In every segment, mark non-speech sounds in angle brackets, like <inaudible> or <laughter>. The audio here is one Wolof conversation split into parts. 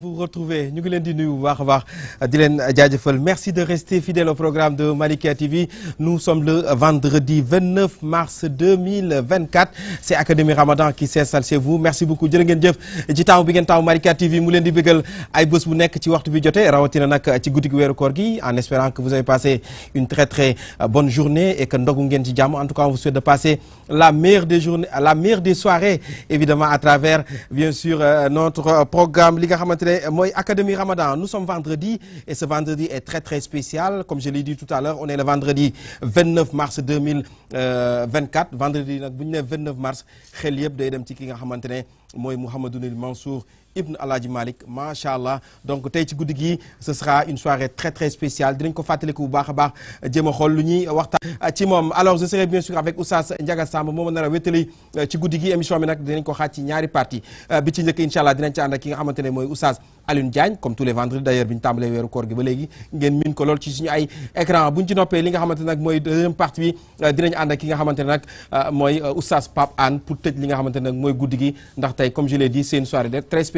vous retrouvez ñu ngi leen di nuyu merci de rester fidèle au programme de Malikia TV nous sommes le vendredi 29 mars 2024 c'est Académie Ramadan qui s'installe chez vous merci beaucoup ci vous bi ngeen taw Malika TV mu di bëggal ay bu nekk ci waxtu bi ci koor gi en espérant que vous avez passé une très très euh, bonne journée et que ndogu ngeen ci en tout cas on vous souhaite de passer la meilleure des journées la meilleure des soirées évidemment à travers bien sûr euh, notre programme li nga euh, académie Ramadan nous sommes vendredi et ce vendredi est très très spécial comme je l'ai dit tout à l'heure on est le vendredi 29 mars 2024 euh, vendredi 29 mars xel de Edem dem ci ki Mansour Ibn Aladji Malik, Masha'allah. donc tey ci ce sera une soirée très très spéciale dinañ ko fàttaliku bu baax a baax alors je serai bien sûr avec Oussas Ndiaga Samb moom nar a wétali euh, ci guddi gi émission bi nag dinañ ko xaaj ci ñaari partie euh, bi ci comme tous les vendredis d'ailleurs bi ñu tàmbalee koor gi ba légui ngeen min ko lol ci suñu ay écran buñ ci noppé li nga nak moy deuxième partie bi euh, dinañ and ak ki nga xamante nak moy Oustaz Pape Anne pour tëj li nga nak moy ndax tay comme je l'ai dit c'est une soirée très spéciale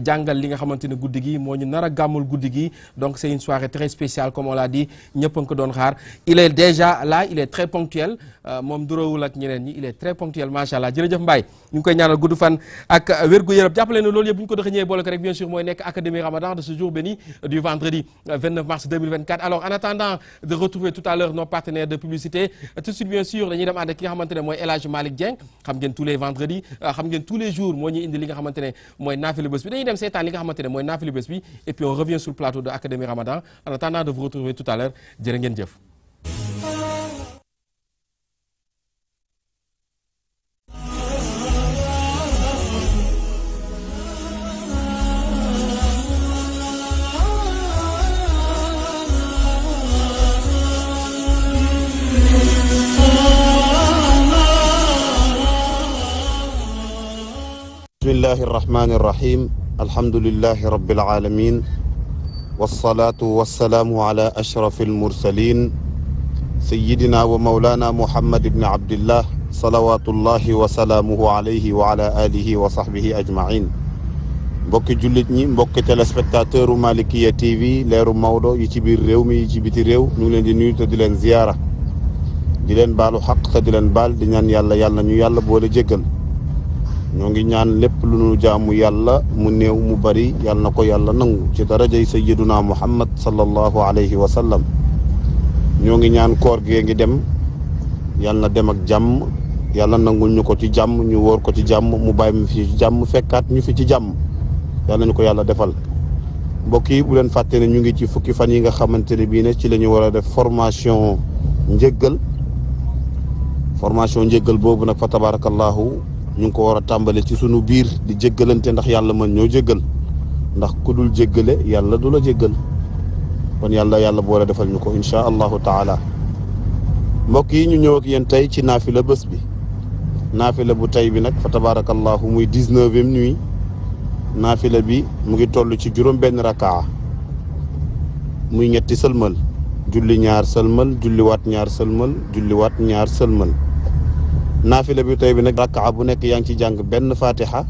jangal li nga xamante guddigi guddi gi moo ñu nar donc c'est une soirée très spéciale comme on l'a dit ñëpp ko doon xaar il est déjà là il est très ponctuel euh, moom duróowul ak ñeneen ñi il est très ponctuel machallah allah jërëjëf Mbaye ñu koy ñaanal gudd fan ak wergu gu yaram jàppale ne loolu yëpp ko dëxëñee ñewé ko rek bien sûr moy nek académie ramadan de ce jour béni euh, du vendredi 29 euh, mars 2024 alors en attendant de retrouver tout à l'heure nos partenaires de publicité tout de suite bien sûr dañuy dem ànd ak ki nga xamante ne mooy Dieng xam ngeen tous les vendredis xam ngeen tous les jours moo ñi indi li nga xamante moy mooy naafilu dañuy dem li nga xamante ne mooy et puis on revient sur le plateau de Académie Ramadan en attendant de vous retrouver tout à l'heure jërë ngeen jëf بسم الله الحمد لله رب العالمين والصلاة والسلام على أشرف المرسلين سيدنا ومولانا محمد بن عبد الله صلوات الله وسلامه عليه وعلى آله وصحبه أجمعين بوك جوليت بوك تيليسبكتاتور مالكيه تي في ليرو مودو يتي بير مي يتي بيتي ريو نو لين دي زياره دي بالو حق تا بال دي يالا يالا نيو يالا بولا جيغال ñoo ngi ñaan lépp lu nu jaamu yàlla mu néew mu bari yàlla na ko yàlla nangu ci darajay sayyiduna muhammad sallallahu alayhi wa sallam ñoo ngi ñaan koor gee ngi dem yàlla na dem ak jàmm yàlla nangul ñu ko ci jàmm ñu wóor ko ci jàmm mu baay mu fi ci jàmm fekkaat ñu fi ci jàmm yàlla ñu ko yàlla defal mbokk yi bu leen fàtte ñu ngi ci fukki fan yi nga xamante ne bii ne ci lañuy ñu war a def formation njëggal formation njëggal boobu nag fa tabarakallahu ñu ngi ko war a tàmbale ci sunu biir di jéggalante ndax yàlla mën ñoo jéggal ndax ku dul jéggale yàlla du la jéggal kon yàlla yàlla boole defal ñu ko incha allahu taala mbokk yi ñu ñëw ak yéen tey ci naafila bés bi naafila bu tey bi nag fa tabaarakallahu muy dix-neuvième nuit naafila bi mu ngi toll ci juróom benn rakaa muy ñetti sëlmal julli ñaar sëlmal julli waat ñaar sëlmal julli waat ñaar sëlmal naafila bi tey bi nag rakkaa bu nekk yaa ngi ci jàng benn fatiha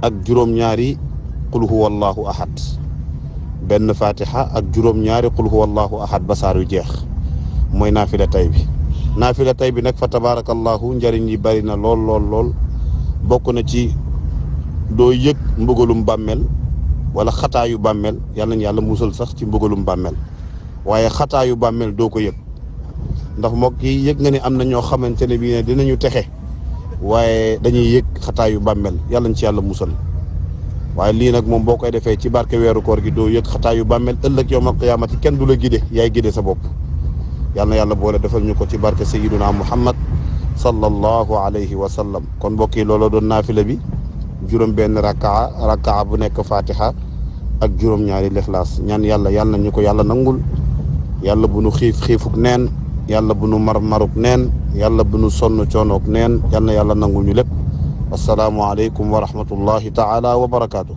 ak juróom-ñaari qul huwallahu ahad benn fatiha ak juróom-ñaari qul huwallahu ahad ba saar yu jeex mooy naafila tey bi naafila tey bi nag fa tabaarakallahu njëriñ yi bari na lool lool lool bokk na ci doo yëg mbugalum bàmmeel wala xataayu bàmmeel yàlla na yàlla musal sax ci mbugalum bàmmeel waaye xataayu bàmmeel doo ko yëg ndax mbokk yi yëg nga ni am na ñoo xamante ne bii ne dinañu texe waaye dañuy yëg xataayu bàmmeel yàlla ñu ci yàlla musal waaye lii nag moom boo koy defee ci barke weeru koor gi doo yëg xataayu bàmmeel ëllëg yawmal qiyaamati kenn du la gide yaay gide sa bopp yàlla yàlla boole defal ñu ko ci barke sayyiduna muhammad sallallahu alayhi wa sallam kon mbokk yi looloo doon naafila bi juróom benn rakaa rakaa bu nekk fatiha ak juróom ñaari lixlaas ñaan yàlla yàlla na ñu ko yàlla nangul yàlla bu nu mar maruk neen yàlla bu nu sonn coonoog neen yal na yàlla nangul ñu lépp wasalaamualeykum wa rahmatullahi taala wa barakaatu.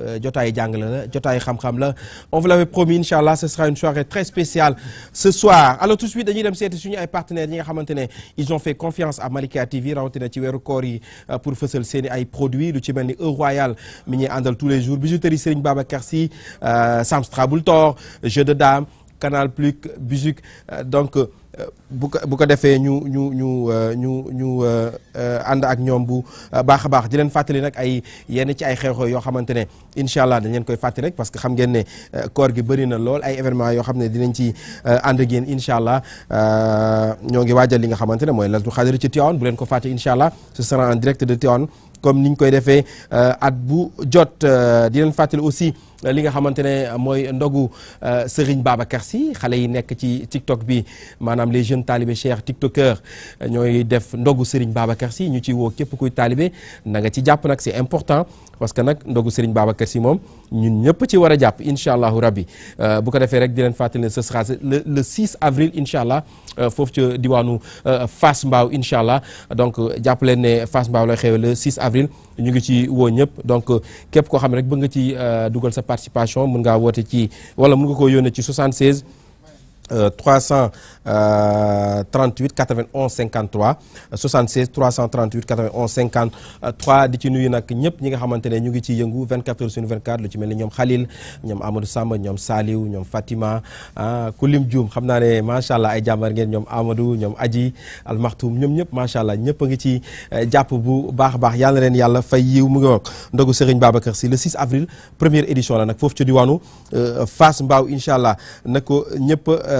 Euh, jotaayu jàngale la jotaayu xam la on vous l'avait promis Inch'Allah, ce sera une soirée très spéciale ce soir alors tout de suite dañuy dem seeti suñu ay partenaires yi nga ils ont fait confiance à Malika TV rawatina ci weeru koor euh, pour faire ce i ay produits lu ci mel ni Royal mi ñuy tous les jours bijouterie Serigne Babacar Sy euh, Sam Trouble jeu de dames Canal Plus Buzik donc. bu ko bu ko defee ñu ñu ñu euh, ñu ñu euh, ànd ak ñoom bu baax a baax di leen fàttali nag ay yenn ci ay xew-xew yoo xamante ne incha allah dañ leen koy fàttali rek parce que xam ngeen ne euh, koor gi bëri na lool ay événement yoo xam ne dinañ ci ànd ak yéen incha allah ñoo ngi waajal li nga xamante ne mooy Laylatul Qadr ci Tivaouane bu leen ko fàtte incha allah ce sera en direct de Tivaouane comme ni ñu koy defee at bu jot di leen fàttali aussi. li nga xamantene moy ndogu euh, Serigne TikTok bi les jeunes talibé chers tiktokers ñoy def ndogu Serigne ñu ci talibé na nga c'est important parce que nous, ndogu Serigne ñun ci euh, bu ko rek sera le 6 avril inshallah euh, fofu ci le donc japp est face Fass le 6 avril. ñu ngi ci woo ñëpp donc euh, képp koo xam ne rek bëgg nga ci euh, dugal sa participation mën ngaa woote ci wala mën nga koo yónnee ci 76. Euh, 338 91 53 76 338 91 53 di ci nuyu nag ñëpp ñi nga xamante ñu ngi ci yëngu 24 sur 24 lu ci mel Khalil ñoom Amadou Samba nyom Saliou nyom Fatima ah, ku lim Dioum xam naa ay ngeen Amadou nyom Adi al ñoom nyom macha allah ñëpp a ngi ci eh, jàpp bu baax a baax yal na leen yàlla fay ndogu Serigne Babacar le 6 avril première édition la nag foofu ci diwaanu euh, Fass Mbao ko euh,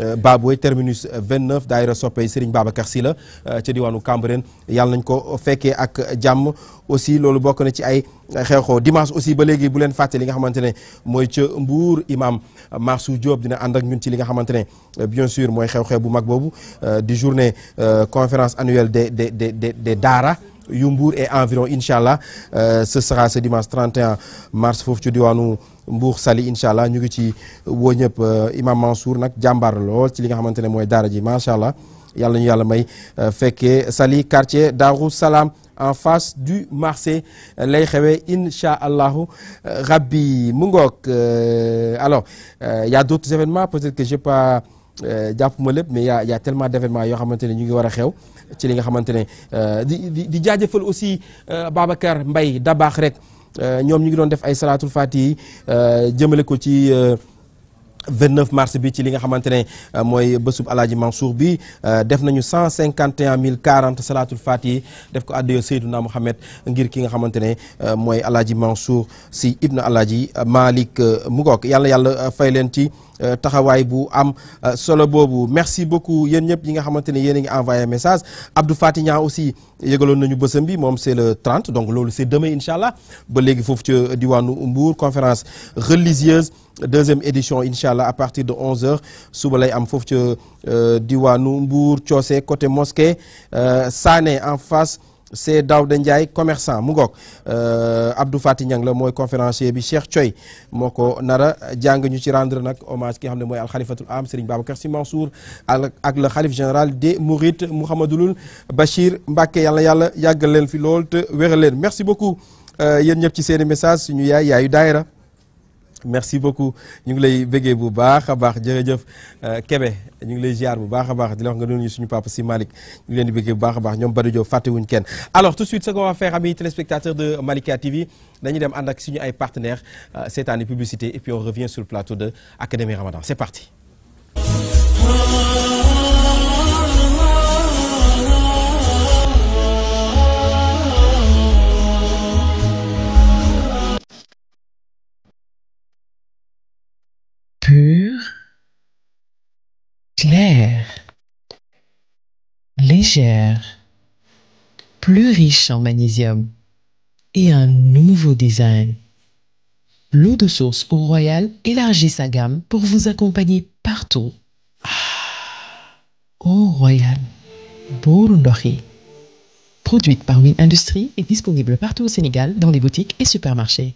Euh, Baboy terminus 29 euh, d'ailleurs soppey Serigne Babacar Karsila, la euh, ca diwaanu Feke nañ ak aussi loolu bokk na ci ay dimanche aussi ba léegi bu len faté li nga Mbour imam Marsou Diop dina and ak bien sûr Moy xew-xew bu mag bobu journée conférence annuelle des des des des Dara. Yumbour est environ Inch'Allah, euh, ce sera ce dimanche 31 mars foofu ci Mbour Sali incha allah ñu ngi ci woo ñëpp euh, Imam Mansour Nak jàmbaar lool ci li nga xamante ne mooy daara ji ñu may euh, Sali quartier Darou Salam, en face du marché lay xewee Inch'Allah, rabbi mu ngoog alors y a d'autres événements peut-être que je j'ai pas. Euh, jàpp ma lépp mais yaa y' a tellement yoo xamante ne ñu ngi war a xew ci li nga xamante ne euh, di di di jaajëfal aussi euh, Babacar Mbaye dabaax rek ñoom ñu ngi doon def ay salaatul faati jëmale ko ci. 29 mars bi ci li nga xamante ne mooy bésub alaaji Mansour bi def nañu 151 mille 40 salaatul fatihi def ko addiyo Seydouna Mouhamed ngir ki nga xamante ne mooy alaaji Mansour si ibna alaaji Malick Mugok yàlla yàlla fay leen ci Euh, taxawaay bu am euh, solo bobu merci beaucoup Yen ñep yi nga xamanteni ne nga ngi message Abdou Fati aussi yëgaloon nañu bësam bi mom c'est le 30 donc lolu c'est demain inshallah ba légui fofu ci diwanu Mbour conférence religieuse deuxième édition inshallah à partir de 11h Souba lay am fofu ci euh, diwanu Mbour ciossé côté mosquée Sané en face c'est Daud Ndiaye commerçant mu euh, Abdou Fati Niang la conférencier bi Cheikh Thioy Moko, nara Djang, ñu ci rendre nag hommage ki Al xam am Serigne Babacar Sy Mansour ak le Khalif général des Mourit, Mohamedoul Bachir Mbake, Yalla Yalla, yàggal leen fi merci beaucoup euh, yéen ñëpp ci seeni message suñu yaay yaayu Daira merci beaucoup ñu ngi lay bëggee bu baax a baax jërëjëf euh, Kébé ñu ngi lay ziar bu baax a baax di la wax nga nuyu suñu papa si malik ñu ngi leen di bëggee bu baax a baax ñoom Badou Diop fàttewuñ kenn alors tout de suite ce qu'on va faire amis téléspectateurs de Malika TV dañu dem ànd ak suñu ay partenaires euh, seetaan i publicité et puis on revient sur le plateau de Académie Ramadan c'est parti Pure, clair, légère, plus riche en magnésium et un nouveau design. L'eau de source au Royal élargit sa gamme pour vous accompagner partout. Ah, au Royal, Bourundori. Produite par Win Industries et disponible partout au Sénégal dans les boutiques et supermarchés.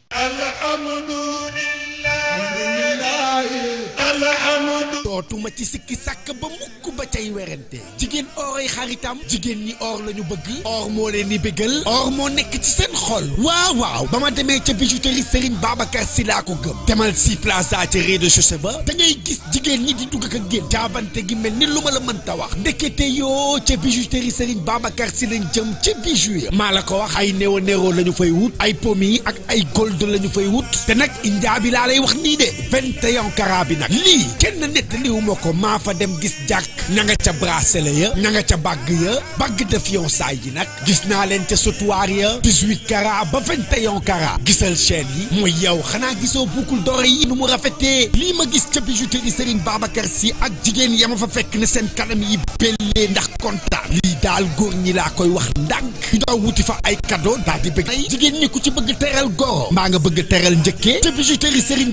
dootuma ci sikki sàkk ba mukk ba cay werante jigéen oray xaritam jigéen ñi or la ñu bëgg or moo leen ni bégal or moo nekk ci seen xol waaw waaw ba ma demee ca bijouterie Serigne Babacar si laa ko gëm demal si plaza ca rez-de-chaussée ba da ngay gis jigéen ñi di dugg ak a gi mel ni lu ma la mënta wax ndekete yoo ca bijouterie Serigne Babacar si lañ jëm ca bijou ya maa la ko wax ay néo néro la ñu fay wut ay pommi ak ay gold la ñu fay wut te nag india bi laa lay wax nii de 21 carats bi nag lii kenn nett indiwuma ko maa fa dem gis jàkk ña nga ca bracelet ya ña nga ca bàgg ya bàgg de fiançailles yi nag gis naa leen ca sautoir ya 18 carats ba 21 carats gisal chaîne yi mooy yow xanaa gisoo boucle d'oreille yi nu mu rafetee lii ma gis ca bijouterie Serigne Babacar Sy ak jigéen yama fa fekk na seen kanam yi bellee ndax kontaan lii daal góor ñi laa koy wax ndànk ñu daw wuti fa ay cadeau daal bëgg ay jigéen ñi ku ci bëgg teral goro mbaa nga bëgg teral njëkkee ca bijouterie Serigne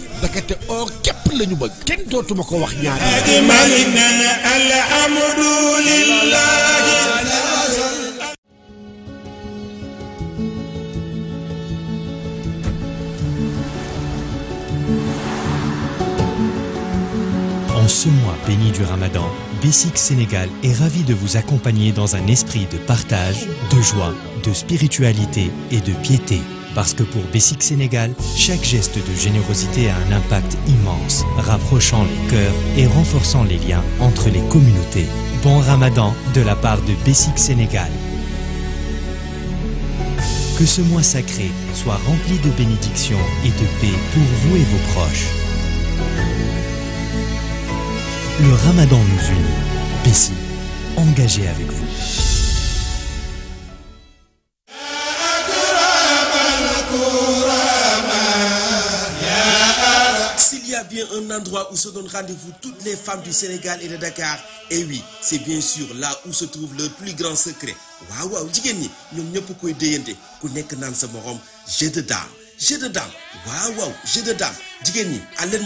En ce mois béni du Ramadan, Bessic Sénégal est ravi de vous accompagner dans un esprit de partage, de joie, de spiritualité et de piété. Parce que pour Bessic Sénégal, chaque geste de générosité a un impact immense, rapprochant les cœurs et renforçant les liens entre les communautés. Bon ramadan de la part de Bessic Sénégal. Que ce mois sacré soit rempli de bénédictions et de paix pour vous et vos proches. Le ramadan nous unit. Bessie, engagé avec vous. S'il y a bien un endroit où se donnent rendez-vous toutes les femmes du Sénégal et de Dakar, et eh oui, c'est bien sûr là où se trouve le plus grand secret. Waouh, waouh, n'y ñi pas ñëpp koy déyante ku nekk naan sa morom j'ai de dame j'ai de dame waouh, waouh, j'ai de dame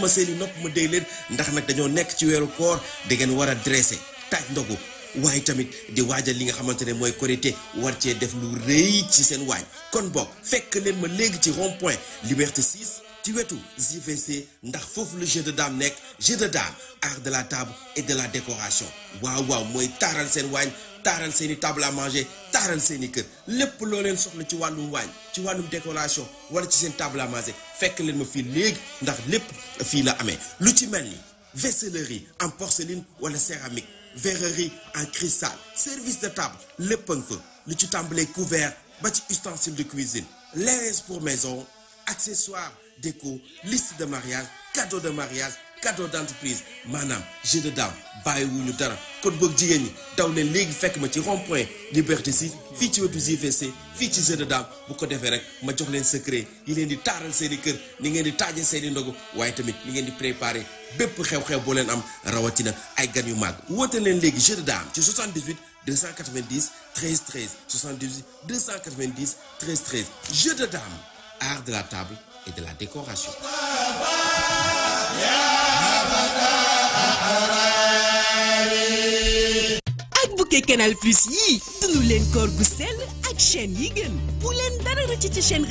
ma seeni nopp ma déy nous ndax nag dañoo nekk ci le koor da ngeen dressé taaj ndogu waaye tamit di waajal li nga xamante ne mooy korité war cee def lu rëy ci seen waaj kon fekk leen ma léegi ci rond point liberté 6 ci wetu JVC ndax foofu le jeu de dame nekk jeu de dame art de la table et de la décoration waaw waaw mooy taaral seen waañ taaral seen i table à manger taaral seen i kër lépp loo leen soxla ci wàllum waañ ci wàllum décoration wala ci seen table à manger fekk leen ma fii léegi ndax lépp fii la amee lu ci mel ni en porcelaine wala céramique verrerie en cristal service de table le punk, le couvert bâti de cuisine l'aise pour maison accessoires déco liste de mariage cadeau de mariage cadeau d'entreprise manam, jeu de dame bàyyiwuñu dara kon boog jigéen dans les ligues fait que ma ci point liberté si vite ci de dame vous ma jox un secret c'est di ndogu préparer bépp xew-xew boo am rawatina ay gan yu màgg woote leen léegi jeu de dame 78 290 13 13 78 290 13 13 jeu de dame art de la table et de la décoration. ak bouquet canal plus Y, nous leen koor ak chaîne yi gën bu leen dara rëcc ci chaîne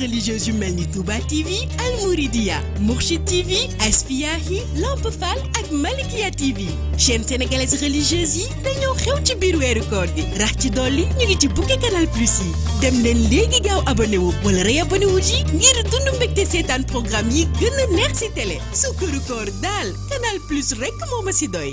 yu mel ni tuba TV Al Mouridiya Mourchid TV Asfiyahi Lamp Fall ak Malikia TV chaîne sénégalaise religieuse yi dañoo xew ci biir weeru koor gi rax ci dolli ñu ci bouquet Canal Plus yi dem leen léegi gaaw abonné wu wala réabonné wu ji ngir dund mbégte seetaan programme yi gën a neex si télé sukkaru koor Canal Plus rek moo ma si doy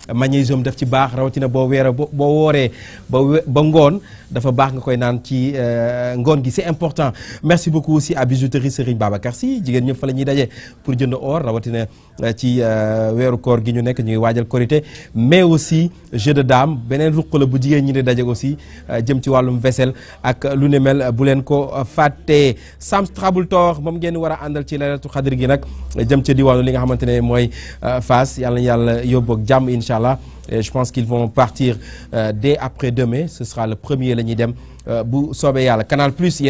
magnésium def ci baax rawatina boo weeree boo wooree ba ba ngoon dafa baax nga koy naan ci euh, ngoon gi c'est important merci beaucoup aussi à bijouterie Serigne Babacar Sy jigéen ñëpp fa la ñuy daje pour jënd or rawatina euh, ci euh, weeru koor gi ñu nekk ñu waajal korité mais aussi jeu de daam beneen ruq la bu jigéen ñi di daje aussi jëm ci wàllum vaisselle ak lu ne mel bu leen ko fàttee Sam Straboultor moom ngeen war a àndal ci laylatu xadri gi nag jëm ca diwaanu li nga xamante ne mooy Fass yàlla yàlla yóbboog jàmm je pense qu'ils vont partir euh, dès après-demain. Ce sera le premier lundi dem euh, Canal Plus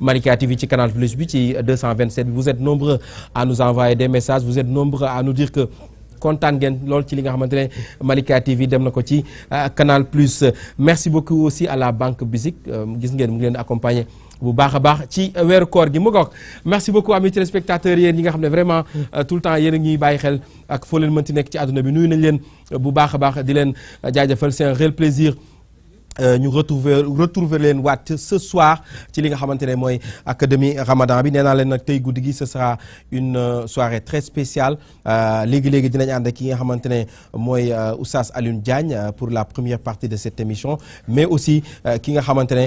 Malika TV Canal Plus 227 vous êtes nombreux à nous envoyer des messages vous êtes nombreux à nous dire que. content. Malika TV euh, Canal Plus merci beaucoup aussi à la banque Bisic bu baax a baax ci euh, weeru koor gi mu merci beaucoup amis téléspectateurs yéen ñi nga xam ne vraiment mm. euh, tout le temps yéen a ngi bàyyi xel ak foo leen mënti nekk ci àdduna bi nuyu nañ leen bu baax a baax di leen euh, jaajëfal c'est un réel plaisir euh, ñu retrouver retrouver les waat ce soir ci li nga xamante académie Ramadan bi nee naa tey ce sera une euh, soirée très spéciale euh, légui légui dinañ and ki nga xamante ne mooy Alioune Diagne pour la première partie de cette émission mais aussi ki nga xamante ne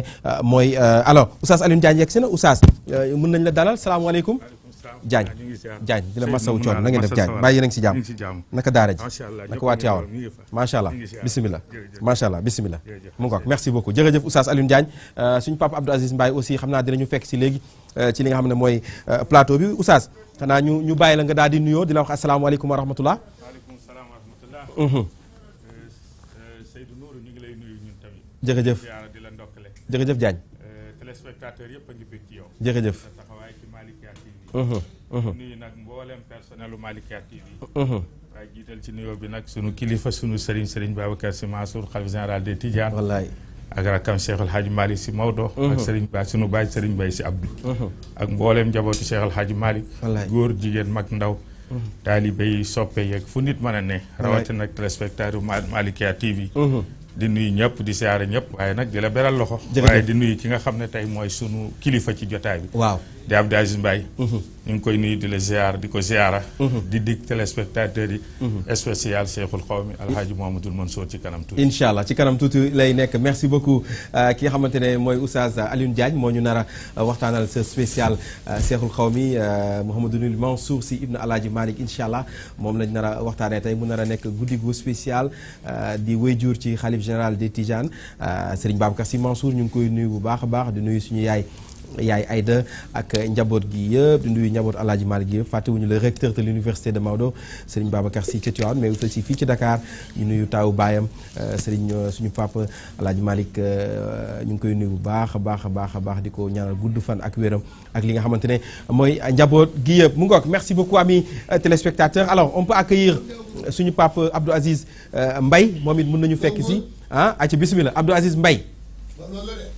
alors Oustaz Alioune Diagne yegg si na nañ la dalal alaykoum Diagne Diagne di la masawu coon na ngeen def Diagne bàyyi nañ si jàmm naka daara ji naka waa Tiwaawan macha allah bisimilah macha allah bisimilah mu ngoog merci beaucoup jërëjëf Oustaz Alioune Diagne euh, suñu papa Abdou Aziz Mbaye aussi xam naa dinañu fekk si léegi euh, ci li nga xam ne mooy euh, plateau bi Oustaz xanaa ñu ñu bàyyi la nga daal di nuyoo di la wax asalaamaaleykum wa rahmatullah waaleykum salaam wa rahmatullah mhm. Seydou Nourou ñu ngi lay nuyu ñun tamit jërëjëf jërëjëf Diagne téléspectateur yëpp a ngi bëgg ci yow jërëjëf nuyu nag mbooleem personnelu Malikia TV waaye jiital ci nuyoo bi nag sunu kilifa sunu sëriñ sëriñ Babacar Sy Mansour xalif général de Tidiane wallaay ak rakkam Cheikh El Hadj Malick Sy Maodo ak sëriñ sunu baay sëriñ Baye Sy Abdou ak mbooleem njabootu Cheikh El Hadj Malick góor jigéen mag ndaw taalibe yi soppe yeeg fu nit mën a ne rawatina nag téléspectateur Malikia TV di nuyu ñëpp di siyaare ñëpp waaye nag di la beral loxo waaye di nuyu ki nga xam ne tey mooy sunu kilifa ci jotaay bi waaw De Abdou Bay. Mbaye mhm. ñu ngi koy nuyu di la ziar di ko ziara mhm. di dig téléspectateurs yi mhm. spécial Cheikhul Xawmi Alhaaji Mouhamadoul Mansour ci kanam tout Inshallah ci kanam tuuti lay nekk merci beaucoup euh, ki xamantene moy ne mooy Oustaz Alioune Diagne moo ñu nara euh, waxtanal ce spécial euh, Cheikhul Xawmi Mouhamadoul Mansour si Ibn Alhaaji Malik inshallah mom lañ nara waxtane tay mu nara a nekk spécial di wéyjur ci xalif général de Tidiane Serigne Babacar Sy Mansour ñu koy nuyu bu baax baax di nuyu suñu yaay yaay Aïda ak njabot gi yëpp di nuyu njabot Alaaji Maalik gi yëpp le recteur de l'université de Maodo Serigne Babacar Sy ca Tivaouane mais aussi fii ci Dakar ñu nuyu taawu baayam euh, Serigne euh, suñu papa Alaaji Malik euh, ñu ngi koy nuyu bu baax a baax baax a baax ñaanal gudd fan ak wéram ak li nga xamantene moy njabot gi yëpp mu ngok merci beaucoup amis téléspectateurs alors on peut accueillir suñu papa Abdou Aziz Mbaye momit it mën nañu fekk si ah ayca bismillah Abdou Aziz Mbaye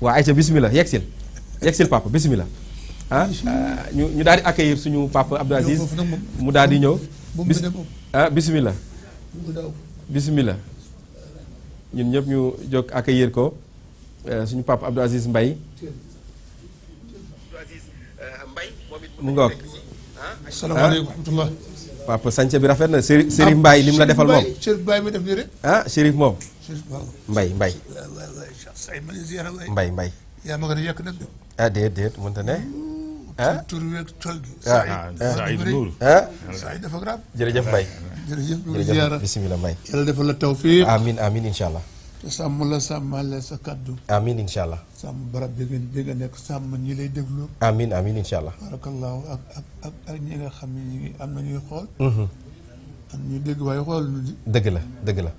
ay ayca bismillah yexil yegsil papa bisimilah. ah ñu ñu daal di suñu papa Abdou Aziz mu daal di ñëw. bis ah bisimilah. bisimilah. ñun ñëpp ñu jóg accueillir ko eh, suñu papa Abdou Aziz Mbaye mu ngoog. salaamaaleykum wa ah. rahmatulah. bi rafet na Chérif Chérif Mbaye li mu la defal moom Chérif Mbaye mi def nii rek. ah Chérif moom. Chérif Mbaye Mbaye. Mbaye a ah déet déet mënta ne. ah tur beeg tool gi. ah Saïd Nour. ah Saïd dafa grave. jërëjëf amin jërëjëf jërëjëf bisimilah Mbaye. yàlla defal la Amin amiin amiin allah. te sàmm la Amin sa kaddu. amiin incha allah. sàmm barab bi nga bi nga nekk sàmm ñi lay déglu. amiin amin incha allah. barakallahu ak ak ak ak ñi nga xam ne ñu ngi am na ñuy xool. am mhm. ñu anu dégg waaye xool nu la dëgg la.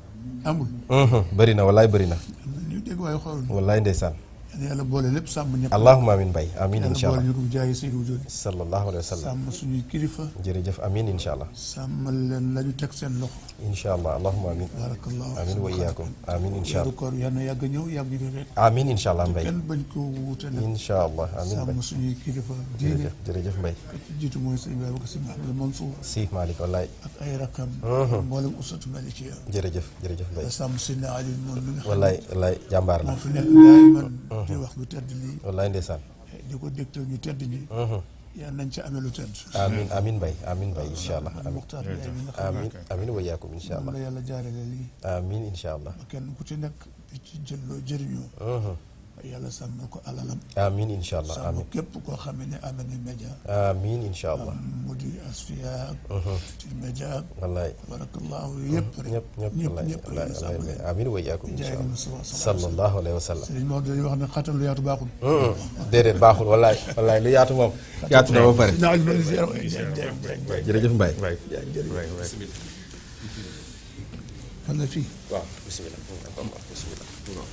amul. Mhm, bëri na wallaay bëri na. am anu na ñuy dégg waaye xool yàlla boole lépp sàmm ñëpp. allahumma amiin bay amiin incha allah yàlla boole suñuy kilifa. jërëjëf amiin la ñu seen loxo. incha allah allahumma amiin. barakallahu amiin wa iyaakum amiin incha allah. koor yàlla na yàgg ñëw yàgg ñu defee. amiin incha allah mbay kenn bañ koo wuute nag. incha allah amiin mbay sàmm suñuy kilifa. diine jërëjëf mbay. jiitu mooy sëñ Ibrahima Sy Mouhamed Mansour. si Malick wallaay. ak ay rakam. Mhm. mboolem usatu mbay. sàmm la. moo fi nekk daay man mhm. di mhm. wax lu tedd lii. wallaay ndeysaan. Eh, di ko dégtal ñu tedd ñi. Mhm. yal nañ ci amee lu tedd. amiin amiin Baye amiin Baye incha allah. amiin Muxtaar Njaay mi nga xam ne amiin wa yàlla jaarale lii. amiin incha allah. ku ci nekk ci jël loo yàlla sàmmal ko alalam. amiin incha allah amiin sàmm képp koo xam ne am nañu média. amiin incha allah mu di asfiya. ci mhm. média. wallaay barakallahu yëpp rek. ñëpp ñëpp ñëpp ñëpp yàlla sàmm leen. amiin wa iyaakum incha allah sallallahu alayhi wa sallam. sëriñ Maodo dañuy wax ne xatal lu yaatu baaxul. Mhm. déedéet baaxul wallaay wallaay lu yaatu moom. yaatu na ba pare. jërëjëf Mbaye. wala fii. waaw bisimilah.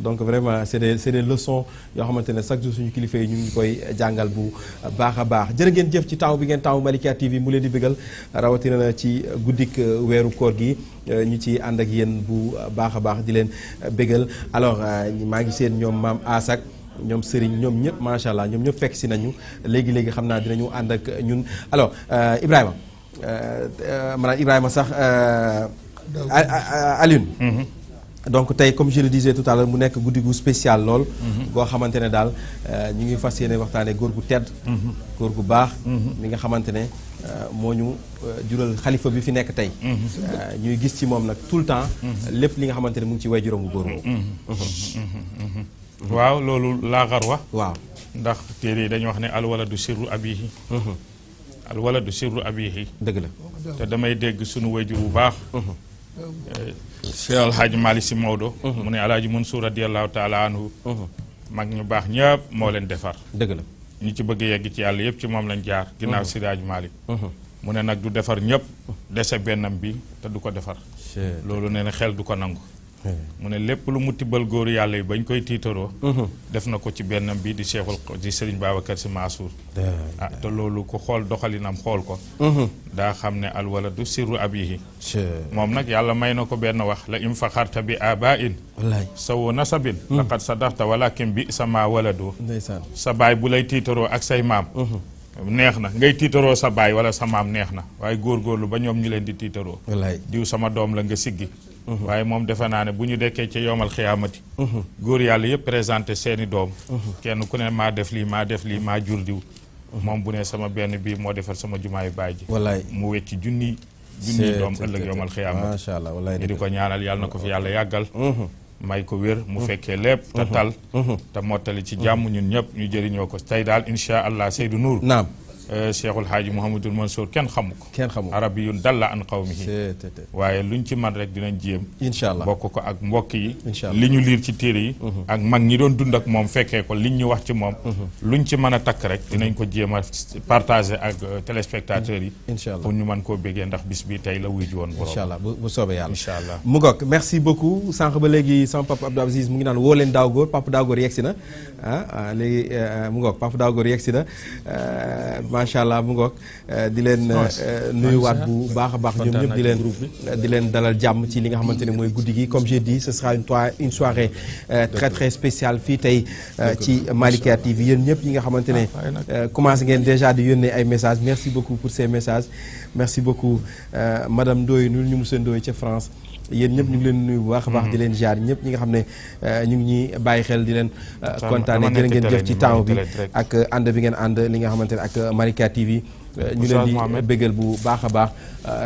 donc vraiment c'est des c'est des leçons yo xamantene chaque jour suñu kilifa yi ñu ngi koy jangal bu baax a baax jërë ngeen jëf ci taw bi ngeen taw Malikia TV mu leen di bëggal rawati na ci guddik euh, weeru koor gi euh, ñu ci and ak yeen bu baax a baax di leen euh, bëggal alors maa ngi seen ñom mam Asak ñom Serigne ñom ñëpp machallah ñom ñoom ñëpp fekk si nañu légui légui xamna dinañu and ak ñun alors Ibrahima mara Ibrahima sax euh Alioune. Mm-hmm donc tay comme je le disais tout à l'heure mu nek guddi gu spécial lol mhm. go xamantene dal daal euh, ñu ngi fas waxtane waxtaanee gu tedd. Mhm. góor gu baax. Mhm. mi nga xamantene moñu euh, moo ñu euh, jural xalifa bi fi nek tay ñuy gis ci mom nak tout le temps. lepp li nga xamantene mu ngi ci way juróom bu góor waaw lolou la xarwa waaw ndax téré yi dañu wax ne waladu sirru abihi. waladu sirru abihi. deug la te damay dégg suñu wayjur bu baax. Seex Alxaaji mali Si Maodo mu ne Alaaji mën radiyallaahu taala anhu mag ñu baax ñëpp moo leen defar dëgg la ñi ci bëgg yegg ci àll yëpp ci moom lañ jaar ginnaaw Seydi Alaaji Maalik mu ne nag du defar ñëpp dese bennam bi te du ko defar loolu ne na xel du ko nangu mu ne lépp lu mu tibbal góor yàlla yi bañ koy tiitaroo. Mhm. def na ko ci benn bi di Cheikhul di Serigne Babacar Sy Mansour. ah te loolu ku xool doxalinam xool ko. Mhm. daa xam ne alwaladu sirru abihi moom nag yàlla may na ko benn wax la im faxarta bi abain. sa sawo sa mhm. laqad sadaxta walakin bi sama waladu. ndeysaan sa baay bu lay tiitaroo ak say maam. neex na ngay tiitaroo sa baay wala sa maam neex na waaye góor góorgóorlu ba ñoom ñu leen di tiitaroo. wallaay diw sama doom la nga siggi. waaye moom defe naa ne bu ñu dekkee ci yoomal xiyaamati góor yàlla yëpp présenté seeni doom kenn ku ne maa def lii maa def lii maa jur diw moom bu ne sama benn bii moo defar sama jumaayu baay ji wallaay mu wecc junni junni doom ëllëg yoomal xiyaamati macha allah di ko ñaanal yàlla na ko fi yàlla yàggal may ko wér mu fekkee lépp te tal te mottali ci jàmm ñun ñëpp ñu jëriñoo ko tey daal incha allah Seydou Nour naam Euh, Cheikhul Haaji Mouhamadul Mansour kenn xamu ko kenn xamu ko arabiyun dalla an qawmihi waaye luñ ci man rek dinañ jéem incha allah bokk ko ak mbokk yi li ñu liir ci téere yi mhm. ak mag ñi doon dund ak moom fekkee ko li ñu wax ci moom lu mhm. luñ ci mën a takk rek dinañ ko jéem a partage ak euh, téléspectateurs yi mhm. incha allah pour ñu man koo béggee ndax bis bi tey la wuy woon borom incha allah bu soobee yàlla incha allah mu ba léegi sama papa ngi naan woo leen Daawgóor papa Daawgóor yegsi na Ah, ah léegi eh, eh, mu ngok paf Dao Góor yegg si na eh, macha allah mu ngok di len nuyu wat bu baax a baax ñoom ñëpp di len di len dalal jamm ci li nga xamante moy mooy gi comme j'ai dit ce sera une toi une soirée très très spéciale fi tay ci malika TV yéen ñep yi nga xamante ne ah, commencé ngeen déjà di yónnee ay messages merci beaucoup pour ces messages merci beaucoup madame Ndoye nul ñu monsieur Ndoye ca France yéen ñëpp ñu ngi leen nuyu bu baax a baax di hmm. leen jaar ñëpp ñi nga xam ne euh, ñu ngi ñuy bàyyi xel di leen euh, kontaane jërë ngeen jëf ci temps bi ak ànd bi ngeen ànd li nga xamante ne ak euh, Marika TV ñu leen di bégal bu baax a baax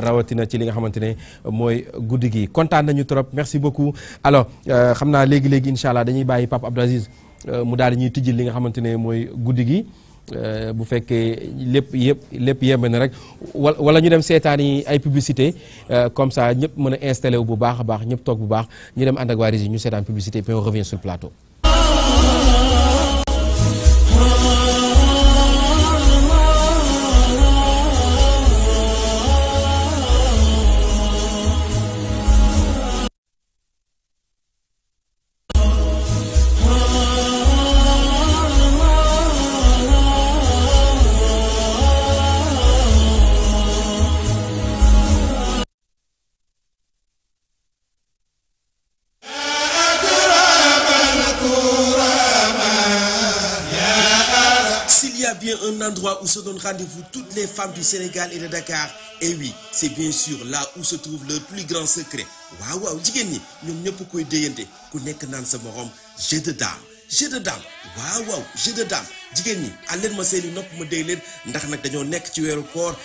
rawatina ci li nga xamante ne mooy guddi gi kontaan nañu trop merci beaucoup alors xam naa léegi-léegi incha allah dañuy bàyyi pap Abdou Aziz mu daal di ñuy tijjil li nga xamante ne mooy guddi gi Euh, bu fekkee lépp yëpp lépp yemb na rek wala ñu dem seetaan yi ay publicité euh, comme ça ñëpp mën a installé wu bu baax a baax ñëpp toog bu baax ñu dem ànd ak waa ñu seetaan publicité puis on revient sur le plateau où se donne rendez-vous toutes les femmes du Sénégal et de Dakar. Et oui, c'est bien sûr là où se trouve le plus grand secret. Waouh, waouh, jigéen ñi nous ne koy pas ku nekk naan sa morom jeu de dame J'ai de dame Waouh, waouh. jeu de dame jigéen ñi Allez, ma c'est une autre déy leen ndax nag dañoo nekk ci weeru koor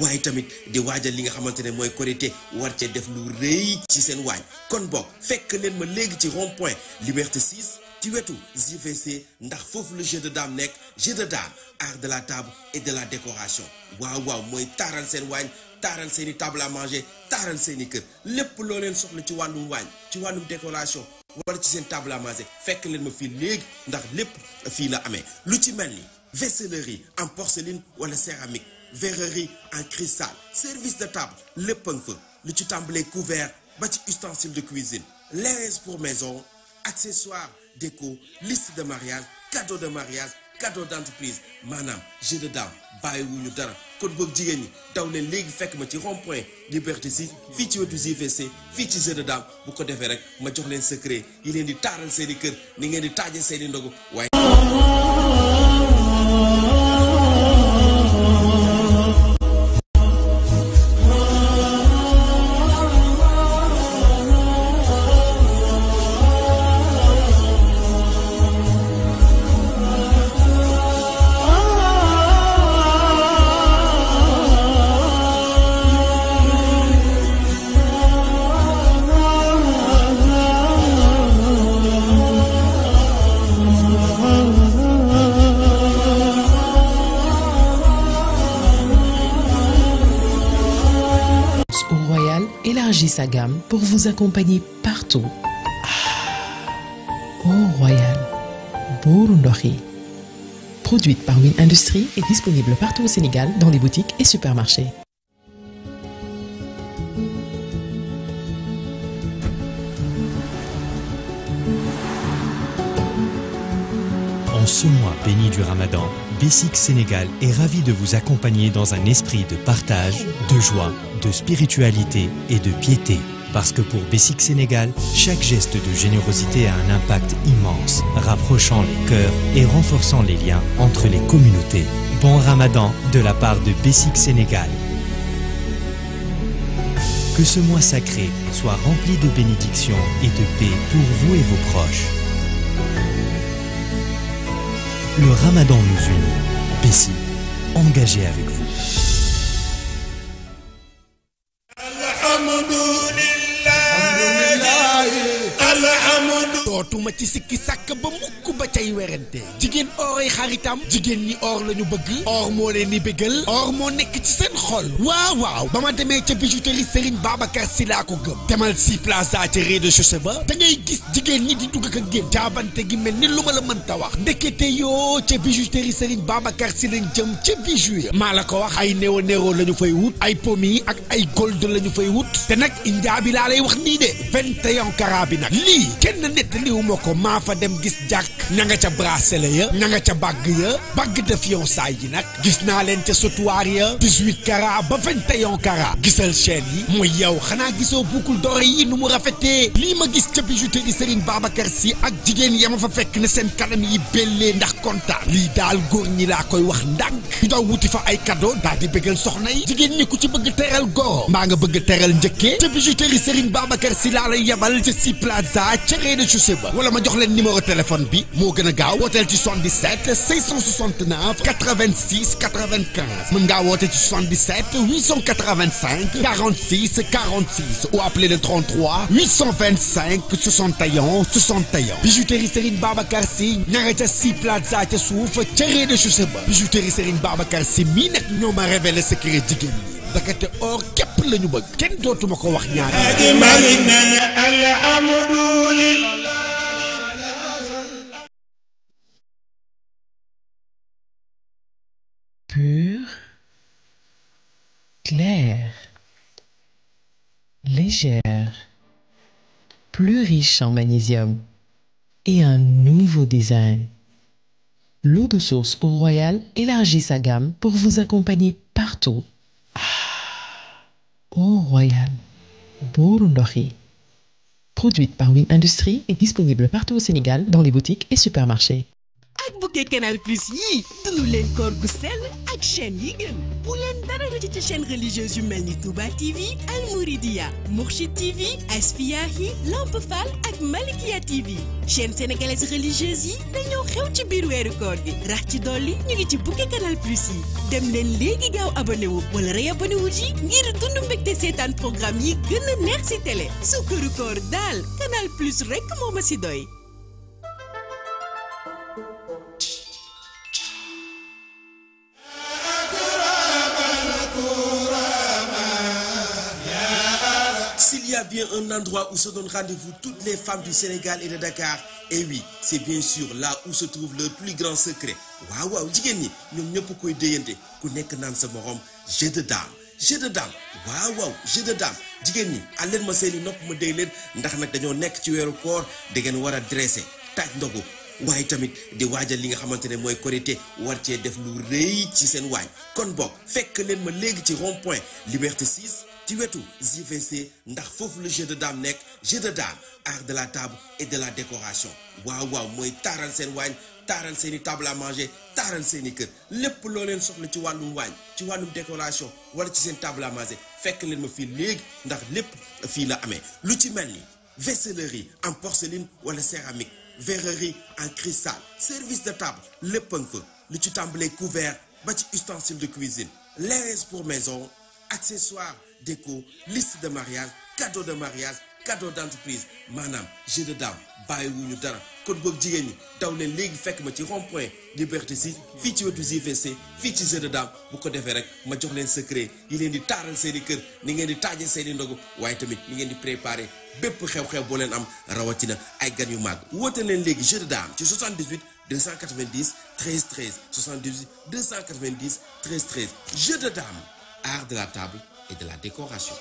waaye tamit di waajal li nga xamante ne mooy korité war cee def lu rëy ci seen waañ kon fekk leen ma léegi ci rond point liberté 6 ci wetu JVC ndax foofu le jeu de dame nekk jeu de dame art de la table et de la décoration waaw waaw mooy taaral seen waañ taaral seen i table à manger taaral seen i kër lépp loo leen soxla ci wàllum waañ ci wàllum décoration wala ci seen table à manger fekk leen ma fii léegi ndax lépp fii la amee lu ci mel ni vaissellerie en porcelaine wala céramique verrerie en cristal service de table le le le couvert ba de cuisine l'aise pour maison accessoires déco liste de mariage cadeau de mariage cadeau d'entreprise manam, j'ai de dame bàyyiwuñu dara kon boog dans les ligues, fait que point liberté si de dame ma jox leen secret accompagner partout. Ah. au Royal Burundori. Produite par Win industrie et disponible partout au Sénégal dans les boutiques et supermarchés. En ce mois béni du Ramadan, Bessic Sénégal est ravi de vous accompagner dans un esprit de partage, de joie, de spiritualité et de piété. Parce que pour Bessic Sénégal, chaque geste de générosité a un impact immense, rapprochant les cœurs et renforçant les liens entre les communautés. Bon ramadan de la part de Bessic Sénégal. Que ce mois sacré soit rempli de bénédictions et de paix pour vous et vos proches. Le ramadan nous unit. Bessie, engagé avec vous. dootuma ci sikki sàkk ba mukk ba cay werante jigéen or ay xaritam jigéen ñi or la ñu bëgg or moo leen ni bëggal or moo nekk ci seen xol waaw waaw ba ma demee ca bijouterie Serigne Babacar si laa ko gëm demal si plaza ca rez de ba da ngay gis jigéen ñi di dugg ak a génn jaabante gi mel ni lu ma la mënta wax ndekete yoo ca bijouterie Serigne Babacar si lañ jëm ca bijou ya maa la ko wax ay néo néro la ñu fay wut ay pomi ak ay gold la ñu fay wut te nag india bi laa lay wax nii de 21 carats bi nag lii kenn nettali fàttewuma ko maa fa dem gis jàkk ña nga ca bracelet ya ña nga ca bàgg ya bàgg de yi nag gis naa leen ca sautoir ya 18 carats ba 21 carats gisal chaîne yi mooy yow xanaa gisoo boucle d'oreille yi nu mu rafetee lii ma gis ca bijouterie Serigne Babacar Sy ak jigéen ya ma fa fekk ne seen kanam yi bellee ndax kontaan lii daal góor ñi laa koy wax ndànk ñu daw wuti fa ay kado daal di bëggal soxna yi jigéen ñi ku ci bëgg teral goro mbaa nga bëgg teral njëkkee ca bijouterie Serigne Voilà, ba wala ma jox leen numéro téléphone bi moo gën a gaaw wooteel ci 77 669 86 95 mën ngaa woote ci 77 885 46 46 ou appelé le 33 825 61 61 bijouterie Sérine Babacar Sy ñanga ca si plaza ca suuf ca de chaussée ba bijouterie Sérine Babacar Sy mii nag ma révélé secret pur clair légère plus riche en magnésium et un nouveau design. L'eau de source au Royal élargit sa gamme pour vous accompagner partout. Ah. Eau Royale, Burundori. Produite par Win Industries et disponible partout au Sénégal dans les boutiques et supermarchés. ak bouquet canal plus yii dund leen koor gu ak chaîne yi gën bu leen dara rëcc ci chaîne yu mel ni Touba TV Al Mouridiya Mourchid TV Asfiyahi Lamp Fall ak Malikia TV chaîne sénégalaise religieuse yi dañoo xew ci biir weeru koor gi rax ci dolli ñu ngi ci bouquet canal plus yi dem leen léegi gaaw abonné wu wala rey abonné wu ji ngir dund mbégte seetaan programme yi gën a neex si télé daal canal plus rek moo ma si doy bien un endroit où se donnent rendez-vous toutes les femmes du Sénégal et de Dakar. Et oui, c'est bien sûr là où se trouve Le plus grand secret. Waouh, waouh, jigéen ñi ñoom ñëpp koy déyante ku nekk naan sa morom j'ai de dame J'ai de dame waouh, waouh, j'ai de dame ma seeni nopp ma déy leen ndax nag dañoo nekk ci weeru koor da ngeen dressé taaj ndogu waaye tamit di waajal li nga xamante ne korité war cee def lu rëy ci seen waañ kon bokk fekk ma point liberté 6 ci ndax le jeu de dame jeu de dame art de la table et de la décoration waaw waaw mooy taaral seen waañ table à manger taaral seen i kër lépp loo leen ci wàllum ci décoration wala ci table à manger fekk leen ma ndax la amee lu ci mel ni en porcelaine wala céramique verrerie en cristal service de table le le le tutamblé couvert ba ustensile de cuisine l'aise pour maison accessoires déco liste de mariage cadeau de mariage cadeau d'entreprise manam, jeux de dame ou dara kon code jigéen dans les leen fait que ma rond point liberté si fii ci wetu de dame bu ko ma jox secret il ni préparer bépp xew-xew am rawatina ay gan yu màgg jeu de Dame, 78 290 13 13 78 290 13 13 jeu de dames art de la table et de la décoration.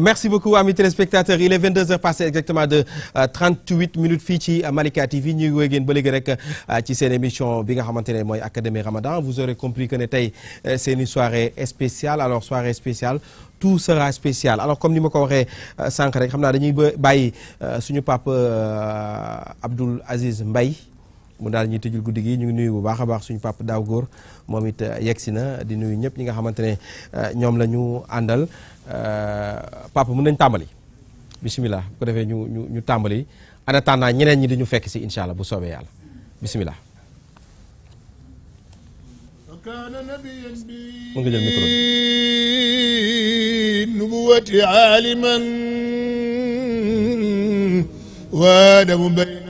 merci beaucoup amis téléspectateurs il est 22 h passé exactement de 38 euh, minutes ici à Malika TV Nous euh, émission Ramadan vous aurez compris que euh, c'est une soirée spéciale alors soirée spéciale tout sera spécial alors comme ni ma Abdul Aziz Mbaye mu dal ñi tejul guddi gi ñu ngi nuyu bu baaxa baax suñu papa daaw góor momit it uh, na di nuyu ñepp ñi nga xamantene uh, ñom lañu andal ñu àndal uh, papa mën nañ tambali bismillah bu ko defé ñu ñu tambali tàmbali en attendant ñeneen ñi di ñu fekk ci inshallah bu soobee yalla bismillah mu ngi jël micro bi. nubuwati aliman waadamu bayna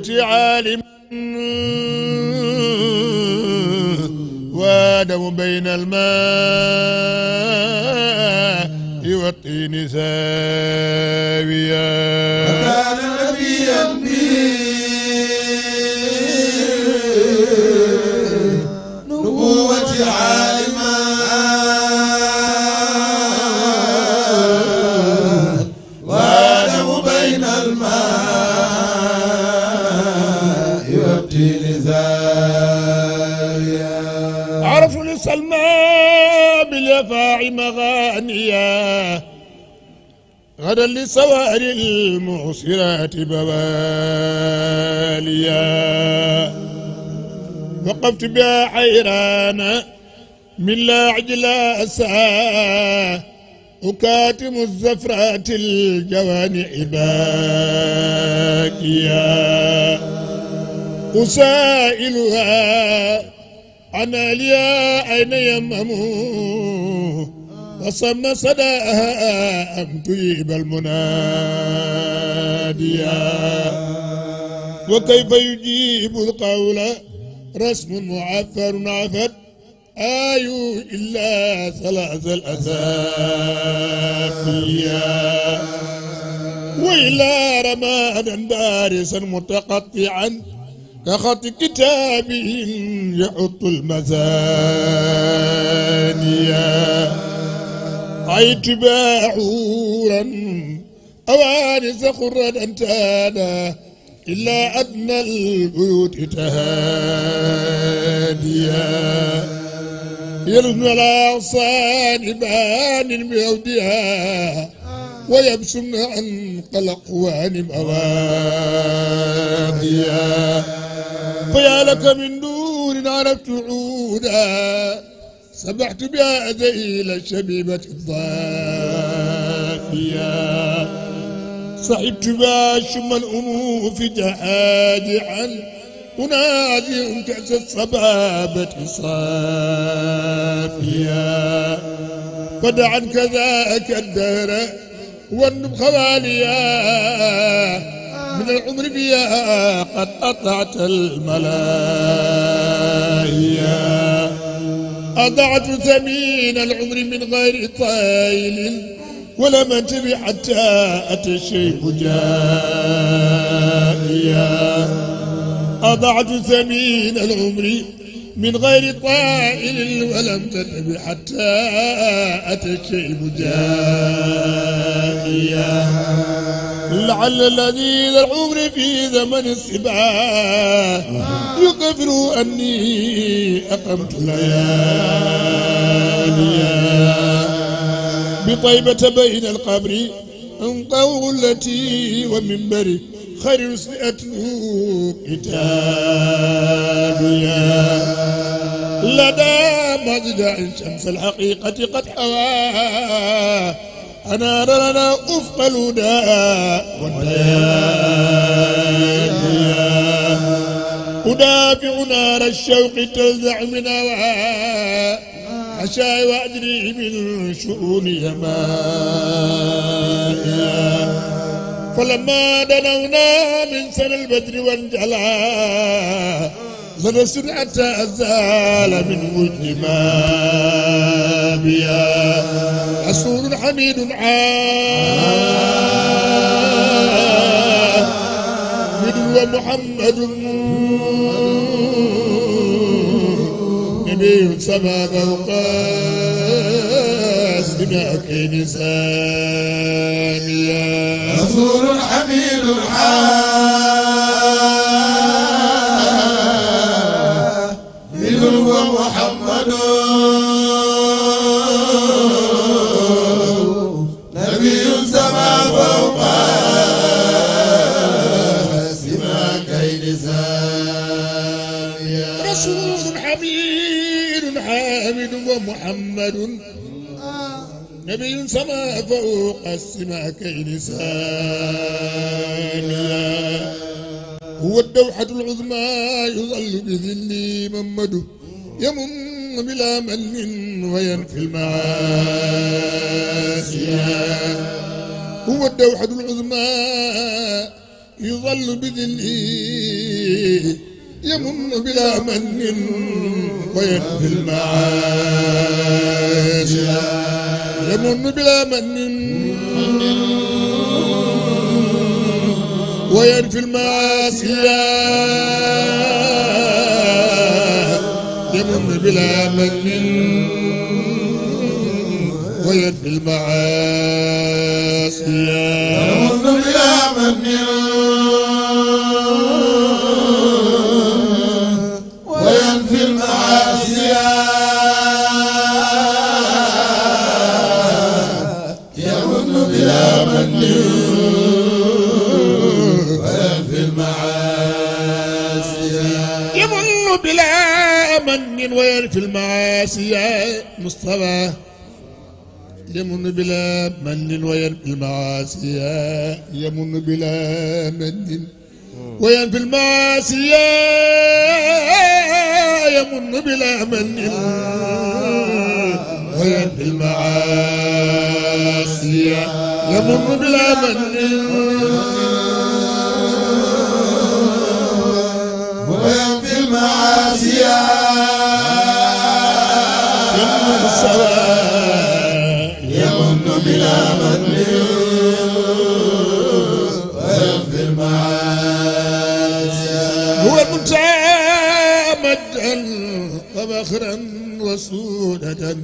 الجنة عالم وادم بين الماء والطين ساويا الأنياء غدا للسوائل المعسرات بواليا وقفت بها حيرانا من لا عجل أسعى أكاتم الزفرات الجوانع باكيا أسائلها أنا ليا أين يمهمون وسمى صداها أن طيب المناديا وكيف يجيب القول رسم معثر عثر آي إلا ثلاث الأسافية وإلا رمادا بارسا متقطعا كخط كتابه يحط المزانية عيتباع حورا أوانس قرة أنتانا إلا أدنى البيوت تهاديا يرن على صانبان بأوديها ويبسم عن قلقوان أواقيا فيا لك من نور عرفت عودا سبحت بها ذيل الشبيبة الضافية صحبت باشم الأنوف جهادعا أنادي كأس الصبابة صافية فدعا كذاك الدهر واليا من العمر فيها قد أطعت الملاهيا أضعت ثمين العمر من غير طيل ولم أنتبه حتى أتى الشيخ جائيا أضعت ثمين العمر من غير طائل ولم تتب حتى أتى الشيب جائيا لعل ذا العمر في زمن السباع يكفروا أني أقمت ليالي بطيبة بين القبر أنقوا التي ومنبري خير رسل أتلو يا لدى مجد شمس الحقيقة قد حوى أنا رنا أفق الهدى والبيان أدافع نار الشوق تلزع من أوى عشاي وأدري من شؤون يمان ولما بلغنا من سر البدر وانجلى للرسول حتى أزال من وجه ما بيا رسول حميد هو محمد نبي سما فوقاه بمئتين سامية غفور حميد حامد ومحمد نبي سما فوق سما كيد رسول حميد حامد ومحمد نبي سما فوق السماء كإنسان هو الدوحة العظمى يظل بذلي ممد يمن بلا من وينفي المعاسي هو الدوحة العظمى يظل بذله يمن بلا من ويكفي المعاش يمن بلا من وينفي المعاصي يمن بلا من وينفي المعاصي يمن بلا من من في المعاصي يا مصطفى يمن بلا من في المعاصي يمن بلا من في المعاصي يمن بلا من في المعاصي يمن بلا من في المعاصي السماء يمن بلا من ويغفر معاسي هو المنتهى مدا وبخرا وسودة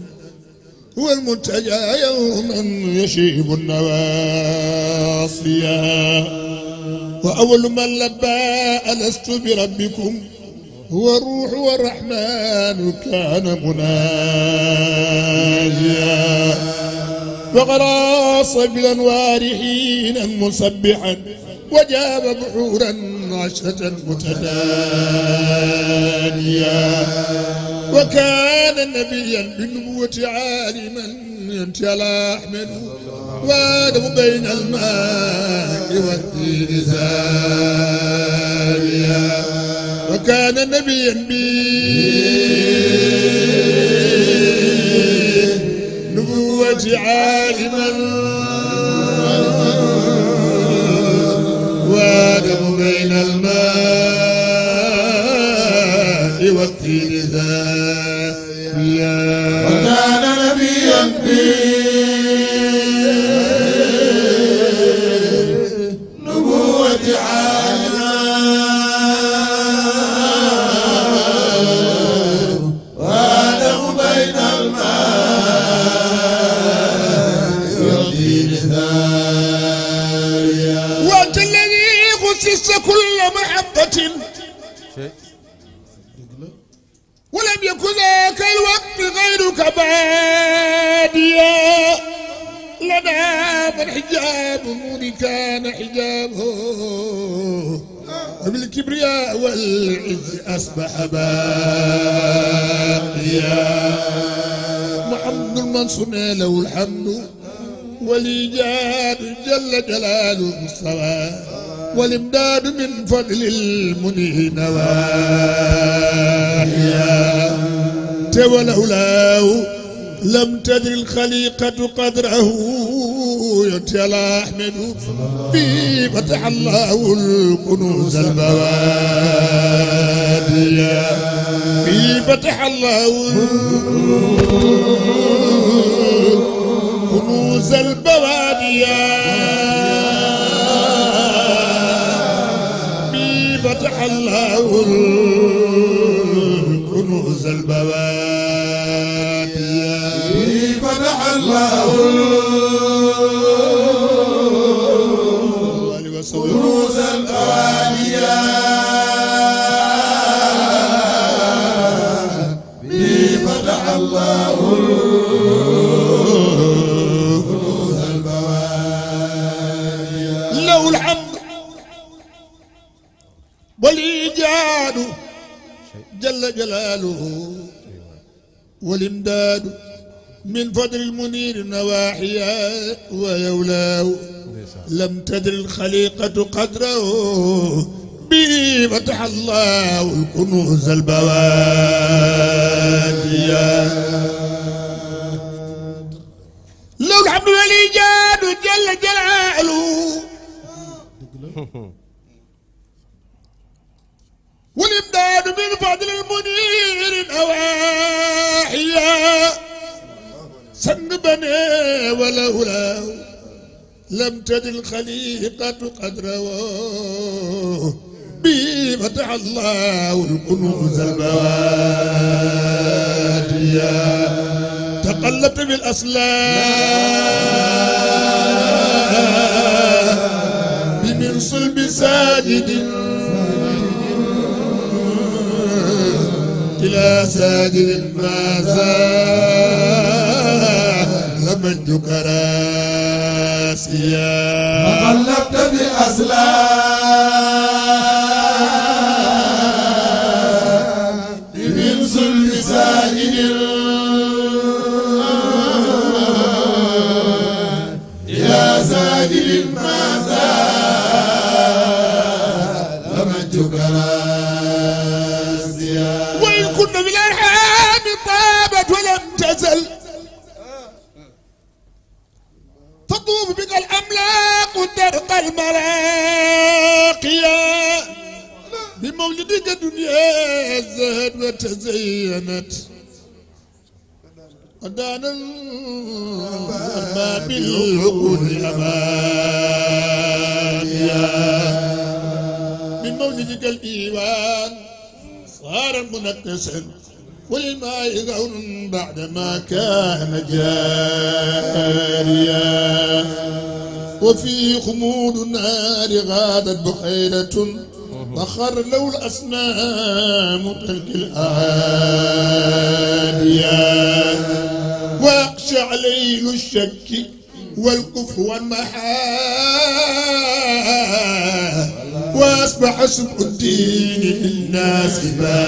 هو المنتجى يوما يشيب النواصية وأول من لبى ألست بربكم هو الروح والرحمن كان مناجيا وغرى صبلا وارحينا مسبحا وجاب بحورا عشرة متدانيا وكان نبيا بالنبوة عالما على أحمد وادم بين الماء والدين زانيا وكان نبيا نبوة عالما وادم بين الماء والتين ذا والامداد من فضل المنه نواحيا تولولاه لم تدر الخليقة قدره يتلى أحمد في فتح الله الكنوز البوادية في فتح الله الكنوز البوادية تداول كنوز البواتي إيه، فتح الله المجاد جل جلاله والامداد من فضل المنير نواحيا ويولاه لم تدر الخليقة قدره به فتح الله الكنوز البوادية لو الحمد لله جل جلاله والإمداد من فضل المنير الأواحية سن بني وله له لم تد الخليقة قد رواه فتح الله الكنوز البوادية تقلبت بالأسلام بمن صلب ساجد الاسد المازا ما زمنتك ما فقلبت بأسلام محظوظ من الأملاك وترقى المراقية بمولدك دنيا الزهد وتزينت ودان الأرباب العقول الأمانية من مولدك الإيمان صار منكسا والماء يقعون بعد ما كان جاريا وفي خمود النار غادت بحيرة فخر لو الأصنام تلك الآلية واقشع ليل الشك والكفر والمحال واصبح اسم الدين للناس باديا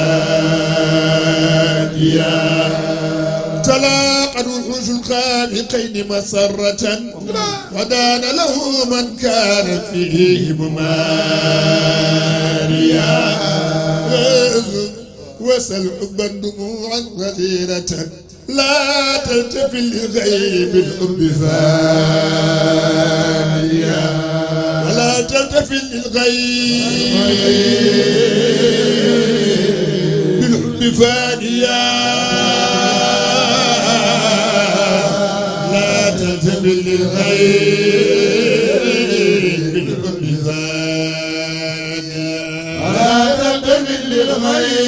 تلاقى الوحوش الخالقين مسرة ودان له من كان فيه مماريا وسل حبا دموعا غزيرة لا تلتفي لغيب الحب ثانيا تلتفت للغيب بالحب فانيا لا تلتفت للغيب بالحب فانيا لا تلتفت للغيب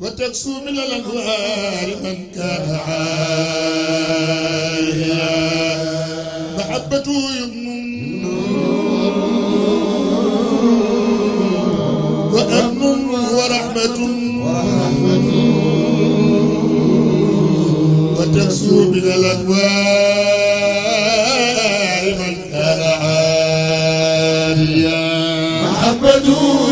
وتكسو من الانوار من كان عاليا محبته يمن وامن ورحمه وتكسو من الانوار من كان عاليا محبته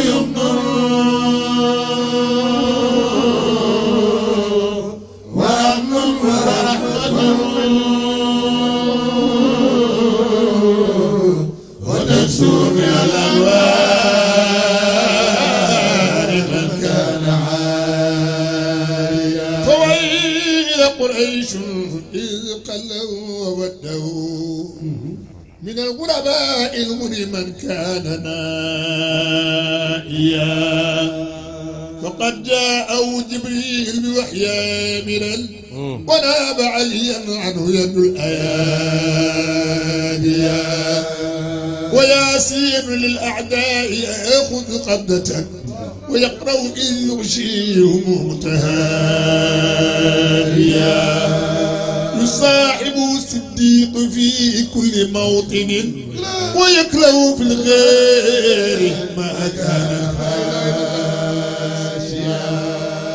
من الغرباء الغني من كان نائيا فقد جاءه جبريل بوحي من وناب عليا عنه يد الايادي وياسير للاعداء ياخذ قبضه ويقرا ان يغشيهم متهاديا يصاحب الصديق في كل موطن ويكره في الغير ما كان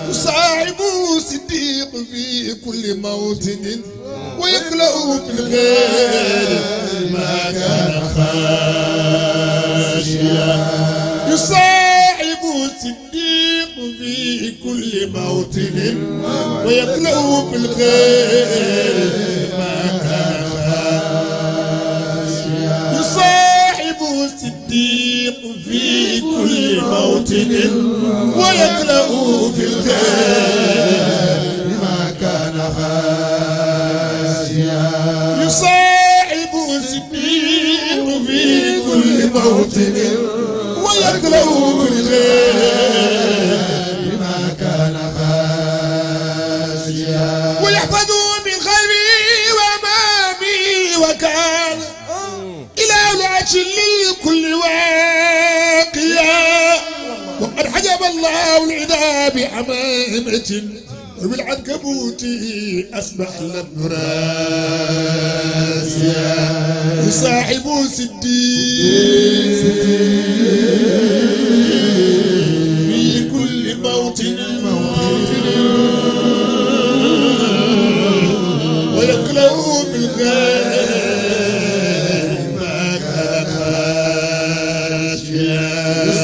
يصاحب الصديق في كل موطن ويكره في الغير ما كان خاشيا يصاحب الصديق في كل موطن ويقلع في الخير ما كان يصاحبه الصديق في كل موطن ويقلع في الخير ما كان خاسيا يصاحبه الصديق في كل موطن ويقلع في الخير العجب الله والعذاب حمامة وبالعنكبوت أسمح لابن راسيا وصاحب سدين في كل موطن ويقلعوا بالغيب ما كان خاشيا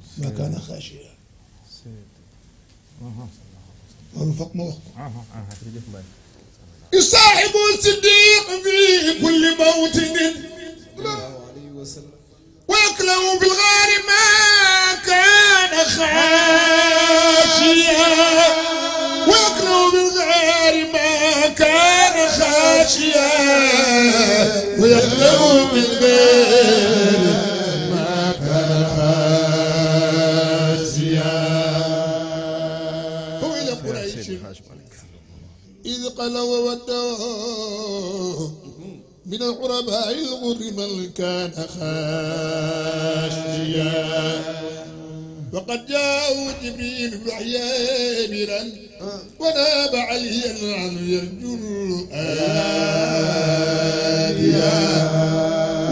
ما كان خاشيا والرفق موقع يصاحب الصديق في كل موطن ويكلم بالغار ما كان خاشيا ويكلم بالغار ما كان خاشيا ويكلم بالغار نقل وودعه من الغرباء الغر من كان خاشيا وقد جاءوا جبريل محيابرا وناب عليا عن يرجو الآلية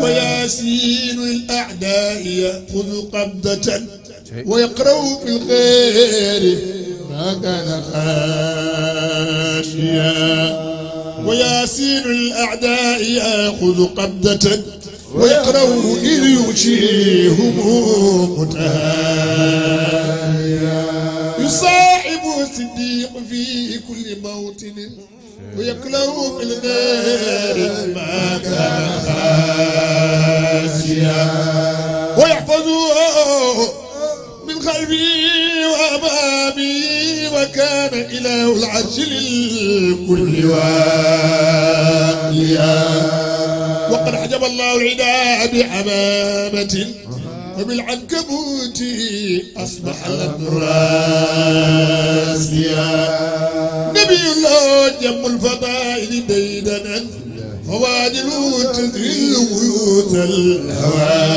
وياسين الأعداء يأخذ قبضة ويقرأ في الخير هكذا خاشيا وياسين الأعداء يأخذ قبضة ويقرأه إذ يوشيهم قتايا يصاحب الصديق في كل موطن ويكلو في الغير ما كان خاشيا ويحفظه من قلبي وأمامي وكان إله العرش للكل واليا وقد حجب الله العدا بحمامة وبالعنكبوت أصبح الراس نبي الله جم الفضائل ديدنا فوادل تدري البيوت الهوائية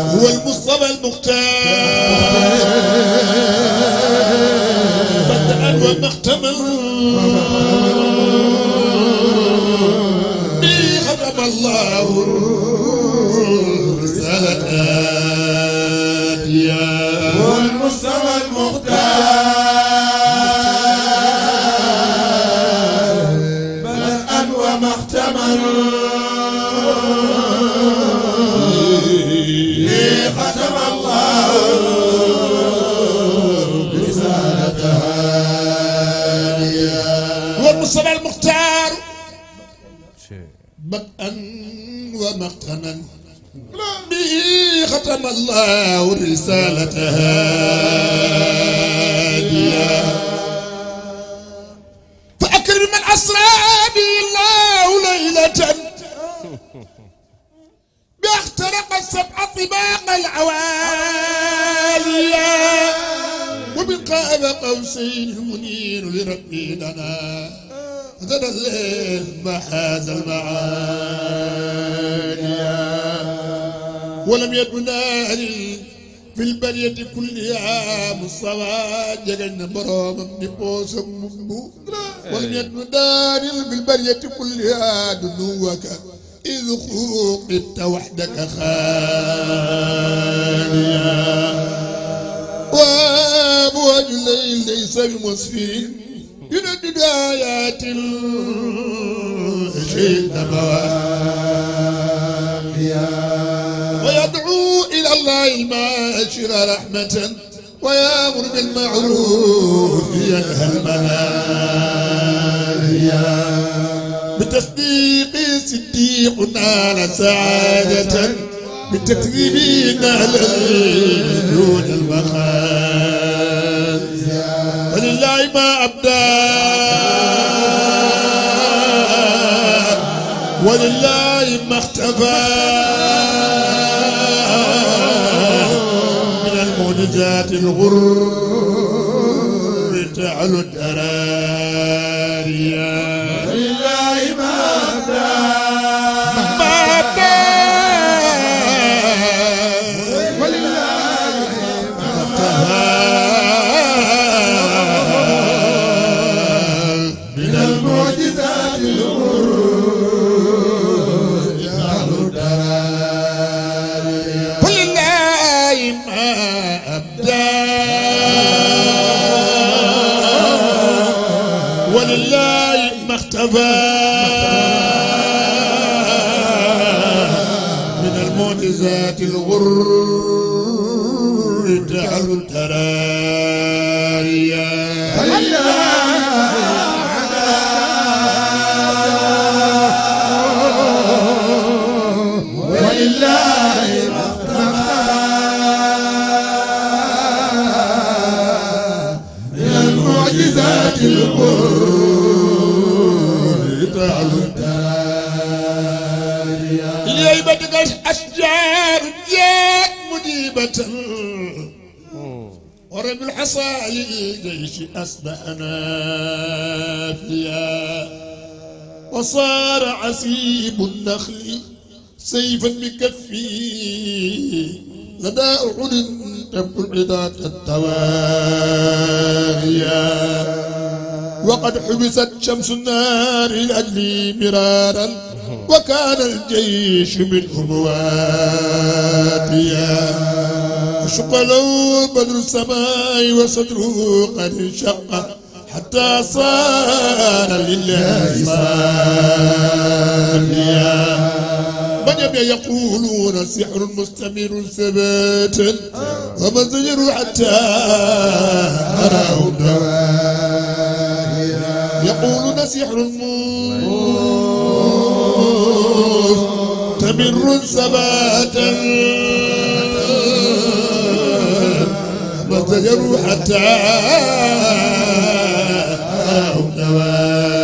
هو المصطفى المختار بدأ ومختمل به ختم الله رسالتها هادية فأكرم من أسرى به الله ليلة باخترق السبع طباق العوالية وبقاء قوسين منير لربي لنا تنزل هذا المعالي ولم يتنادي في البرية كلها مصطفى جغن بروم نبوس مبو ولم يتنادي إيه. في البرية كلها دنوك إذ خوقت وحدك خاليا وابو أجل ليس بمسفين يرد آيات الجد مواقيا ويدعو إلى الله الماشر رحمة ويأمر بالمعروف ينهى المناهيا بتصديق صديق نال سعادة بتكذيب نهل دون المخايا ولله ما أبدى ولله ما اختفى من المعجزات الغر تعلو الدرى عصى الجيش أصبحنا فيها وصار عسيب النخل سيفا بكفه لدى أحد تبعد التواليا وقد حبست شمس النار لأجلي مرارا وكان الجيش منهم واديا شق له بدر السماء وستره قد انشق حتى صار لله ساميا من يبي يقولون سحر مستمر ثبات ومن زجر حتى أراه يقولون سحر مستمر ثبات يروح التعب دواء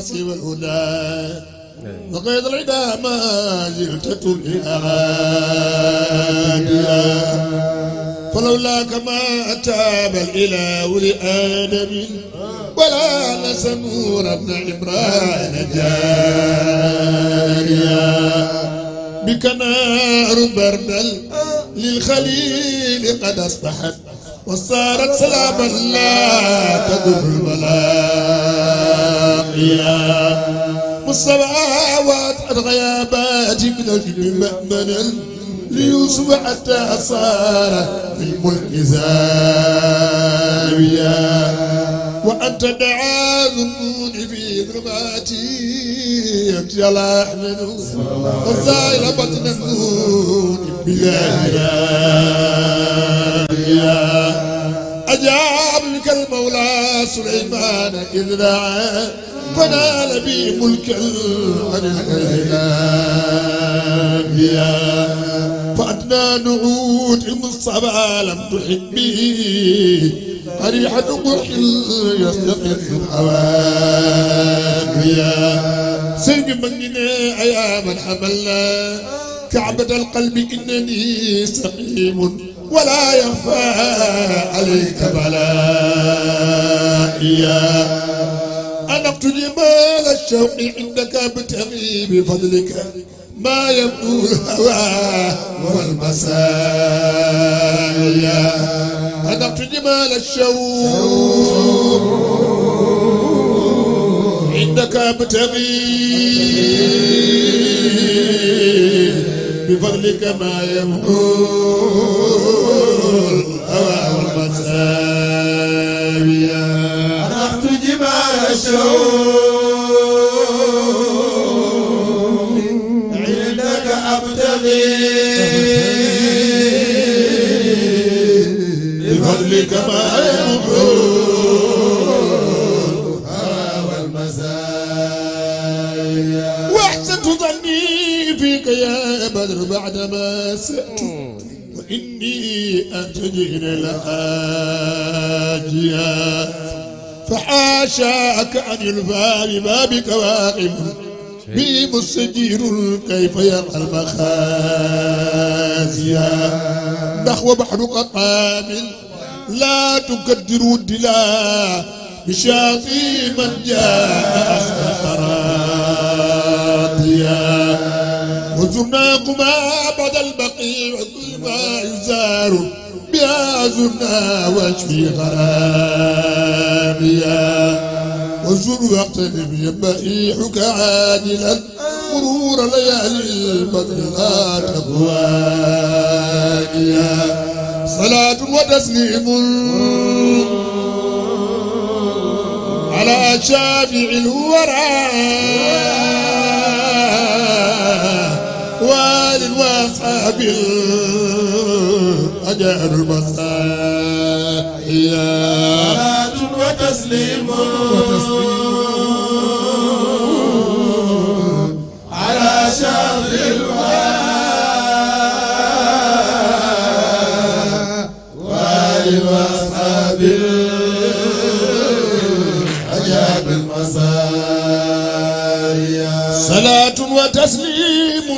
النصيب الهدى وقيد العدا ما زلت تلهي فلولاك ما أتاب الإله لآدم ولا نسمور ابن عمران جاريا بك نار بردل للخليل قد أصبحت وصارت سلاما لا تدر ولا والصلاوات والصلوات الغيابات نجد مأمنا ليوسف حتى صار في الملك زاويا وأنت دعاء النور في ظلماتي يا لا أحمد وزايل بطن بلا بلاهيا أجاب لك المولى سليمان إذ دعاه ونال بي ملك عن يا فأدنى نعود إن الصبا لم تحب به فريح نقح يستقر يا سيد من يا من حملنا كعبة القلب إنني سقيم ولا يخفى عليك بلائيا أنقت ما الشوق عندك ابتغي بفضلك ما يبدو الهوى والمسايا أنقت ما الشوق عندك ابتغي بفضلك ما يبدو الهوى والمسايا مرسوم عندك أبتغي بفضلك ما يمحو هوى المزايا وأحسنت ظني فيك يا بدر بعدما سأت وإني أتجه للآجيا فحاشاك عن الباب بابك واقف بي مستجير كيف يلقى المخازيا نحو بحر قطام لا تقدر الدلا بشاطي من جاء أخذ وزرناكما بعد البقيع ما يزار بها زرنا واشفي غراميا وزر واقترب حك عادلا مرور ليالي البدر لا صلاة وتسليم على شافع الورى وال واصحاب وجاء المسائي صلاة وتسليم على شر الوالي وأصحاب أجاب المسائي صلاة وتسليم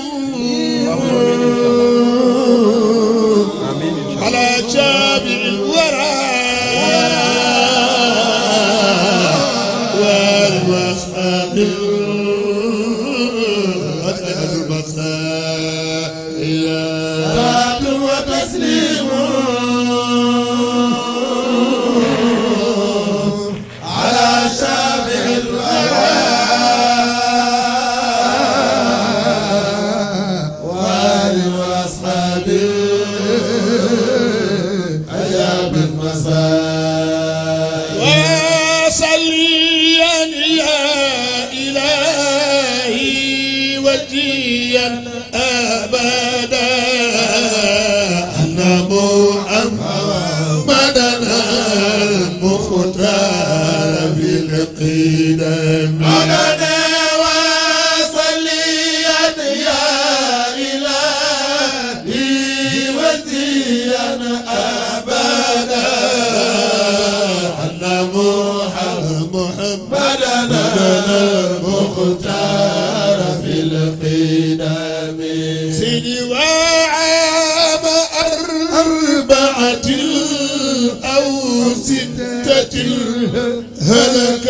هلا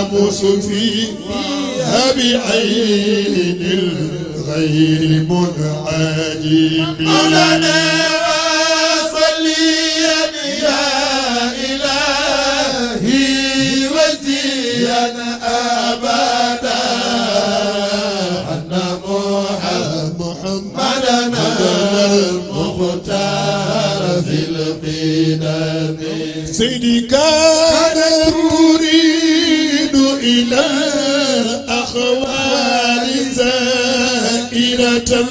التلبس فيها بعين الغير منعدم مولانا صليا يا إلهي وزيا أبدا أن محمدنا المختار في القدم سيدي كانت إلى أخوال زائرة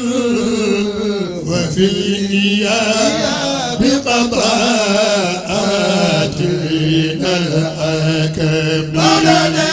وفي الإياب بقضاءات من الأكبر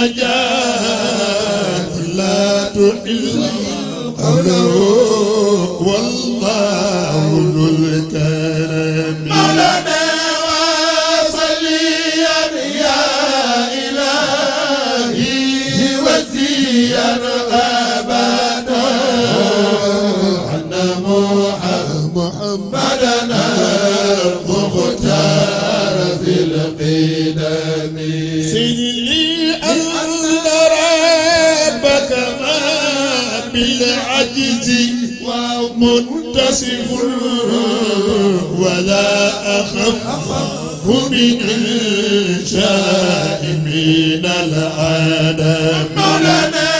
نجات لا تحل قوله والله منتصف ولا أخف من الجائمين العالم مولانا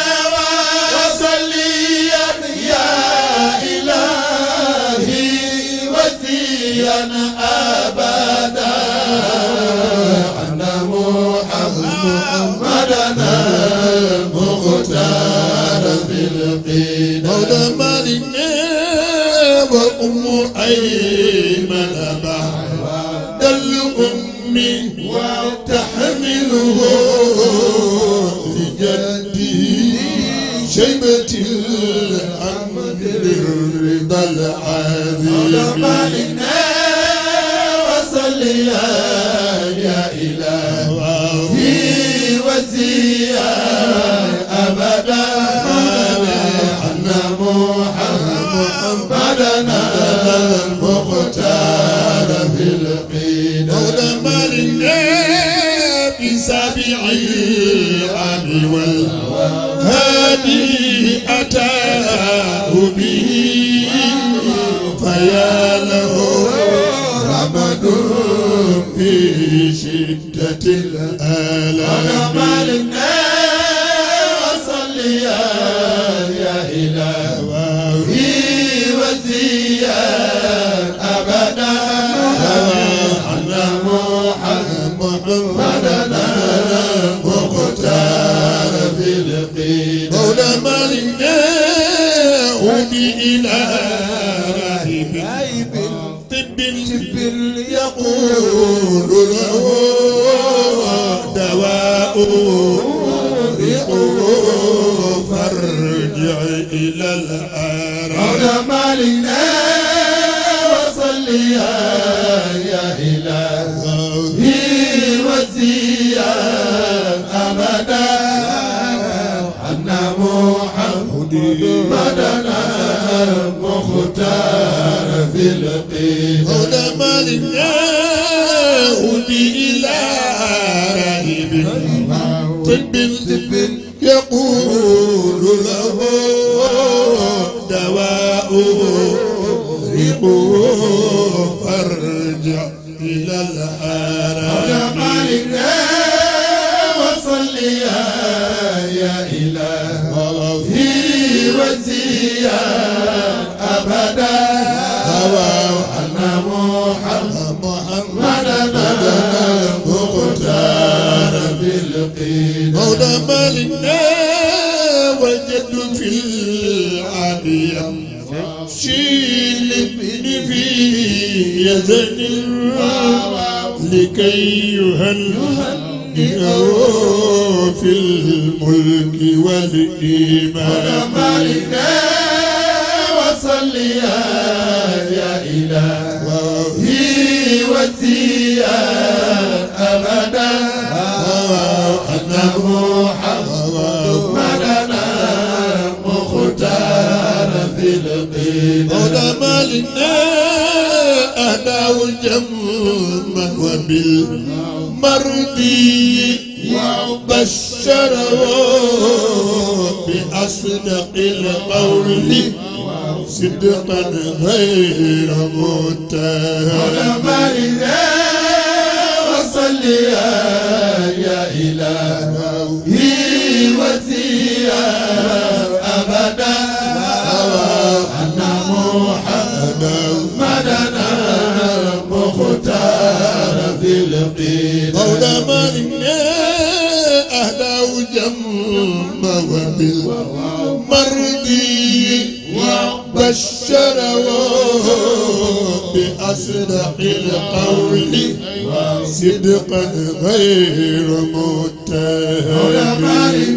أم أيمن بعد الأم تحمله لجدي شيبة الحمد للرضا العظيم على مالنا وصلي عيانه رمد في شدة الآلام مالنا وصلي يا إلهي وزيا أبدا أن محمدنا مختار في القيد مولى مالنا وبإله um يزن لكي يهنئه في الملك والإيمان وصليا يا المرضي وبشره بأصدق القول صدقا غير موتى ولما إذا وصل يا إله هي القول صدقا غير متهم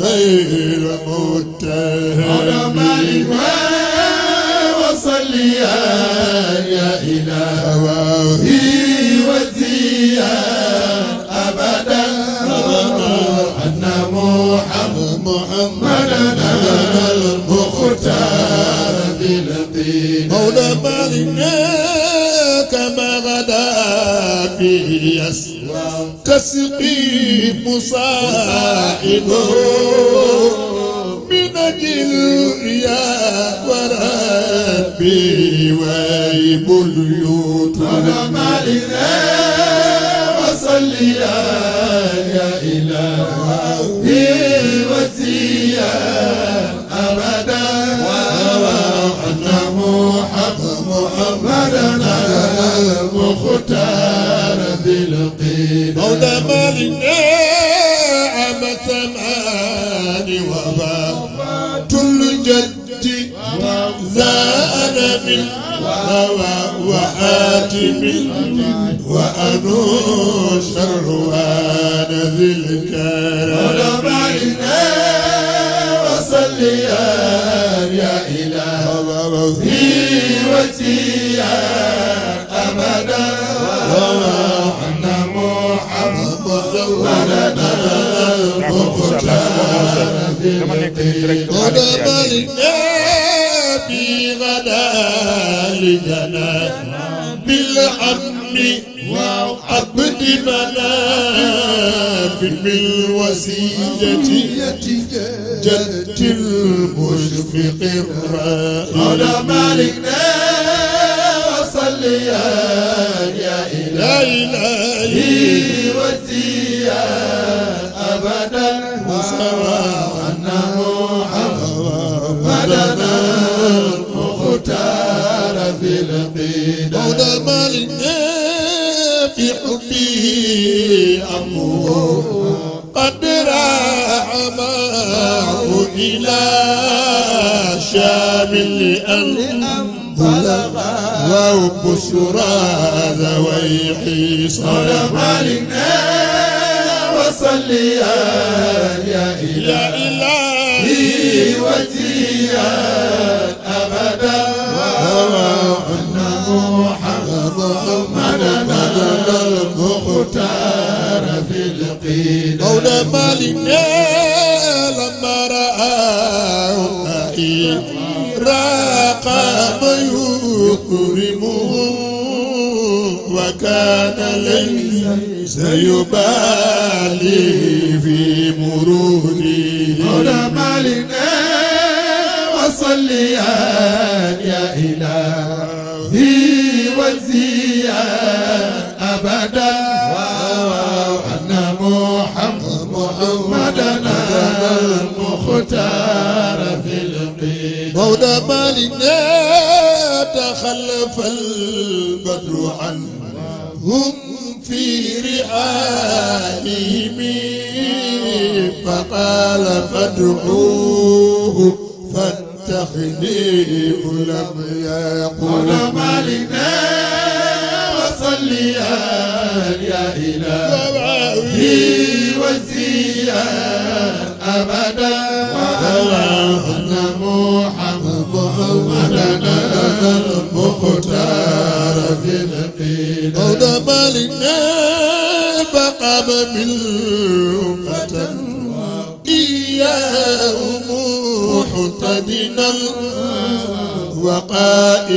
غير متهم على مالك وصلي يا إله وهي وزيا أبدا أن محمد محمدنا المختار بلطيف مولى مالك كما غدا في يسر تسقيم صاحبه من أجل يا ربي ويب اليوت ولما وصلي يا الهي هيوتي أبدا وأن محمد ولدنا الفتان غدا بالنبي غدا لجنا بالحمد وعبد منا بالوسيلة جد المشفق الرائع على مالك نادي صلى علينا وصلي يا إلهي وتيا أبدا وأن محمدا المختار في القيد مولى مالنا سيبالي في مروري مولى مالنا وصليا يا إلهي وزيا أبدا أدعو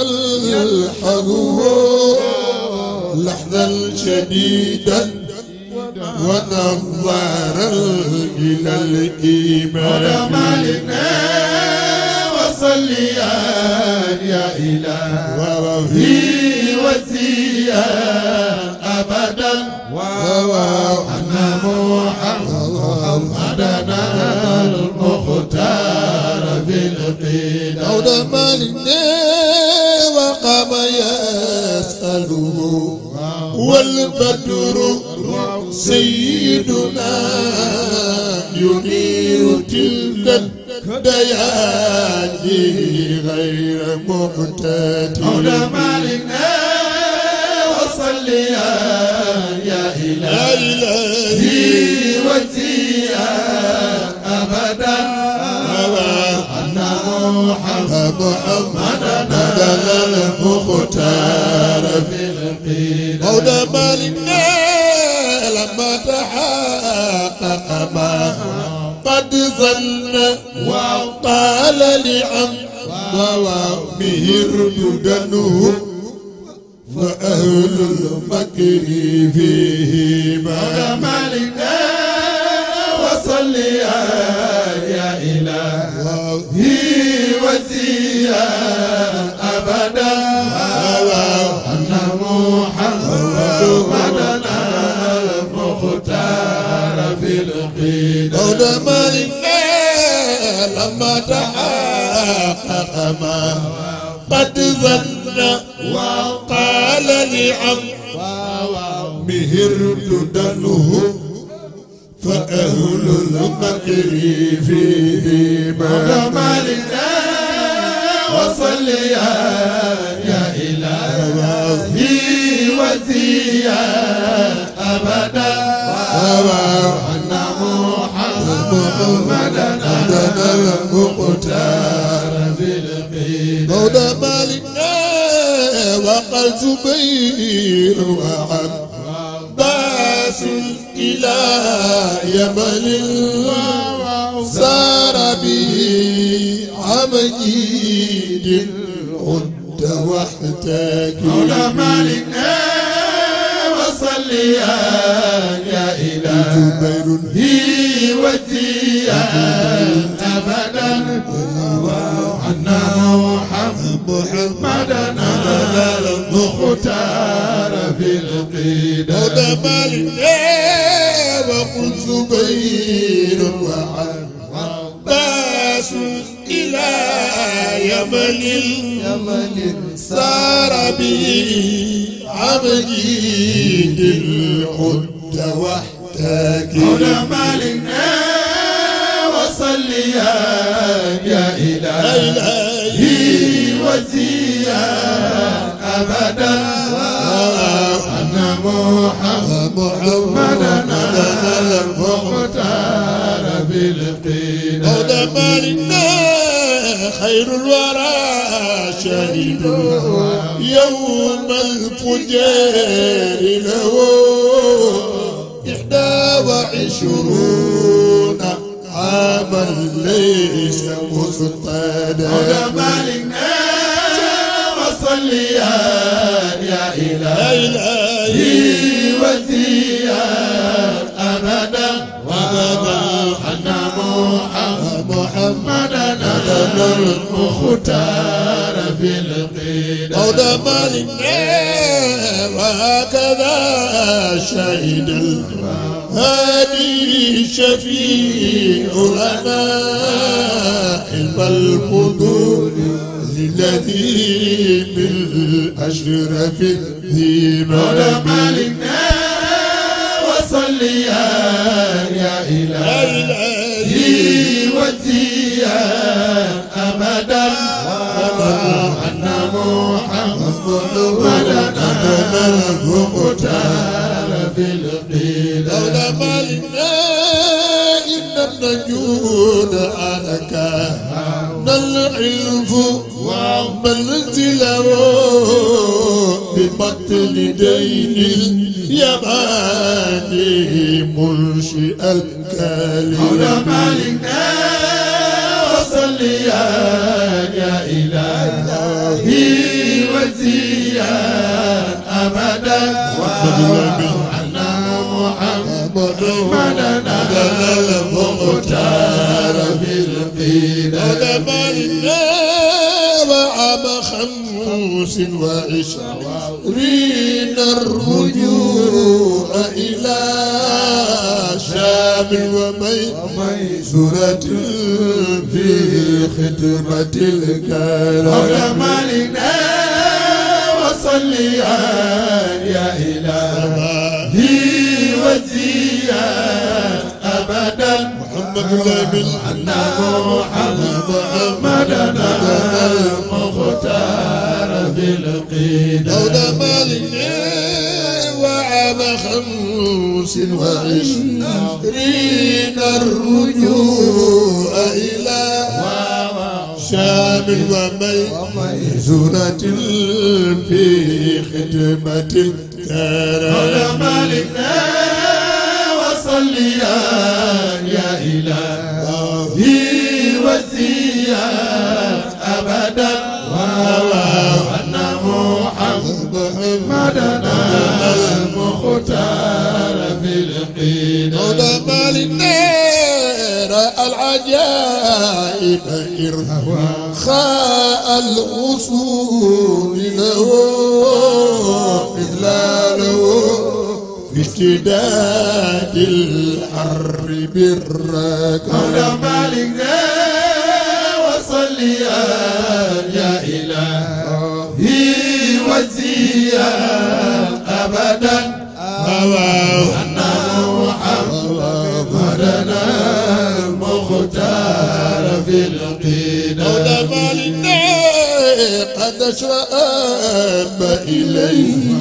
يلحقه لحظة شديدة ونظر إلى الإيمان مالنا وصليا يا إله ورهي وزيا أبدا ووالي بدر سيدنا ينير تلك الدياجي غير معتاد حول مالنا وصلي يا إلهي وجهي أبدا أن بدل المختار هدى مالنا لما تحقق ما قد ظن وقال لعم ضوابه رددنه فأهل المكر فيه ما مالنا وصليها لما تحقق ما قد ظن وقال لعمه ارتدنه فأهل المكر فيه ما وصل يا يا إلهي وزيا أبدا مدنا لنا مقتار مولى مالك إيه، وقل زبير وعباس إلى يمن سار به عمجيد عد واحتاج مولى مالك إيه، وصلي يا إلهي لي وديا ابدا وعنا محمدا مختار في القيد هدى وقل زبير وعن عباس الى يمن يمن سار به عبدي الحد وحده أتاك علماء لنا وصلي يا إلهي وزيا أبدا أن محمدنا المختار بالقيل علماء لنا خير الورى شهد يوم الفجر له عشرون عاما ليس مفطنا على مالنا وصليا يا إلهي وثيا أبدا وأبدا أن محمدا أنا المختار في القيد قد مالنا وهكذا شهد الله هادي شفيع لنا علم الفضول الذي بالأشرف ذي مولى ملكنا وصلي يا إلهي وجزيا أبدا أن محمد ولنا المختار في القيام لولا مالنا إن النجود عنك نل العلف وما التلاوة ببطل دين اليماني منشئ الكلمة لولا مالنا وصلي يا مننا وعام خمس وعشرين الرجوع إلى شام وميسورة في خدمة الكرم وصلي يا إله مغلب عنا محمد أملنا المختار ذي القيد أولى مالك وعام خمس وعشرين الرجوع إلى شام وميزورة في ختمة الدار أولى مالك مصليا يا إلهي وسيا أبدا وأن مدنا المختار في القيد ودمى للنار العجائب إرهوى خاء الغصون له إذلاله في اشتداد الحر برك بالركب مالكنا وصليا يا إلهي وزيا أبدا أن أنا مختار في القيادة مالكنا قد شاب إليه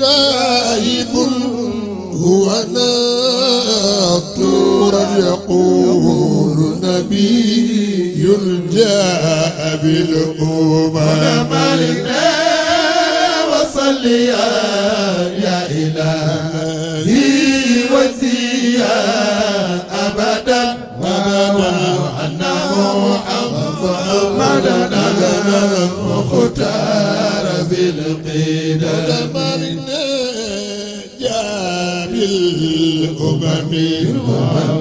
راهي وأنا طورا يقول نبي يرجى بالأمم مالنا وصليا يا إلهي وزيا أبدا وانا محمدا وختار بالقيد يا يا بالأمم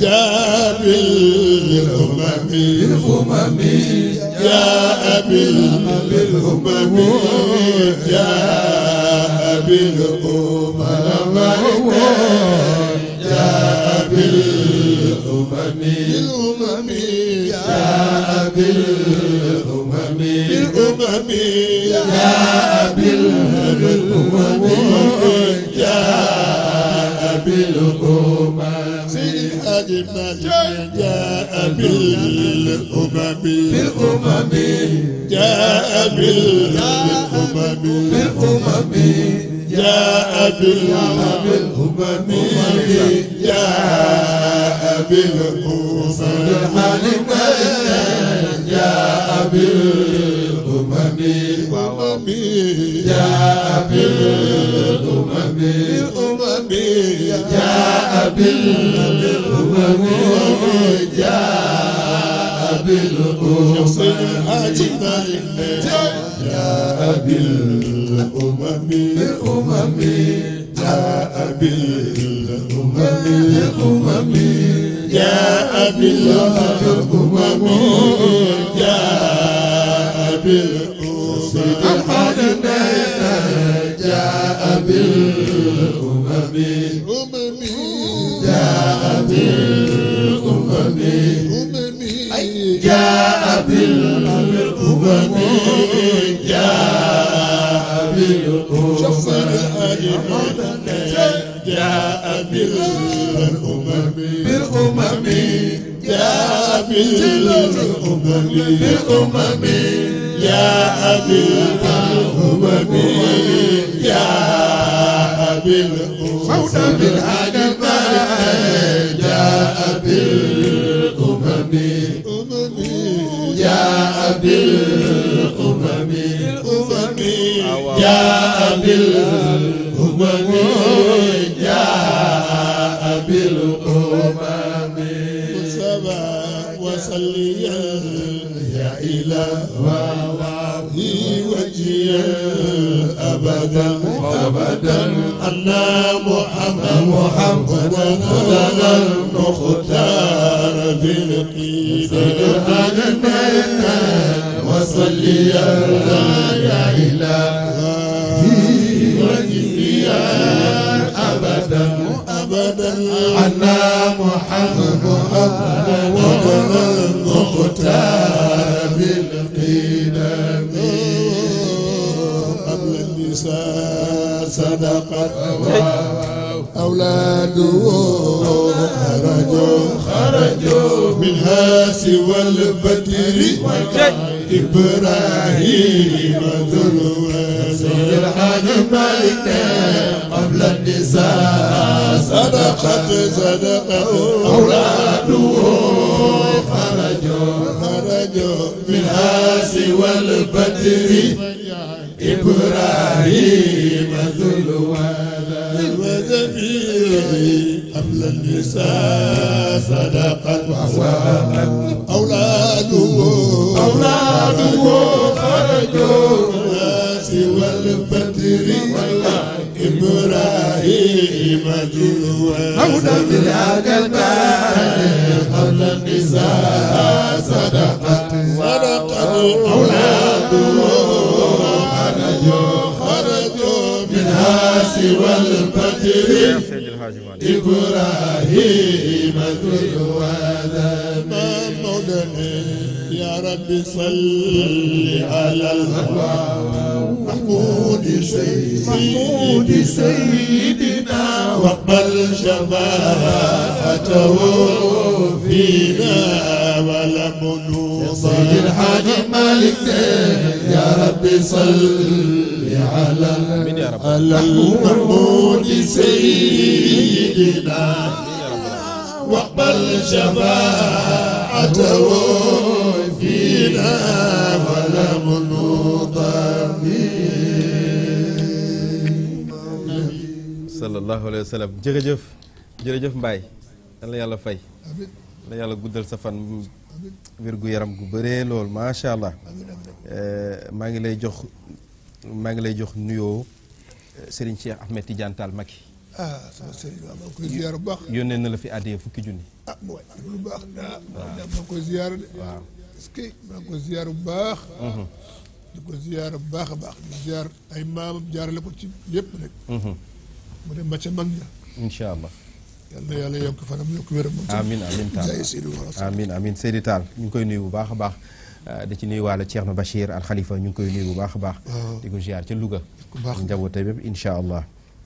جاء بالأمم جاء بالأمم جاء بالأمم جاء بالأمم جاء بالأمم بالأمم جاء بالأمم جاء بالأمم سيد الحاج مالك جاء بالأمم بالأمم جاء بالأمم بالأمم جاء بالأمم جاء بالأمم سبحان من جاء بالأمم جاء بالأمم بالأمم بالأمم جاء بالأمم جاء بالأمم جاء بالأمم بالأمم جاء بالأمم جاء بالأمم جاء بالأمم بالأمم جاء بالأمم جاء بالأمم جاء بالأمم جاء بالأمم بالأمم جاء بالأمم بالأمم جاء بالأمم يا بالأمم سبحان ما جاء بالأمم جاء بالأمم جاء بالأمم جاء بالأمم صليا يا إله في وجهي أبدا أبدا أنا محمد محمد لنا المختار في سبحان علمنا وصلي يا إله في وجهي أبدا أبدا على محمد أبدا ومن المختار بالقدم قبل النساء صدقت أولاده خرجوا خرجوا منها سوى البدر والجد إبراهيم ذلوة سيد الملكة قبل النساء صدقت صدقة أولاده خرجوا خرجوا من هاس والبدر إبراهيم ذلوة قبل النساء صدقت وصدقت أولاده عدو خرجوا سوى البدر إبراهيم جلوة أولى بالعقبان قبل النزاع صدقت صدقت أولاده خرجوا خرجوا منها سوى البدر إبراهيم ذو الولد ما مولانا يا ربي صل على محمود سيدي محمود سيدنا واقبل شفاعته فينا ولا منوصا سيد الحاج مالك يا ربي صل على على محمود سيدنا واقبل شفاعته فينا ولم نطفئ sallallahu alayhi wa sallam jërëjëf jërëjëf Mbaye yal na yàlla fay la yàlla guddal sa fan wér-gu-yaram gu bëree lool macha allah maa ngi lay jox maa ngi lay jox nuyoo Serigne Cheikh Ahmed Tidiane Tall Macky ah sama sëriñ maa ngi koy ziar bu baax yónnee na la fi àddee fukki junni ah bu baax maa ngi koy ziar de waaw ki maa ko ziyaar bu baax mhm. di ko ziyaar bu baax a baax di ziyaar ay maamam la ko ci yëpp rek mhm. mu dem ba ca mag ña incha allah yàlla yàlla yokk fanam yokk wéram amin amin taal amin amin Seydi Tall ñu ngi koy nuyu bu baax a baax ah, da ci nuyu waale Thierno Bachir al Khalifa ñu ngi koy nuyu bu baax a baax di ko ziyaar ca Louga njaboote bépp incha allah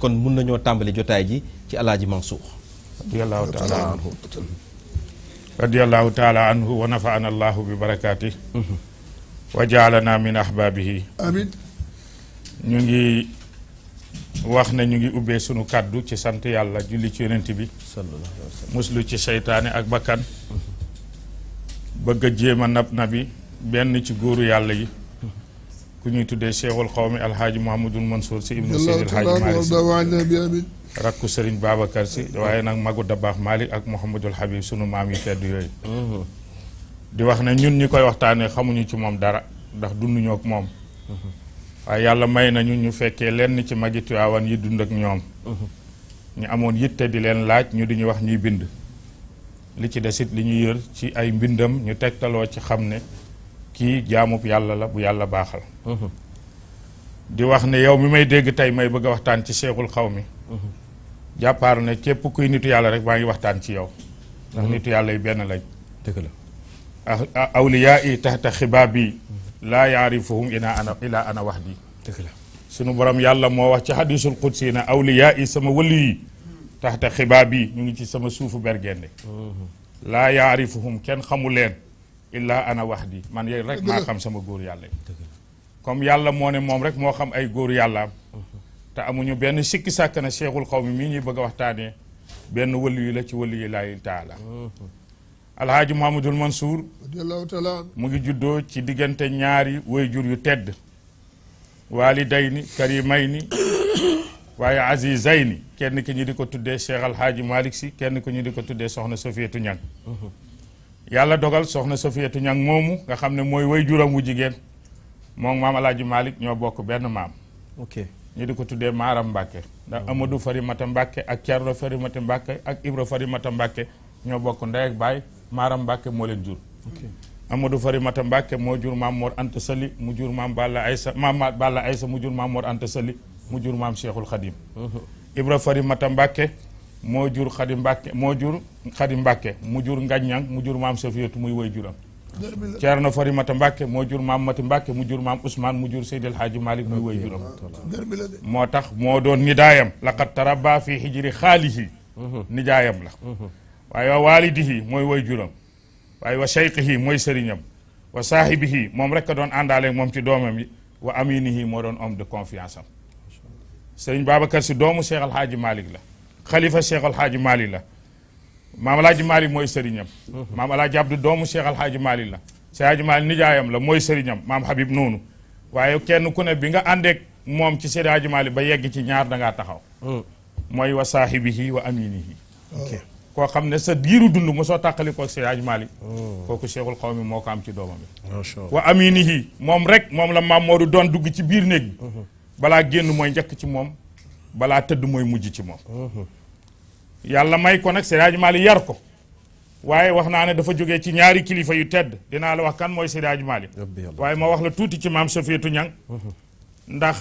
kon mun nañoo tàmbali jotaay ji ci alaaji Mansour radiyallahu taala anhu radiyallahu taala anhu wa allahu bi barakaati mhm. wa jaalana min ñu ngi wax ne ñu ngi ubbee sunu kàddu ci sant yàlla julli ci yonent bi muslu ci seytaane ak bakkan bëgg a jéem nab nabi benn ci góoru yàlla yi ku ñuy tuddee cheikhul xawmi alhaaji mouhamadul mansour si ibnu seydil haaji maalik si rakku sëriñ babacar si waaye nag magu baax malik ak mouhamadul habib sunu maam yi tedd yooyu uh-huh. di wax ne ñun ñi koy waxtaanee xamuñu ci moom dara ndax dunduñoo ak moom uh-huh. waaye yàlla may nañu ñu fekkee lenn ci magi Tiwaawan yi dund ak ñoom uh-huh. ñu amoon yitte di leen laaj ñu di ñu wax ñuy bind li ci desit li ñu yër ci ay mbindam ñu tegtaloo ci xam ne kii jaamub yàlla la bu yàlla baaxal mhm. di wax ne yow mi may dégg tey may bëgg a waxtaan ci seexul xaw mi mhm. jàppaar na képp kuy nitu yàlla rek maa ngi waxtaan ci yow mhm. ndax nitu yàlla yi benn lañ dëgg la ah, ah awliyaa yi taxta xibaab yi laa yaarifuhum ina ana ila ana wax di dëgg sunu borom yàlla moo wax ci xadisul qudsi na awliyaa yi sama wëllu yi taxta xibaab yi ñu ngi ci sama suufu bergende laa yaarifuhum kenn xamu leen illaa ana wax di man yooyu rek maa xam sama góor yàlla yi comme yàlla moo ne moom rek moo xam ay góor yàlla uh-huh. te amuñu benn sikki sàkk na cheikhul xaw mi mii bëgg a benn wëllu yi la ci wëllu yi laayi taala uh-huh. alhaaji mahamadul mansour mu ngi juddoo ci diggante ñaari wayjur yu tedd waalidayni ni waaye azizayni kenn ki ñu di ko tuddee cheikh alhaaji malik si kenn ki ñu di ko tuddee soxna sofiyatu ñang uh-huh. yàlla dogal soxna Sofiyatu Ñang moomu nga xam ne mooy way juram wu jigéen moom maam Alaaji Malick ñoo bokk benn maam ok ñu di ko tuddee Maaram Mbàkke ndax mm. Amadou Farimata Mbàkke ak Thierno Farimata Mbàkke ak Ibra Farimata Mbàkke ñoo bokk ndey ak baay Maaram Mbàkke moo leen jur Amadou Farimata Mbàkke moo jur maam moor Anta Sali mu jur maam Balla Aysa maam Balla Aysa mu jur maam Mor Anta Sali mu jur maam Cheikhul Khadim mm-hmm. Ibra Farimata Mbàkke moo jur xadi mbàkke moo jur xadi mbàkke mu jur ngaññang mu jur maam safiyatu muy woy juram ceerno farimata mbàkke moo jur maam mati mbàkke mu jur maam ousmane mu jur seydil haaji malik muy woy juram moo tax moo doon nidaayam laqad tarabba fi hijri xaalihi nijaayam la waaye wa waalidihi mooy woy juram waaye wa cheyqihi mooy sëriñam wa saahibihi moom rek a doon àndaale moom ci doomam yi wa aminihi moo doon homme de confiance am sëriñ babacar si doomu cheikh alhaaji malik la خليفه شيخ الحاج مالي لا مام الحاج مالي موي سيرينم مام الحاج عبد دوم شيخ الحاج مالي لا شيخ الحاج مالي نجايام لا موي سيرينم مام حبيب نونو وايو كين كون بيغا اندك موم سي سيدي الحاج مالي با ييغي سي ñaar داغا تاخاو موي وصاحبه وامينه كو خامن سا ديرو دوند مسو تاخلي كو سي الحاج مالي كوكو شيخ القوم موكا ام سي دومامي وامينه موم ريك موم لا مام مودو دون دوغ سي بير نيك بالا ген موي نجاك balaa tëdd mooy mujj ci moom mhm. yàlla may ko nag Seydi Maalik yar ko waaye wax naa ne dafa jóge ci ñaari kilifa yu tedd dinaa la wax kan mooy Seydi Maalik waaye ma wax la tuuti ci maam Safiyatu Ñang mhm. ndax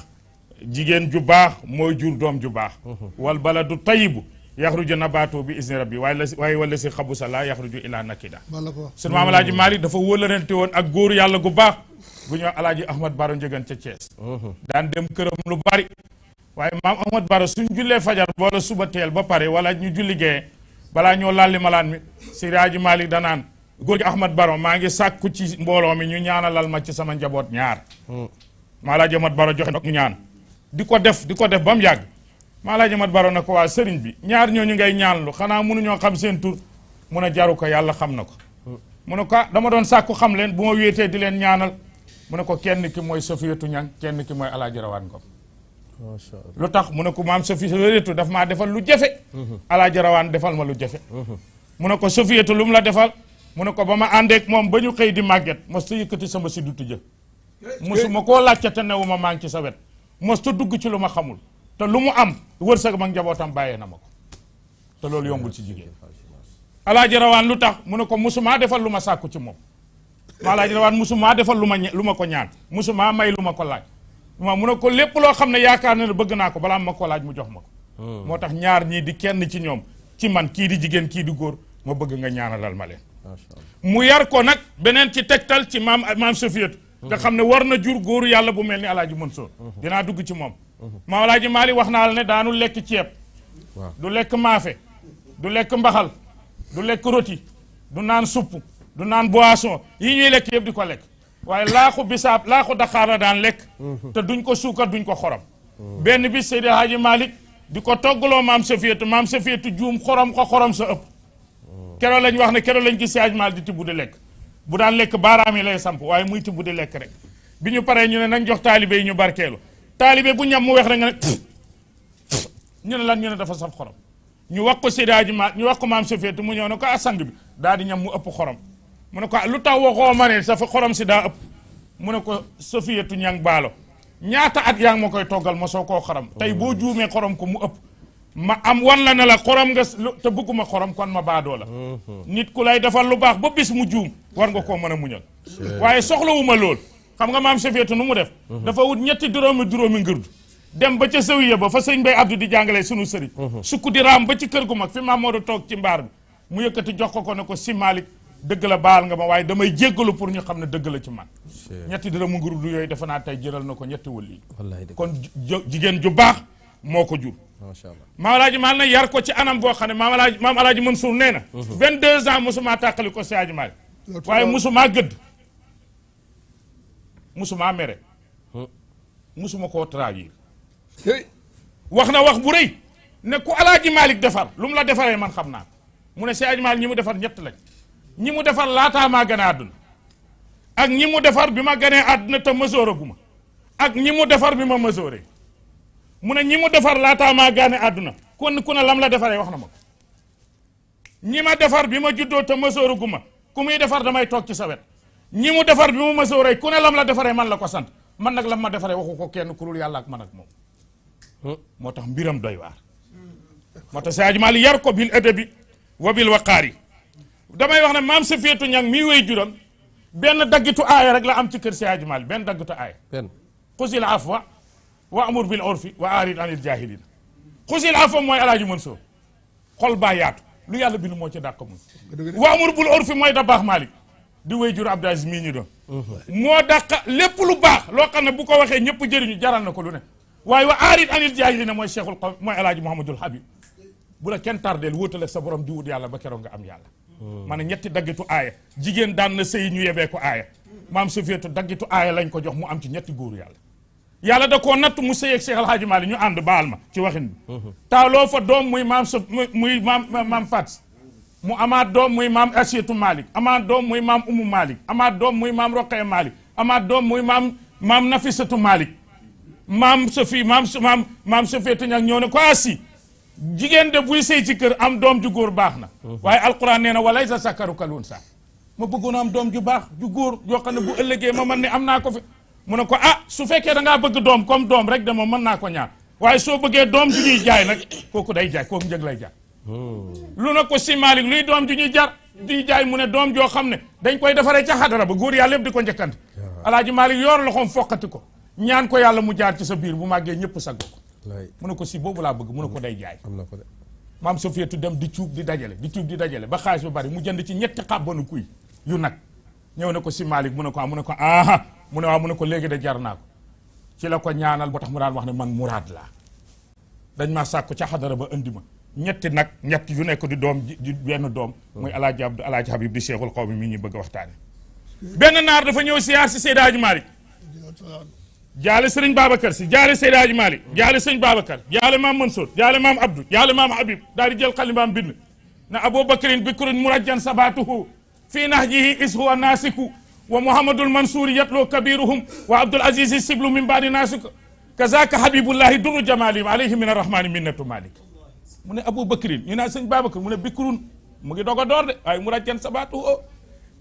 jigéen ju baax mooy jur doom ju baax mhm. wal baladu tayibu yaxruju nabaatu bi isni rabbi waaye la waaye wala si xabusa la yaxruju ila nakida sunu maam alaaji Maalik dafa wóolarante woon ak góor yàlla gu baax gu ñëw alaaji Ahmad Baro Njëgan ca waaye maam Ahmad Bara suñ jullee fajar wala suba teel ba pare wala ñu julli gee balaa ñoo lalli malaan mi si Malik danaan góor Ahmad Baro maa ngi sàkku ci mbooloo mi ñu ñaanalal ma ci sama njaboot ñaar hmm. maa laaji Baro joxe ndox ñu ñaan di ko def di ko def ba mu yàgg Baro na ko waa sëriñ bi ñaar ñooñu ngay ñaanlu xanaa mënuñoo xam seen tur mun a jaru ko yàlla xam na ko hmm. mu ne ko ah, dama doon sàkku xam leen bu ma wéetee di leen ñaanal mu ko kenn ki mooy Ñang kenn ki mooy Alaaji Ngom Lutak tax mu ne ko maam Sofi wéretu daf maa defal lu jafe mhm. alaaji rawaan defal ma lu jafe mhm. mu ne ko Sofiyatu lu mu la defal mu ne ko ba ma àndeek moom ba ñu di màgget mosta yëkkati sama si dutu jë mosuma koo laajte te newu ma maa ngi ci sa wet mos ci lu xamul te lu mu am wërsëg mag njabootam bàyyee na ma ko te loolu yombul ci jigéen alaaji rawaan lu tax mu ne ko mosumaa defal lu ma sàkku ci moom ma alaaji rawaan defal lu ma lu ma ko ñaan may lu ko laaj ma mu ne ko lépp loo xam ne yaakaar na ne bëgg naa ko balaa ma ko laaj mu jox ma ko hmm. moo tax ñaar ñii di kenn ci ñoom ci man kii di jigéen kii di góor ma bëgg nga ñaanalal ma leen mu yar ko nag beneen ci tegtal ci maam maam Safiyatu hmm. nga xam ne war na jur góoru yàlla bu mel ni alaaji Mansour hmm. dinaa dugg ci moom maam alaaji Maali wax naa la ne daanu lekk ceeb du lekk maafe du lekk mbaxal du lekk roti du naan supp du naan boisson yi ñuy lekk yëpp di ko lekk waaye laaxu bisaab laaxu daxaar la daan lekk mhm. te duñ ko suukar duñ ko xorom benn bis Seydi Haaji Malick di ko toggaloo maam Safiyatu maam Safiyatu juum xorom ko xorom sa ëpp mhm. keroog lañ wax ne keroo lañ gis Haaji Malick di tibb di lekk bu daan lekk baaraam yi lay samp waaye muy tibb di lekk rek bi ñu paree ñu ne nañ jox taalibe yi ñu barkeelu taalibe bu ñam mu weex rek nga ne ñu ne lan ñu ne dafa saf xorom ñu wax ko a Haaji Malick ñu wax ko maam Safiyatu mu ñëw ne ko asangi ah, bi daal di ñam mu ëpp xorom mu ne ko ah, lu tax waxoo ma ne dafa xorom si daa ëpp mu ne ko Safiyatu ñang baalo ñaata ak yaa ngi ma koy toggal ma soo koo xorom tey boo juumee xorom ko mu ëpp ma am wan la ne la xorom nga te bëgguma xorom kon ma baadoo la mm-hmm. nit ku lay defal lu baax ba bis mu juum war nga koo mën a muñal waaye soxlawuma lool xam nga maam Safiyatu nu mu def mm-hmm. dafa wut ñetti juróomi juróomi ngërdu dem ba ca sawiya ba fa sëñ Bay Abdou di jàngalee sunu sëriñ mm-hmm. sukk di raam ba ci kër gu mag fi Mamadou toog ci mbaar bi mu yëkkati jox ko ko ne ko si dëgg la baal nga ma waaye damay jéggalu pour ñu xam ne dëgg la ci man ñetti dërëmu ngir du yooyu defe naa tey jëral na ko ñetti wëli kon jigéen ju baax moo ko jur macha allah maam alaaji maal na yar ko ci anam boo xam ne maam alaaji maam alaaji Mansour nee na mhm. vingt deux ans mosumaa tàqali ko si Aji waaye mosumaa gëdd mosumaa mere mosuma koo trahir wax na wax bu rëy ne ku alaaji Maalik defar lu mu la defaree man xam naa mu ne si Aji maal ñi mu defar ñett lañ ñi mu defar laataa maa gane àdduna ak ñi mu defar bi ma ganee àdduna te mësooraguma ak ñi mu defar bi ma mësooree mu ne ñi mu defar laataa maa gane àdduna kon ku ne lam la defaree wax na ma ko ñi ma defar bi ma juddoo te mësooraguma ku muy defar damay toog ci sa wet ñi mu defar bi ma mësooree ku lam la defaree man la ko sant man nag lam ma defaree waxu ko kenn ku dul yàlla ak man ak moom oh. moo tax mbiram doy waar moo tax Seydi Maalik ko bil adabi wa bil waqaari damay wax ne maam sa féetu ñang mii wéy juróom benn daggitu aaya rek la am ci kër si Hadji Malick benn daggitu aaya xusil afwa wa amur bil urfi wa arid anil jahilin xusil afwa mooy alaaji Mansour xol baa yaatu lu yàlla bind moo ci dàq mun wa amur bil urfi mooy da baax Malick di wéy jur Abdou Aziz mii ñu doon lépp lu baax loo xam ne bu ko waxee ñëpp jëriñu jaral na ko lu ne waaye wa arid anil jahilina mooy cheikhul qawm mooy alaaji Mouhamadul Habib bu la kenn tardeel wóotal ak sa borom di wut yàlla ba keroog nga am yàlla ma ne ñetti daggitu aaya jigéen daan na sëy ñu yebee ko aaya maam sofiyatu daggitu aaya lañ ko jox mu am ci ñetti góor yàlla yàlla da koo natt mu sëy ak Cheikh Alhaji Mali ñu ànd baal ma ci waxin bi taaloo fa doom muy maam sof muy maam maam mu amaat doom muy maam Asietu Malick amaat doom muy maam Umu Malick amaat doom muy maam doom muy maam maam Nafisatu Malick maam Sofi maam maam maam Sofiyatu ñag ko asi jigéen de buy sëy ci kër am doom ju góor baax na mhm. waaye alquran nee na walay sa sakaru kalun sa ma bëggoon am doom ju baax ju góor yoo xam ne bu ëllëgee ma mën ne am naa ko fi mu ne ko ah su fekkee da ngaa bëgg doom comme doom rek de mën naa ko ñaar waaye soo bëggee doom ju ñuy jaay nag kooku day jaay kooku njëg lay jaay oh. lu na ko si Malick luy doom ju ñuy jar di jaay mu ne doom joo xam ne dañ koy defaree ca xadara ba góor yàlla yëpp di ko njëkkante alaaji Malick yor loxoom foqati ko ñaan ko yàlla mu jaar ci sa biir bu màggee ñëpp saggo ko mu ne ko si boobu laa bëgg mu ne ko day jaay maam Sofiatu dem di cuub di dajale di cuub di dajale ba xaalis ba bari mu jënd ci ñetti xàbbanu kuy yu nag ñëw ne ko si Malick mu ne ko ah mu ne ko ah mu ne waaw mu ne ko léegi da jar naa ko ci la ko ñaanal boo tax mu daan wax ne man muraad laa dañ maa sàkku ca xadara ba indi ma ñetti nag ñett yu nekk di doom di benn doom oh. muy alaaji Abdu alaaji Habib di cheikhul xaw mi mi ñu bëgg a waxtaane benn naar dafa ñëw siyaar si Seydi Hadji Malick جالس سرين بابكر سي جالس سيد حاج مالي جالس سرين بابكر جالس امام منصور جالس امام عبد جالس امام حبيب داري جيل خلي امام بن نا ابو بكر بكر مرجان سباته في نهجه اذ هو ناسك ومحمد المنصور يتلو كبيرهم وعبد العزيز السبل من بعد ناسك كذاك حبيب الله در جمال عليه من الرحمن منته مالك من ابو بكر ينا سرين بابكر من بكر مغي دوغ دور اي مرجان سباته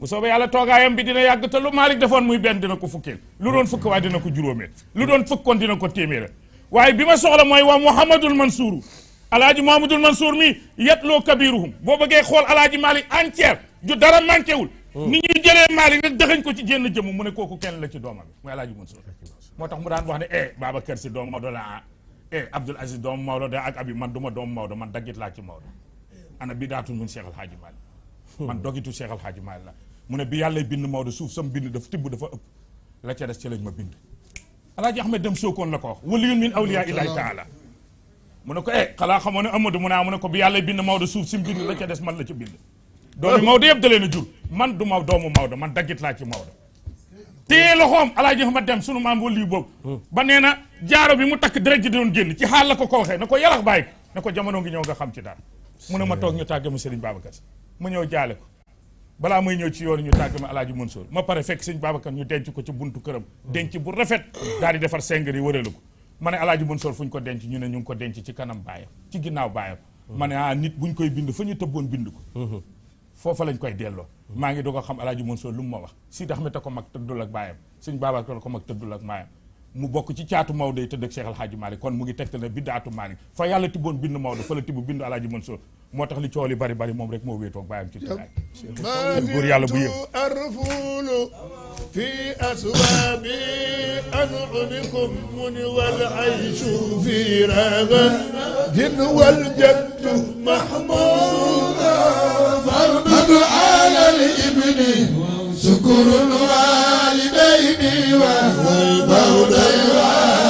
bu soobee yàlla toogaayam bi dina yàgg te lu Malick defoon muy benn dina ko fukkeel lu doon fukk waaye dina ko juróomeel lu doon fukkoon dina ko téeméera waaye bi ma soxla mooy waa Mouhamadul Mansour alaaji Mouhamadul Mansour mi yetloo kabiruhum boo bëggee xool alaaji Malick entière ju dara manqué wul oh. ni ñuy jëlee Malick rek dëxañ ko ci jénn jëmm mu ne kooku kenn la ci doomam mooy alaaji Mansour moo tax mu daan wax ne eh Babacar si doomu Maodo la eh Abdoul Aziz doomu Maodo da man du ma doomu Maodo man daggit laa ci Maodo eh. ana bi daatul mun Cheikh Alhaaji Malick hmm. man dogitu Cheikh Alhaaji maal la mu ne bi yàllay bind Maodo suuf sam bind dafa tibb dafa ëpp la ca des ci lañ ma bind alaaji Ahmed dem sookoon la ko wax waliyun min awliya illahi taala mu ne ko eh xalaa xamoo ne Amadou mu naa ah, mu ne ko bi yàllay bind Maodo suuf si mu bind la man la ca bind doomi Maodo yëpp da a jur man du ma doomu Maodo man daggit laa ci Maodo téye loxoom alaaji Ahmed dem sunu maam waliyu boobu ba nee na jaaro bi mu takk deret ji doon génn ci xaal la ko ko waxee na ko yarax bàyyi ko ne ko jamono ngi ñëw nga xam ci dara mu ne ma toog ñu tàgge mu baaba Babacar ma ñëw jaale ko balaa muy ñëw ci yoon ñu tàgg ma alaaji Mansour ma pare fekk sëñ Babacar ñu denc ko ci buntu këram denc bu rafet daal di defar sengri yi wëralu ko ma ne alaaji Mansour fu ñu ko denc ñu ne ñu ngi ko denc ci kanam baayam ci ginnaaw baayam ma ne ah nit buñ koy bind fu ñu tëbboon bind ko mhm. foofa lañ koy delloo maa ngi doo ko xam alaaji Mansour lu mu ma wax si dax mi te ko mag tëddul ak baayam sëñ Babacar ko mag tëddul ak baayam mu bokk ci caatu Maodo day tëdd ak Cheikh kon mu ngi tegtal ne biddaatu Malick fa yàlla tibboon bind Maodo fa la moo tax li coow li bari bari moom rek moo wéetoog bàyyam ci tëddaay góor yàlla bu yëw arfulu fi aswaabi an'umikum mu ni wal ayshu fi raga jin wal jaddu mahmuda farbadu ala al ibni sukurul walidayni wa bawday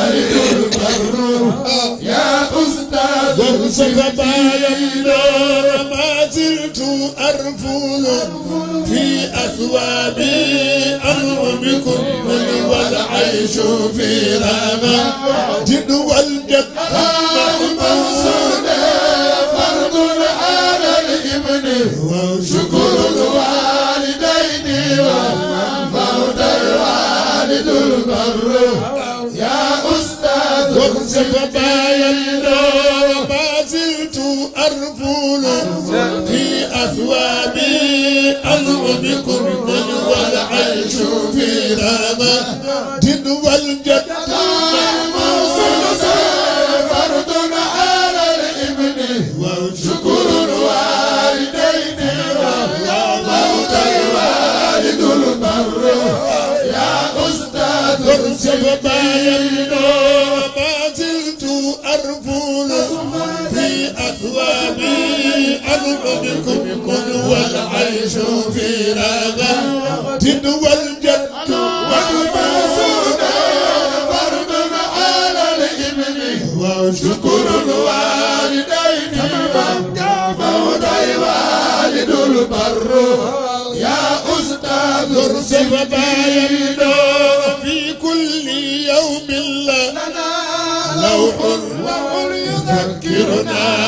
وانسك النار ما زلت أرفل في أثوابي بكم من والعيش في رمى جد والجد محمود بقرب والعيش في غابة جد والجد والعيش في رغم جد والجد والمسود فرض على الابن وشكر الوالدين فهدي والد البر يا أستاذ ارسل بينه في كل يوم لنا لوح يذكرنا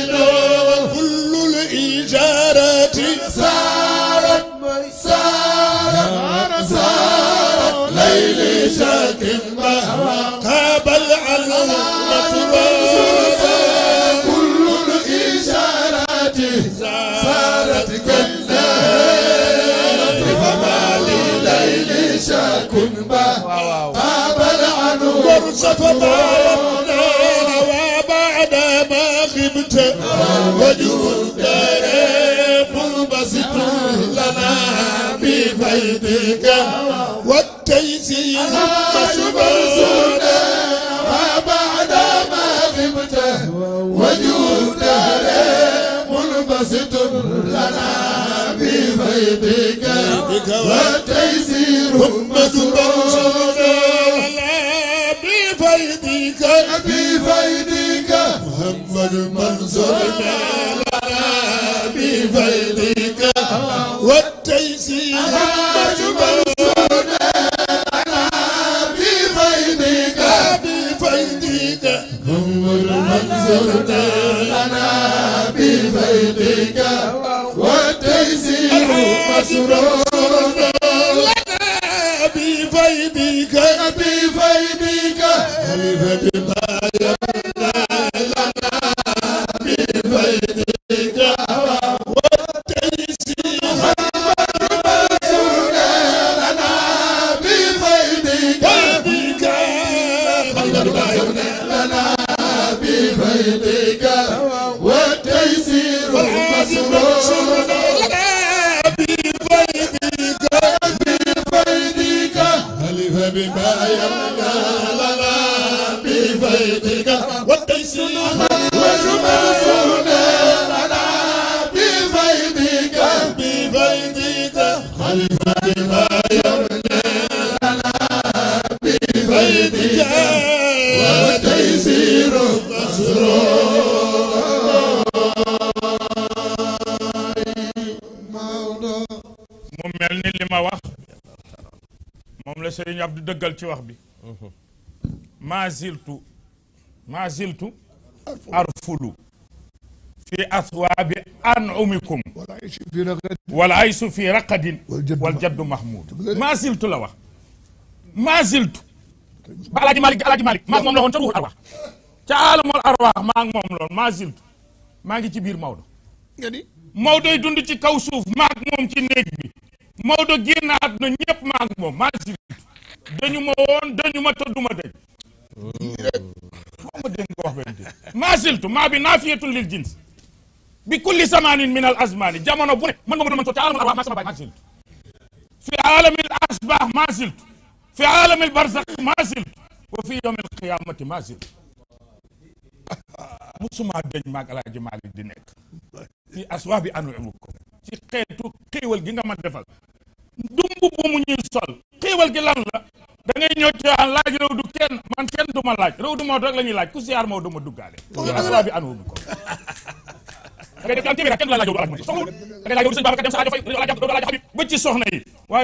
ستطالبنا وبعد ما خبت وجه الكريم بسط لنا بفيدك والتيسير مسبوط وبعد ما خبت وجه الكريم بسط لنا بفيدك والتيسير مسبوط زرنا لنا بفيضك والتيسير مجبورنا لنا بفيضك بفيضك انظر من زرنا لنا بفيضك والتيسير مسرور dëggal ci wax bi maa ziltu maa ziltu arfulu fi athwaabi anumikum wal aysu fi raqadin wal jaddu mahmud maa ziltu la wax maa ziltu ba alaaji malik alaaji malik maa moom la woon ca ruuxul arwaax ca aalamul arwaax maa ngi moom loon maa ziltu maa ngi ci biir Maodo Maodoy dund ci kaw suuf maag moom ci néeg bi Maodo génn àdduna ñëpp maag moom maa ziltu dañu ma woon dañu ma tëdduma dañ foo ma dégg nga wax benn di maa siltu maa bi naafiyatun lil jins bi kulli zamanin min al azmani jamono bu ne man ma mën ko ca alamul arwaax maa sama baay maa siltu fi alamil asbaax maa siltu fi alamil barzax maa siltu wa fi yawmil qiyamati maa siltu musuma dañ maag alaaji Maalik di nekk fi aswaabi anuumikum ci xeetu xéewal gi nga ma defal dumb bu mu ñuy sol xéewal gi lan la da ngay ñoo ci aan laaj rew du kenn man kenn duma laaj rew du Maodo rek lañuy laaj ku siyaar mo duma duggalé aswa bi anu bi ko da ngay def am téeméer kenn la laaj yow du soxul da ngay laaj dem fay laaj laaj Habib ba ci soxna yi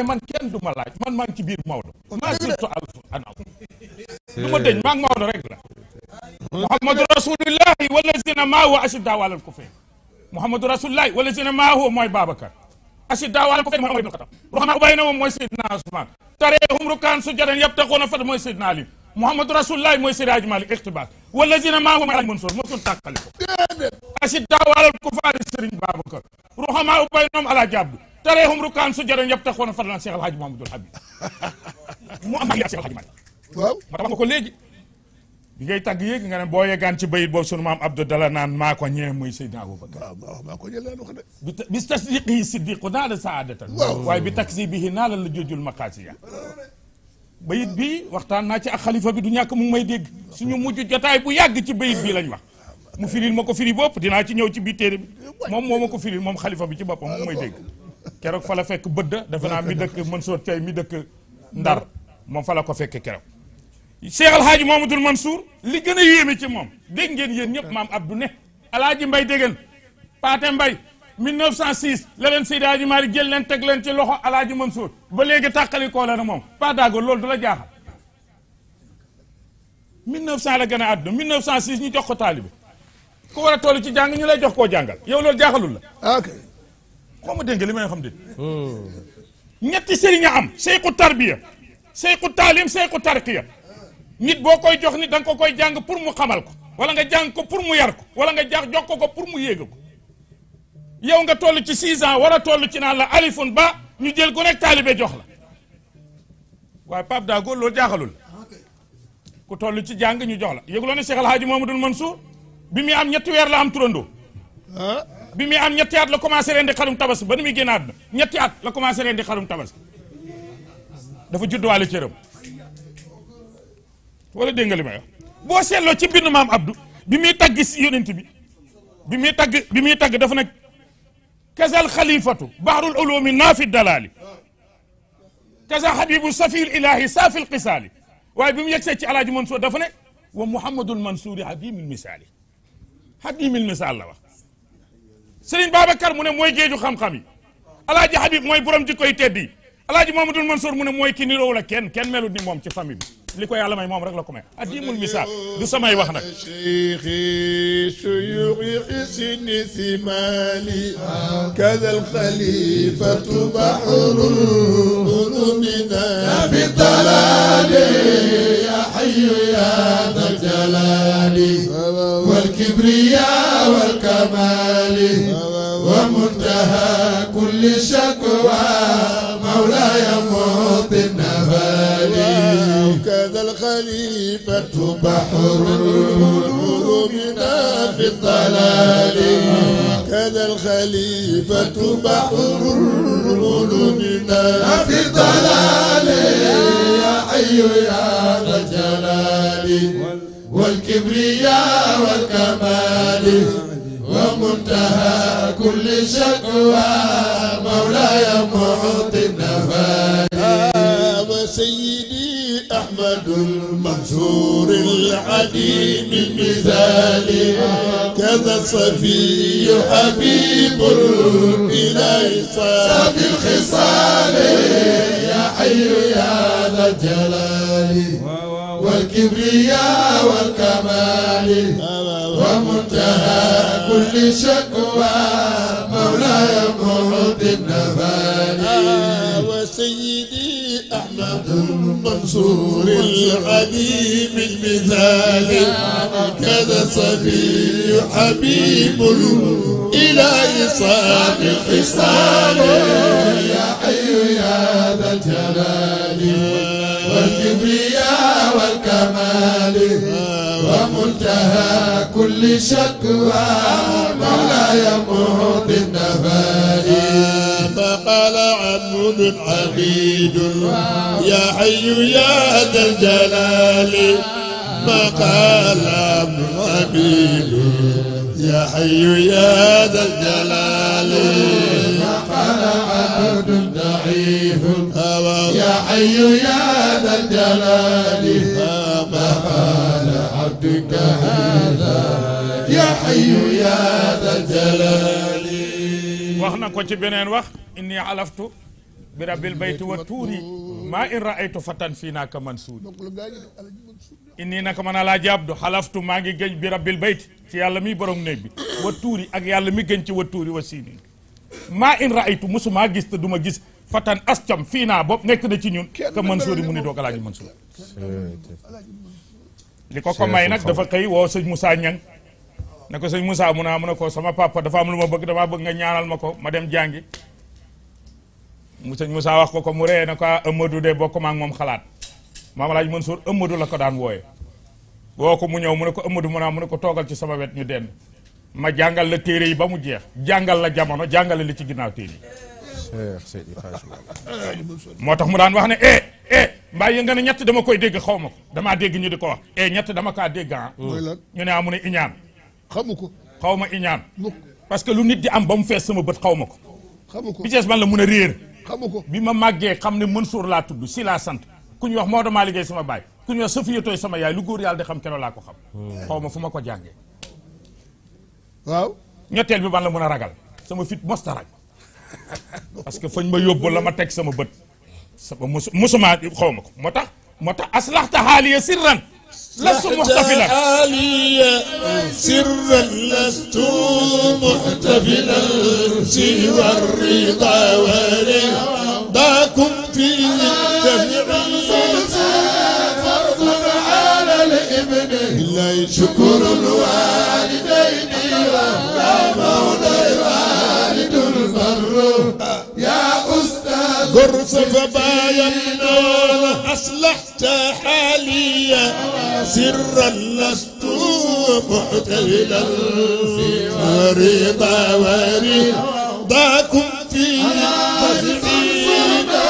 man kenn laaj man ci alfu ma ngi rek la Muhammadu Rasulullahi wala zina maa huwa ashiddaa alal Muhammadu Rasulullahi wala zina maa huwa babakar. أشد دعوانا الكفر عمر بن الخطاب وخما بينهم موي سيدنا عثمان تريهم ركعا سجدا يبتغون فضل موي سيدنا علي محمد رسول الله موي سيدنا مالك والذين ما هم على المنصور ممكن تاكلكم أشد دعوانا الكفار سرين بابك رحماء بينهم على جاب تريهم ركان سجدا يبتقون فد شيخ الحاج محمد الحبيب <laughs> مو أمالي شيخ الحاج مالك ما تبقى bi ngay tàgg yéeg nga ne boo yegaan ci bayit boobu sunu maam Abdou dala naan maa ko ñee muy Seydina Aboubacar. waaw waaw maa ko bi ta bi tasdiqi naa la saadatan. waaw waaye bi taksi bihi naa la la jojul maqaasiya. bayit bi waxtaan naa ci ak xalifa bi du ñàkk mu ngi may dégg. suñu mujj jotaay bu yàgg ci bayit bi lañ wax. mu firil ma ko firi bopp dinaa ci ñëw ci biir téere bi. moom moo ma ko firil moom xalifa bi ci boppam mu may dégg. keroog fa la fekk bëdd. defe naa mi dëkk Mansour Thiaw mi dëkk Ndar moom fa la ko fekk keroog Cheikh El Hadj man Mansour li gën a yéeme ci moom dégg ngeen yéen ñëpp maam Abdou ne El Hadj Mbaye dégg Paate Mbaye 1906 la leen Seydi Hadji Malick jël leen teg leen ci loxo El man Mansour ba léegi tàqalikoo la na moom Padago loolu du la jaaxal 1900 la gën a àdduna 1906 ñu jox ko taalibe ku war a toll ci jàng ñu lay jox koo jàngal yow loolu jaaxalul la. ok xaw ma dégg xam de. Oh. ñetti sëriñ a am. seyku tarbiya seyku taalim seyku nit boo koy jox ni da nga koy jàng pour mu xamal ko wala nga jàng ko pour mu yar ko wala nga jàng jox ko ko pour mu yéeg ko yow nga toll ci 6 ans wala toll ci naan la alifun ba ñu jël ku nekk taalibe jox la waaye Pape Dago loolu jaaxalul ku toll ci jàng ñu jox la yëguloo ne Cheikh El Hadji Mamadou Mansour bi muy am ñetti weer la am turandoo ah. bi muy am ñetti at la commencé ren di xarum tabaski ba nu muy génnaat na ñetti at la commencé ren di xarum tabaski dafa judduwaale cëram wala dégg nga li may wax boo seetloo ci mbind maam Abdou bi muy tagg si yonent bi bi muy tagg bi muy tagg dafa nag kasal xalifatu bahrul ulumi naafi dalaali kasa xabibu safiil ilahi saafil qisaali waaye bi mu yegsee ci alaaji Mansour dafa ne wa muhammadul mansuuri hadimil misaali hadimil misaal la wax Serigne Babacar mu ne mooy géeju xam-xam yi alaaji Habib mooy borom jikko yi tedd yi alaaji Mamadul Mansour mu ne mooy ki niroowul ak kenn kenn melut ni moom ci famille bi li ko yàlla may moom rek la ko may addimul misaal du samay wax nag شيخي شيوخ حسن ثمالي كذا الخليفة بحر قلوبنا في الضلال يا حي يا ذا الجلال والكبرياء والكمال ومنتهى كل شكوى مولاي كذا الخليفة بحر البلور منا في الضلال كذا الخليفة بحر البلور منا في الضلال يا حي يا ذا الجلال والكبرياء والكمال ومنتهى كل شكوى مولاي معطي النفاق وسيدي محمد المنصور العديم المثال كذا الصفي حبيب الإله صافي الخصال يا حي يا ذا الجلال والكبرياء والكمال ومنتهى كل شكوى مولاي محب النفال وسيدي أحمد المنصور الحبيب المثال هكذا صبي حبيب الى صاحب الخصال يا حي يا ذا الجلال والكبرياء والكمال ومنتهى كل شكوى مولاي موطن النفائي قال عبد حميد يا حي يا ذا الجلال ما قال عبد يا حي يا ذا الجلال ما قال عبد ضعيف يا حي يا ذا الجلال ما قال عبدك هذا يا حي يا ذا الجلال واخنا كو تي بنين واخ inni alaftu bi rabbil bayti wa turi ma in ra'aytu fatan fina ka suri. inni naka man ala abdu halaftu ma ngi gëñ bi rabbil bayti ci yalla mi borom néeg bi wa turi ak yalla mi gën ci wa turi wa sini ma in ra'aytu musuma gis te duma gis fatan ascam fina bop nek na ci ñun ka mansuur mu ni doog alaaji mansuur li ko ko may nak dafa xey wo sëñ musa Ñang ne ko sëñ mu ah, ko sama papa dafa am luma daba bëgg damaa bëgg nga ñaanal mako ma dem jangi sëñ Moussa wax ko ko mu ree na ko ah, Amadou boo ko ak moom xalaat maam Alaaji Mansour Amadou la ko daan wooye woo ko mu ñëw mu ne ko Amadou mu naa mu ne ko toogal ci sama wet ñu denn ma jàngal la téere yi ba mu jeex jàngal la jamono jàngale li ci ginnaaw téere yi moo tax mu daan wax ne eh eh mbaa yë ne ñett dama koy dégg xaw ma ko damaa dégg ñu di ko wax eh ñett dama kaa dégg ah ñu ne amu ah, ne iñaan xamu ko xaw ma iñaan parce que lu nit di am ba mu fees sama bët xaw ma ko xamu ko man la mun a réer xamu ko bi ma màggee xam ne Mansour laa tudd si laa sant ku ñu wax moo maa liggéey sama baay ku ñu wax Safiyatooy sama yaay lu góor yàlla di xam keroog laa ko xam. xaw ma fu ma ko jàngee. waaw. ñetteel bi ban la mën a ragal sama fit mosta parce que fañ ma yóbbu la ma teg sama bët sama mosu mosumaa xaw ma ko moo tax moo tax aslaxta xaaliya sirran لست محتفلا عالية سرا لست محتفلا سوى الرضا ورضاكم في فرض على الابن لله شكر الوالدين يا مولى والد البر يا استاذ غرس فبايا اصلحت حالي لي سرا لست معتهلا فرضا ورضاكم في تسليما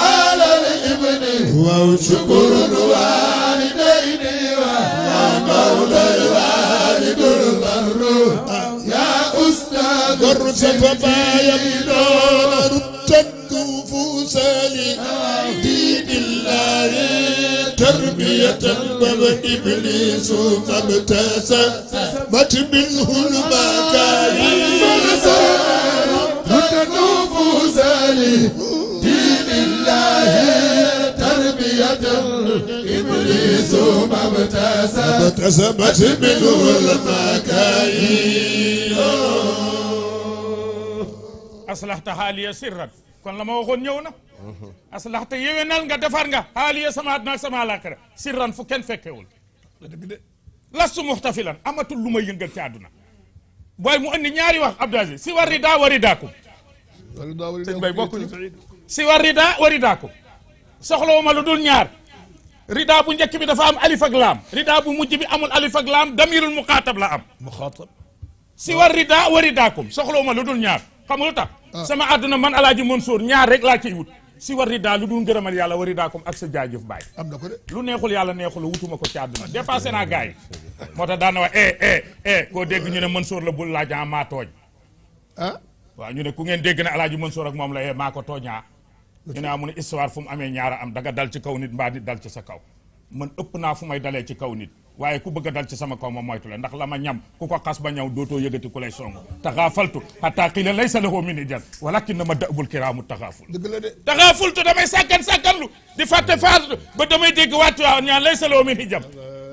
على الابن وشكر الوالدين مولى الوالد البر يا استاذ فرصه فبايا يبدو تربية باب إبليس فابتسمت منه المكارم وتنوف زالي دين الله تربية إبليس فابتسمت منه المكارم أصلحت حالي سرا كن لما أخذ يونا aslaxta yéwénal nga defar nga xaaliya sama àdduna ak sama àllaaxira sirran fu kenn fekkewul lastu amatul lu may yëngal ci àdduna waaye mu andi ñaari wax Abdou Aziz si war rida wari daakum sëñ war rida wari daakum soxlawuma lu rida bu njëkk bi dafa am alif ak bu mujj bi amul alif laam damirul la am si war rida wari daakum soxlawuma lu dul ñaar xam nga lu tax ah. sama àdduna man alaaji Mansour ñaar rek laa ciy si war ridaa lu dul ngërëmal yàlla war ridaa kom ak sa jaajëf baay am na ko de lu neexul yàlla neexul wutuma ko ci àdduna dépassé naa gaay yi moo tax daan na wax eh eh eh dégg ñu ne Mansour la bul laajaa ah, maa tooñ ah ñu ne ku ngeen dégg ne alaaji Mansour ak moom la eh maa ko tooñaa ah. ñu ne amu ne histoire fu mu amee ñaara am da dal ci kaw nit mbaa nit dal ci sa kaw man ëpp naa fu may dalee ci kaw nit waaye ku bëgg dal ci sama kaw ma moytu la ndax la ma ñam ku ko xas ba ñaw dootoo yëgati ku lay song taxaafaltu xataa xila laysa lahu min ijan walakin na ma dëbul kiraamu taxaaful dëgg la de taxaafultu damay sàkkan sàkkanlu di fàtte faatu ba damay dégg waatu ñaan laysa lahu min ijan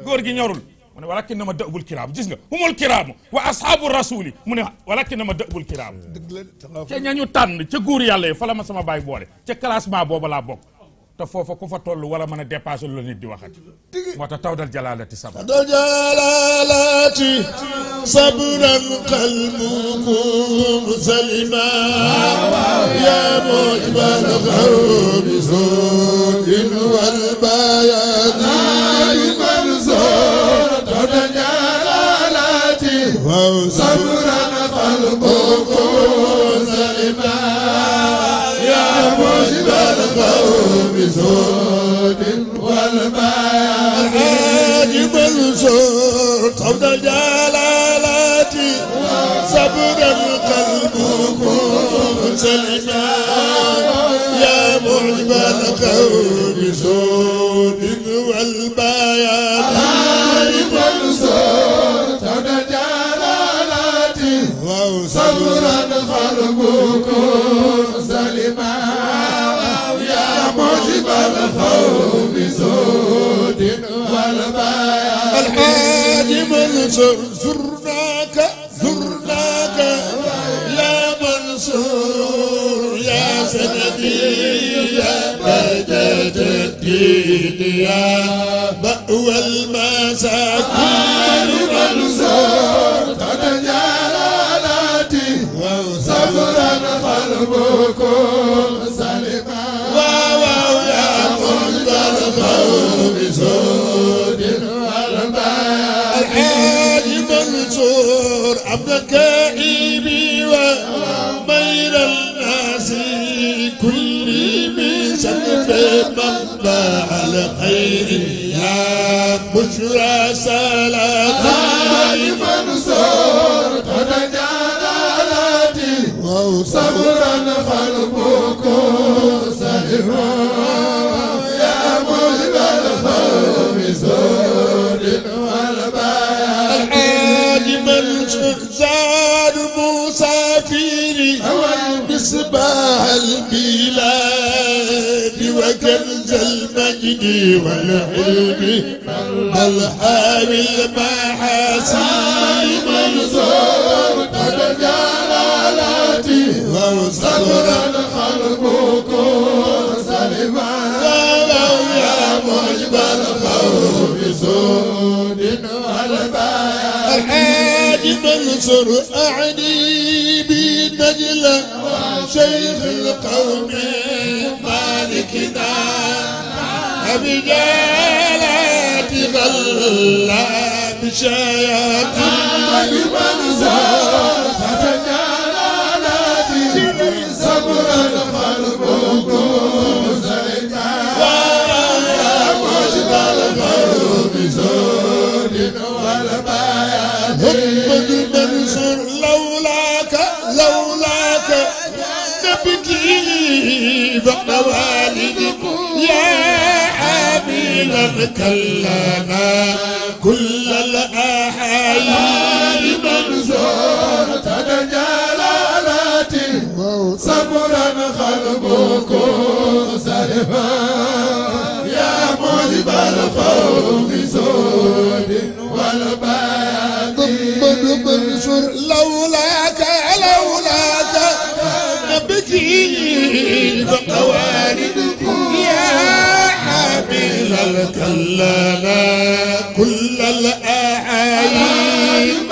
góor gi ñorul mu ne walakin na ma dëbul kiraamu gis nga humul kiraamu wa ashaabu rasuli mu ne walakin na ma dëbul kiraamu dëgg la ca ñañu tànn ca góor yàlla yi fa la ma sama baay boole ca classement booba laa bokk te foofa ku fa toll wala mën a dépassé lu nit di waxati moo tax taw dal jalaalati sabran dal jalaalati sabran qalbukum salima ya mujbal xawbi sudin wal bayadi سلمى يا معجب القوم سود والبيان غالب الصوت جلالاتي صبرا خلقكم سلمى يا معجب القوم سود والبيان الحاجم زرناك زرناك الرسول يا سندي يا مدد الدين يا مأوى المساكين والزور قد جلالتي وصبرا قلبكم سلما واو يا قلب القوم زود الحاج منصور عبدك من باع لخير يا بشرى سلام غالبا زرت جلالتي صبرا خلقكم سلمان لك ذا المجد والعلم بل حامل محاسين منصور قد جلالاتي وصبر الخلق سلما ولو يا مجب الخوف سود الحاج منصور أعني بنجلة شيخ القوم كتابا بجالات ظل بشياطين من زار فتجالات صبر الخلق زيتا ومجد الغرب زود والبيات البحر والدكم يا حاملا كلنا كل الأحيان من زرت جلالاتي صبرا خلقكم سلفا يا مذب الفوق سود والبادي ضد منشر لو مواردكم يا حبيل الكلام كل الأعايب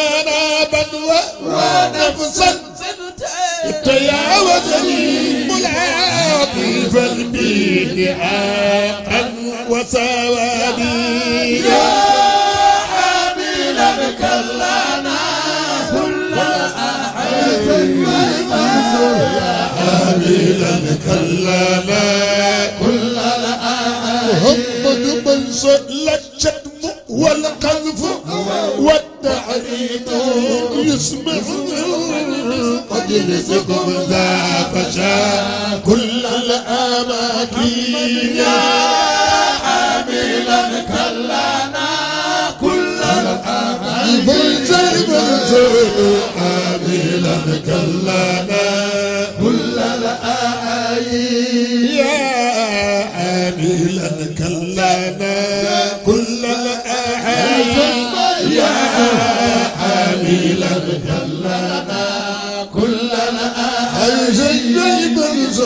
أنا بدوى ونفسا تجاوز الملاقي فالبيت عاقا وسوادي يا حاملا كلنا كل أحسن يا حاملا كلنا كل الأحسن هم جبن صدلك اسمع قد رزقكم ذا فشاء كل الأماكن يا عاملا كلنا كل الأماكن فلتر فلتر عاملا كلنا كل الأماكن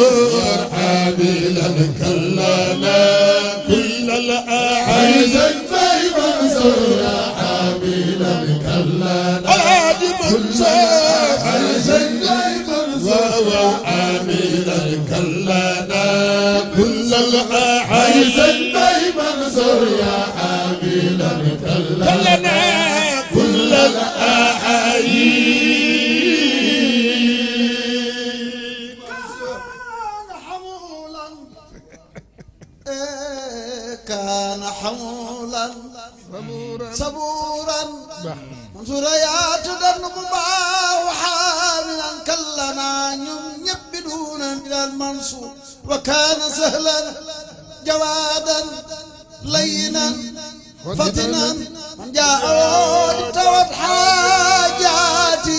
حبيلا كلنا كل الأعز الطيب منصورا حبيلا كلنا العادي منصور عز الطيب كلنا كل الأعز فتنا من جاء وتوت حاجاتي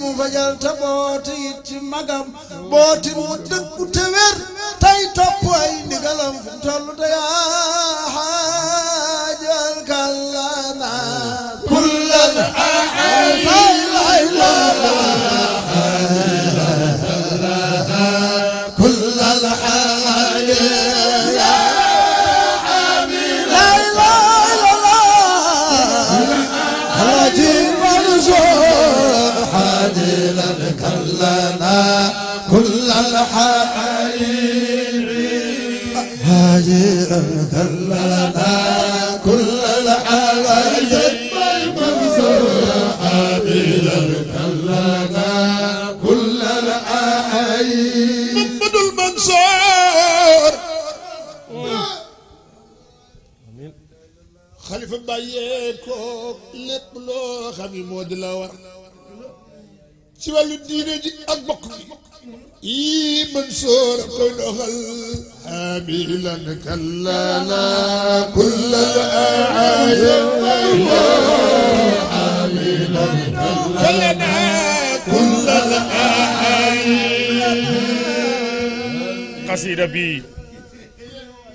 مفجلت بوتي مقام بوتي مدى ci walu diine ji ak bokk bi yi man soor ko doxal habilan kallana kulla xasida bi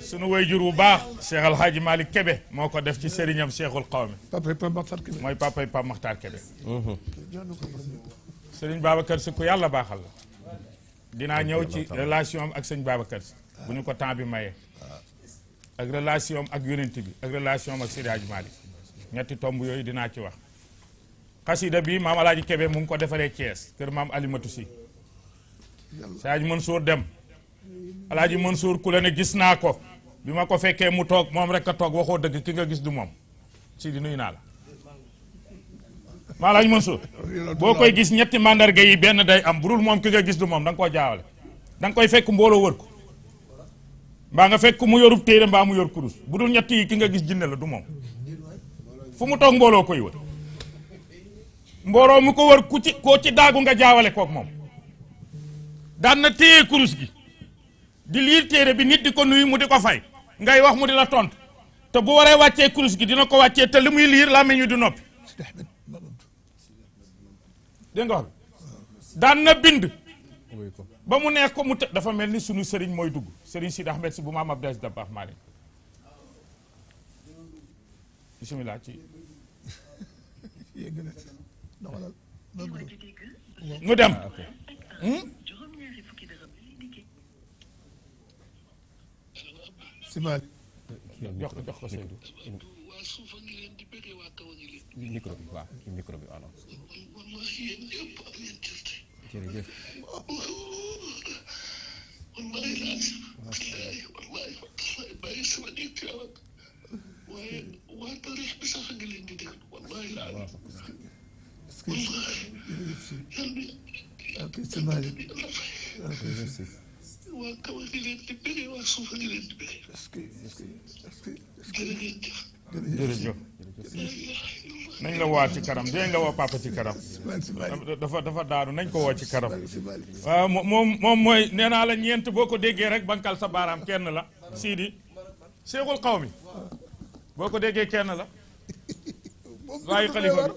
sunu wayjur bu baax Cheikh El Hadj Kebe moo def ci sëriñam Cheikhul Qawmi. papay Pape Makhtar Kebe mooy papay Pape Makhtar Kebe. sëriñ Babacar si ku yàlla baaxal la dinaa ñëw ci relation am ak sëñ Babacar si bu ñu ko temps bi mayee ak relation ak yonent bi ak relation am ak Seydi Hadji Malick ñetti tomb yooyu dinaa ci wax xasida bi maam alaaji Kebe mu ngi ko defaree Thiès kër maam Alimatu si Seydi Mansour dem alaaji Mansour ku la ne gis naa ko bi ma ko fekkee mu toog moom rek a toog waxoo dëgg ki nga gis du moom si di nuy naa la maa laaj Mansour boo koy gis ñetti mandarga yi benn day am bu dul moom ki nga gis du moom danga koo jaawale danga koy fekk mbooloo wër ko mbaa nga fekk mu yorub téere mbaa mu yor kurus bu dul ñetti ki nga gis jinne la du moom fu mu toog mbooloo koy wër mbooloo mu ko wër ku ci koo ci daagu nga jaawale kook moom daan na téye kurus gi di liir téere bi nit di ko nuyu mu di ko fay ngay wax mu di la tontu te bu waree wàccee kurus gi dina ko wàccee te li muy liir làmmiñ wi du noppi dégg wax bi daan na bind ba mu nekk ko mu të dafa mel ni sunu sëriñ mooy dugg sëriñ Sidi Ahmed si bu maam Abdou Aziz Dabakh Malick bisimilah ci <laughs> dem hmm? jox yéen ñëpp am ngeen jëf. jërëjëf. man maa ngi laaj. wallaahi wallaahi bàyyi sama nekk yàlla waaye waa tarix bi sax nga leen di déglu wallaahi laa. est-ce que yàlla na waa kaw a ngi leen di béré waa suuf a ngi leen di béré. est-ce que est-ce que est-ce que jërëjëf jërëjëf nañ la woo ci kanam dinañ la woo papa ci kanam. dafa dafa daaru nañ ko woo ci kanam. waaw moom moom mooy nee naa la ñeent boo ko déggee rek bankal sa baaraam kenn la Sidi. Seexul xaw mi boo ko déggee kenn la waaye xalifa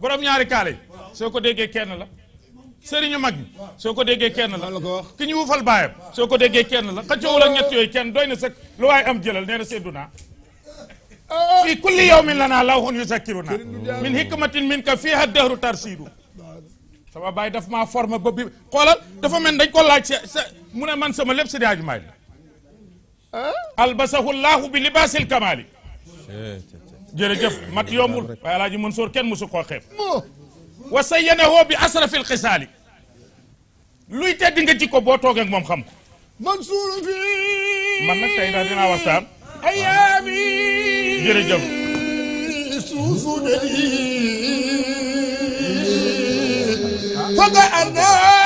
bi ñaari kaale soo ko déggee kenn la sëriñu mag ñi soo ko déggee kenn la ki ñu wufal baayam soo ko déggee kenn la xacoowul ak ñett yooyu kenn doy na sëkk lu waaye am jëlal nee na seddu naa في كل يوم لنا الله يذكرنا من حكمة منك فيها الدهر ترسيل سما باي داف ما فورم بوبي قال داف من دنج كو لاج من من سما لبس دي اجمال البسه الله بلباس الكمال جرجف مات يومول باي لاج منصور كين مسو كو خيب وسينه باسرف القسال لوي تيد نغا جيكو بو توك موم خم منصور في من نتاي دا دينا وسام ايامي jërëjëf suusu de yi fa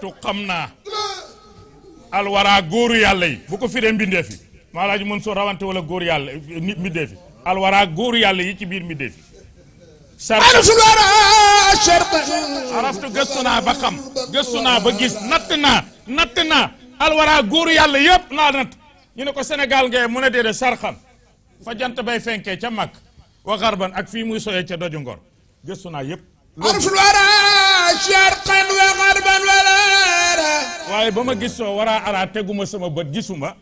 laxtu xam naa alwara góoru yàlla yi bu ko firee mbindee fi maalaaji mën soo rawante wala góoru yàlla nit mbindee fi alwara yàlla yi ci biir mbindee fi sartulwara sharta araftu gëstu naa ba gis natt naa natt naa alwara góoru yàlla yëpp naa natt ñu ne ko Sénégal ngay mu ne déedéet sarxan fa jant bay fenkee ca mag wa xarban ak fii muy soyee ca doju ngor naa yëpp sharqan wa gharban wala ara waaye ba ma gisoo wara ara teguma sama bët gisuma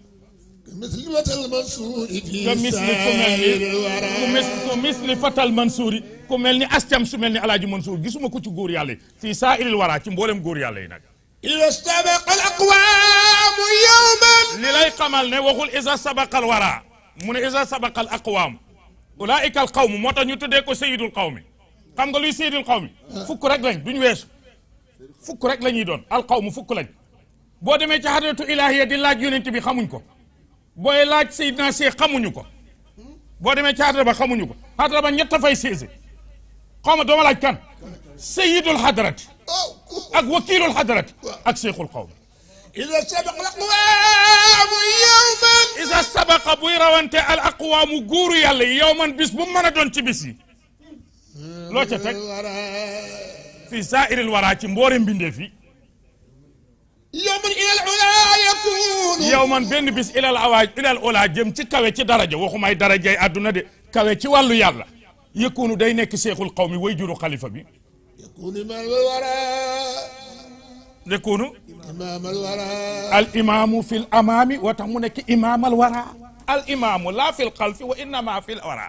ku misli fatal mansuuri ku mel ni astam su mel ni alaaji mansuur gisuma ko ci góor yàlla yi fii saa ilil wara ci mboolem góor yàlla yi nag ida sabaqa al aqwaamu yowman li lay xamal ne waxul isa sabaqal wara mu ne isa sabaqal aqwaam ulaika al qawm moo tax ñu tuddee ko sayidul qawmi xam nga luy seydil xaw mi fukk rek lañ duñ weesu fukk rek lañuy doon alxaw mu fukk lañ boo demee ci xadratu ilahiya di laaj yonent bi xamuñ ko booy laaj seydina seex xamuñu ko boo demee ci xadra ba xamuñu ko xadra ba ñett fay séese xaw ma laaj kan sayidul xadarati ak wakilul xadarati ak seexul xaw إذا سبق الأقوام يوما إذا سبق بويرا وانت الأقوام غورو يالي يوما بس بمنا دون تبسي loo ca teg fi sa'ir alwara ci mboore mbindee fi yowman ilal ula yakunu yowman benn bis ilal awaaj ilal ula jëm ci kawe ci daraja waxumay darajay àdduna de kawe ci wàllu yàlla yakunu day nekk seexul xawmi way juru xalifa bi yakunu mal wara yakunu imam al wara al imamu fi al amami wa tax mu nekk imam al wara al imamu la fi al xalfi wa innama fi al wara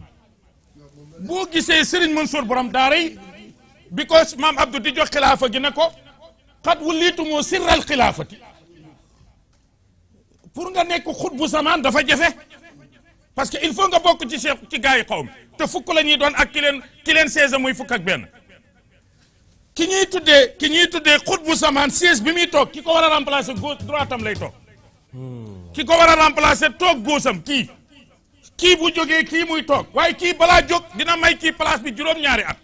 boo gisee Serigne Mansour borom daara yi bi ko maam Abdou di jox xilaafa gi ne ko xat wu liitu moo sirral xilaafati pour nga nekk xut bu samaan dafa jafe parce que il faut nga bokk ci cheikh ci gars yi xaw mi te fukk la ñuy doon ak ki leen ki leen seize muy fukk ak benn ki ñuy tuddee ki ñuy tuddee xut bu samaan seize bi muy toog ki ko war a remplacer gauche droitam lay toog ki ko war a remplacer toog góosam kii kii bu jógee kii muy toog waaye kii balaa jóg dina may kii place bi juróom-ñaari at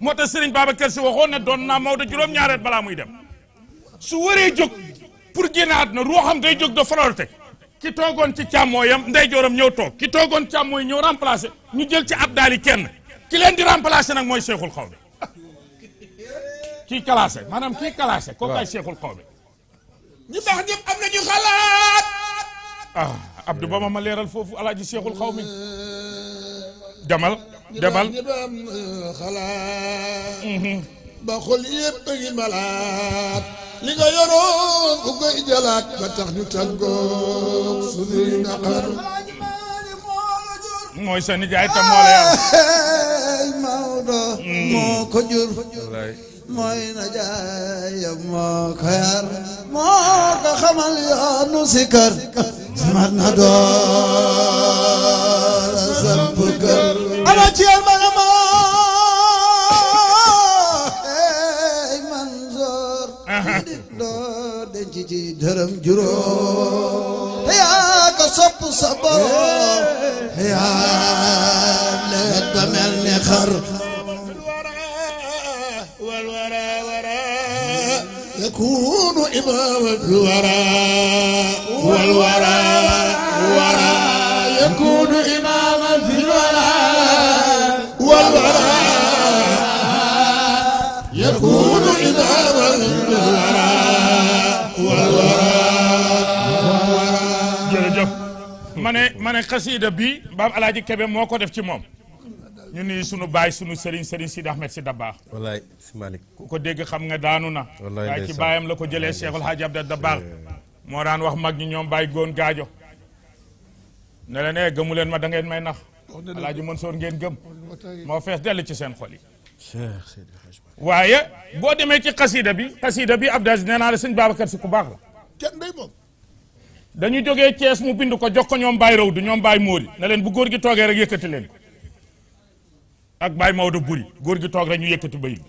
moo tax Serigne Babacar Sy waxoon ne doon naa Maodo juróom-ñaari at balaa muy dem su waree jóg pour génn àdduna xam day jóg de frorte ki toogoon ci yam nday ndeyjooram ñëw toog ki toogoon càmmooy ñëw remplacé ñu jël ci ab daali kenn ki leen di remplacé nag mooy seexul xaw bi kii classé maanaam kii classé kooku ay seexul xaw bi ñu baax ñëpp am ah Abdou Ba ma leeral foofu alaaji seexul xaw mi demal demal ñi doon xalaat mhm. ba xol yëpp a ngi malaat li nga yoroon ku koy jalaat ba tax ñu tàggoog suñuy naqar mooy sa nijaay tam moo la yar Maodo mm. moo ko jur mooy na jaayam moo ko yar moo ko xamal yoonu si kër samat na door samp kër ana ci yar ma nga moo ey Mansour doo denc ci dërëm juróom te yaa ko sopp sa borom yaa lewet ba mel ni xar يكون إمام الورى والورى ورى يكون إمام في الورى والورى يكون إمام في الورى والورى jërëjëf ma من من قصيدة بي باب على alaaji kebe moo ko ñu nuyu suñu baay suñu sëriñ sëriñ Sidi Ahmed si Dabaax. wallaay si Malick. ku ko dégg xam nga daanu na. wallaay ci baayam la ko jëlee Cheikhul hadji abdou Dabaax. Eh. mo daan wax mag ñi ñom bàyyi goon gaajo. na la eh gëmu leen ma da ngeen may nax. mën Mansoor ngeen gëm. mo fess del ci seen xol yi. waye bo demee ci qasida bi qasida bi Abdaz nee naa la sëñ babakar ci ku bax la. kenn day mom dañu joggé Thiès mu bind ko jox ko ñom ñoom rew du ñom Baye Mori na leen bu goor gi toogee rek yëkëti leen ko ak Baye mawdu Buri gor gi tok rek ñu yëkëti bayit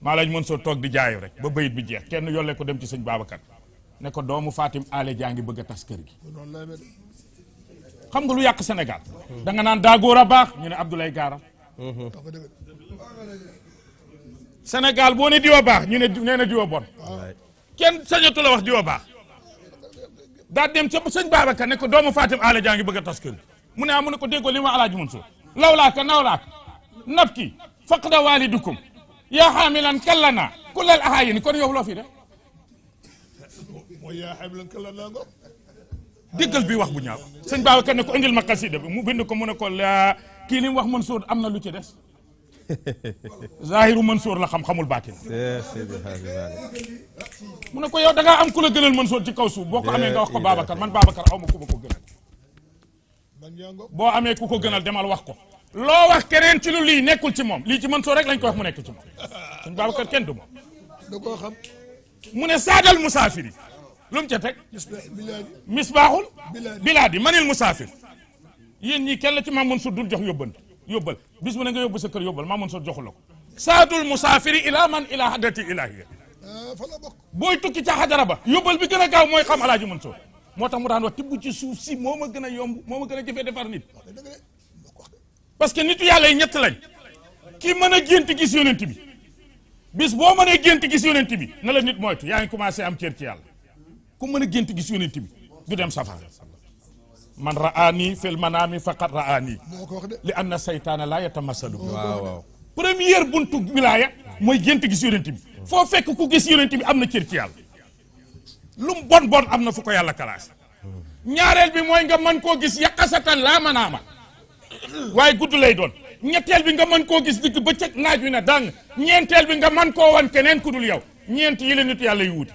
ma lañ mën so tok di jaayu rek ba bayit bi jeex kenn yolle ko dem ci señ babakar ne ko doomu Fatim ale jangi bëgg a tas kër gi xam nga lu yàq Sénégal da nga naan daa góor a baax ñu ne abdoulay Gaara Sénégal boo ne diwa baax ñu ne nee na diwa bon kenn sañatu la wax diwa baax daa dem ca sëñ babakar ne ko doomu Fatim ale jangi bëgg a tas kër gi mu ne ah mu ne ko déggoo li ma alaaji mën soo لولاك نولاك نبكي فقد والدكم يا حاملا كلنا كل الاهاين كون يوبلو في ده يا حاملا كلنا ديغل بي واخ بو نياو سن باو كان كو انديل مقاصيد مو بند كو مونا كو لا كي لي واخ منصور امنا لو تي ديس <laughs> ظاهر منصور لا خم خمول باطن سيدي حاج بالي مونا كو يو داغا ام كولا گنال منصور تي كاوسو بوكو امي دا واخ كو بابكر من بابكر اوما كو بوكو گنال bo amé kuko gënal demal wax ko lo wax kenen ci lu li nekkul ci mom li ci man so rek lañ ko wax mu nekk ci mom suñ Babacar kenn du moom da ko xam mu ne sadal musafiri lum mu ca teg misbaaxul bilaadi manil musafir yéen ñi kenn ci mamun su dul jox yóbbal yóbbal bis mu ne nga yóbbu sa kër yóbbal mamun Sour joxul la ko saadul musaafiri ila man ila hadati ilahiya boy tukki ci hadara ba yóbbal bi gëna gaaw moy xam alaaji Mansour moo tax mu daan wax tibb ci suuf si moo ma gën a yomb moo ma gën a jëfee defar nit parce que nitu yàlla yi ñett lañ ki mën a gént gis yonent bi bis boo mënee gént gis yonent bi na la nit moytu yaa ngi commencé am cër ci yàlla ku mën a gént gis yonent bi du dem safara man raani fil manaami faqat raani li anna saytaana laa yatamasalu waaw waaw première buntu wilaaya mooy gént gis yonent bi foo fekk ku gis yonent bi am na cër ci lum bon bon am na fu ko yàlla kalaas ñaareel bi mooy nga man koo gis sa yaqasatan laa ma waaye gudd lay doon ñetteel bi nga mën koo gis digg bëccëg naaj wi na dàng ñeenteel bi nga man koo wan keneen ku dul yow ñeent yi la nit yàlla yu wuti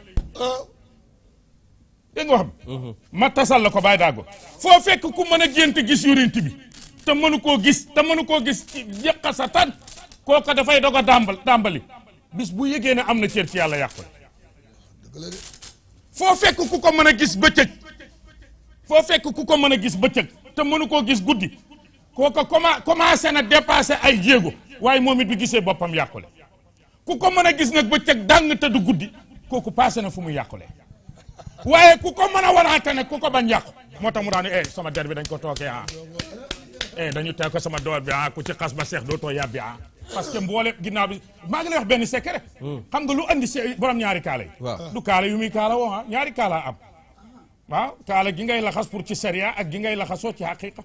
dégg mhm. ma tasal la ko bàyyi daago foo fekk ku mën a gént gis yurint bi te mënu koo gis te mënu koo gis yaqasatan kooka dafay dog a dàmbal dàmbali bis bu yëgee ne am na cër ci yàlla yàqul foo fekk ku ko mën a gis bëccëg foo fekk ku ko mën a gis bëccëg te mënu koo gis guddi kooka commen commencé na dépassé ay jéego waaye moom it bi gisee boppam yàqu le ku ko mën a gis nag bëccëg dàng te du guddi kooku passé na fu mu yàqule waaye ku ko mën a waraate ne ku ko bañ yàqu moo tax mu daanu eh, sama der bi dañ ko tookee ah eh dañu teg sama door bi ah ku ci xas ba seex dootoo yàbbi ah parce que mboole ginnaaw bi maa ngi lay wax benn secret. Hmm. xam nga lu andi borom ñaari kaala yi. du kaala yu muy kaala woo ah ñaari kaala am. waaw kaala gi ngay laxas pour ci sharia ak gi ngay laxasoo ci xaqiqa.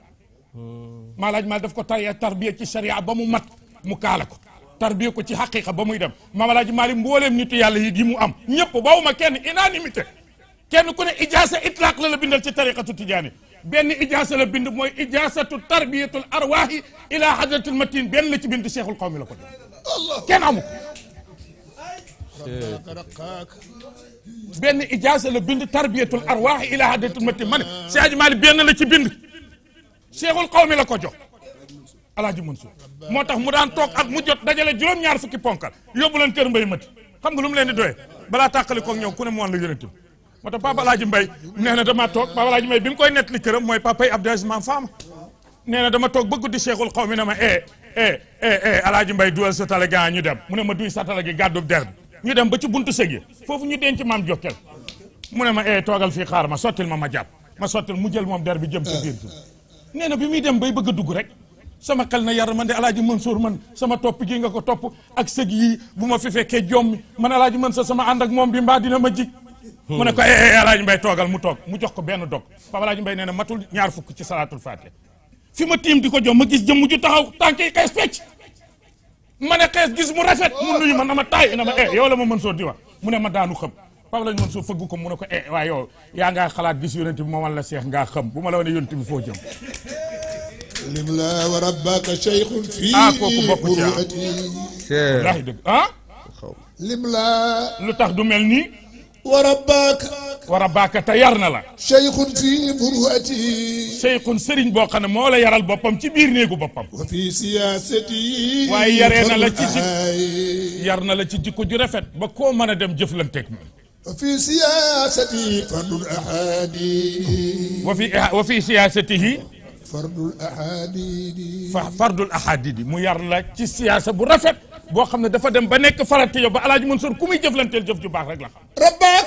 Hmm. maalaaj maal daf ko tariya tarbiya ci sharia ba mu mat mu kaala ko. tarbiya ko ci xaqiqa ba muy dem maalaaj maali mbooleem nitu yàlla yi gi mu am ñëpp bawuma kenn unanimité kenn ku ne ijaasa itlaq la la bindal ci tariqatu tijaani بن إجازة البند موي إجازة التربية الأرواح إلى حضرة المتين بن لتي بند شيخ القوم لكم الله كين بن بين إجازة البند تربية الأرواح إلى حضرة المتين من سيد مالي بن لتي بند شيخ القوم لكم جو على جمنسو موتاخ مودان توك اك موجوت داجالا جوم نيار فكي بونكال يوبولن تير مبي مات خم غلوم لين دوي بلا تاخلي كو نيو موان لا moo Papa laji Mbay neena na dama tok Papa laji Mbay bim mu koy li keureum moy papa Abdou Aziz Mam Faama na dama tok beug di Cheikhul xaw mi ma e e eh eh Alaaji Mbay duul sa tala ñu dem mu ne ma duy sa tala gaddu der ñu dem ba ci buntu segi. fofu ñu denc mam Jokkel mu ne ma eh togal fi xaar ma sotil ma ma japp ma sotil mu jël mom der bi jëm ci biir na bi mi dem bay beug a rek sama xel na yar man de alaji Mansour man sama top gi nga ko top ak sëg yi buma fi fekke jom man alaji man sama andak ak mom bi mba dina ma jik mu ne ko e eh, e eh, eh, alaaj mbay toogal mu toog mu jox ko benn dog papa alaaj mbay nee na matul ñaar fukk ci salaatul faatiha fi ma tiim di ko jox ma gis jëmm ju taxaw tànki xees fecc ma ne xees gis mu rafet mu nuyu ma na ma taay na ma eh yow la ma mën soo di wax mu ne ma daanu xam papa alaaj mën soo fëgg ko mu ne ko e waaye yow yaa ngaa xalaat gis yonent bi moom la seex ngaa xam bu ma la wane yonent bi foo jëm limla wa rabbaka shaykhun fi ah kooku bokk ci ah. wallaahi ah? limla lu du mel ورباك ورباك تيارنا لا شيخ في مروءته شيخ سرين بوخنا مولا يارال بوبام تي بير نيغو بوبام وفي سياستي واي يارنا لا تي يارنا لا تي ديكو دي رافيت با كو مانا ديم جفلانتك موم وفي سياستي فرد الأحاديث وفي وفي سياسته فرد الأحاديث فرد الأحاديث مو يار لا تي سياسه بو رافيت boo xam ne dafa dem ba nekk farata yow ba alaaji Mansour ku muy jëflanteel jëf ju baax rek la xam rabbaak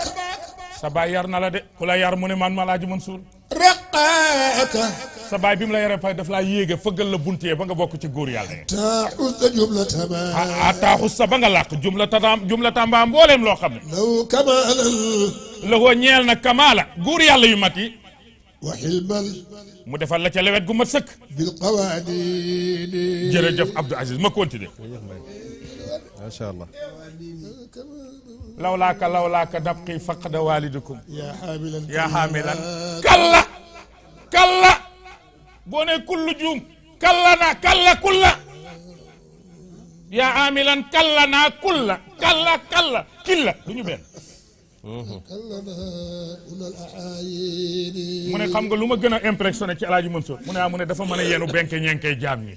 sa baay yar na la de ku la yar mu ne man ma alaaji Mansour raqaaka sa baay bi mu la yaree pare daf laa yéege fëggal la buntee ba nga bokk ci góor yàlla taaxusta jumla tama taaxusta ba nga làq jumla tataam jumla tamba mbooleem loo xam ne law kamaalal lawoo ñeel na kamaala góor yàlla yu mat yi wa xilmal mu defal la ca lewet gu mat sëkk bil qawaanini jërëjëf Abdou Aziz ma continuer macha allah. lawlaaka lawlaaka dabqi faqda waalidukum. kalla. kalla. boo kullu juum. kalla naa kalla kulla. yaa xaamilan kalla naa kulla. kalla kalla killa du ñu benn. mu ne xam lu ma gën a impressionné ci El Hadj Mansour mu ne ah mu ne dafa mën a yenu benke ñeenkay jaam ñi.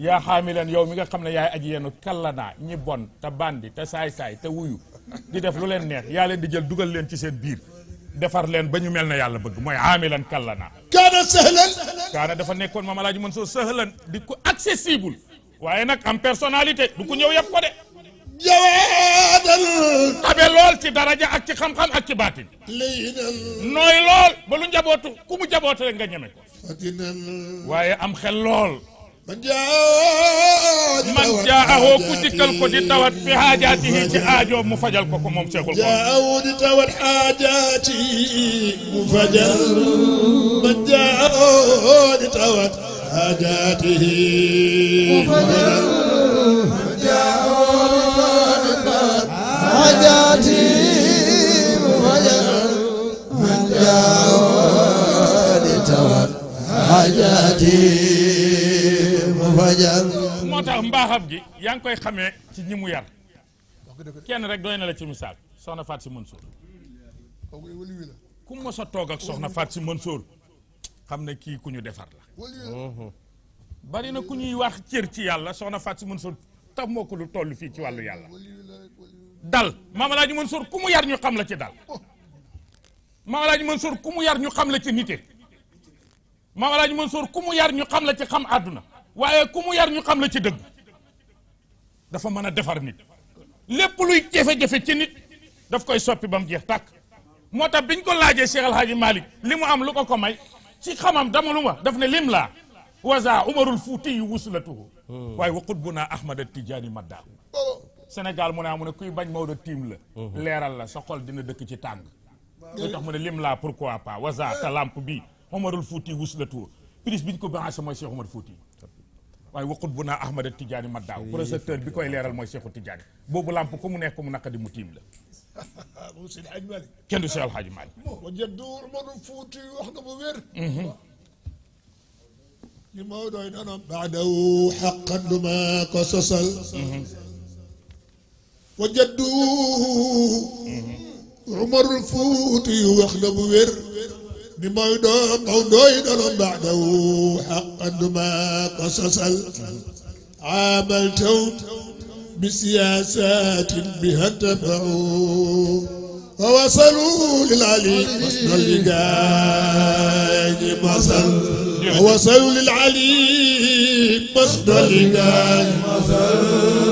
yaa xaamilan yow mi nga xam ne yaay aji yenu kallanaa ñi bon te bandi te saay-saay te wuyu di def lu leen neex yaa leen di jël dugal leen ci seen biir defar leen ba ñu mel na yàlla bëgg mooy xaamilan kallanaa kaana sahlan kaana dafa nekkoon maam alaaji mën soo sahlan di ko accessible waaye nag am personnalité du ko ñëw yàpp ko de jawaadal tabe lool ci daraja ak ci xam-xam ak ci baatin laynal nooy lool ba lu njabootu ku mu jabootu rek nga ñeme ko waaye am xel lool man jaaho ku dikkal ko di tawat fi xaajaatihi ci aajo mu fajal ko ko moom Cheikhul Khadim jaaho di tawat xaajaatihi mu fajal man jaaho di tawat xaajaatihi mu fajal man jaaho di tawat xaajaatihi mu fajal man jaaho di tawat xaajaatihi rajaan moo tax mbaaxam gi yaa ngi koy xamee ci ñi mu yar kenn rek doy na la ci misaal soxna Fatou Sy Mansour ku mos a toog ak soxna Fatou Sy Mansour xam ne kii ku ñu defar la bari na ku ñuy wax cër ci yàlla soxna Fatou Sy Mansour tax moo ko lu yàlla dal Maam Alaaji Mansour ku mu yar ñu xam la ci dal Maam Alaaji Mansour ku mu yar ñu xam la ci nite Maam Alaaji Mansour ku mu yar ñu xam la ci xam àdduna waaye ku mu yar ñu xam la ci dëgg dafa mën a defar nit lépp luy jafe-jafe ci nit daf koy soppi ba mu jeex tàkk moo tax biñ ko laajee Cheikh El Hadji li mu am lu ko ko may ci xamam dama lu ma daf ne lim laa waza umarul fuuti yu wusulatuhu hmm. waaye wa qutbuna Ahmad Tijaani madda Sénégal mu ne amu ah, ne kuy bañ ma Maodo tiim la hmm. leeral la sa xol dina dëkk ci tàng hmm. lu tax mu ne lim laa pourquoi pas waza ta lamp bi umarul fuuti wusulatuhu prise biñ ko branché mooy Cheikh Omar Fuuti waaye waqut bu naa Ahmada Tidiane ma daaw projecteur bi koy leeral mooy Cheikhou Tidiane boobu làmp ku mu nekk mu naqadi mu tiim la <laughs> mu Seydi Hadji Malick kenn du Seydi Hadji Malick wa jaddu Umarul Fuuti wax nga bu wér li moo dooy nonom baadaw xaqan du ma ko sosal wa jaddu Umarul Fuuti wax na bu wér mhm. بموضوع موضوعنا بعده حقا ما قصص عاملته بسياسات بها انتفعوا ووصلوا للعلي مصدر لقاي مصل ووصلوا للعلي مصدر لقاي مصل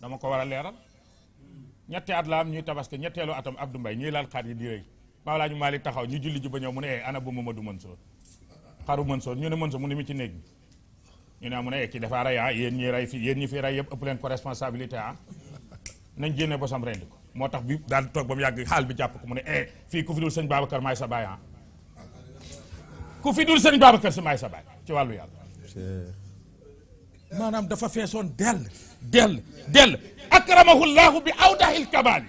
dama ko wara leral ñetti at la am ñuy tabaski ñettelu atam abdou mbay ñuy laal xaar yi di reey mawlaaju malik taxaw ñu julli ji ba mu ne eh, ana bu mamadou mansour xaru mansour ñu ne mansour mu ne mi ci neeg ñu ne mu ne eh, ki dafa ray ah yeen ñi ray fi yeen ñi fi ray ëpp leen ko responsabilité ah nañ génne bosam rendi ko moo bi daal toog ba mu yàgg xaal bi jàpp ko mu ne eh fii ku fi dul sëñ babacar maay sa baay ah ku fi dul sëñ babacar si maay sa baay ci wàllu yàlla maanaam dafa feesoon dell dell dell akramahu llahu bi awdahil kabaali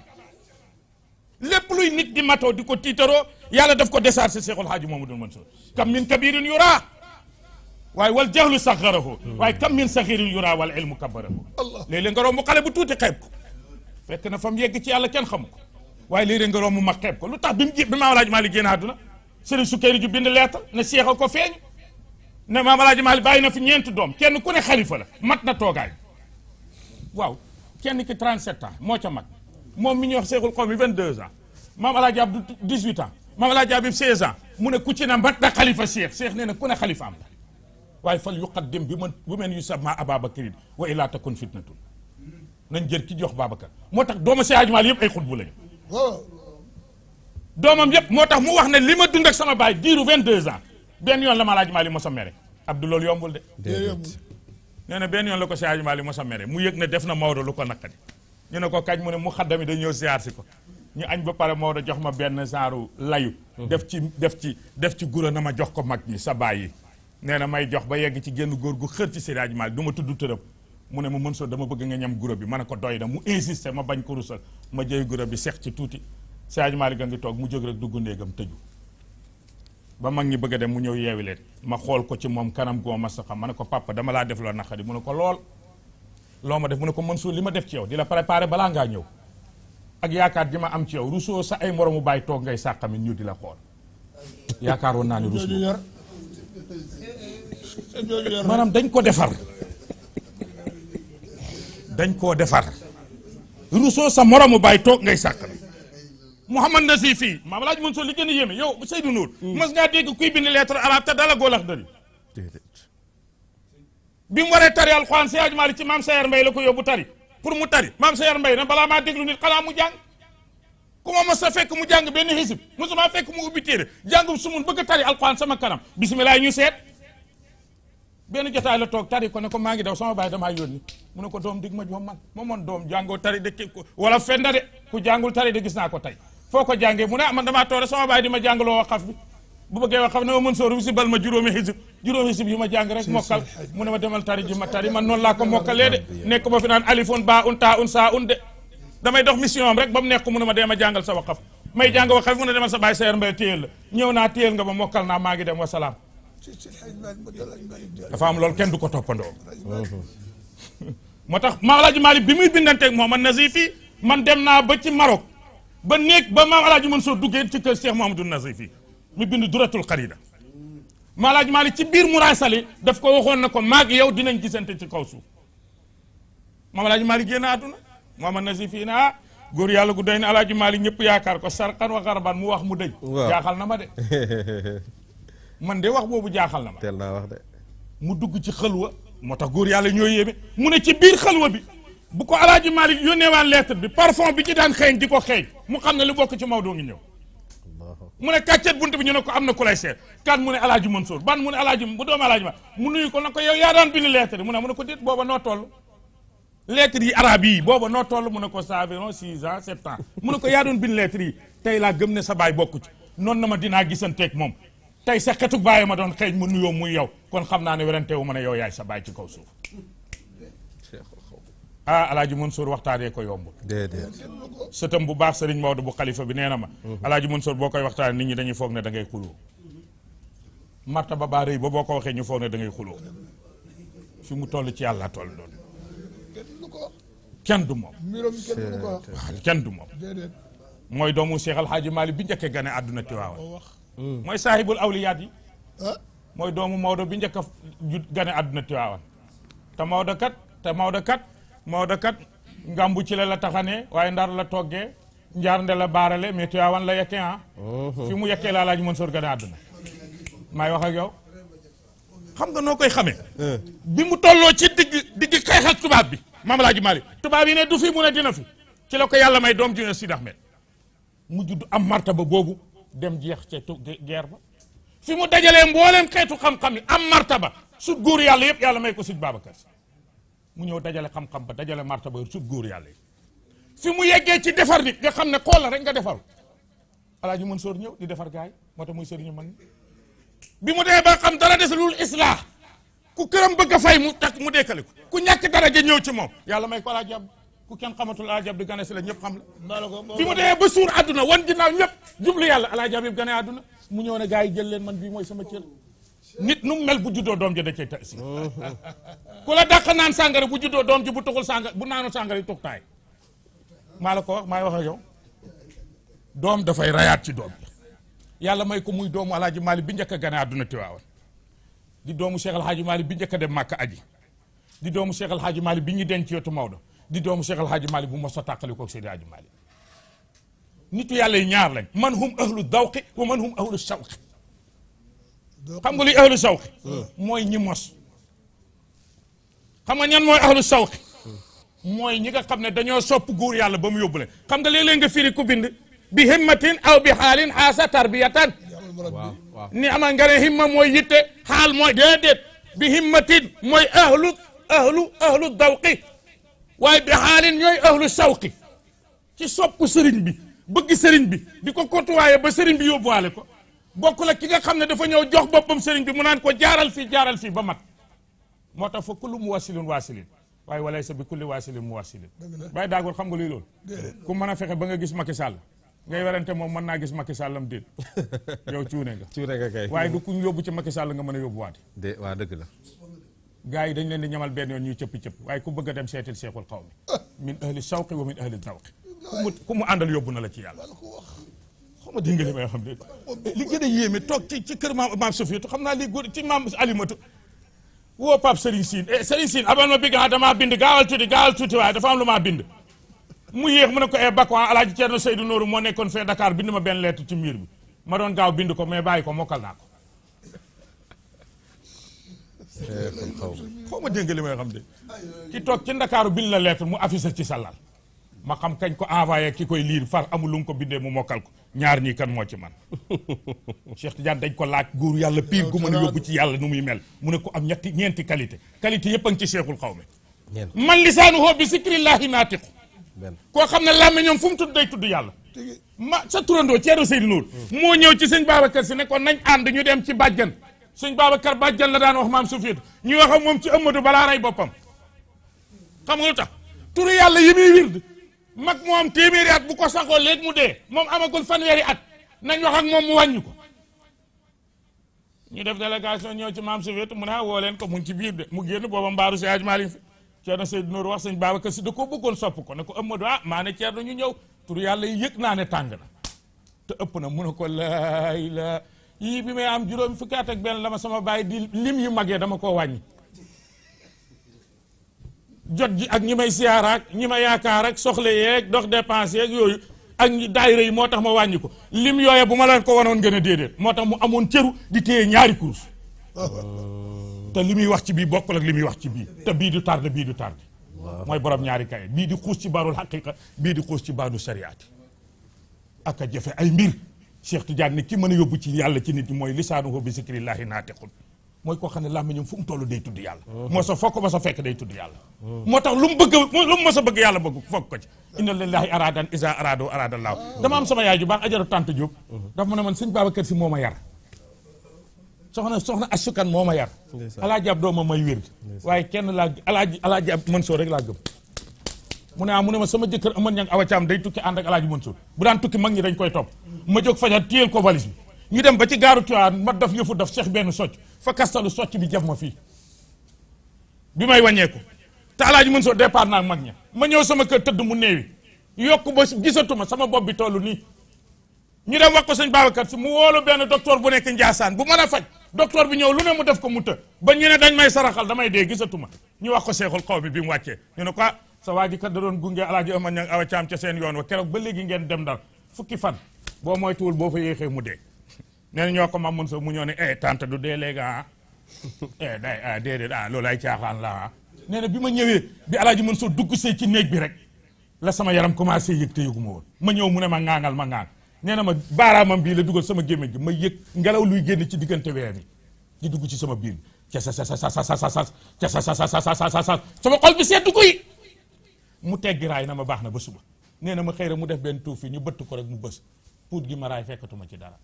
lépp luy nit di matoo di ko tiitaroo yàlla daf ko déchargé Cheikhul Hadji Mamadou Mansour kam min kabirin yura waaye wal jahlu saxarahu waaye kam min saxirin yura wal ilmu kabbarahu léeg-léeg nga romb xale bu tuuti xeeb ko fekk na fa mu yegg ci yàlla kenn xamu ko waaye léeg-léeg nga romb mag xeeb ko lu tax bi mu bi Maam Alaaji Maalik génn àdduna Sëriñ Sukkari ju bind leetal ne Cheikh a ko feeñ ne Maam Alaaji Maalik bàyyi na fi ñeenti doom kenn ku ne xalifa la mat na toogaay waaw kenn ki 37 ans moo ca mag moom mi ñuy wax Cheikhul Xawmi 22 ans maam El Hadj Abdou 18 ans maam El Hadj Abib 16 ans mu ne ku ci na mbat na xalifa Cheikh Cheikh nee na ku ne xalifa am waaye fal yuqaddim bi man bu mel ni yusamma Ababakrin wa illaa takun fitnatun nañ jël ci jox Babacar moo tax doomu Seex Ajmaal yëpp ay xutbu lañu. Oh. doomam yëpp moo tax mu wax ne li ma dund ak sama baay diiru 22 ans benn yoon la ma laaj maa li mos a mere Abdou loolu yombul de. nee na benn yoon la ko Seydi Maalik ma a mere mu yëg ne def na Maodo lu ko naqari ñu ne ko kañ mu ne mu xaddami dañ ñëw siyaar si ko ñu añ ba pare Maodo jox ma benn saaru layu def ci def ci def ci gura na ma jox ko mag ñi sa baay yi nee na may jox ba yegg ci génn góor gu xër ci Seydi Maalik du ma tudd tërëb mu ne ma mën soo dama bëgg nga ñam guro bi ma ne ko doy na mu insisté ma bañ ko rusal ma jëy guro bi seex ci tuuti Seydi li a ngi toog mu jóg rek dugg néegam tëju ba mag ñi bëgg dem mu ñëw yeewi leen ma xool ko ci moom kanam goo ma sa xam ma ne ko papa dama laa def loo naqari mu ne ko lool loo ma def mu ne ko Mansour li ma def ci yow di la préparé balaa ngaa ñëw ak yaakaar ji ma am ci yow rusoo sa ay moromu bàyyi toog ngay sàqamit ñu di la xool yaakaaroon naa ni rus manam dañ ko defar dañ koo defar rusoo sa moromu bàyyi toog ngay sàqamit Muhammad Nazifi ma laaj mun so li gën a yow Seydou Nour mas mm. nga dégg kuy bind lettre arabe te dala golax dari bi mu waré tari alxuraan si ajmaali ci mam Sayar Mbay la ko yóbbu tari pour mu tari mam Sayar Mbay na balaa maa déglu nit xala mu jàng ku ma sa fekk mu jàng benn fekk mu sumun bëgg tari alxuraan sama kanam bismillah ñu sét ben jotaay la tok tari ko ne ko ma ngi daw sama baay dama yoni mu ne ko dom dig ma man ma dom doom tari de wala fenda de ku jangul tari de gis na ko tay foko ko muna mu ne ah, man dama sama bay di ma lo waxaf bi bu bëggee waxaf ne ma soor sooru si bal ma juróomi xisib juróomi xisib yi ma jàng rek mokal mu ne ma demal tari ji ma tari man non la ko mokalé de nek ba fi nan alifun baa un taa un damay dox mission rek bam nek nekk mu ne ma dee jangal sa waxaf may jang waxaf mu ne demal sa baay seer mbay teyel ñew na teyel nga ba mokal na maa ngi dem wasalaam dafa am lol kenn du ko topando <laughs> motax Mawlaji malik bi muy man na man dem ba ci Maroc ba néeg ba maam man soo duggee ci kër Cheikh Mahamadou Nazir fii mu bind duratul xarida maam alaaji Maalik ci biir muraasali daf ko waxoon na ko maag yow dinañ gisante ci kaw suuf maam alaaji Maalik génn àdduna Mahamadou Nazir fii na ah góor yàlla gu doy na alaaji Maalik ñëpp yaakaar ko sarqan wa xaraban mu wax mu dëj jaaxal na ma de <laughs> man de wax boobu jaaxal na ma teel mu dugg ci xalwa moo tax góor yàlla ñoo yéeme mu ne ci biir xalwa bi bu ko alaaji Malick yónnee waan lettre bi parfum bi ci daan xeeñ di ko xeeñ mu xam ne li bokk ci Maodo ngi ñëw mu ne bunt bi ñu ne ko am na ku lay seet kan mu ne alaaji Mansour ban mu ne alaaji bu doomu alaaji ma ko na ko yow yaa daan bind ne ko déet booba noo toll lettre yi arabe yi booba noo toll mu ne ko ça environ six ans sept ans mu ne ko yaa doon bind lettre yi tey laa gëm ne sa baay bokku ci noonu na ma dinaa gisanteeg moom tey sa xetuk bàyyi ma doon xeeñ ma nuyoo muy yow kon xam naa ne werante wu ma ne yow yaay sa baay ci kaw suuf ah alaaji Mansour waxtaanee ko yombul déedéet sëtam bu baax sëriñ Maodo bu khalifa bi nee na ma mhm. alaaji Mansour boo koy waxtaane nit ñi dañuy foog ne da ngay xuloo marta ba baa rëy ba boo ñu foog ne da ngay xuloo fi mu toll ci yàlla toll doon kenn du moom kenn du moom mooy doomu Cheikh Mali bi njëkk gane àdduna Tiwaawan mm. mooy saahibul awliyaat yi ah. mooy doomu Maodo bi gane àdduna Tiwaawan te kat kat Maodo kat ngambu ci la la taxane waaye ndar la toggee njaar nde la baarale mais la yekke ah fi mu yekkee laa laaj mën sor gën a àdduna maay wax ak yow xam nga noo koy xamee eh. bi mu tolloo ci digg digg xeex tubaab bi maam laaji Malick tubaab yi ne du fi mu ne dina fi ci la ko yàlla may doom dina Sidi Ahmed mu judd am martaba boobu dem jeex ca guerre ba fi mu dajalee mbooleem xeetu xam-xam yi am martaba su góor yàlla yëpp yàlla may ko Sidi mu ñëw dajale xam-xam ba dajale martaba suuf góor yàlla yi fi mu yeggee ci defar nit nga xam ne koo la rek nga defar alaaji mën sóor ñëw di defar gaa moo tax muy sëriñu man bi mu dee ba xam dara desalul islaax ku këram bëgg a fay mu tak mu dekkale ko ku ñàkk dara ja ñëw ci moom yàlla may ko alaaji ab ku kenn xamatul alaaji ab di gane si la ñëpp xam la bi mu dee ba suur àdduna wan ginnaaw ñëpp jublu yàlla alaaji ab yëpp gane àdduna mu ñëw ne gaay yi jël leen man bii mooy sama cër nit nu mel bu juddoo doom ji da cee taasir ku la dàq naan sàngara bu juddoo doom ji bu tuxul sàngara bu naanu sàngara yi tux maa la ko maay wax yow doom dafay rayaat ci doom yàlla may ko muy doomu alaaji maali bi njëkk a gane àdduna tiwaawan di doomu Cheikh Alhaji Mali bi njëkk dem màkk aji di doomu Cheikh Alhaji Mali bi ñu denc yotu Maodo di doomu Cheikh Alhaji Mali bu mos a tàqali koog Seydi Alhaji yàlla yi ñaar lañ man hum ahlu dawqi wa man hum ahlu shawqi xam nga luy ahlu sawq mooy ñi mos xam nga ñan mooy ahlu sawq mooy ñi nga xam ne dañoo sopp guur yàlla ba mu yóbbule xam nga léeg-léeg nga firi ku bind bi himmatin aw bi xaalin xaasa tarbiyatan ni ama nga ne himma mooy yitte xaal mooy déedéet bi himmatin mooy ahlu ahlu ahlu dawqi waaye bi xaalin ñooy ahlu sawqi ci sopp sëriñ bi bëgg sëriñ bi di ko kotuwaaye ba sëriñ bi yóbbuwaale ko bokk la ki nga xamne dafa ñew jox bopam serigne bi mu naan ko jaaral fi jaaral fi ba mat motax fa kullu muwasilun wasilin wasilin walay sa bi kulli wasilin muwasilin wasilin bàyyi xam nga luy loolu ku meuna fexé ba nga gis Macky Sall ngay warante mom meuna gis Macky Sall am déet <laughs> yow ciune nga cuune nga kay way du ku ñu ci Macky Sall nga meuna yobbu yóbbuwaate de wa deug la gaay dañ leen di ñamal ben yon ñu cëpp-cëpp way ku bëgg dem sétil Cheikhul ah. min ahli shawqi wa min ahli dawqi ku mu andal yobbu na la ci yalla xaw ma li gën a yéeme toog ci kër maam maam Sofiatu xam naa li góor ci maam Alimatu woo Pape Serigne Sine eh Serigne Sine abal ma bi nga bind gaawal tuuti gaawal tuuti waaye dafa lu maa bind mu yéex mu ne ko e eh, bakwan ah, alaaji Ceerno Seydou Nooru moo nekkoon fee Dakar bind ma benn lettre ci miir bi ma doon gaaw bind ko mais bàyyi ko mokkal naa ko eh, xaw ma dégg li may de ki toog ci Ndakaaru bind la lettre mu affiché ci sa ma xam kañ ko envoyé ki koy liir far amu lu ko bindee mu mokkal ko ñaar ñii kan moo ci man <laughs> Cheikh Tidiane dañ ko laaj góor yàlla pire gu mën a yóbbu ci yàlla nu muy mel mu ne ko am ñetti ñeenti qualité qualité yëpp a ngi ci cheikhul xaw mi man lisaanu hoo bi zikrillahi naatiqu koo xam ne làmmiñam fu mu tudd day tudd yàlla ma sa turandoo Thierno Seydou Nour moo ñëw ci sëñ Babacar si ne ko nañ ànd ñu dem ci bàjjan sëñ Babacar bàjjan la daan wax maam suufiet ñu wax ak moom ci Amadou balaa rey boppam xam nga lu tax turu yàlla yi muy wird mag mu am téeméeri at bu ko saxoo léegi mu dee moom fan fanweeri at nañ wax ak moom mu wàññi ko ñu def délégation ñëw ci maam Soweto mu ne ah woo leen ko mu ci biir de mu génn booba mbaaru si aj Malick Thierno Seydou Nour wax sëñ Babacar si da koo bëggoon sopp ko ne ko Amadou ah maa ne Thierno ñu ñëw tur yàlla yi yëg naa ne tàng na te ëpp na mu ne ko laay la yii bi may am juróomi fukki at ak la ma sama baay di lim yu magee dama koo wàññi jot ji ak ñi may siyaaraak ñi ma yaakaar ak soxla yeeg dox dépense yooyu ak ñi daayira yi moo tax ma wàññi ko lim yooye bu ma leen ko wanoon gën a déedéet moo tax mu amoon cëru di téye ñaari kurus te li muy wax ci bii bokkul ak li muy wax ci bii te bii du tarde bii du tarde mooy borom ñaari kaye bii di xuus ci baarul xaqiqa bii di xuus ci baanu sariyaati ak a jafe ay mbir Cheikh Tidiane ni ki mën a yóbbu ci yàlla ci nit ñi mooy lisaanuhu bi zikrillahi naatiqun mooy koo xam ne làmmiñam fu mu toll day tudd yàlla oh. moo sa fokk ma sa fekk day tudd yàlla moo tax lu mu bëgg lu mu ma bëgg yàlla bëgg fokk ko ci inna lillahi aradan isa arado aradallaahu oh. dama am sama yaay ju baax ajaro tante Diop oh. dafa ma ne man sëñ Babacar si moo ma yar soxna soxna asukan moo ma yar alaaji ab dooma may wér waaye kenn laa alaaji alaaji ab Mansour rek laa gëm mu ne ah mu ne ma sama jëkkër amoon ñang awa caam day tukki ànd ak alaaji Mansour bu daan tukki mag ñi dañ koy topp ma jóg fajar téyel ko valise bi ñu dem ba ci gaaru Tiwaawan ma daf yëfu daf seex benn socc fa kastalu socc bi jaf ma fii bi may wàññeeku te alaaji mën soo départ naa mag ña ma ñëw sama kër tëdd mu néewi yokk ba gisatuma sama bopp bi toll nii ñu dem wax ko sëñ Babacar si mu woolu benn docteur bu nekk Njaasaan bu man a faj docteur bi ñëw lu ne mu def ko mu të ba ñu ne dañ may saraxal damay dee gisatuma ñu wax ko seexul kaw bi bi mu wàccee ñu ne ko ah, sa waa ji kat da doon gunge alaaji Amar Ñang awa caam ca seen yoon wa keroog ba léegi ngeen dem Ndar fukki fan boo moytuwul boo fa yéexee mu dee nee na ñoo ko ma mun sa mu ñoo ne eh tante du dee léegi ah eh day ah déedéet ah loolu ay caaxaan la ah nee na bi ma ñëwee bi alaaji mën soo dugg see ci néeg bi rek la sama yaram commencé yëg te yëguma woon ma ñëw mu ne ma ngaangal ma ngaang nee na ma baaraamam bii la dugal sama gémmiñ gi ma yëg ngelaw luy génn ci diggante weer bi di dugg ci sama biir ca sa sa sa sa sa sa sa ca sa sa sa sa sa sa sa sa sama xol bi sa sa yi mu sa raay na ma baax na ba suba nee na ma xëy mu def benn tuuf fi ñu bëtt ko rek mu bës puut gi ma raay fekkatuma ci dara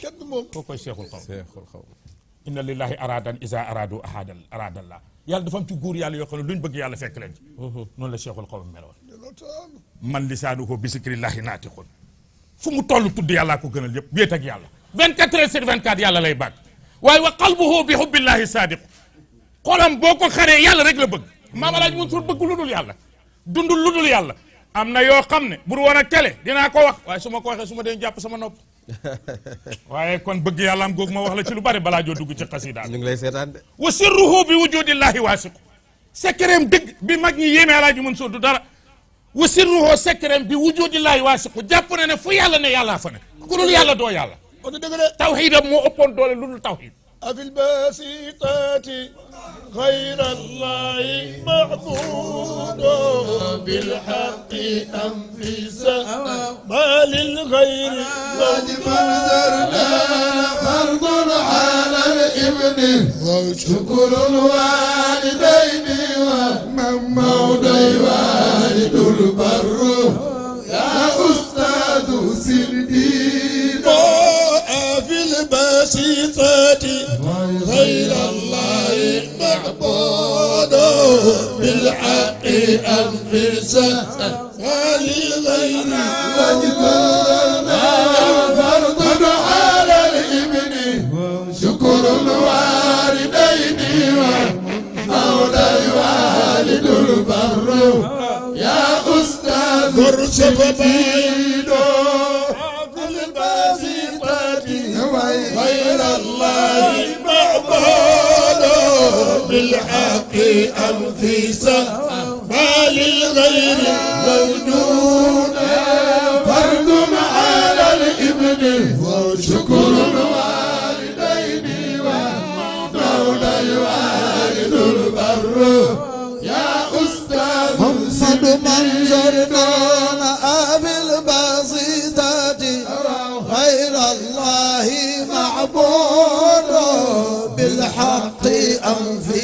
كد موم كوكو شيخ القوم شيخ القوم ان لله ارادا اذا ارادوا احد اراد الله يال دا فام تي غور يالا يوخنا لون بغي يالا فك لنج نون لا شيخ القوم ميل وون من لسانه بذكر الله ناطق فمو تولو تود يالا كو غنال ييب بيتك يالا 24 سير 24 يالا لاي باك واي وقلبه بحب الله صادق قولم بوكو خري يالا رك لا بغ مام الله منصور بغ لودول يالا دوندول لودول يالا امنا يو خامني بور وانا تيلي دينا كو واخ واي سوما كو واخ سوما دين جاب سوما نوب <laughs> waaye kon bëgg yàlla am ma wax la ci lu bari balaa joo dugg ci xasida ñu ngi lay seetaan de wa sirruhu bi wujudillahi waasiqu sekkereem dëgg bi mag ñi yéeme alaaji mën soo du dara wa sirruhu sekkereem bi wujudillahi waasiqu jàpp na ne fu yàlla ne yàllaa fa ne ku dul yàlla doo yàlla tawxiidam moo ëppoon doole lu dul tawxiid أفي الباسطات غير الله معبود بالحق أم في ما للغير قد فرزرنا فرض على الابن وشكر الوالدين ومن مولى والد البر غير الله معبود بالحق أنفسه ولغير وجدان فرض على الابن شكر الوالدين مولاي الوالد البر يا أستاذ فرصة بالحق أم في ما للغير موجود فرد على الابن وشكر الوالدين ومولى الوالد البر يا أستاذ محمد من زردون أبي البسيطة غير الله معبود بالحق أم في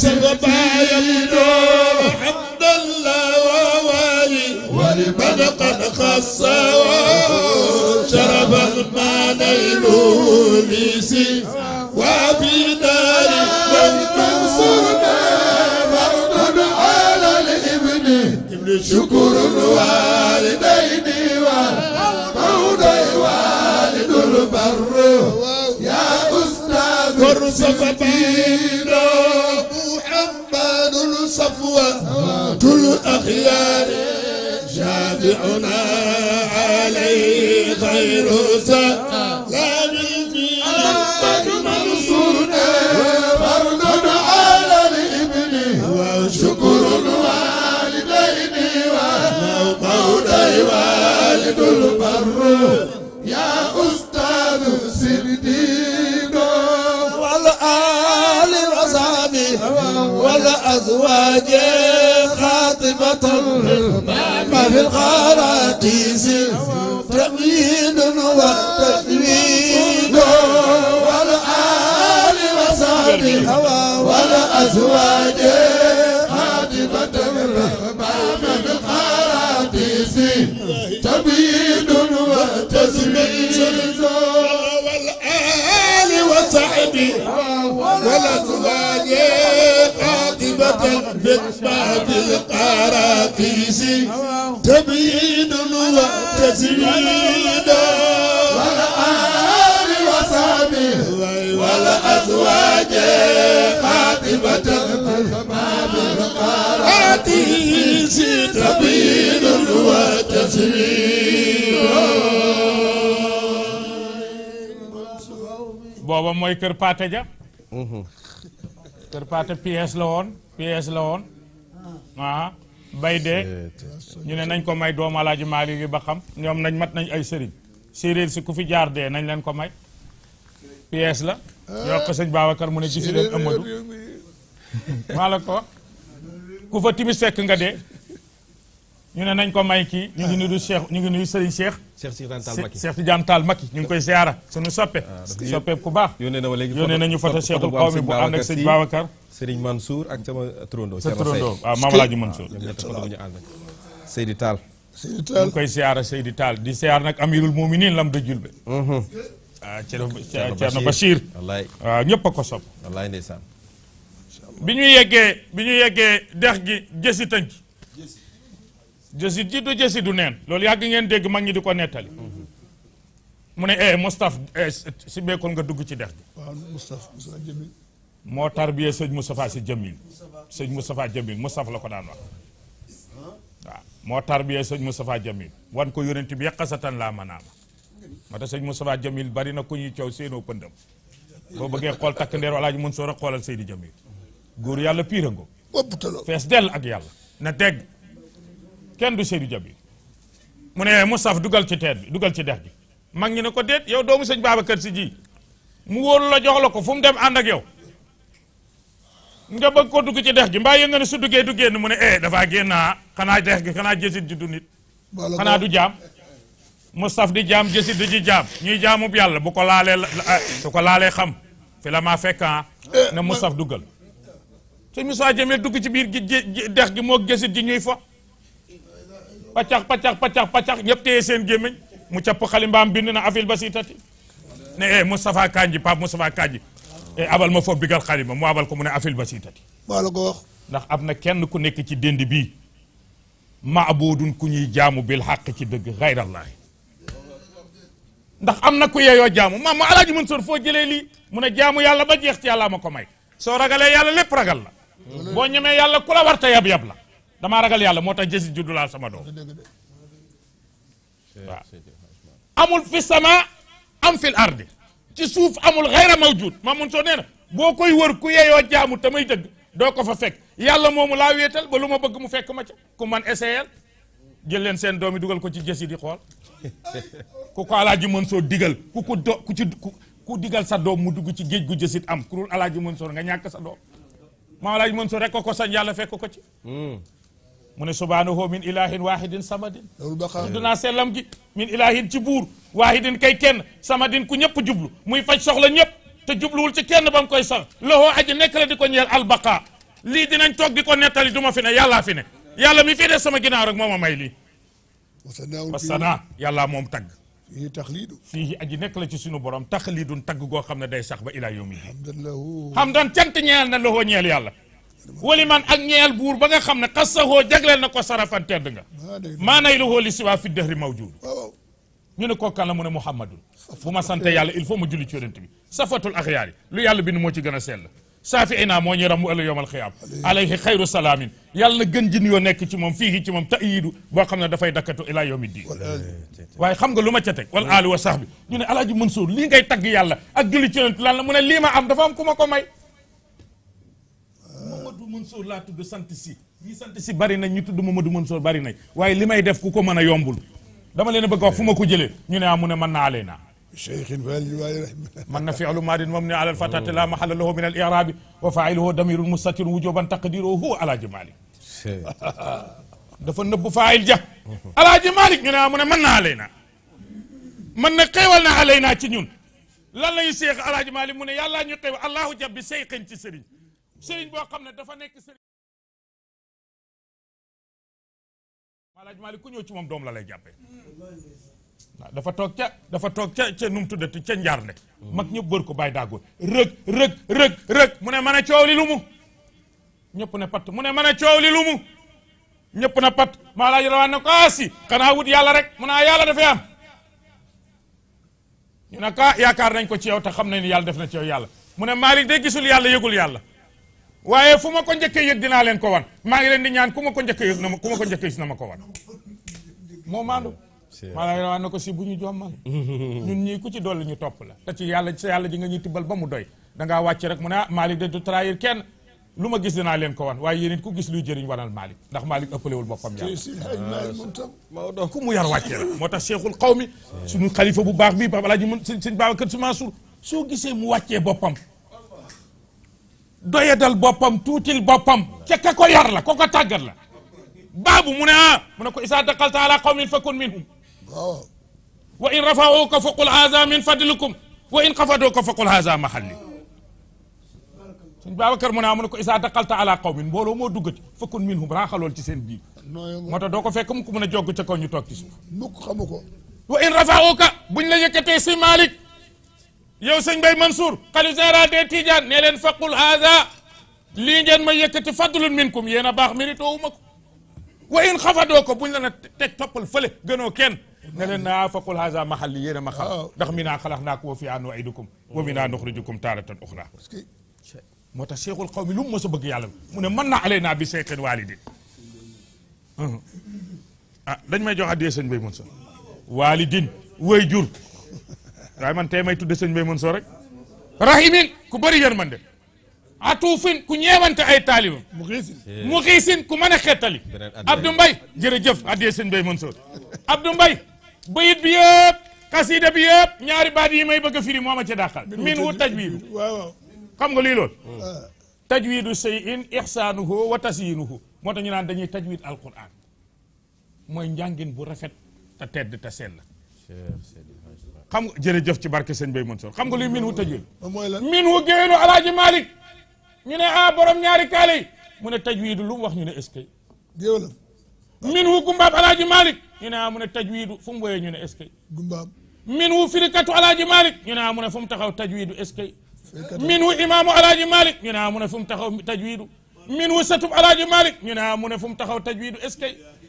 سغبايا حمد الله ووالي ولمن قد خص شرب ما نيله ليسي وفي دار منصورنا فرد على الابن شكر الوالدين والمولد والد البر يا استاذ فرصه الأخيار شافعنا عليه خير سلام الجيل منصورنا فرد على الابن وشكر الوالدين وموضوعي والد البر يا أستاذ سندينا والآل وصحبه والأزواج وتقيس تمهيد وتقويد والآل وصحبه والأزواج خاتمة ما من خراتيس تمهيد وتسميد والآل وصحبه من بعد القراطيس تبيين وتزيين والآل وصحبه والأزواج خاطبة مع القراطيس تبيين وتزيين booba mooy kër Paate Ja kër Paate pièce la woon pièce la woon ah bay dee ñu ne nañ ko may doomu alaaji Maalik yi ba xam ñoom nañ mat nañ ay sëriñ séeréer si ku fi jaar dee nañ leen ko may pièce la ñu wax ko sëñ mu ne gisi leen maa la ko ku fa timis fekk nga dee ñu ne nañ ko may kii ñu ngi nu Cheikh ñu ngi nuyu Serigne Cheikh. Cheikh Tidiane Tall Maki Cheikh ñu ngi koy ziara sunu soppe. Ah, soppe ku baax yónnee nañu foto Cheikhul Qawmi bu ànd ak sëñ Babacar. Serigne Mansour ak sama turandoo. sa turandoo waaw ah, Mame Alaaji Mansour. Ah, Seydi Tall. Seydi Tall koy ziara Seydi Tall di ziara nag Amirul Muminin lam dëjul be. Mhm. ah Thierno Bachir waaw ñëpp a ko sopp. wallaay ndeysaan. bi ñu yeggee bi ñu yeggee dex gi jësi tënk jësit ji du jësit du neen loolu yàgg ngeen dégg mag ñi di ko nettali mu ne eh Moustapha eh, si beekul nga dugg ci dex gi moo tarbiyee sëñ Moustapha si Jamil sëñ Moustapha Jamil Moustapha la ko daan wax waaw moo tarbiyee sëñ Moustapha Jamil wan ko yonent bi yaqasatan laa manaama moo tax sëñ Moustapha Jamil bari na ku ñuy coow seenoo pëndam boo bëggee xool takk ndeer walaaj mën soo a xoolal Seydi Jamil góor yàlla piirango fees dell ak yàlla na dégg kenn du Seydou jabir mu ne dugal ci teet bi dugal ci dex gi mag ñi ne ko déet yow doomu sëñ Babacar si ji mu wóolu la jox la ko fu mu dem ànd ak yow nga bëgg ko dugg ci dex gi mbaa nga ne su duggee du génn mu ne eh dafa génnaa ah, xanaa dex gi xanaa jësit ji du nit xanaa du jaam Moustapha di jaam jësit di ci jaam ñuy jaamub yàlla bu ko laalee eh, su ko laalee xam fi la maa fekk ah, eh, na mustaf dugal sëñ Moustapha Jëmee dugg ci biir dex gi moo jësit ji ñuy fo paccax paccax paccax paccax ñëpp téye seen gémmiñ mu capp xalimbaam bind na afil basitati ne eh Moustapha Kandji Pape Moustapha Kandji eh, abal ma foofu bigal xalima mu abal ko mu ne afil basitati maa la ko ndax am na kenn ku nekk ci dënd bii maabudun ku ñuy jaamu bil xàq ci dëgg xayrallaahi ndax am na ku yeeyoo jaamu maam ma alaaji Mansour foo jëlee lii mu ne jaamu yàlla ba jeex ci yàlla ma ko may soo ragalee yàlla lépp ragal la boo ñemee yàlla ku la war ta la damaa ragal yàlla moo tax jësit juddu laal sama doom waaw amul fi sama am fil ardi ci suuf amul xayra mawjud Mamoun Sow nee na boo koy wër ku yeeyoo jaamu te may dëgg doo ko fa fekk yàlla moomu laa weetal ba lu ma bëgg mu fekk ma ca ku man essayel jël leen seen doom yi dugal ko ci jësi di xool <laughs> ku ko alaaji mën soo digal ku ko do ku ci ku digal sa doom mu dugg ci géej gu jësit am ku dul alaaji mën soo nga ñàkk sa maa alaaji mën soo rek ko ko sañ yàlla fekk ko ci hmm. mu ne subhanahu min ilahin wahidin samadin dunaa sellam gi min ilahin ci buur wahidin kay kenn samadin ku ñëpp jublu muy faj soxla ñëpp te jubluwul ci kenn ba mu koy sax loxoo aji nekk la di ko ñeel albaqa lii dinañ toog ko nettali du ma fi ne yàllaa fi ne yàlla mi fii dee sama ginaar rek moom ma may lii wasana yàllaa moom tagg fii taxliidu fii aji nekk la ci sunu borom taxliidun tagg goo xam ne day sax ba ilaa yawmi hamdan cant ñeel na loxoo ñeel yàlla wali man ak ñeel buur ba nga xam ne xas saxoo jagleel na ko sarafan tedd nga ah, maanay lu xooli si waa fi dëxri mawjuud ñu ne kookan la mu ne Muhammadun bu ma sante yàlla il faut ma julli ci bi safatul axyaar yi lu yàlla bind moo ci gën a sell saafi inaa moo ñu ram mu ëllëg yowmal xiyaam alayhi xayru salaamin yàlla na gën jin yoo nekk ci moom fii ci moom tayidu boo xam ne dafay dakkatu ilaa yawmi diin waaye xam nga lu ma ca wal aali wa sax bi ñu ne alaaji Mansour lii ngay tagg yàlla ak julli ci yonent la mu ne Mansour la tudd sant ci ñi sant ci bari nañ ñi tudd Mamadou Mansour bari nañ waye limay def ku ko mëna yombul dama leen bëgg wax fuma ko jëlé ñu né amu ah, né man na alena شيخ والي والي من فعل مار مبني على الفتاة لا محل له من الإعراب وفاعله دمير مستتر وجوبا تقديره هو على جمالك دفن نب فاعل جه على جمالك من من من علينا من قيولنا علينا تنين لا لا يسيخ على جمالك من يلا نقيو الله جب سيخ تسرين serigne bo xamne dafa nek serigne malaaj malik ku ñew ci mom dom la lay jappé dafa tok ca dafa tok ca ca num tuddati ci njaar nek mak ñëpp bër ko bay dagul rëg rëg rëg rëg mu ne mën a li lu mu ñëpp ne pat mu ne mën a li lu mu ñëpp na pat malaaj rawane ko asi ah, kana wut yalla rek mu naa ah, yàlla am ñu ne ah, ka nañ ko ci yow ta xam nañ yalla def na ci yow yalla mu ne maalik gisul yalla yegul yalla waaye fu ma ko njëkkee yëg dinaa leen ko wan maa ngi leen di ñaan ku ma ko njëkkee yëg na ma ku ma ko njëkkee gis na ma ko wan moo maandu maanaam waa na ko si bu ñu jommal ñun ñii ku ci dolli ñu topp la te ci yàlla si yàlla ji nga ñuy tibbal ba mu doy dangaa wàcc rek mu ne ah Malick de du kenn lu ma gis dinaa leen ko wan waaye yéen it ku gis luy jëriñ wanal Malick ndax Malick ëppalewul boppam yàlla ku mu yar wàcce la moo tax seexul xaw mi suñu xalifa bu baax bii ba alaaji mën sëñ Babacar Si Mansour soo gisee mu wàccee boppam doyadal boppam tuutil boppam ca ka ko yar la koko tagal la babu mu ne ah mu ko isa daqalta ala qawmin fakun minhum wa in rafauka faqul hadha min fadlikum wa in qafaduka faqul hadha mahalli suñ Babacar mu ne ah ko isa daqalta ala qawmin mbooloo moo duggati fakun minhum raaxalool ci sen biir moo doko fek mu ko mën a ci ko ñu tok ci suuf mukk xamu ko wa in rafauka buñ la yekete si Malik yow sëñ Bay Mansour xalif général des Tidiane ne leen faqul haza lii ngeen ma yëkkati fadlun minkum yéen a baax mérite wuma ko wa in xafadoo ko buñ la na teg toppal fële gënoo kenn ne leen naa faqul haza mahal li yéen a ma xam ndax mi naa xalax naa ko wa fi an waidukum wa mi naa nuxrijukum taaratan uxra moo tax cheikhul xaw mi lu mu mos a bëgg yàlla mu ne mën naa alay naa bi seyqin waalidin ah dañ may jox addee sëñ Bay Mansour waalidin way jur waaye man may tudde sëñ Mbay Mansoor rek rahimin ku bëri yërmande atuufin ku ñeewante ay taaliba mu xiisin eh. ku mën a xettali Abdou Mbaye jërëjëf addee sëñ Mbay Mansoor Abdou Mbaye bayit bi yëpp kasiida bi yëpp ñaari baat yi may bëgg a firi ma ca dàqal min wu tajwiidu xam nga lii loolu ah. tajwiidu shay'in ihsaanuhu wa tasyiinuhu moo tax naan dañuy tajwiid alquran mooy njàngin bu rafet te tedd te sell xam nga jërëjëf ci barke sëñ bey Mansour xam nga luy min wu tajwid min wu géwénu alaaji Malick ñu ne a ah, borom ñaari kaale yi mu ne tajwiidu lu mu wax ñu ne est-ce que géwélam min wu gumbaab alaaji Malick ñu ne a ah, mu ne tajwiidu fu mu woyee ñu ne est-ce que gumbaab min wu firikatu alaaji Malick ñu ne a ah, mu ne fu mu taxaw tajwiidu est-ce que min wu imaamu alaaji Malick ñu ne a mu ne fu mu taxaw tajwiidu min wu satub alaaji Malick ñu ne mu ne fu mu taxaw tajwiidu est-ce que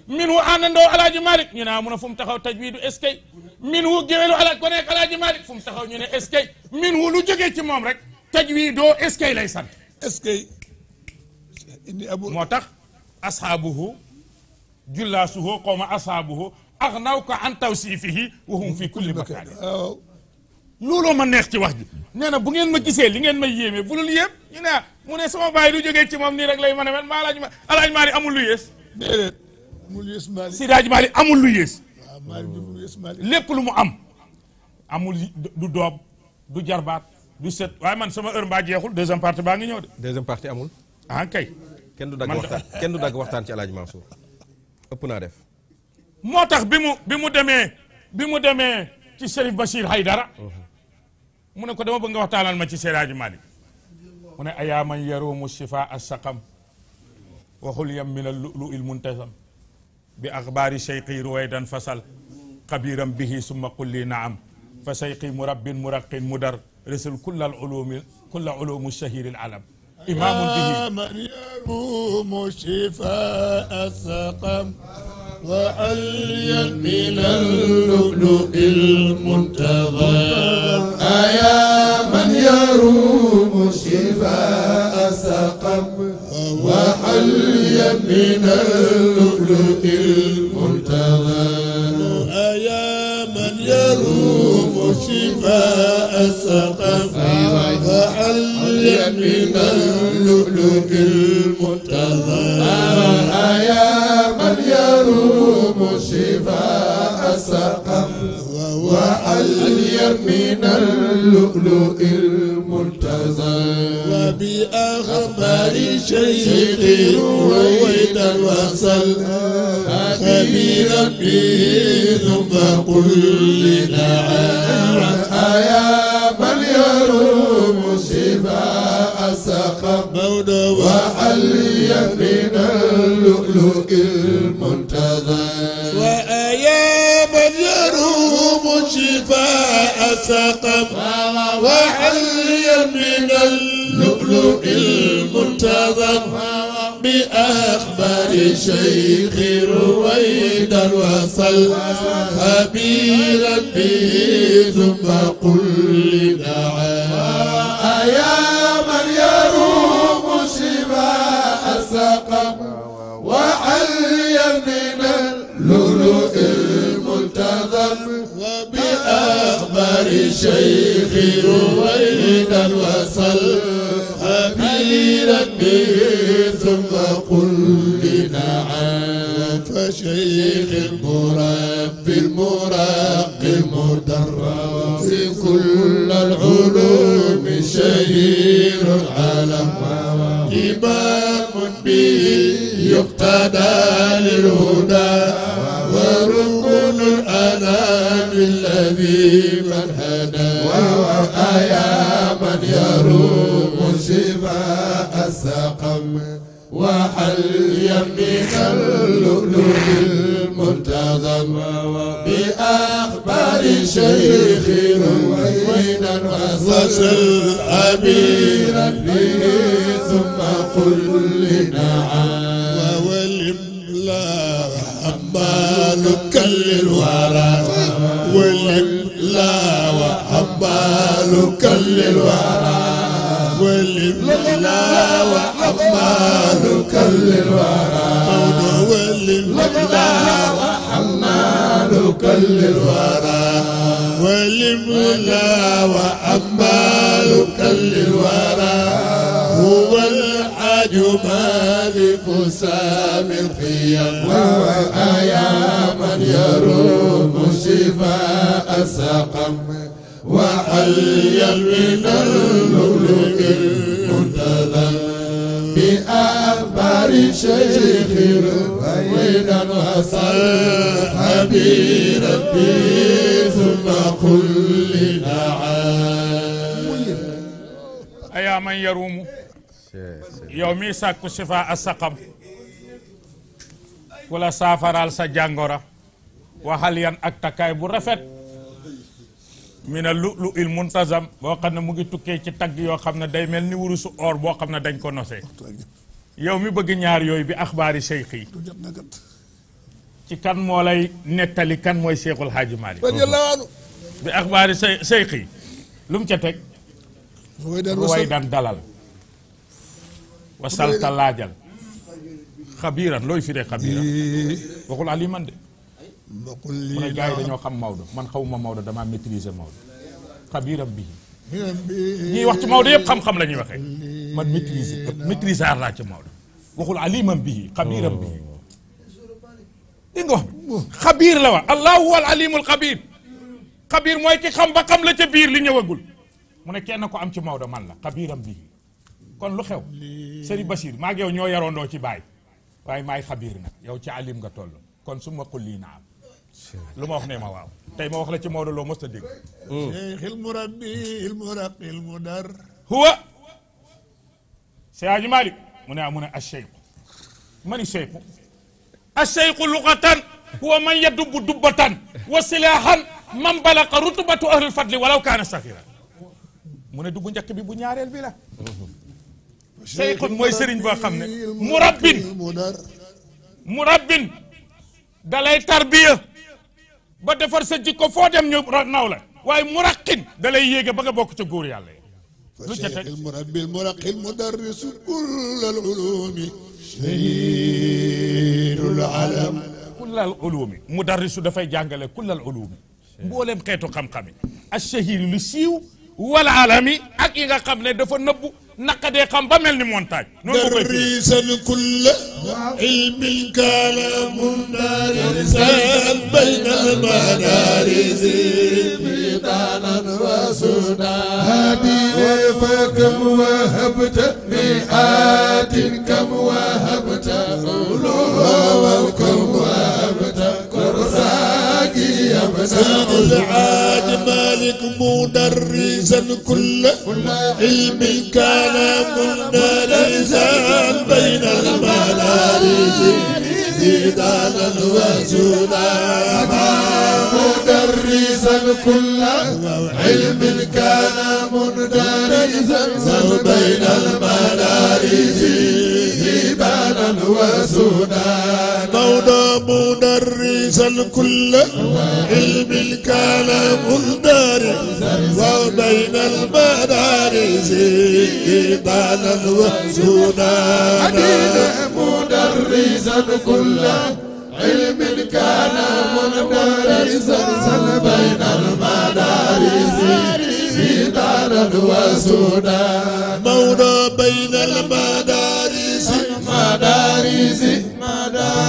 منو عندو على جمالك نينا منو فم تخاو تجويد اسكي منو جيلو على كونيك على جمالك فم تخاو نينا اسكي منو لو جوغي تي موم رك تجويدو اسكي ليسان اسكي اني ابو موتاخ اصحابه جلاسه قوم اصحابه اغناوك عن توصيفه وهم في كل مكان لولو ما نيخ تي واخ نينا بو نين ما جيسه لي نين ما ييمي بولول ييب نينا موني سما باي لو جوغي تي موم ني رك ما لاج ما لاج ماري امول لو يس ديدت mu yées Mali Seydi Hadji Mali amul lu yées. lépp lu mu am. amul du doob du jarbaat du set waaye man sama heure mbaa jeexul deuxième partie baa ngi ñëw de. deuxième partie amul. ah kay. kenn du dagg waxtaan kenn du dagg waxtaan ci El Hadj Mansour ëpp naa def. moo tax bi mu bi mu demee bi mu demee ci Serif Bachir Haydara. mu ne ko dama ba nga waxtaanal ma ci Seydi Hadji Mali. mu ne ayaa man yarumu shifa as saqam waxul yam min al lu'lu'il muntazam بأخبار شيقي رويدا فصل خبيرا به ثم قل لي نعم فشيقي مرب مرق مدر رسل كل العلوم كل علوم الشهير العلم إمام به من يروم شفاء السقم وعليا من اللؤلؤ المنتظر أيا من يروم شفاء السقم وحلي من اللؤلؤ المنتظر يا من يروم شفاء السقف وحلي من اللؤلؤ المنتظر يا من يروم شفاء السقف وحلي من اللؤلؤ المنتظر المرتضى وبأخبار الشيخ رويدا وصل خبيرا به ثم قل لنا نعم. يا من يروم السخط مولى وحليا من اللؤلؤ المنتظر سقط وحلي من اللؤلؤ المنتظر بأخبار شيخ رويدا وصل خبيرا به ثم قل لنا يا أخبار الشيخ رويدا وصل خبيرا به ثم قل لنعم فشيخ المربي المرقي في كل العلوم شهير العالم إمام به يقتدى للهدى بالذي من هدى ووقى آية يا من يروم شفاء السقم وحل يمي كاللؤلؤ المنتظم بأخبار شيخ روينا وصل أميرا به ثم قل لنعم وولم لا حمالك للورى ولم لا وحبالك للورى ولم لا وحبالك للورى ولم لا وحمالك للورى ولم لا وحبالك للورى وهو الأجمل قسام الخيام أيا من يروم شفاء السقم وحيا من اللؤلؤ المنتظم بأخبار شيخ رويدا وصل ربي ثم قل لنا نعم. ايا من يروم yow mi sàkku sifa a saqam ku saafaraal sa jangora waxal yan ak takkaay bu rafet mina lu lu il muntazam boo xam ne mu ngi tukkee ci tagg yoo xam day mel ni wurusu or boo xam ne dañ ko nosee yow mi bëgg ñaar yooyu bi axbaari cheikh yi ci kan moo lay nettali kan mooy cheikhul haaji bi axbaari cheikh yi ca teg way dalal وسال تلاجل خبيرا لوي فيري خبيرا إيه. بقول علي من دي بقول لي من جاي دانيو خم مولد من خوما مولد دا ما ميتريز مولد خبيرا به ني وقت مولد يب خم خم لاني وخي من ميتريز ميتريز راج مولد بقول علي من به خبيرا به دينغو خبير لوا الله هو العليم الخبير خبير موي كي خم بخم لا تي بير لي نيوغول مو نكي نكو لا خبيرا به kon lu xew sëriñ Bachir maa ngi yow ñoo yaroondoo ci baay waaye maay xabiir nag yow ci alim nga toll kon su ma xul lii na am lu ma wax ne ma waaw tey ma wax la ci Maodo loo mës a dégg hmm. cheikh ilmu rabbi ilmu raq ilmu dar huwa Seyaaji Malik mu ne a ah, mu ne acheyqu mani cheyqu acheyqu lugatan huwa man yadubbu dubbatan wa silaahan man balaqa rutubatu ahlil fadli walaw kaana saxiran mu ne du bu njëkk bi bu ñaareel bi la hmm. سيكون موي سيرين مرابين مرابين مربين مربين دالاي تربيه با ديفار سا جيكو فو ديم نيو ناولا واي مرقين دالاي ييغا باغا بوك تي غور يالله شيخ المربي المرقي المدرس كل العلوم سيد العالم كل العلوم مدرس دا فاي جانغالي كل العلوم مبولم خيتو خام خامي الشهير لو سيو والعالمي اك ييغا خامني دا فا نوبو نقدي قام بامل ني مونتاج كل علم الكلام دار بين المدارس بطانا وسودا هذه فكم وهبت مئات كم وهبت قولوا وكم وهبت هذا العاد مالك مدرسا كل علم كان مندرسا بين المدارس زيدانا وسلاما مدرسا كل علم كان مندرسا بين المدارس زيدانا وسلاما المولى مدرس الكل علم الكلام مهدر وبين المدارس إيمانا وسنانا مدرس الكل علم كان مدرسا بين المدارس إيمانا وسنانا مولى بين المدارس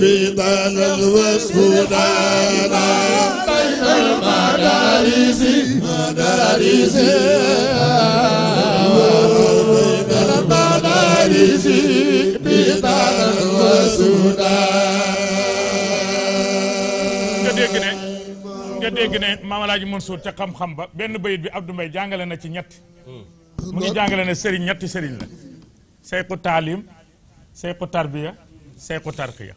بدل الوصف دانا بين المدارس مدارس بين المدارس بدل الوصف nga dégg ne nga dégg ne Maam Alaaji Mansour ca xam-xam ba benn bayit bi Abdou Mbaye jàngale na ci ñetti mu ngi jàngale ne sëriñ ñetti sëriñ la seyku taalim seyku tarbiya seyku tarqiya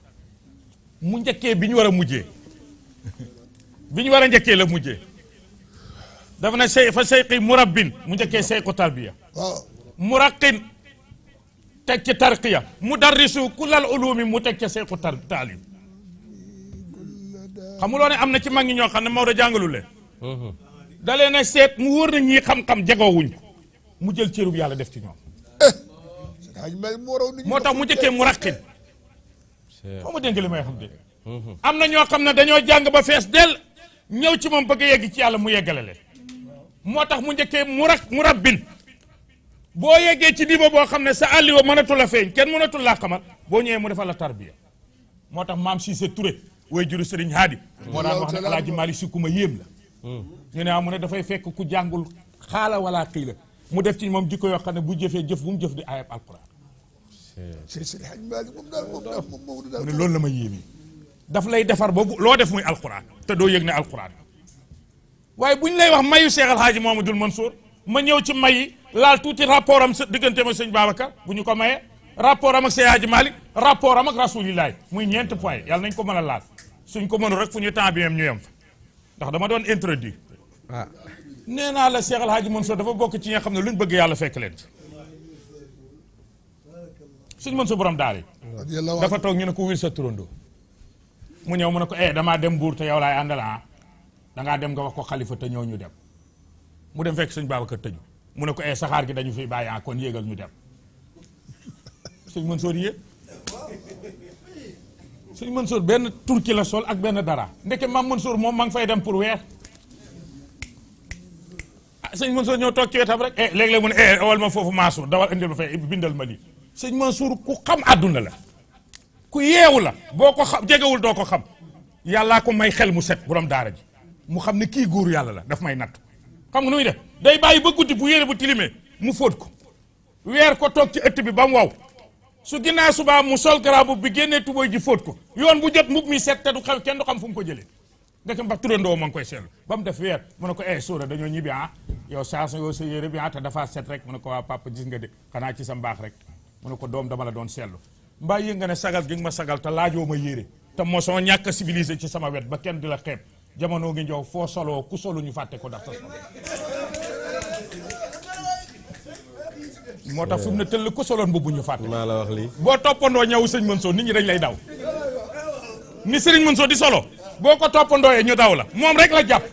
mu njëkkee bi ñu war a mujjee bi ñu war a njëkkee la mujjee dafa na sey fa seyqi murabbin mu njëkkee seyqu tarbiya muraqin teg ci tarqiya mu darrisu kullal ulumi mu teg ca seyqu tar taalim xamuloo ne am na ci mag ñi ñoo xam ne Maodo jàngalu le mhm. dalee na seet mu wóor na ñii xam-xam jegoowuñ ko mu jël cërub yàlla def ci ñoom eh. moo tax mu njëkkee muraqin foo ma dénk li may xam de am na ñoo xam ne dañoo jàng ba fees dell ñëw ci moom bëgg a yegg ci yàlla mu yeggale leen moo tax mu njëkkee mu rak mu rabbin boo yeggee ci lii moo boo xam ne sa àlliwa mënatul a feeñ kenn mënatul laa xamal boo ñëwee mu defal la tarbiya moo tax maam Cissé Touré way juru sëriñ Haadi moo daan wax ne alaaji Maalik Si ku ma yéem la ñu ne ah mu ne dafay fekk ku jàngul xaala wala xiila mu def ci moom jikko yoo xam ne bu jëfee jëf bu mu jëf di ayab alquran Seex eh. Seydi loolu la ma yéeme daf lay defar boobu loo def muy alquran te doo yëg ne alquran waaye bu ñu lay wax mayu Seex Alxaaji Mamadul Mansour ma ñëw ci mayi laal tuuti rapport am sa diggante ma sëñ Babacar bu ñu ko mayee rapport am ak Seex Hajji Maalik rapport am ak rasulillahi muy ñeent point yàlla nañ ko mën a laal suñ ko mënul rek fu ñu temps bi même ñu yem fa ndax dama doon introduire waaw ah. nee naa la Seex Alxaaji Mansour dafa bokk ci ñi nga xam ne luñ bëgg yàlla fekk leen suñ mën su borom daal dafa toog ñu ne ko wil sa turundo mu ñëw mu ne ko eh dama dem bour te yow laay àndal ah da ngaa dem nga wax ko xalifa te ñoo ñu dem mu dem fekk suñ baabakar tëju mu ne ko eh saxaar gi dañu fi bàyyi ah kon yéegal ñu dem suñ mën sóor yéeg suñ mën sóor benn turki la sol ak benn dara ndeke mam mën sóor moom ma ngi fay dem pour weer ah, suñ mën sóor ñëw toog ci wetam rek eh léeg-léeg mu ne eh awal ma foofu maasu dawal indil ma fay bindal ma lii sëñ Mansour ku xam àdduna la ku yeewu la boo ko xam jegewul doo ko xam yàllaa ko may xel mu set borom daara ji mu xam ne kii góor yàlla la daf may natt xam nga nu muy def day bàyyi ba guddi bu yére bu tilimee mu fóot ko weer ko toog ci ëtt bi ba mu waw su ginnaaw subaa mu sol garaabu bi génnee tubóoy ji fóot ko yoon bu jot mbub mi set te du xew kenn du xam fu mu ko jëlee nga ba turandoo ma ngi koy seetlu ba mu def weer mu ne ko eh sóora dañoo ñibbi ah. yow saa sa yow sa bi ah te dafa rek mu ne ko waa papa nga de xanaa ci sa mbaax rek mu ne ko doom dama la doon seetlu mbaa yëg nga ne sagal gi nga ma sagal te laajoo ma yére te mosoo ñàkk a ci sama wet ba kenn di la xeeb jamono ngi njaw foo soloo ku solo ñu fàtte ko ndax sa solo moo tax fu mu ne tëll ku soloon mbubb ñu fàtte la wax boo toppandoo ñëw sëñ Mansour nit ñi dañ lay daw ni sëriñ Mansour di solo boo ko toppandooyee ñu daw la moom rek la jàpp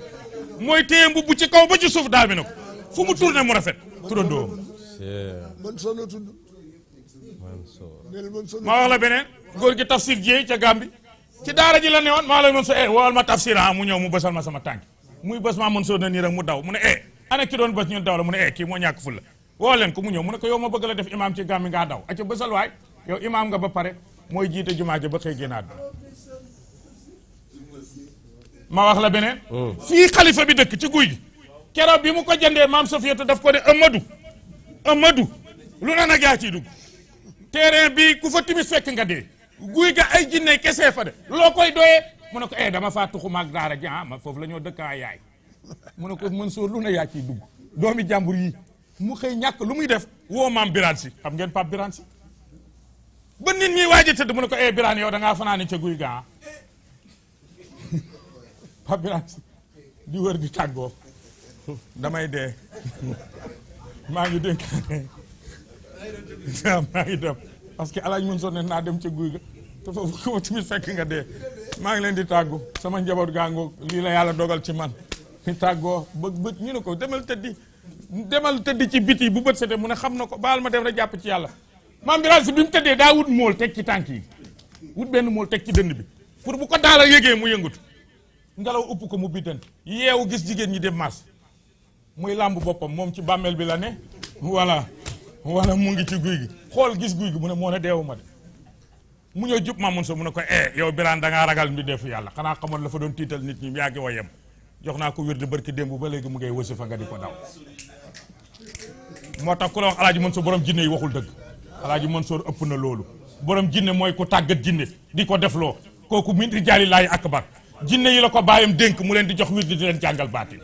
mooy téye mbubb ci kaw ba ci suuf daal bi ko fu mu tourné mu rafet turandoo man ma wax la beneen góor gi tafsir jiey ca Gàmbi ci daara ji la ne woon maa la mën so e eh, woowal ma tafsir a ah, mu ñëw mu bësal ma sama tànk muy bës maa mën soo na nii rek mu daw mu ne e ana ki doon bës ñun daw la mu ne e kii moo ñàkk ful la woo leen ko mu ñëw mu ne ko yow ma bëgg la def imaam ci Gàmbi ngaa daw ak ca bësal waay yow imaam nga ba pare mooy jiite jumaa ja ba xëy génnaat ma wax la beneen hmm. fii xalifa bi dëkk ci guy gi keroog bi mu ko jëndee maam Sofiatu daf ko ne Amadou Amadou lu ne nag terrain bi ku fa timis fekk nga dee guy ga ay jinne kese fa de loo koy doyee mu ne ko eh dama faa tuxu maag daara ji ah foofu la ñoo dëkkaa yaay mu ne ko mën soo lu ne yaa ciy dugg doomi jàmbur yi mu xëy ñàkk lu muy def woo maam biraan si xam ngeen pap biraan si ba nit ñi waaj a tëdd mu ne ko eh biraan yow da ngaa fanaane ca guy ga ah. <laughs> pap biraan si di wër di tàggoo damay dee <laughs> maa ngi dénkaane maa ngi dem parce que alaaj mun sonne na dem ca guy ga te foofu ko tamit fekk nga dee maa ngi leen di tàggu sama njaboot gaangoo lii la yàlla dogal ci man ñu tàggoo bëgg ñu ne ko demal teddi, demal teddi ci biti bu bët setee mu ne xam na ko baal ma dem rek jàpp ci yàlla maam biraal si bi mu tëddee daa wut mool teg ci tànk yi wut benn mool teg ci dënd bi pour bu ko daala yégee mu yëngatu ngelaw upp ko mu biddant yeewu gis jigéen ñi dem marché muy làmb boppam moom ci bàmmeel bi la ne voilà wala mu ngi ci guuy gi xool gis guuy gi mu ne moo ne deewuma de mu ñëw jub Mamoun mu ne ko eh yow biraan da ngaa ragal defu yàlla xanaa xamoon la fa doon tiital nit ñi yaa ngi wa jox naa ko wér di barki démb ba léegi mu ngay wësi fa nga di ko daw moo tax ku la wax alaaji Mansour borom jinne yi waxul dëgg alaaji Mansour ëpp na loolu borom jinne mooy ku tàggat jinne di ko defloo kooku min di jaali laay akbar jinne yi la ko bàyyam dénk mu leen di jox wér di leen jàngal baati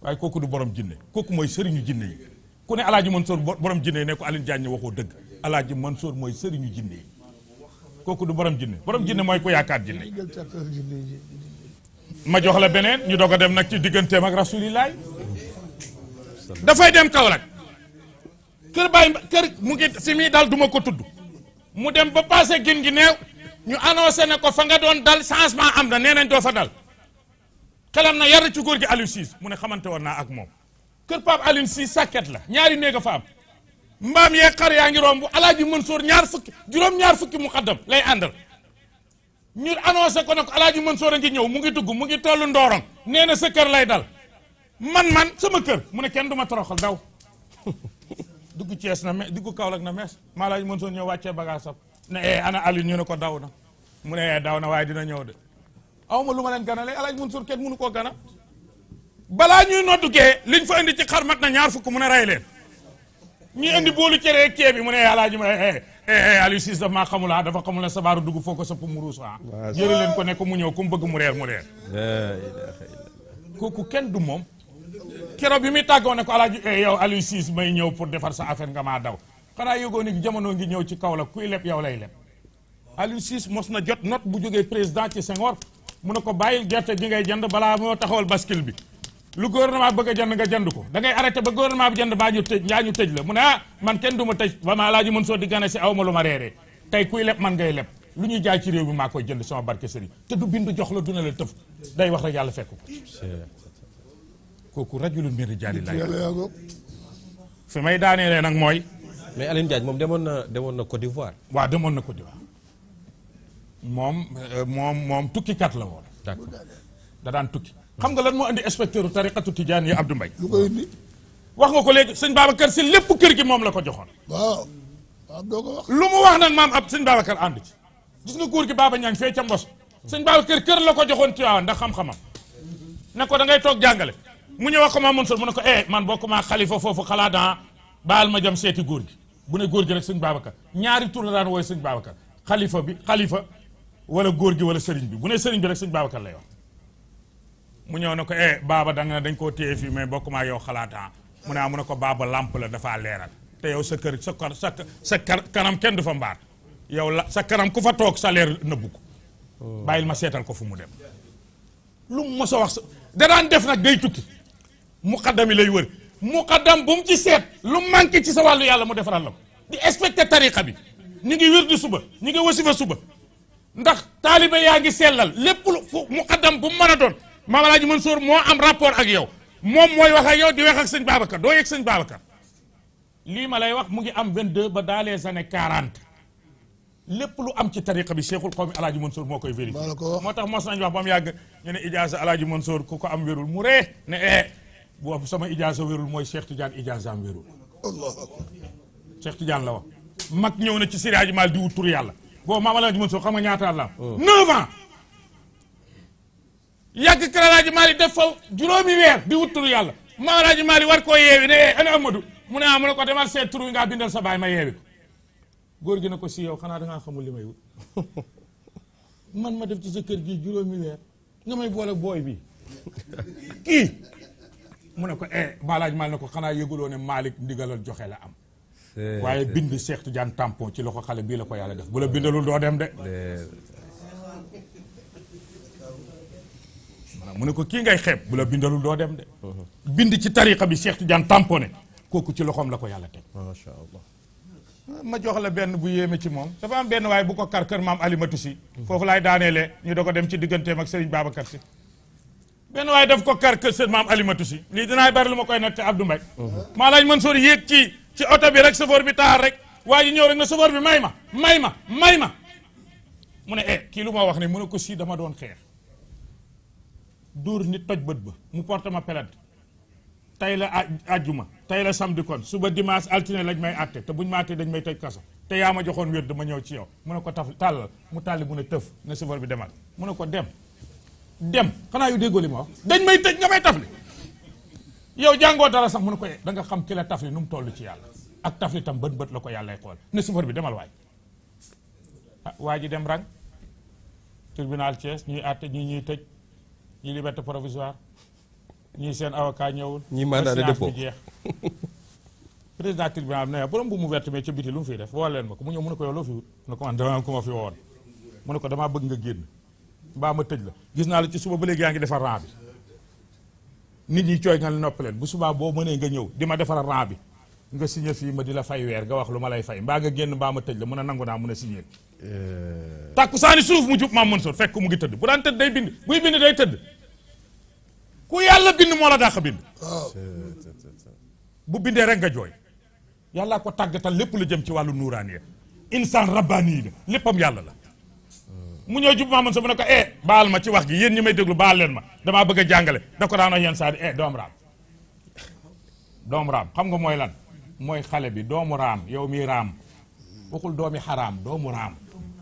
waaye kooku du borom jinne kooku mooy sëriñu jinne yi ku ne alaji mansour borom jinne ne ko aline diagne waxo deug alaaji mansour moy sëriñu jinne koku du borom jinne borom jinne moy ko yakkat jinne ma jox la benen ñu doog dem nak ci mak rasulillah da fay dem kaw nag kër bàyyi mu ngi simi dal duma ko tuddu mu dem ba passé gin gi neew ñu annoncer ne ko fa nga don dal changement am na nee do fa dal kalam na yar ci gi alusis mu ne xamante ak mom kër Pape Aline si sàkket la ñaari néeg a fa mbaam yee xar yaa ngi romb mën soor ñaar fukki juróom-ñaar fukki muqaddam lay àndal ñu annoncé ko ne ko mën Mansour a ngi ñëw mu ngi tugg mu ngi tollu Ndorong nee na sa kër lay dal man man sama kër mu ne kenn du ma toroxal daw <laughs> dugg cees na mais dugg Kaolack na mees maa alaaji Mansour ñëw wàccee bagage sam ne eh ana Aline ñu ne ko daw na mu ne eh, daw na waaye dina ñëw de awma lu ma leen ganale alaaji Mansour kenn mënu koo gana balaa ñuy noddukee liñ fo indi ci xar mat na ñaar fukk mu ne rey leen ñuy indi boolu cere kee bi mu ne yàllaa ji mu ne eh, eh, eh, Aliou Cissé dafa maa xamula ah, dafa xamul ne sabaaru dugg foo ko sa mu ruus ah jëri leen ko ne mu ñëw ku mu bëgg mu reer mu reer kooku kenn du moom keroog bi muy tàggoo ne ko alaaji yow Aliou Cissé may ñëw pour defar sa affaire nga maa daw xanaa yëgoo ni jamono ngi ñëw ci kaw la kuy leb yow lay leb Aliou Cissé mos na jot note bu jógee président ci Senghor mu ne ko bàyyil gerte gi ngay jënd balaa moo taxawal bascule bi lu gouvernement bëgg a jënd nga jënd ko da ngay arrêté ba gouvernement bi jënd baa ñu tëj njaa ñu tëj la mu ne ah man kenn du tëj ba maa laa mën soo di gane si aw ma lu ma reeree tey kuy leb man ngay leb lu ñuy jaay ci réew bi maa koy jënd sama barke sëriñ te du bind jox la duna la tëf day wax yàlla fekk ko kooku rajulun min rijaali may daaneelee nag mooy mais Alioune Diagne moom demoon na demoon na Côte voir waaw demoon na Côte d'Ivoire moom euh, moom moom tukkikat la woon d'accord da daan tukki xam nga lan moo andi inspecteur u tariqatu tijaan yi Abdou Mbaye wax nga ko léegi sëñ kër si lépp kër gi moom la ko joxoon waaw lu mu wax nag maam ab sëñ Babacar ànd ci gis nga góor gi Baba Ñaang fee ca mbos sëñ Babacar kër la ko joxoon Tiwaawan ndax xam-xamam da ngay toog jàngale mu ñëw wax ko maa Mansour mu ne ko eh, man bokk maa xalifa foofu xalaa dan baal ma jëm seeti góor gi bu ne góor gi rek sëñ ñaari tur la daan wooy sëñ Babacar xalifa bi xalifa wala góor gi wala sëriñ bi bu ne sëriñ bi rek sëñ Babacar lay wax mu ñëw na ko eh baaba da nga ne dañ koo téye fii mais bokk maa yow xalaata mu ne ah mu ne ko baaba làmp la dafaa leeral te yow sa kër sa kar sa sa kanam kenn du fa mbaar yow la sa kanam ku fa toog sa leer nëbbu ko. Oh. bàyyil ma seetal ko fu mu dem. lu mu mos a wax da daan def nag day tukki muqaddam yi lay wër muqaddam bu mu ci seet lu manqué ci sa wàllu yàlla mu defaral la di expecté tariqa bi ñu ngi wirdu suba ñu ngi wasifa suba ndax taalibe yaa ngi sellal lépp lu muqaddam mu mën a doon. Maam Alaaji soor moo am rapport ak yow moom mooy wax ak yow di wax ak sëñ Babacar doo yegg sëñ Babacar lii ma lay wax mu ngi am 22 ba dans les années 40 lépp lu am ci tariqa bi cheikhul xawmi alaaji Mansour moo koy vérifié moo tax mos nañu wax ba mu yàgg ñu ne ijaasa alaaji Mansour ku ko am werul mu re ne eh boobu sama ijaasa wérul mooy Cheikh Tidiane ijaasa am wérul allah Cheikh Tidiane la wa mag ñëw na ci siraaji maal di wut tur yàlla boobu maam alaaji Mansour xam nga ñaata la am yàgg kër alaaji Maalik def fa juróomi weer di wut turu yàlla ma alaaji Maalik war koo yeewi ne eh ana Amadou mu ne ah mu ne ko demal seet turu ngaa bindal sa baay ma yeewi ko góor gi ne ko si yow xanaa dangaa xamul li may wut <laughs> man ma def ci sa kër juróomi weer nga may boole booy bi <laughs> kii mu ne ko eh Maalaaj Maalik ne ko xanaa yëguloo ne Maalik ndigalal joxe la am waaye bind Cheikh jan tampon ci loxo xale bii la ko yàlla def bu la bindalul doo dem de mu ne ko kii ngay xeeb bu la bindalul doo dem de bind ci tariqa bi Cheikh Tidiane tamponné kooku ci loxoom la ko yàlla teg macha allah ma jox la benn bu yéeme ci moom dafa am benn waaye bu ko kar kër maam alimatu si foofu laay daaneele ñu da ko dem ci digganteem ak Serigne Babacar si benn waaye daf ko kar kër seen maam alimatu si lii dinaay bari lu ma koy nag te Abdou maa lañ mën soor yéeg ci ci oto bi rek chauffeur bi taar rek waa ji ñëw rek na chauffeur bi may ma may ma may ma mu ne eh, kii lu ma wax ne mu ne ko si dama doon xeex dóor nit toj bët ba mu porte ma plainte tey la àjjuma tey la samedi kon suba dimanche altine lañ may àtte te buñ ma àttee dañ may toj kaso te yaa ma joxoon wér dama ñëw ci yow mu ne ko taf tàllal mu tàlli mu ne tëf ne chauffeur bi demal mu ne ko dem dem xanaa yu déggoo li ma wax dañ may tëj nga may tafli yow jàngoo dara sax mu ne ko eh, danga xam ki la taf tafli nu mu toll ci yàlla ak tafli tam bët bët la ko yàlla xool ne chauffeur bi demal waay ah ji dem rang tribunal ñi ñuy tëj ñi liberté provisoire ñi seen avocat ñëwul. ñi mandat de dépôt jeex. président tribunal bi ne borom bu mu wert mais ca biti lu mu fiy def woo leen ma ko mu ñëw mu ne ko yow loo fi wut mu ne ko man dama ko ma fi woon mu ne ko damaa bëgg nga génn mbaa ma tëj la gis naa la ci suba ba léegi yaa ngi defar rang bi nit ñi cooy nga nopp leen bu subaa boo mënee nga ñëw di ma defar rang bi nga signé fii ma di la fay weer nga wax lu ma lay fay mbaa nga génn mbaa ma tëj la mun a nangu mun a signé Euh, tàkku saani suuf mu jub maam Mansour fekk mu ngi tëdd bu daan tëdd day bind buy bind day tëdd ku yàlla bind moo la dàq bind bu bindee rek nga jooy yàllaa ko tàggatal lépp lu jëm ci wàllu nuuraaniya insaan rabbaani la léppam yàlla la mu ñëw jub maam Mansour mu ne ko eh baal ma ci wax gi yéen ñi may déglu baal leen ma damaa bëgg a jàngale da ko daan yenn saa di eh raam doom raam xam nga mooy lan mooy xale bi doomu raam yow mi raam waxul doomi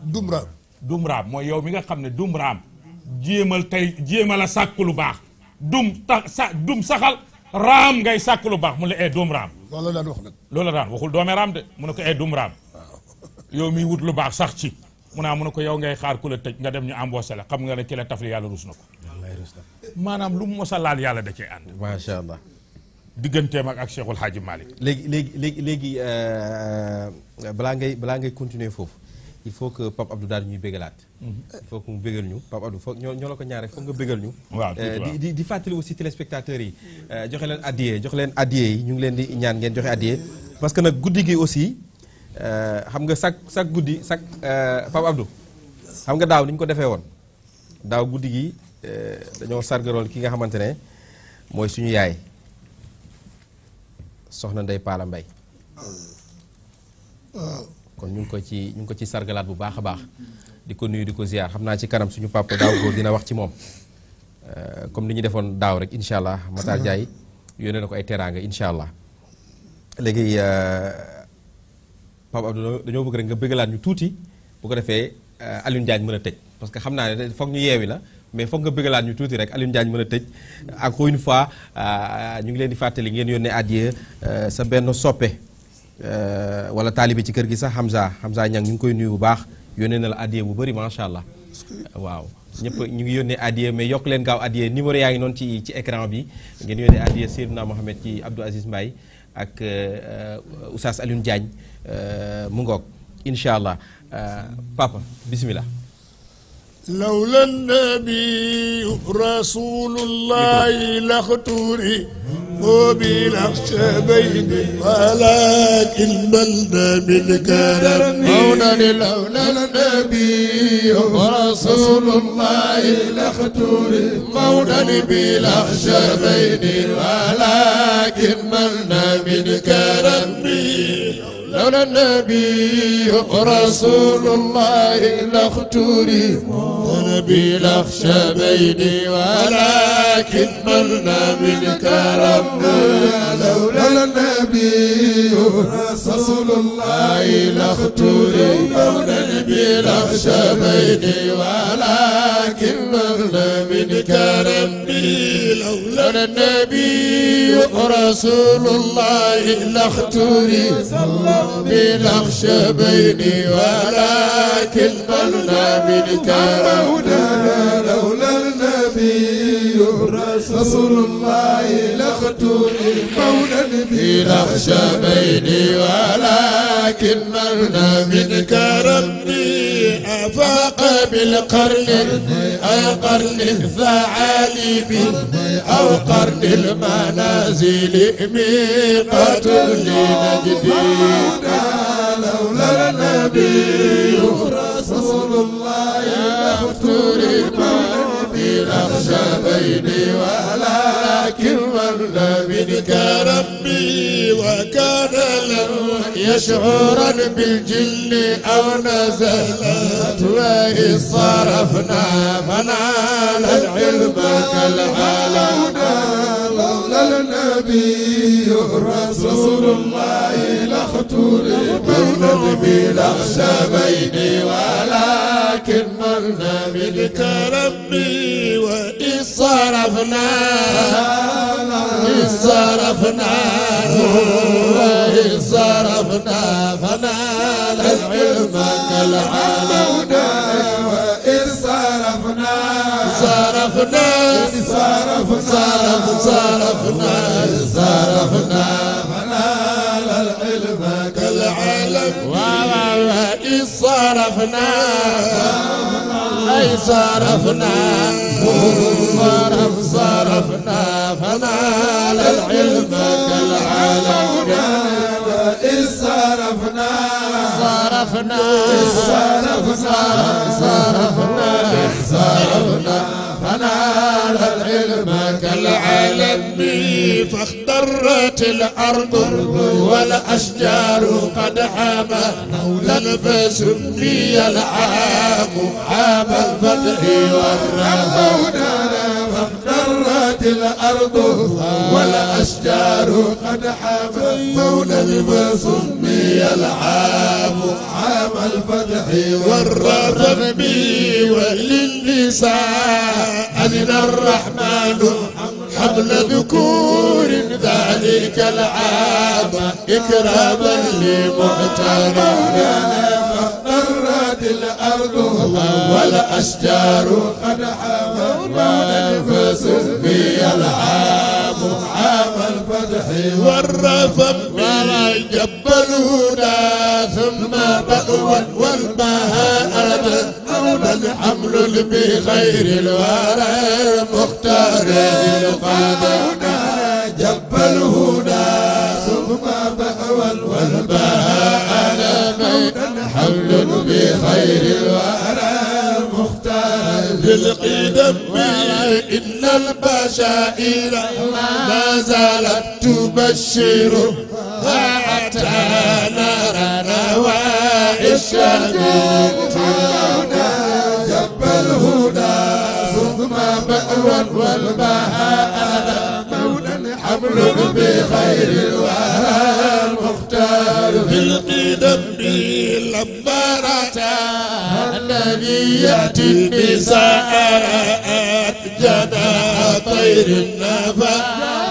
Dumram, Dumram, moy yow mi nga xamne ne dumraam jéemal tey lu bax dum sakal sa dum saxal ram ngay sakku lu bax mu le e eh, dum raam la wax nak loolu la waxul do raam de mu ne ko e eh, dum raam yow mi wut lu bax sax ci mu na ah, mu ne ko yow ngay xaar ku la nga dem ñu ambossé la xam nga ne ki la tafli yalla rus ko lu mu mos a laal yàlla da allah ak ak Cheikhul haji malik legi legi legi euh, ngay continuer fofu il faut que Pape Abdou daal ñuy bégalaat. Mhm. il faut que mu bégal ñu Pape Abdou foog ñoo ñoo la ko ñaare foog nga bégal ñu. waaw euh, di di di fàttali aussi téléspectateurs yi euh, joxe leen addiyee joxe leen addiyee yi ñu ngi leen di ñaan ngeen joxe addiyee parce que nag guddi gi aussi euh, xam nga chaque chaque guddi chaque Pape Abdou xam nga daaw ni ñu ko defee woon daaw guddi gi dañoo sargarool ki nga xamante ne mooy suñu yaay soxna Ndey Paala Mbay kon ñu ngi ko ci ñu ngi ko ci sargalaat bu baax a baax di ko nuyu di ko ziar xam naa ci kanam suñu papa daaw góor dina wax ci moom euh, comme ni ñu defoon daaw rek incha allah Matar Jaay yónnee na ko ay teraanga incha allah léegi euh, Papa Abdou dañoo bëgg rek nga bëggalaat ñu tuuti bu ko defee euh, Alioune Diagne mën a tëj parce que xam naa ne foog ñu yeewi la mais foog nga bëggalaat ñu tuuti rek Alioune Diagne mën a tëj ako une fois ñu ngi leen di fàttali ngeen yónnee adiya sa benn soppe Eh, wala taalibe ci kër gi sax Hamza Hamza ñang ñu koy nuyu bu baax yónnee na la adiya bu bëri macha allah waaw ñëpp ñu ngi yónnee adiya mais yokk leen gaaw adiya numéro yaa ngi ci ci écran bi ngeen yónnee ci Abdou Aziz Mai ak eh, Oustaz Alioune Diagne eh, mu ngoog incha papa bismillah لولا النبي رسول الله لاختوري وبلغت بيني ولكن بلد بالكرم لولا لولا النبي رسول الله لاختوري مولا بلغت بيني ولكن بلد بالكرم لولا النبي رسول الله لاختوري النبي لخشى بيني ولكن مرنا من كرم لولا النبي رسول الله لاختوري لولا النبي لخشى بيني ولكن مرنا من كرم الجليل النبي رسول الله الاختوري بلغش بيني ولكن قلنا من كرمنا لولا النبي رسول الله الاختوري قولا بلغش بيني ولكن قلنا من كرمني أفاق بالقرن أي قرن الثعالب أو قرن المنازل ميقات لنجدنا لولا النبي رسول الله لم ترم بلا بيني وأهلي ما منك ربي وكان له يشعر بالجل أو نزلت وإن صرفنا فنعال العلم كالحالة لولا النبي رسول الله لاخترب النبي بلا بيني ولكن من منك ربي وإن صرفنا صرفنا صرفنا فنا العلم كالعالم صرفنا صرفنا صرفنا صرف صرفنا صرفنا العلم كالعالم صرفنا الله صرفنا صرف صرفنا فنال العلم كالعالم صرفنا صرفنا صرفنا صرفنا صرفنا أنال العلم كالعالمي فاخترت الأرض والأشجار قد حامى تلبس في العام عام الفتح والرحمة حبت الأرض والأشجار قد حامت مولى بما سمي عام الفتح والرفق بي وللنساء أذن الرحمن حمل ذكور ذلك العام إكراما لمعتنانا الأرض والأشجار قد حمت ونفس في العام عام الفتح والرفق ولا هنا ثم بأوا والبهاء من حمل بخير الورى مختار جبل هنا ثم بأوا والبهاء حمل بخير الورى مختار تلقي دمي إن البشائر ما زالت تبشر حتى نرى نوائش جب الهدى ثم مأوى والبهاء مولا حمل بخير الورى في القدم لما رجع النبي يأتي بساءات جنى طير النفى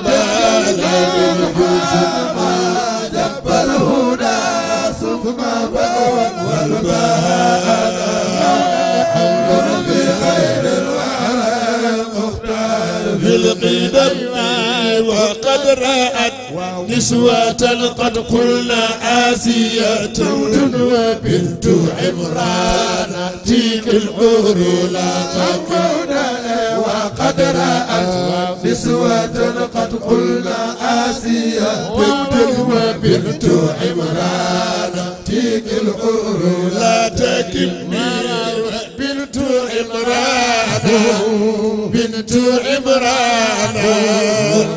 بلى من حزن ما جب الهدى ثم بلوى والبلى حول بغير الوعى مختار في القدم وقد رأت نسوة قد قلنا آسية وبنت عمران تيك العور لا تكون وقد رأت نسوة قد قلنا آسية وبنت عمران تيك العور لا تكن بنت عمران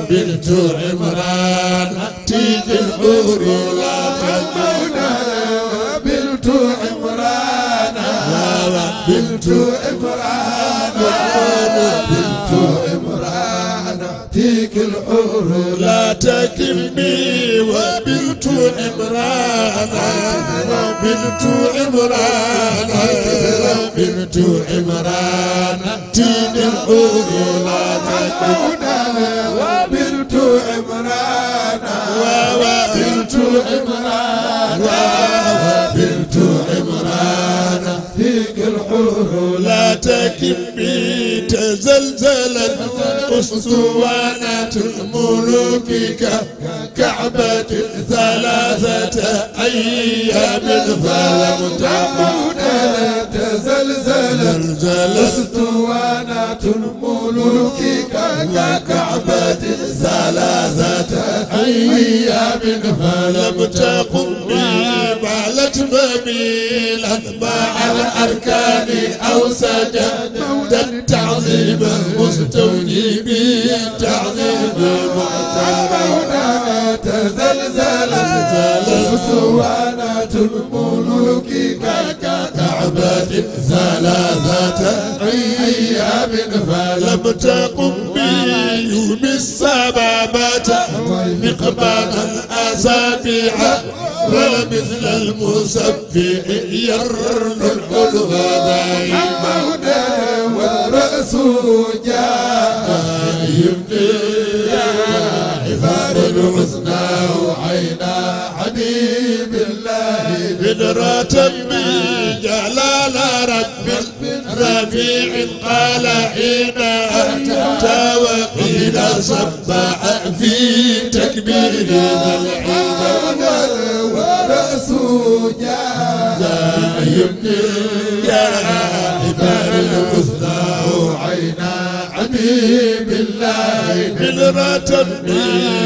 بنت عمران تيك الحور لا تمنى بنت عمران بنت عمران بنت عمران تيك الحور لا تكلني وبنت عمران وبنت عمران وبنت عمران تين الأولى وبنت عمران وبنت عمران لا تكن بي تزلزلا أسطوانة ملوكك كعبة ثلاثة أيام ظلمت لا تزلزلت أسطوانة ملوكك كعبة ثلاثة أيام فلم تقم بي مالت مع الأركان أو سجد موتا تعظيما التعظيم به تعظيما معتما تزلزل أسوانات الملوك ككعبة زلازة أيام فلم تقم بيوم السبابة مقبال الأسابيع ومثل المسبح يرن الحلو هدى والرأس جاء يبدي عباد الحسن قدرة من جلال رب رفيع قال حين أنت وقيل صبع في تكبير العيد ورسول يا يمني يا عباد بالله منرة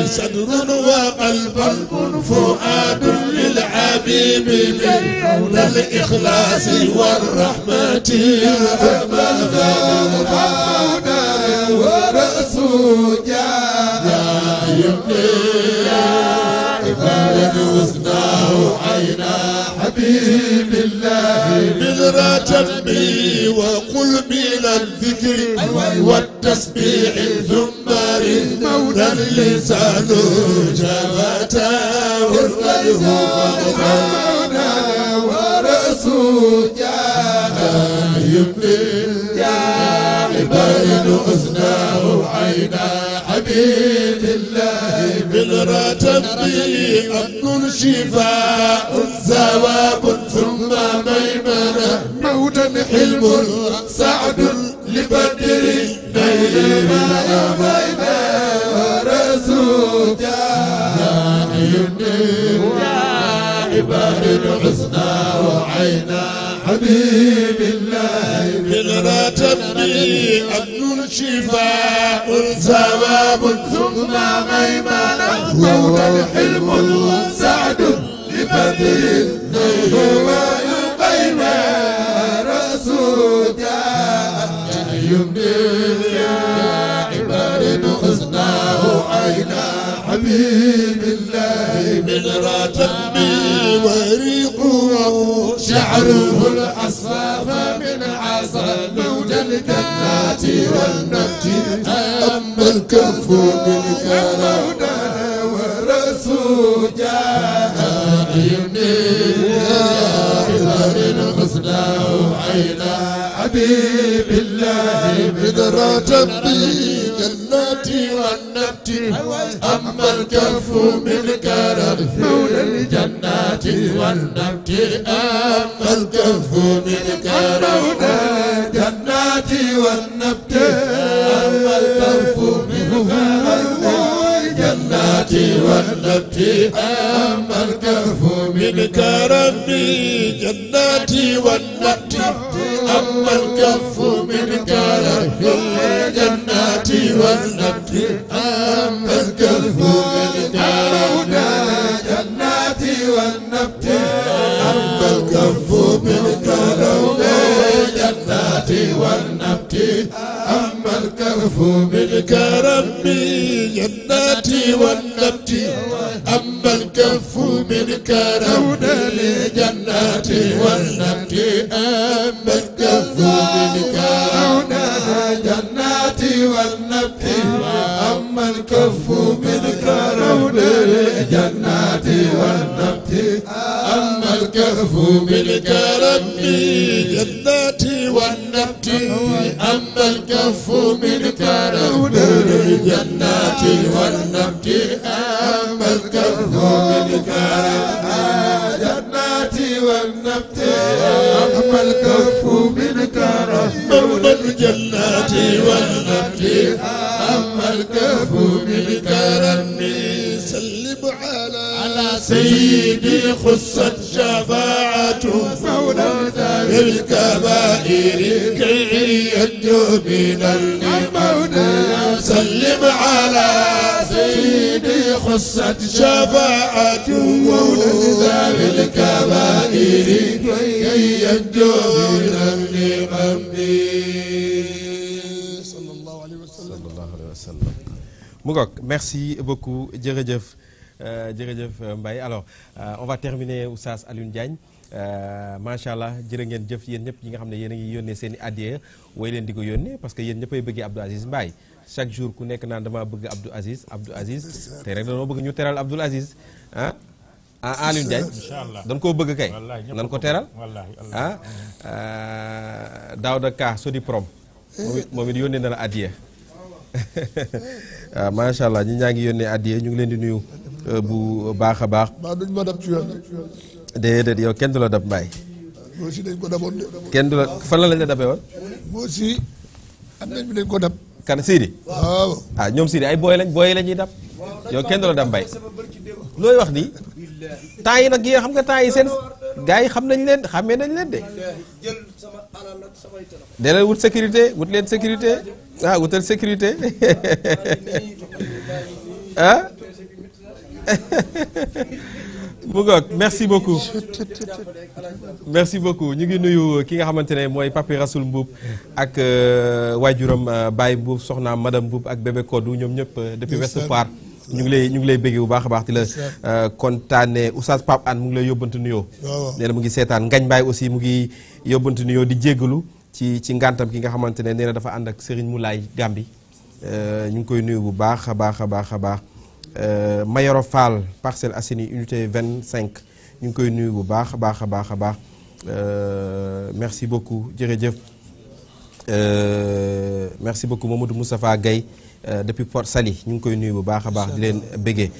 صدر وقلب فؤاد للحبيب من الإخلاص والرحمة رمضان ورسول يا يمني العالم عينا حبيب الله بذرة جنبي وقلبي للذكر والتسبيح ثم مولا اللسان جبته والقلب مولانا ورسول يا يملي يا عباد أذناه عيناه حبيب الله بغرة تبقي أمن شفاء ثواب ثم ميمنة موتا حلم سعد لبدر بينما ميمنة رسول يا عيني يا عباد الحسنى وعيناه حبيب الله بالرا تبدي أمن شفاء ثواب ثم ميمنة وهو حلم سعد لبدر هو يقيم رسول جاء عباد حزناه عينا حبيب الله من تبدي ورق شعره الأصفاف من عسل الكنات والنبت أما الكف من كان ورسول جاء يمني يا حسن الحسنى وعيناه حبيب الله بدر جنبي جناتي والنبتي أما الكف من كرم مولى الجنات والنبتي أما الكف من كرم مولى جناتي والنبتي أما الكف ونبتي أما الكهف من كرمي جناتي والنبتي أما الكهف من كرمي جناتي والنبتي أما الكهف من كرمي جناتي والنبتي أما الكهف من كرمي جناتي والنبتي أما الكهف منك ربي ناتي والنبتي أما الكف من كرم لجناتي والنبتي أما الكف من كرم جناتي والنبتي أما الكف من كرم لجناتي والنبتي أما الكهف من كرمي جداتي والنبتي أما الكهف من كرمي جناتي والنبتي أما الكهف من كرمي جناتي والنبتي أما الكهف من كرمي مولى الجنات والنبت أما الكهف من كرمي سيدي خصت شفاعته فولا بالكبائر كي من الموت سلم على سيدي خصت شفاعته فولا بالكبائر كي من الموت صلى الله عليه وسلم صلى الله عليه وسلم mu ngoog merci beaucoup Eh, jërëjëf eh, Mbaye alors eh, on va terminer Oustaz Alioune Diagne macha allah jërë ngeen jëf yéen ñëpp yi nga xam ne yéen a ngi yónnee seen i way leen di ko parce que yéen ñëppay bëggee Abdou Aziz Mbaye chaque jour ku nekk naan damaa bëgg Abdou Aziz Abdou Aziz tey rek dañoo bëgg ñu Abdou Aziz ah. ah Alioune Diagne dañ koo bëgg kay nan ko teral ah Daouda Ka Sodi Prom moom it yónnee na la addiya <laughs> waaw ah, macha allah ñi ñaa ngi yónnee ñu ngi leen di nuyu Euh, bu baax a baax. maa duñ ma ci yoon bi. yow kenn du la dab mbaay. moo dañ ko de. kenn du la fan la lañ la dabee woon. moo si am ko dab. kan Sidi. waaw ah ñoom Sidi ay booy lañ booy la ñuy dab. yow kenn du la dab mbay. looy wax nii temps yi nag yi xam nga temps yi seen gars yi xam nañ leen xàmmee nañ leen de. de leen wut sécurité wut leen sécurité ah wutal sécurité <laughs> ah. <laughs> merci beaucoup merci beaucoup Nous ngi nuyu ki nga ak euh, wajuram euh, Baye madame ak bébé Kodou ñom ñep euh, depuis West ñu ngi ñu ngi lay Pape mu ngi lay mu ngi aussi mu ngi di ci ci ki nga dafa Gambi ñu koy nuyu euh, Mayoro Fall parcelle Assainies unité 25 ñu ngi koy nuyu bu baax a baax baax a euh, merci beaucoup jërëjëf euh, merci beaucoup Mamadou Moustapha depuis Port Sali, ñu ngi koy nuyu bu baax baax di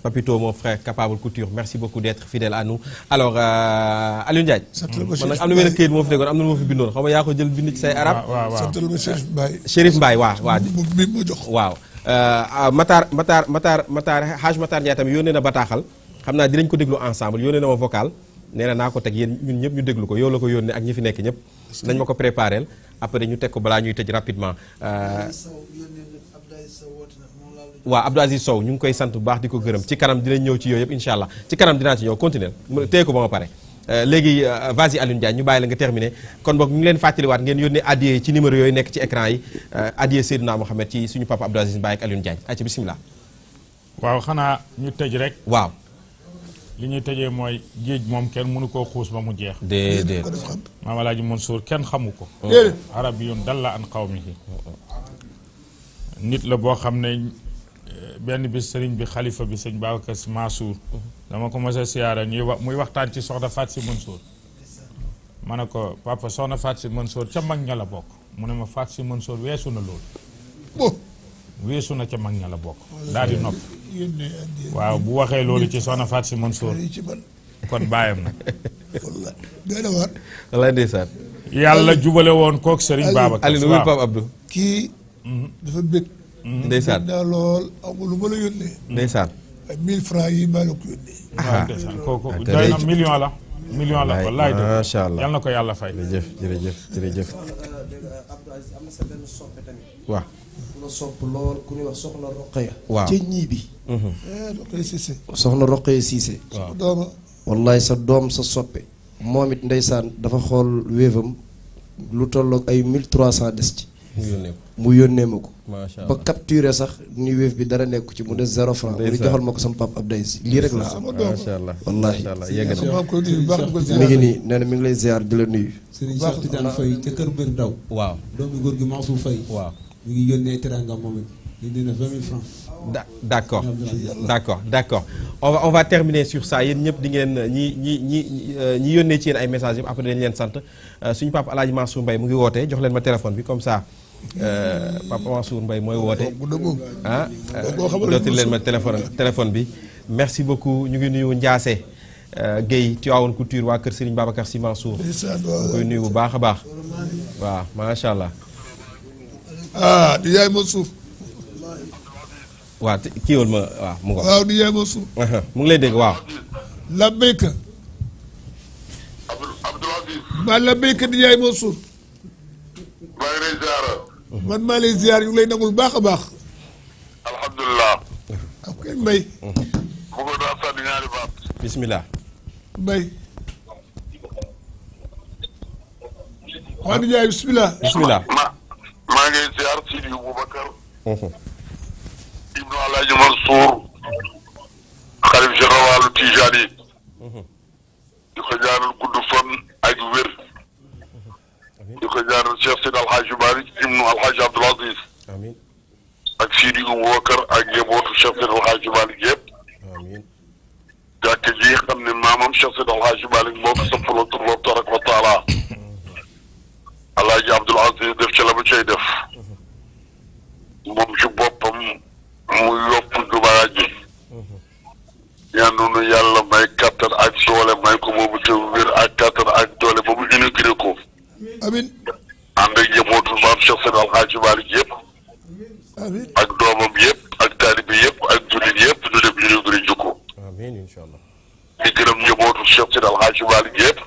Papito mon frère capable couture merci beaucoup d'être fidèle à nous alors Aliou Ndiaye man nag am na benn këyit moo fi déggoon am na lu ma fi bindoon xaw ma yaa ko jël bind ci say arab santal ma Chérif Mbaye Chérif Mbaye waaw waaw Euh, ah, Matar Matar Matar Matar Haj Matar Ndiaye tamit yónnee na bataaxal xam naa dinañ ko déglu ensemble yónnee na ma vocal nee naa ko teg yéen ñun ñëpp ñu déglu ko yow la ko yónnee ak ñu fi nekk ñëpp nañ ma ko préparel après ñu teg ko balaa ñuy tëj rapidement euh, waaw Abdou Aziz Sow ñu ngi koy sant bu baax di ko gërëm ci kanam dinañ ñëw ci yooyu yëpp incha allah ci kanam dinaa ci ñëw continuer téye ko ba ma pare Euh, léegi euh, vas-y Alioune Diagne ñu bàyyi la nga terminé kon boog ñu ngi leen fàttaliwaat ngeen yónnee addiye ci numéro yooyu nekk ci écran yi euh, addiye Seydina Mohamed ci suñu papa Abdou Aziz Mbaye ak Alioune Diagne ayca bisimilah. waaw xanaa ñu tëj rek. waaw. li ñu tëjee mooy géej moom kenn mënu koo xuus ba mu jeex. déedéet maam Alaaji Mansour kenn xamu ko. arabiyun dalla an qawmihi nit la boo xam ne. benn bi sëriñ bi xalifa bi sëñ Babacar masour dama ko mos a siyaara ñuy wax muy waxtaan ci soxna Faat Mansour ma ne ko papa soxna Faat Sy Mansour ca mag ña la bokk mu ne ma Faat Sy Mansour weesu na loolu weesu na ca mag ña la bokk daal di nopp waaw bu waxee loolu ci soxna Faat Sy Mansour kon bàyyam na wallaay ndeysaan yàlla jubale woon kook sëriñ Babacar Aliou Pape Abdou kii mhm. dafa bëgg Mhm. ndeysaan naa la francs yi maa la ko yónnee. Ah, million la. ko laay yàlla fay. jërëjëf jërëjëf jërëjëf. am na sa benn mhm. eh, doom sa soppe. moom it ndeysaan dafa xool wéefam lu tolloog ay 1300 des ci. mu yónnee ma ko ba capturé sax ni wéef bi dara nekku ci mu des zéro franc mu joxal ma ko sama pap Abdou Aziz lii rek la am wallaahi mi ngi nii nee na mi ngi lay ziar di la nuyu Serigne Cheikh Tidiane Faye ca kër bir daw waaw doomu góor gi Mansour Fay. waaw mi ngi yónnee teranga moom it dina na vingt mille francs d'accord d'accord d'accord on va on va terminer sur ça yéen ñëpp di ngeen ñi ñi ñi ñi yónnee ci yéen ay messages yëpp après dañ leen sant euh, suñu papa El Hadj Mansour Mbaye mu ngi wootee jox leen ma téléphone bi comme ça Euh, Papa Mansour Mbaye mooy woote oh, ah dootul euh, leen ma téléphone téléphone bi merci beaucoup ñu ngi nuyu Ndiasse euh, Guèye Tivaouane Couture waa kër Serigne Babacar Sy Mansour ñu koy nuyu bu baax a baax waaw macha allah ah di yaay Mansour waaw kii ma waaw mu ngi lay dégg waaw labbayk ma di yaay Mansour man maa lay ziar ñu ngi lay nagul baax a baax. alhamdulilah. ak kay Mbaye. bëggoon naa sànni ñaari baat. bisimilah. Mbaye. waa Ndiaye bisimilah. bisimilah ma maa ngi ziar Sidi Boubacar. Ibnu Alaaji Mansour. xalif général Tijani. di ko ñaanal gudd fan ak wér. يكجار الشيخ سيد الحاج مالك ابن الحاج عبد العزيز امين اكسيدي ابو بكر اجيبوت الشيخ سيد الحاج مالك يب امين ذاك جي خمن مامم الشيخ سيد الحاج مالك موك سفلو الله تبارك وتعالى الحاج عبد العزيز دف شلم شي دف موم شو بوبم مو يوب دباجي yàlla noonu yàlla may kattan ak doole may ko boobu te wér ak kattan ak doole ba mu inauguré amin ànd ak njabootul maam Cheikh Seydi El Hadji Malick yëpp ak doomam yëpp ak taalibe yëpp ak jullit yëpp ñu dem ñu ngi jukko amin incha allah di gërëm njabootul Cheikh Seydi El Hadji Malick yëpp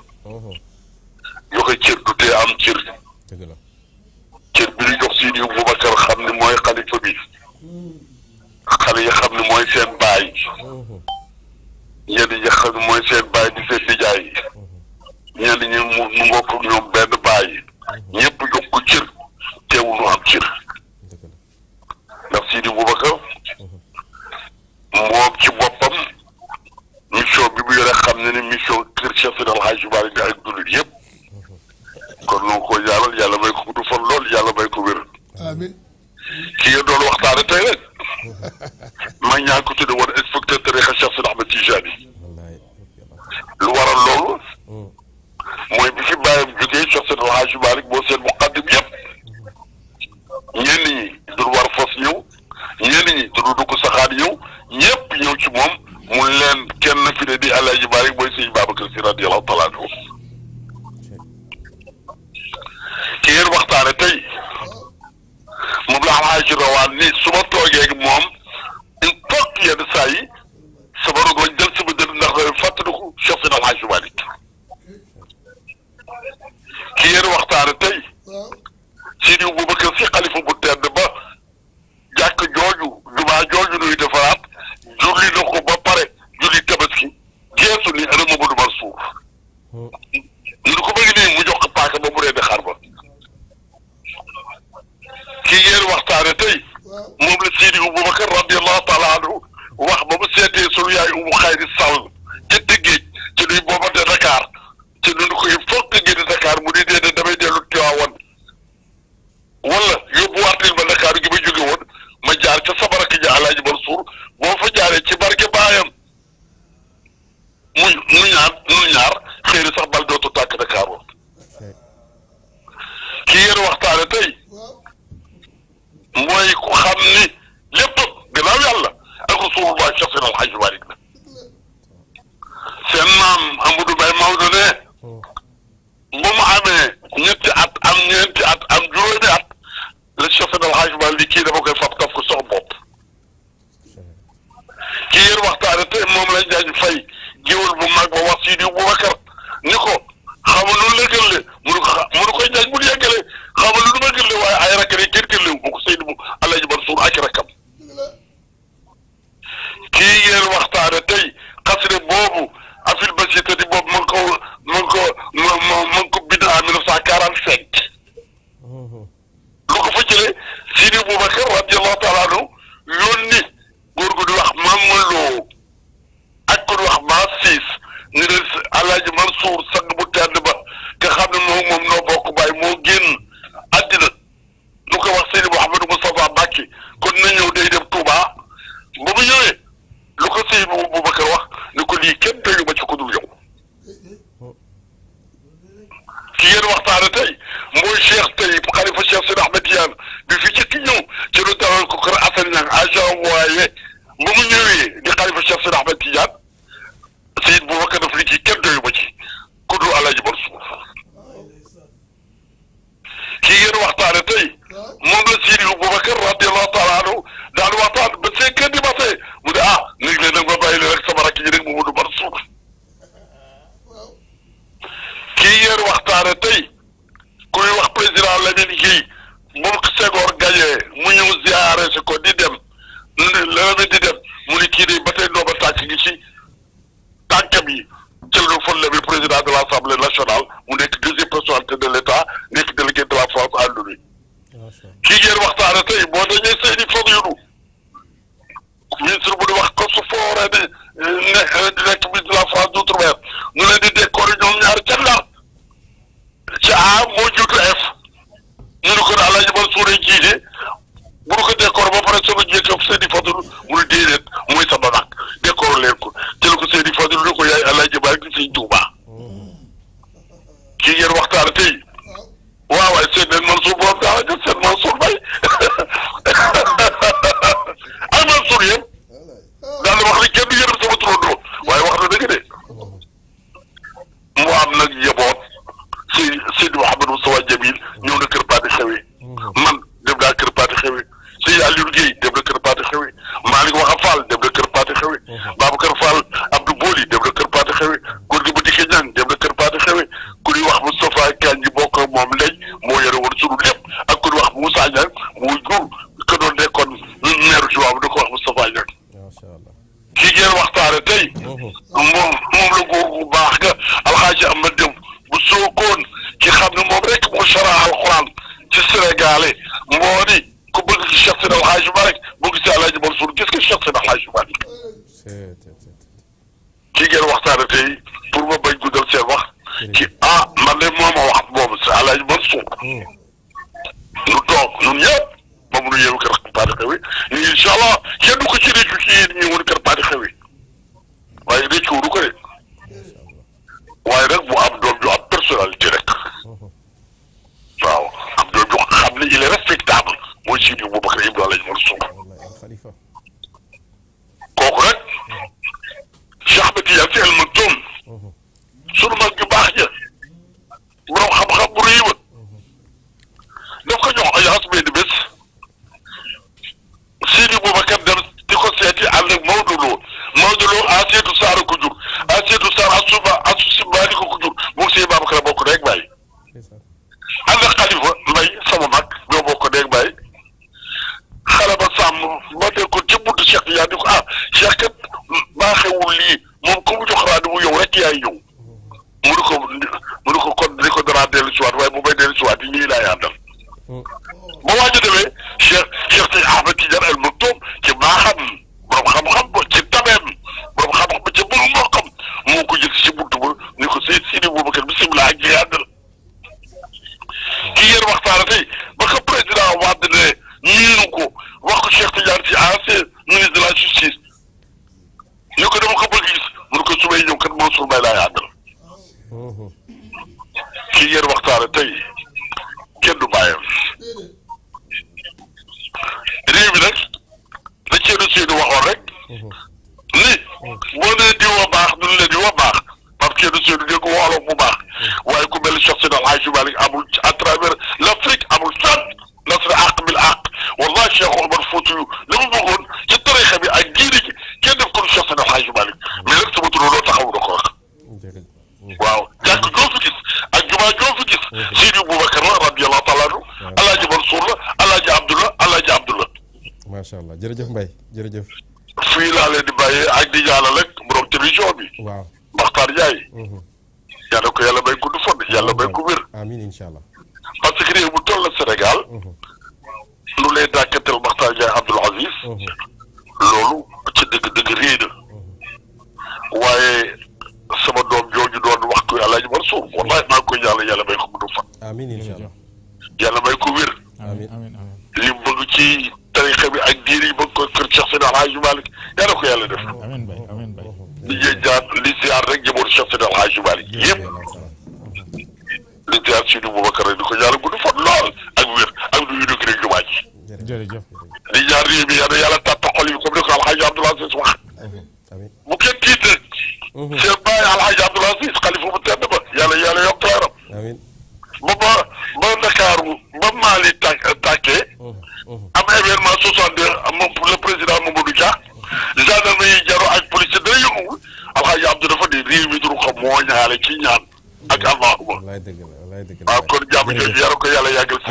joxe cër du tee am cër cër bi ñu jox xam ne mooy xalifa bi xale yi xam ne mooy seen baay ñenn ñi xam ne mooy seen baay di seen nijaay ñenn ñi mu mu bokk ñoom benn bàyyi ñëpp jox ko cër teewul ñu am cër ndax Sidi Boubacar moom ci boppam mission bi bu yore xam ne ni mission kër Cheikh Seydi El Hadji Malick ak dundit yëpp kon nu ko yàllal yàlla may ko du fan lool yàlla may ko wér amiin ki doon waxtaane tey rek ma ñaan ko tudde woon a tarixa Cheikh Seydi Ahmed Tijani lu waral loolu mooy bi fi bàyyam jógee Cheikh Seydi El Hadji Malick moo seen muqaddim yëpp ñenn ñi du war fos ñëw ñenn ñi du dugg saxaat ñëw ñëpp ñëw ci moom mu leen kenn fi ne di El Hadji Malick mooy sëñ Babacar Sy radiyallahu taala anhu ki ngeen waxtaane tey moom la xam ci rawaan ni su ma toogee moom il faut yenn saa yi sama rogoñ jël sama jël ndax fàttaliku Cheikh Seydi El Hadji ki yéen waxtaane tey Sidi Boubacar si xalifa bu tedd ba jàkk jooju jumaa jooju nuy defaraat julli na ko ba pare julli tabaski geesu ni ana Mamadou Mansour lu ko bëgg nii mu jox ko paaka ba mu rendi xar ba ki yéen waxtaane tey moom la Sidi Boubacar radiyallahu taala anhu wax ba mu seetee sunu yaay umu xayri sàll ci tëggéej ci luy booba de Dakar ci dund ko yi foog nga génn Dakar mu di dee damay dellu Tiwaawan wala yóbbuwaatil ma Dakar gi ma jóge woon ma jaar ca sama rakk ja Alaaji Mansuur boo fa jaaree ci barke baayam mu mu ñaar mu ñaar xëy sax bal dootu tàkk Dakar woon ki yéen waxtaane tey mooy ku xam ni lépp gannaaw yàlla ak Rasulullah Seex al Hajji Maalik la seen maam Amadou Bay Maodo ne moom amee ñetti at am ñeenti at am juróomi at la chef del Hadj Malick kii dafa koy fab taf ko sox bopp kii yéen waxtaane te moom lañ daañu fay géwél bu mag ba wax si di Boubacar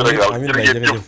süre kaldı. Geri geçiyor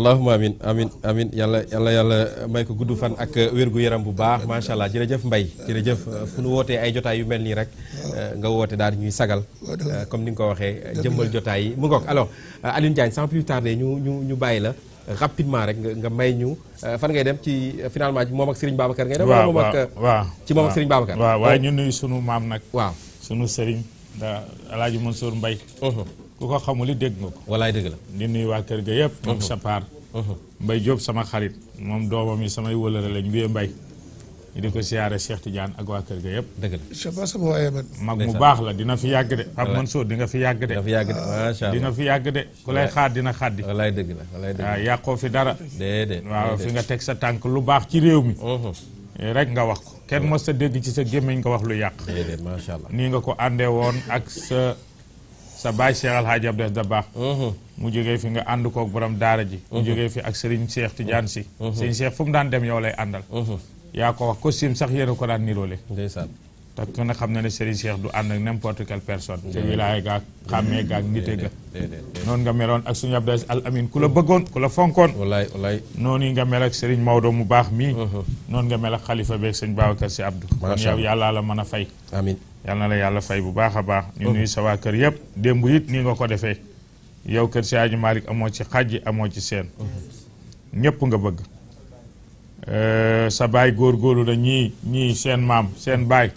allahuma amin amin amin yàlla yàlla yàlla may ko gudd fan ak wér-gu-yaram bu baax macha allah jërëjëf mbay jërëjëf fu nu wootee ay jotaay yu mel nii rek eh, nga woote daal ñuy sagal eh, comme ni nga ko waxee jëmmal jotaay yi mu ngoog alors eh, Alioune Diagne sans plus tarder ñu ñu bàyyi la rapidement rek nga may ñu fan ngay dem ci finalement moom ak Serigne Babacar ngay dem wala moom ak waaw ci moom ak Serigne waaye oh. ñu nuyu sunu maam nag waa sunu Serigne da Alaaji Mansour Mbay uh-huh. ku ko xamuli deg nga ko. walay deg la. ni nuy wa kër ga yëpp. mom uh-huh. sa par uh-huh. mbay job sama xarit mom doomam yi samay wëlëre lañ bee mbay. ni diko ko Cheikh Tidiane ak wa kër ga yëpp. deg la je pense sama waaye man. mag mu bax la dina fi yag de. man so di nga fi yag de. fi yàgg de macha allah di nga fi yag de. ku lay xaar dina xaddi. walay deg la walay deg ah waaw yàqoo fi dara. déedéet wa fi nga tek sa tank lu bax ci rew mi. Uh-huh. Eh, rek nga wax ko ken mos sa deg ci sa gémmiñ nga wax lu yàq. déedéet macha allah nii nga ko àndee won ak sa sa baay Cheikh Al Hadj da baax mhm. mu jógee fi nga ànd kook borom daara ji mu mhm. jógee fi ak Serigne Cheikh Tidiane si mhm. Serigne Cheikh fu mu daan dem yow lay àndal yaa ko wax costume sax yéen a ko daan niroole ndeysaan te ku ne xam na ne Serigne Cheikh du ànd ak n'importe quelle personne te wilaay gaag xàmmee gaag nite ga noonu nga meloon ak suñu Abdou Al ku la bëggoon ku la fonkoon wallaay wallaay noonu nga mel ak Serigne Maodo mu baax mii noonu nga mel ak xalifa beeg sëñ Babacar si Abdou kon la mën a fay yal na la yàlla fay bu baax a baax ñu nuyu sa kër yëpp démb yit nii nga ko defee yow kër si aju Malick amoo ci xajji amoo ci seen ñëpp nga bëgg euh, sa baay góorgóorlu na ñii ñii seen maam seen baay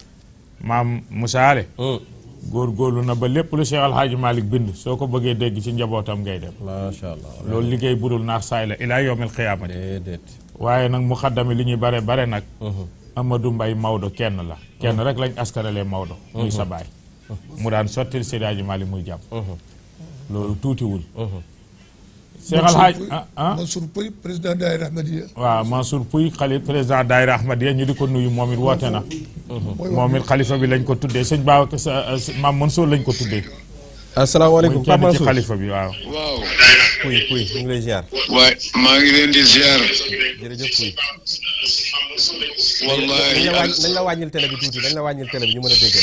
maam góor mm. góorgóorlu na ba lépp lu Cheikh Alhaaji Malick bind soo ko bëggee dégg ci njabootam ngay dem macha allah loolu liggéey budul naax saay la ilaa yowmil xiyaamati waaye nag mu xaddami li ñuy bare bare nag mm-hmm. Amadou Mbaye Maodo kenn la kenn rek lañ askanalee Maodo muy sa mu daan sottil Seydi Hadji Malick muy jàpp loolu tuutiwul Cheikh Alhaaj ah, ah. Mansour Pouy président daayira Ahmadiyya waaw président daayira Ahmadiyya ñu di ko nuyu moom woote na moom it bi lañ ko tuddee sëñ Babacar maam Mansour lañ ko tuddee asalaamaaleykum Pape Mansour ci xalifa bi waaw waaw ngi lay ziar waaye maa ngi leen wallaahi dañ la wàññil télé bi tuuti dañ la wàññil télé bi ñu mën a dégg.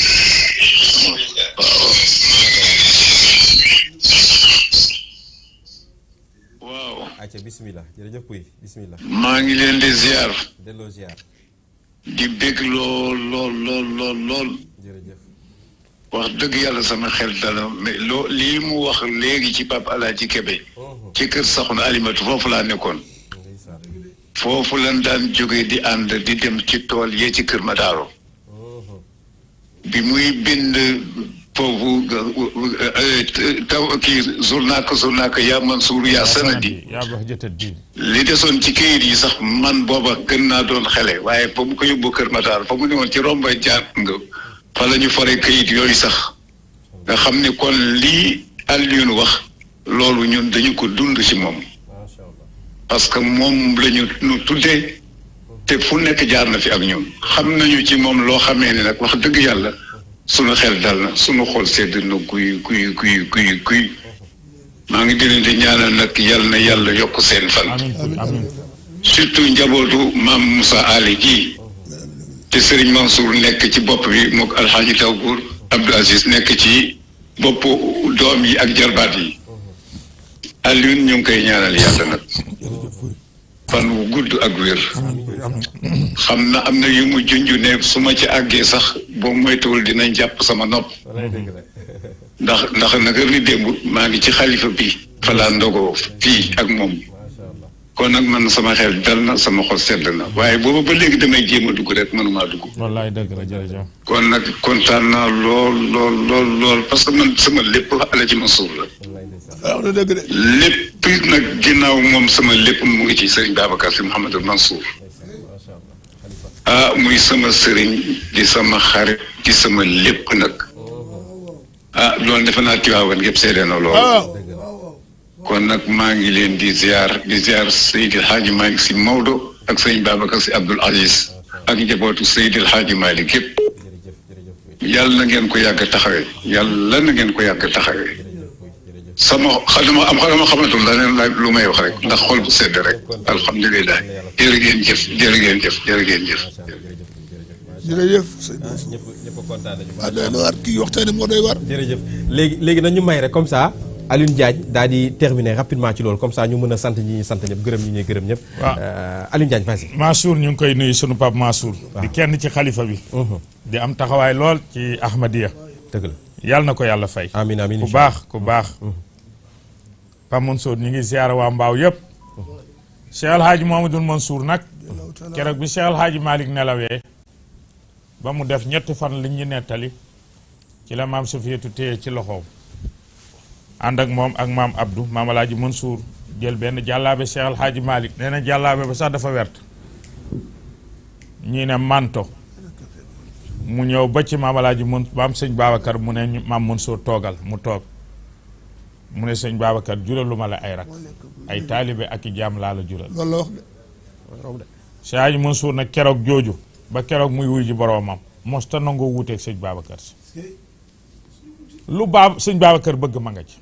waaw. acca bisimilah jërëjëf Pouy bisimilah. maa ngi leen di ziar. delloo ziar. di bég lool lool lool lool lool. jërëjëf. wax dëgg yàlla sama xel dana mais lii mu wax léegi ci Pape ci Kebe. ci kër Soxna alimet foofu laa nekkoon. foofu lan daan jóge di ànd di dem ci tool yee ci Kër Madaaro bi muy bind foofu taw euh, kii zurnaaka zurnaaka yaa Mansuur yaa sanadi li desoon ci këyit yi sax man booba gën naa doon xele waaye fa mu ko yóbbu Kër Madaaro fa mu ne woon ci rombay jaar nga fa la ñu fare këyit yooyu sax nga xam ne kon lii Alioune wax loolu ñun dañu ko dund ci moom parce que moom lañu nu tuddee te fu nekk jaar na fi ak ñun xam nañu ci moom loo xamee ne nag wax dëgg yàlla sunu xel dal na sunu xool sedd na kuy kuy kuy kuy guy maa ngi dina di ñaanal nag yàlla na yàlla yokk seen fan surtout njabootu maam Moussa Ali gii te Serigne Mansour nekk ci bopp bi mook alxaaji Tawgour Abdou Aziz nekk ci bopp doom yi ak jarbaat yi Alioune ñu ngi koy ñaanal yàlla nag fan wu gudd ak wér xam na am na yu mu junj ne su ma ci àggee sax boo moytuwul dinañ jàpp sama nopp ndax ndax naka ni démb maa ngi ci xalifa bi falaa ndogoo fii ak moom kon nag man sama xel dal na sama xol sedd na waaye boobu ba léegi damay jéem a dugg rek mënumaa dugg. wallaay dëgg la jërëjëf. kon nag kontaan naa lool lool lool lool parce que man sama lépp ala ci ma suuf la. waaw na dëgg de. lépp nag ginnaaw moom sama lépp mu ngi ci sëriñ Babacar Sy Mouhamadou Mansour. ah muy sama sëriñ di sama xarit di sama lépp nag. ah loolu defe naa Tiwaawan yëpp seede na lool. kon nag maa ngi leen di ziar di ziar Seydi El Hadji Malick si Maodo ak sëñ Babacar si Abdoul Aziz ak njabootu Seydi El Hadji Malick yëpp yàlla na ngeen ko yàgg taxawee yàlla na ngeen ko yàgg taxawee sama xadama am xadama xamatul leneen la lu may wax rek ndax xol bu sedd rek alhamdulilah jërë ngeen jëf jërë ngeen jëf jërë ngeen jëf. jërëjëf ah doy na waar kii waxtaanee moo doy waar. jërëjëf léegi léegi nañu may rek comme ça. Alioune Diagne daal di terminer rapidement ci loolu comme ça ñu mën a sant ñi ñuy sant ñëpp gërëm ñi ñuy gërëm ñëpp. waaw euh, Alioune Diagne vas-y. Mansour ñu ngi koy nuyu sunu Pape Mansour. di kenn ci xalifa bi. Mhm. di am taxawaay lool ci Ahmadiyya. dëgg yàlla na ko yàlla fay. amiin amiin ku baax ku mhm. baax. Mhm. Pape Mansour ñu ngi ziar waa Mbaaw yëpp. Cheikh El Hadj Mamadou suur nag. keroog bi Cheikh El Hadj Malick nelawee. ba mu def ñetti fan li ñu nettali. ci la maam Sufiyatu téye ci loxoom. ànd ak moom ak maam Abdou maam Alaaji Mansour jël benn jàllaabe Cheikh El Hadj Malick na jàllaabe ba sax dafa wert ñii ne manto mu ñëw ba ci maam Alaaji mun maam sëñ Babacar mu ne maam toogal mu toog mu ne sëñ Babacar juraluma la ay rak ay taalibe ak i jaam laa la jural. loolu la wax keroog jooju ba keroog muy wuy ji boroomam mosta nangoo wuuteeg sëñ Babacar si lu baab sëñ Babacar bëgg ma nga ci.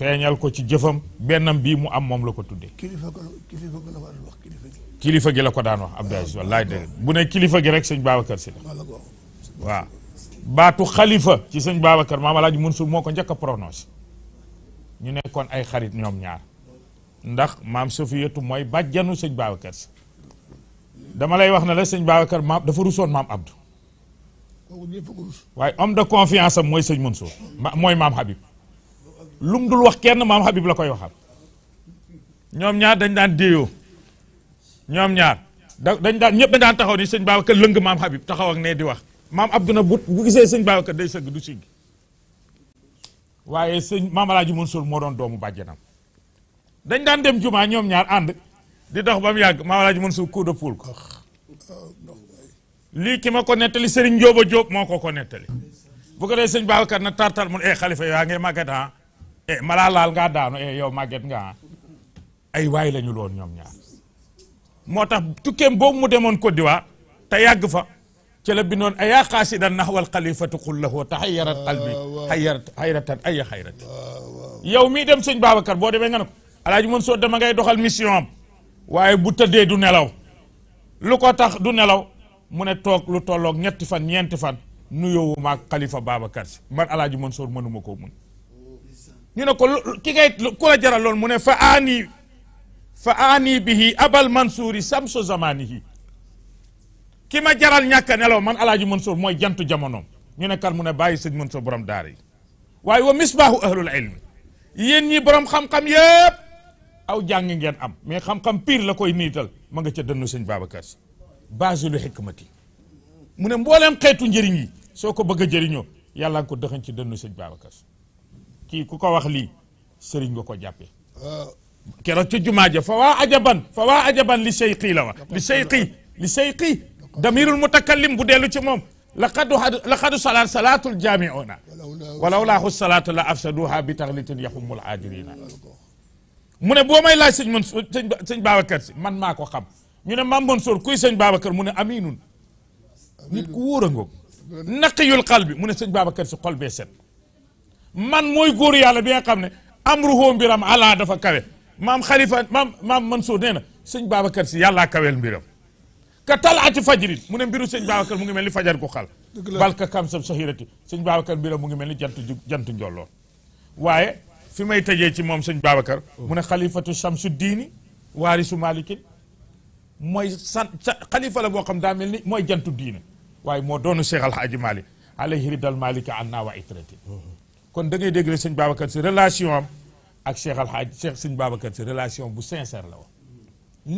feeñal ko ci jëfam bennam bii mu am moom la ko tuddee. kilifa gi la ko daan wax kilifa gi. kilifa gi bu ne kilifa gi rek sëñ Babacar si la. waaw baatu xalifa ci sëñ Babacar maam mën Mansour moo ko njëkk a prononcé ñu nekkoon ay xarit ñoom ñaar ndax maam Sofiyatu mooy bàjjanu sëñ Babacar si dama lay wax ne la sëñ Babacar maam dafa rusoon maam Abdou. waaye homme de confiance am mooy sëñ Mansour mooy maam Habib. lum dul wax kenn mam habib la koy waxal ñom ñaar dañ daan déyoo ñom ñaar dañ daan ñepp dañ daan taxaw ni seigne babakar leung mam habib taxaw ak ne di wax mam abduna na bu gisee seigne babakar day seug du siggi waye seigne mam alaaji mansour mo doon doomu bàjjanam dañ daan dem juma ñom ñaar and di dox bam yag mam maam alaaji mansour coup de poule li ki mako netali nettali sëriñ job moko ko netali bu ko seigne babakar na tartal mun e eh, khalifa ya ngay magata ah eh mala laal eh, yo daanu eh yow nga ay way lañu ñu loon ñoom ñaar motax tax bo mu demone Côte d'Ivoire ta yag fa ci la binon ayaa xaasidan nahwal khalifatu qul lahu tahayyarat qalbi xayarat hayratan ay xayrat yow mi dem seigne babakar bo demé nga ne ko alaaji mën soo dama ngay doxal mission waye bu teddé du nelaw lu ko tax du nelaw mu ne tok lu tolok ñetti fan ñenti fan man alaaji mënuma ko mun ñu ne ko ki ngay ku la jaral mu ne fa aani fa aani bihi abal Mansuri, samsu zamanihi ki ma jaral ñàkk nelaw man alaaji Mansur mooy jantu jamonoom ñu ne kan mu ne bàyyi sëñ mansuur borom daara yi waaye wa misbahu ahlul ilmi yéen ñi borom xam-xam yépp aw jàng ngeen am mais xam-xam pire la koy niital ma nga ca dënnu sëñ Babacar Si baasilu xikmati mu ne mbooleem xeetu njëriñ yi soo ko bëgg a jëriñoo yàlla ko dëxañ ci dënnu sëñ Babacar ki ku ko wax li serigne nga ko jàppe kéro ci jumaa ja fa wa ajaban fa wa ajaban li shayqi la wa li shayqi li seyqi damirul mutakallim bu delu ci moom laqad لقد صلى صلاة الجامعون ولولا الصلاة salat la afsaduha bi taghlitin ne boo mune bo may la serigne mon serigne babakar man mako xam ñu ne maam sor kuy serigne babakar mune aminun nit ku wóor ngok naqiyul qalbi mune serigne babakar Babacar si set man mooy góor yàlla bi nga xam ne amruhu mbiram alaa dafa kawe maam xalifa maam man soo nee na sëñ Babacar si yàllaa kaweel mbiram ka tal ati fajrit mu ne mbiru sëñ Babacar mu ngi mel ni fajar gu xal balka kam sam mu ngi mel ni jant jantu njolloon waaye fi may tëjee ci moom sëñ Babacar mu ne xalifatu samsu diini waarisu malikin mooy san xalifa la boo xam daa mel ni mooy jantu diine waaye moo doonu Cheikh Alhaaji Malik alayhi ridal malika anna wa itrati kon da ngay dégg ne sëñ Babacar si relation am ak Cheikh Alhaaj Cheikh sëñ Babacar si relation bu sincère la woon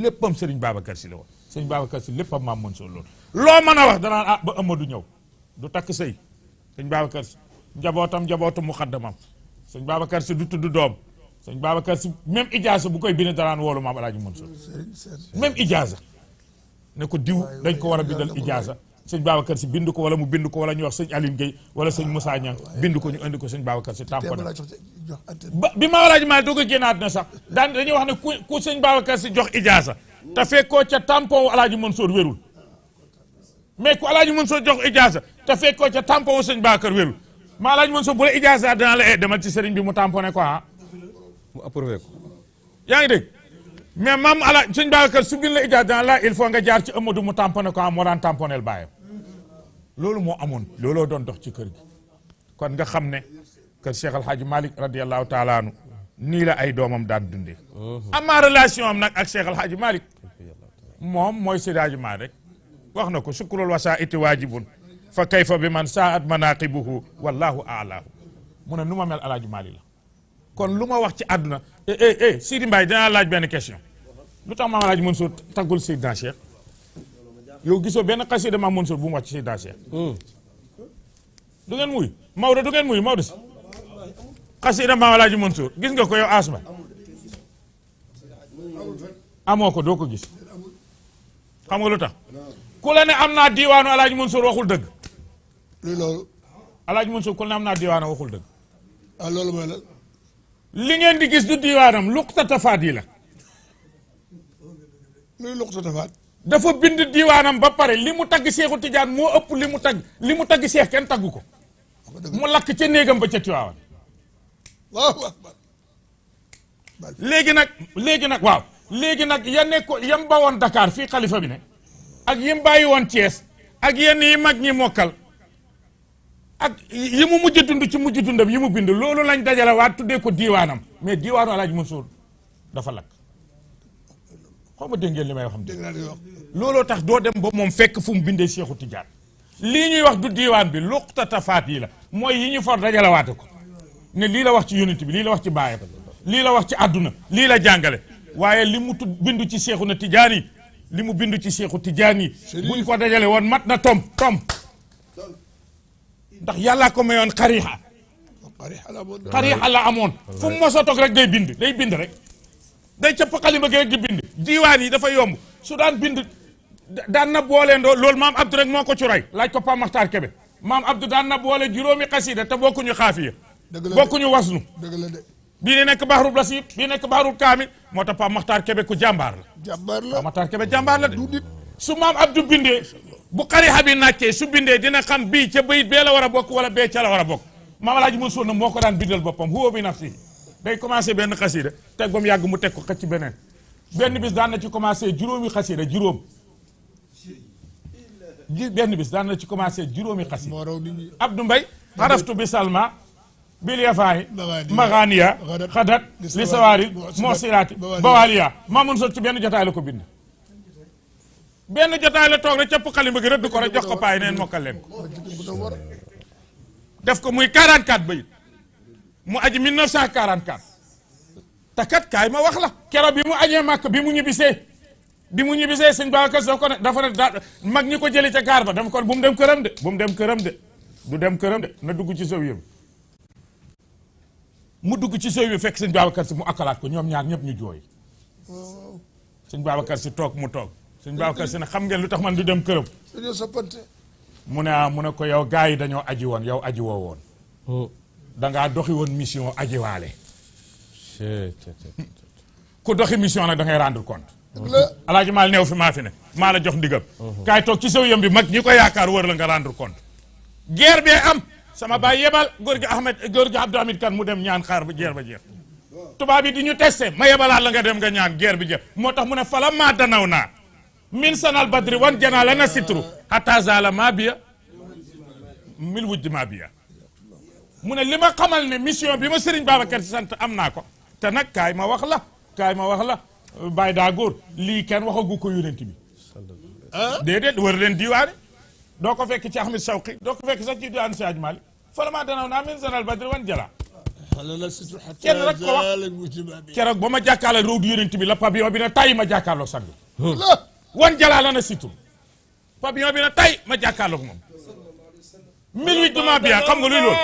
léppam sëriñ baaba si la sëñ Babacar si léppam maam mën soo loolu loo man a wax danaan ah ba Amadou ñëw du takk sëy sëñ Babacar si njabootam njabootu mu xaddamam sëñ baaba si du tudd doom sëñ Babacar si même ijaasa bu koy bind danaan woolu maam Alaaji Mansour même ijaasa ne ko diw dañ ko war a bindal ijaasa sëñ kër si bind ko wala mu bind ko wala ñu wax sëñ Aline Gueye wala sëñ Moussa Niang bind ko ñu andi ko sëñ Babacar si bi ma walaaji maa doog a génnaat na sax daan dañuy wax ne ku ku sëñ Babacar si jox ijaasa te fekkoo ca tampon alaaji Mansour wérul mais ku alaaji Mansour jox ijaasa te fekkoo ca tampon sëñ Babacar wérul ma alaaji Mansour bu la ijaasa dana la eh, demal ci sëriñ bi mu tamponné ko ah yaa ngi dégg mais maam ala sëñ Babacar su bin la ijaasa nga jaar ci Amadou mu tamponné ko ah loolu moo amoon looloo doon dox ci kër gi kon nga xam ne que Cheikh Al Hadj Malick radiallahu nii la ay doomam daan dundee. amaa relation am nag ak Cheikh Al Hadj Malick moom mooy sédagement rek wax na ko sukurul wasaa'iti waajibun fa kayfa bi man saat manaqibuhu wallahu a'lahu mu ne nu ma mel El Hadj Malick la kon lu ma wax ci àdduna eh eh eh Sidi Mbaye dinaa laaj benn question lu tax maam El Hadj Mansour taggul Sidna Cheikh. yow gisoo benn xasida Maam Mansour bu mu wàcc si dansé hmm. du ngeen muy Maodo du ngeen muy Maodo si xasida Maam Alaaji Mansour gis nga ko yow asma amoo ko doo ko gis xam nga lu tax am na diiwaanu Alaaji Mansour waxul dëgg luy loolu Alaaji Mansour dëgg ah, li ngeen di gis du diiwaanam luqta tafaat yi la luy dafa bind diiwaanam ba pare li mu tagg Seexu Tijaan moo ëpp li mu tagg li mu tagg Seex kenn taggu ko mu lakk ca néegam ba ca Tiwaawan léegi nag léegi nag waaw léegi nag ya nekko yam ba woon Dakar fii xalifa bi ne ak yim bàyyi woon Thiès ak yenn yi mag ñi mokkal ak yi mu mujj dund ci mujj dundam yi mu bind loolu lañ dajale waat tuddee ko diiwaanam mais diiwaanu Alaaji Mansuur dafa lakk xaw ma dégg ngeen li wax. dégg naa li wax looloo tax doo dem ba moom fekk fu mu bindee Seexu Tijaan lii ñuy wax du diiwaan bi luqta tafaat yi la mooy yi ñu for dajalawaate ko ne lii la wax ci unité bi lii la wax ci baayam lii la wax ci àdduna lii la jàngale waaye li mu tudd bindu ci Seexu na Tijaan yi li mu bindu ci Seexu Tijaan yi buñ ko dajale woon mat na tom tom ndax yàllaa ko mayoon xariixa xariixa la amoon fu mu mos toog rek day bind day bind rek day cëpp xalima gi di bind diiwaan yi dafa yomb su daan bind daan na doo loolu maam Abdou rek moo ko ci roy laaj ko Pape Makhtar Kébé maam Abdou daan na boole juróomi xasida te bokkuñu xaafiya bokkuñu wasnu bii ne nekk baaxarub la siib bii nekk baaxarub kaamil moo tax Pape Makhtar Kébé ku jàmbaar la jàmbaar la Pape Makhtar Kébé jàmbaar la de su maam Abdou bindee bu xarixa bi nàccee su bindee dina xam bii ca bayit bee la war a bokk wala bee ca la war a bokk maam Alaaji Mansour na moo ko daan bindal boppam huwa bi nafsi day commencé benn xasida teg ba mu yàgg mu teg ko xëcc beneen benn bis daan na ci commencé juróomi xasida juróom benn bis daan na ci commencé juróomi xasida Abdou mbay xaraftu bi salma باليفاي مغانيا خدت لسواري موسيرات بواليا ما من سوت bind جتاي jotaay la بين rek cëpp توك gi خاليم بغي رد كو رك جوخ باي نين موكال لين def ko muy 44 بيت mu aji 1944 te kat kaay ma wax la kero bi mu ajee màkk bi mu ñibbisee bi mu ñibbisee sëñ Babacar dafa ko ne dafa ne mag ñi ko jëlee ca gaar ba dama ko bu mu dem këram de bu mu dem këram de dem këram de dugg ci sow yëpp mu dugg ci sow bi fekk sëñ Babacar si mu akalaat ko ñoom ñaar ñëpp ñu jooy sëñ Babacar si toog mu toog sëñ Babacar si ne xam ngeen lu tax man du dem këram dañoo soppante mu ne ah, mu ne ko yow gars yi dañoo aji woon yow aji woo woon oh. dangaa doxi woon mission ajiwaale ku doxi mission nag da ngay rendre compte alaaji maal neew fi maa maa la jox ndigam uh-huh. kaay toog ci saw yëm bi mag ñi ko yaakaar wër la nga rendre compte guerre bee am sama baay yebal góor gi Ahmed góor gi Abdou kan mu dem ñaan xaar ba jeer ba jeer tubaab yi di ñu testé ma yebalaat la nga dem nga ñaan guerre bi jeex moo tax mu ne fala maa danaw naa min sanal badri wan janaa la na sitru xataa zaala maa biya mil mu ne li ma xamal ne mission bi ma Serigne Babacar si sant am naa ko te nag kaay ma wax la kaay ma wax la Baye daa góor lii kenn waxagu ko yonent bi ah? déedéet war leen diwaane doo ko fekk ci Ahmed Sawqi doo ko fekk sax ci diwaan si Hadj Malick falamaa danaw naa min zanal badri wan jala kenn rek ko wax keroog ba ma jàkkaarloo roog bi la pavillon bi na tay ma jàkkaarloo sang wan jala la na situm pavillon bi na tay ma jàkkaarloo moom mille duma biya xam nga luy lool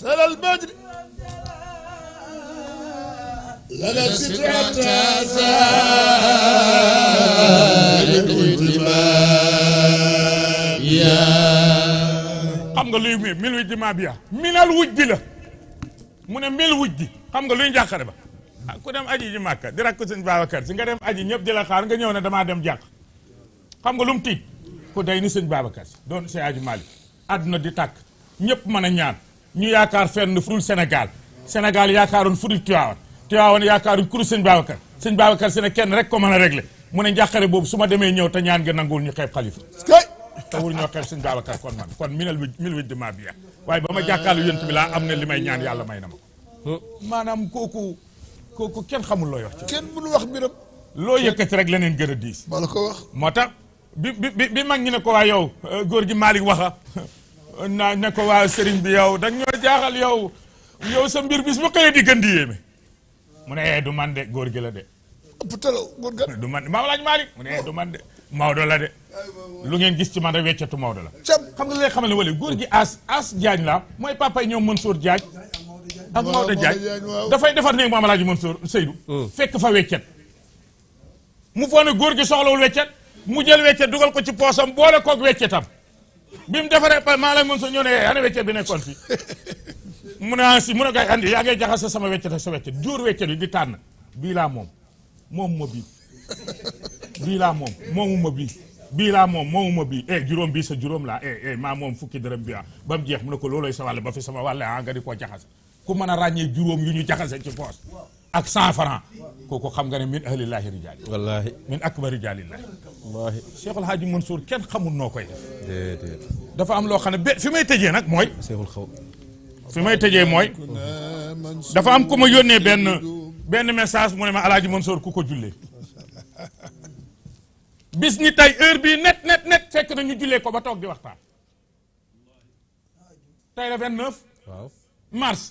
سل البدر لنا سترة زاد يا xam nga luy mi mil wujdi maa biya minal wujdi la mu ne mil wujdi xam nga luy njàqare ba ah, ku dem aji ji màkka di rakk sëñ Babacar si nga dem aji ñëpp di la xaar nga ñëw ne damaa dem jàq xam nga lum mu tiit ku day ni sëñ Babacar Si doon Seydi Hadji Malick àdduna di tàkk ñëpp mën a ñaan ñu yaakaar fenn furul Sénégal Sénégal yaakaaroon furul Tiwaawan Tiwaawan yaakaaruñ kuru sëñ Babacar sëñ Babacar Si ne kenn rek ko mën a régler mu ne njàqare boobu su ma demee ñëw te ñaan nga nanguwul ñu xeeb xalifa te wul ñoo xeeb sëñ Babacar kon man kon minel mil wij dima bi waaye ba ma jàkkaarlu yent bi laa am ne li may ñaan yàlla may na ma ko maanaam kooku kooku kenn loo yëkkati a diis moo la ko wax bi bi bi mag ñi ne ko waa yow euh, góor gi Malick waxa naa ne ko waa Serigne bi yow dañ ñoo jaaxal yow yow sa mbir bis bu xëyee di gën di yéeme mu ne eh, du man de góor gi la de. ëpp talo du man de Maam Laaj Malick mu ne eh, du man de Maodo la lu ngeen gis ci man rek weccatu Maodo la. xam nga lay xamal ne wala góor gi As As Diagne la mooy papa yi ñoom Mansour Diagne dafay defar néeg Maam Laaj Mansour mm. fekk fa weccet mu foog ne góor gi soxlawul weccet. mu jël wecce dugal ko ci poosam boole koog wecce tam bi mu defaree par maa lay mën sa ñëw ne eh, wecce bi ne fi <laughs> mu ne ah si mu a kay andi yaa ngay jaxase sama wecce ak sa wecce dóor wecce li di tànn bii laa moom moom ma bii <laughs> bii laa moom moomu ma bii bii laa moom moomu ma bii eh juróom bii sa juróom laa eh eh maa moom fukki dërëm bi ah ba mu jeex mu ne ko loolooy sa wàll ba fi sama wàll ah nga di koo jaxase ku mën a ràññee juróom yu ñu jaxase ci poos. ak cent franc kooku xam nga ne min ahlillahi rijaali wallahi min akbar rijaalillahi wallahi cheikhul haaji mansour kenn xamul noo koy def déedéet dafa am loo xam ne ba fi may tëjee nag mooy cheikhul xaw fi may tëjee mooy dafa am ku ma yónnee benn benn message mu ne ma alaaji mansour ku ko jullee bis ni tay heure bii net net net fekk na ñu jullee ko ba toog di waxtaan tay la vingt neuf waaw mars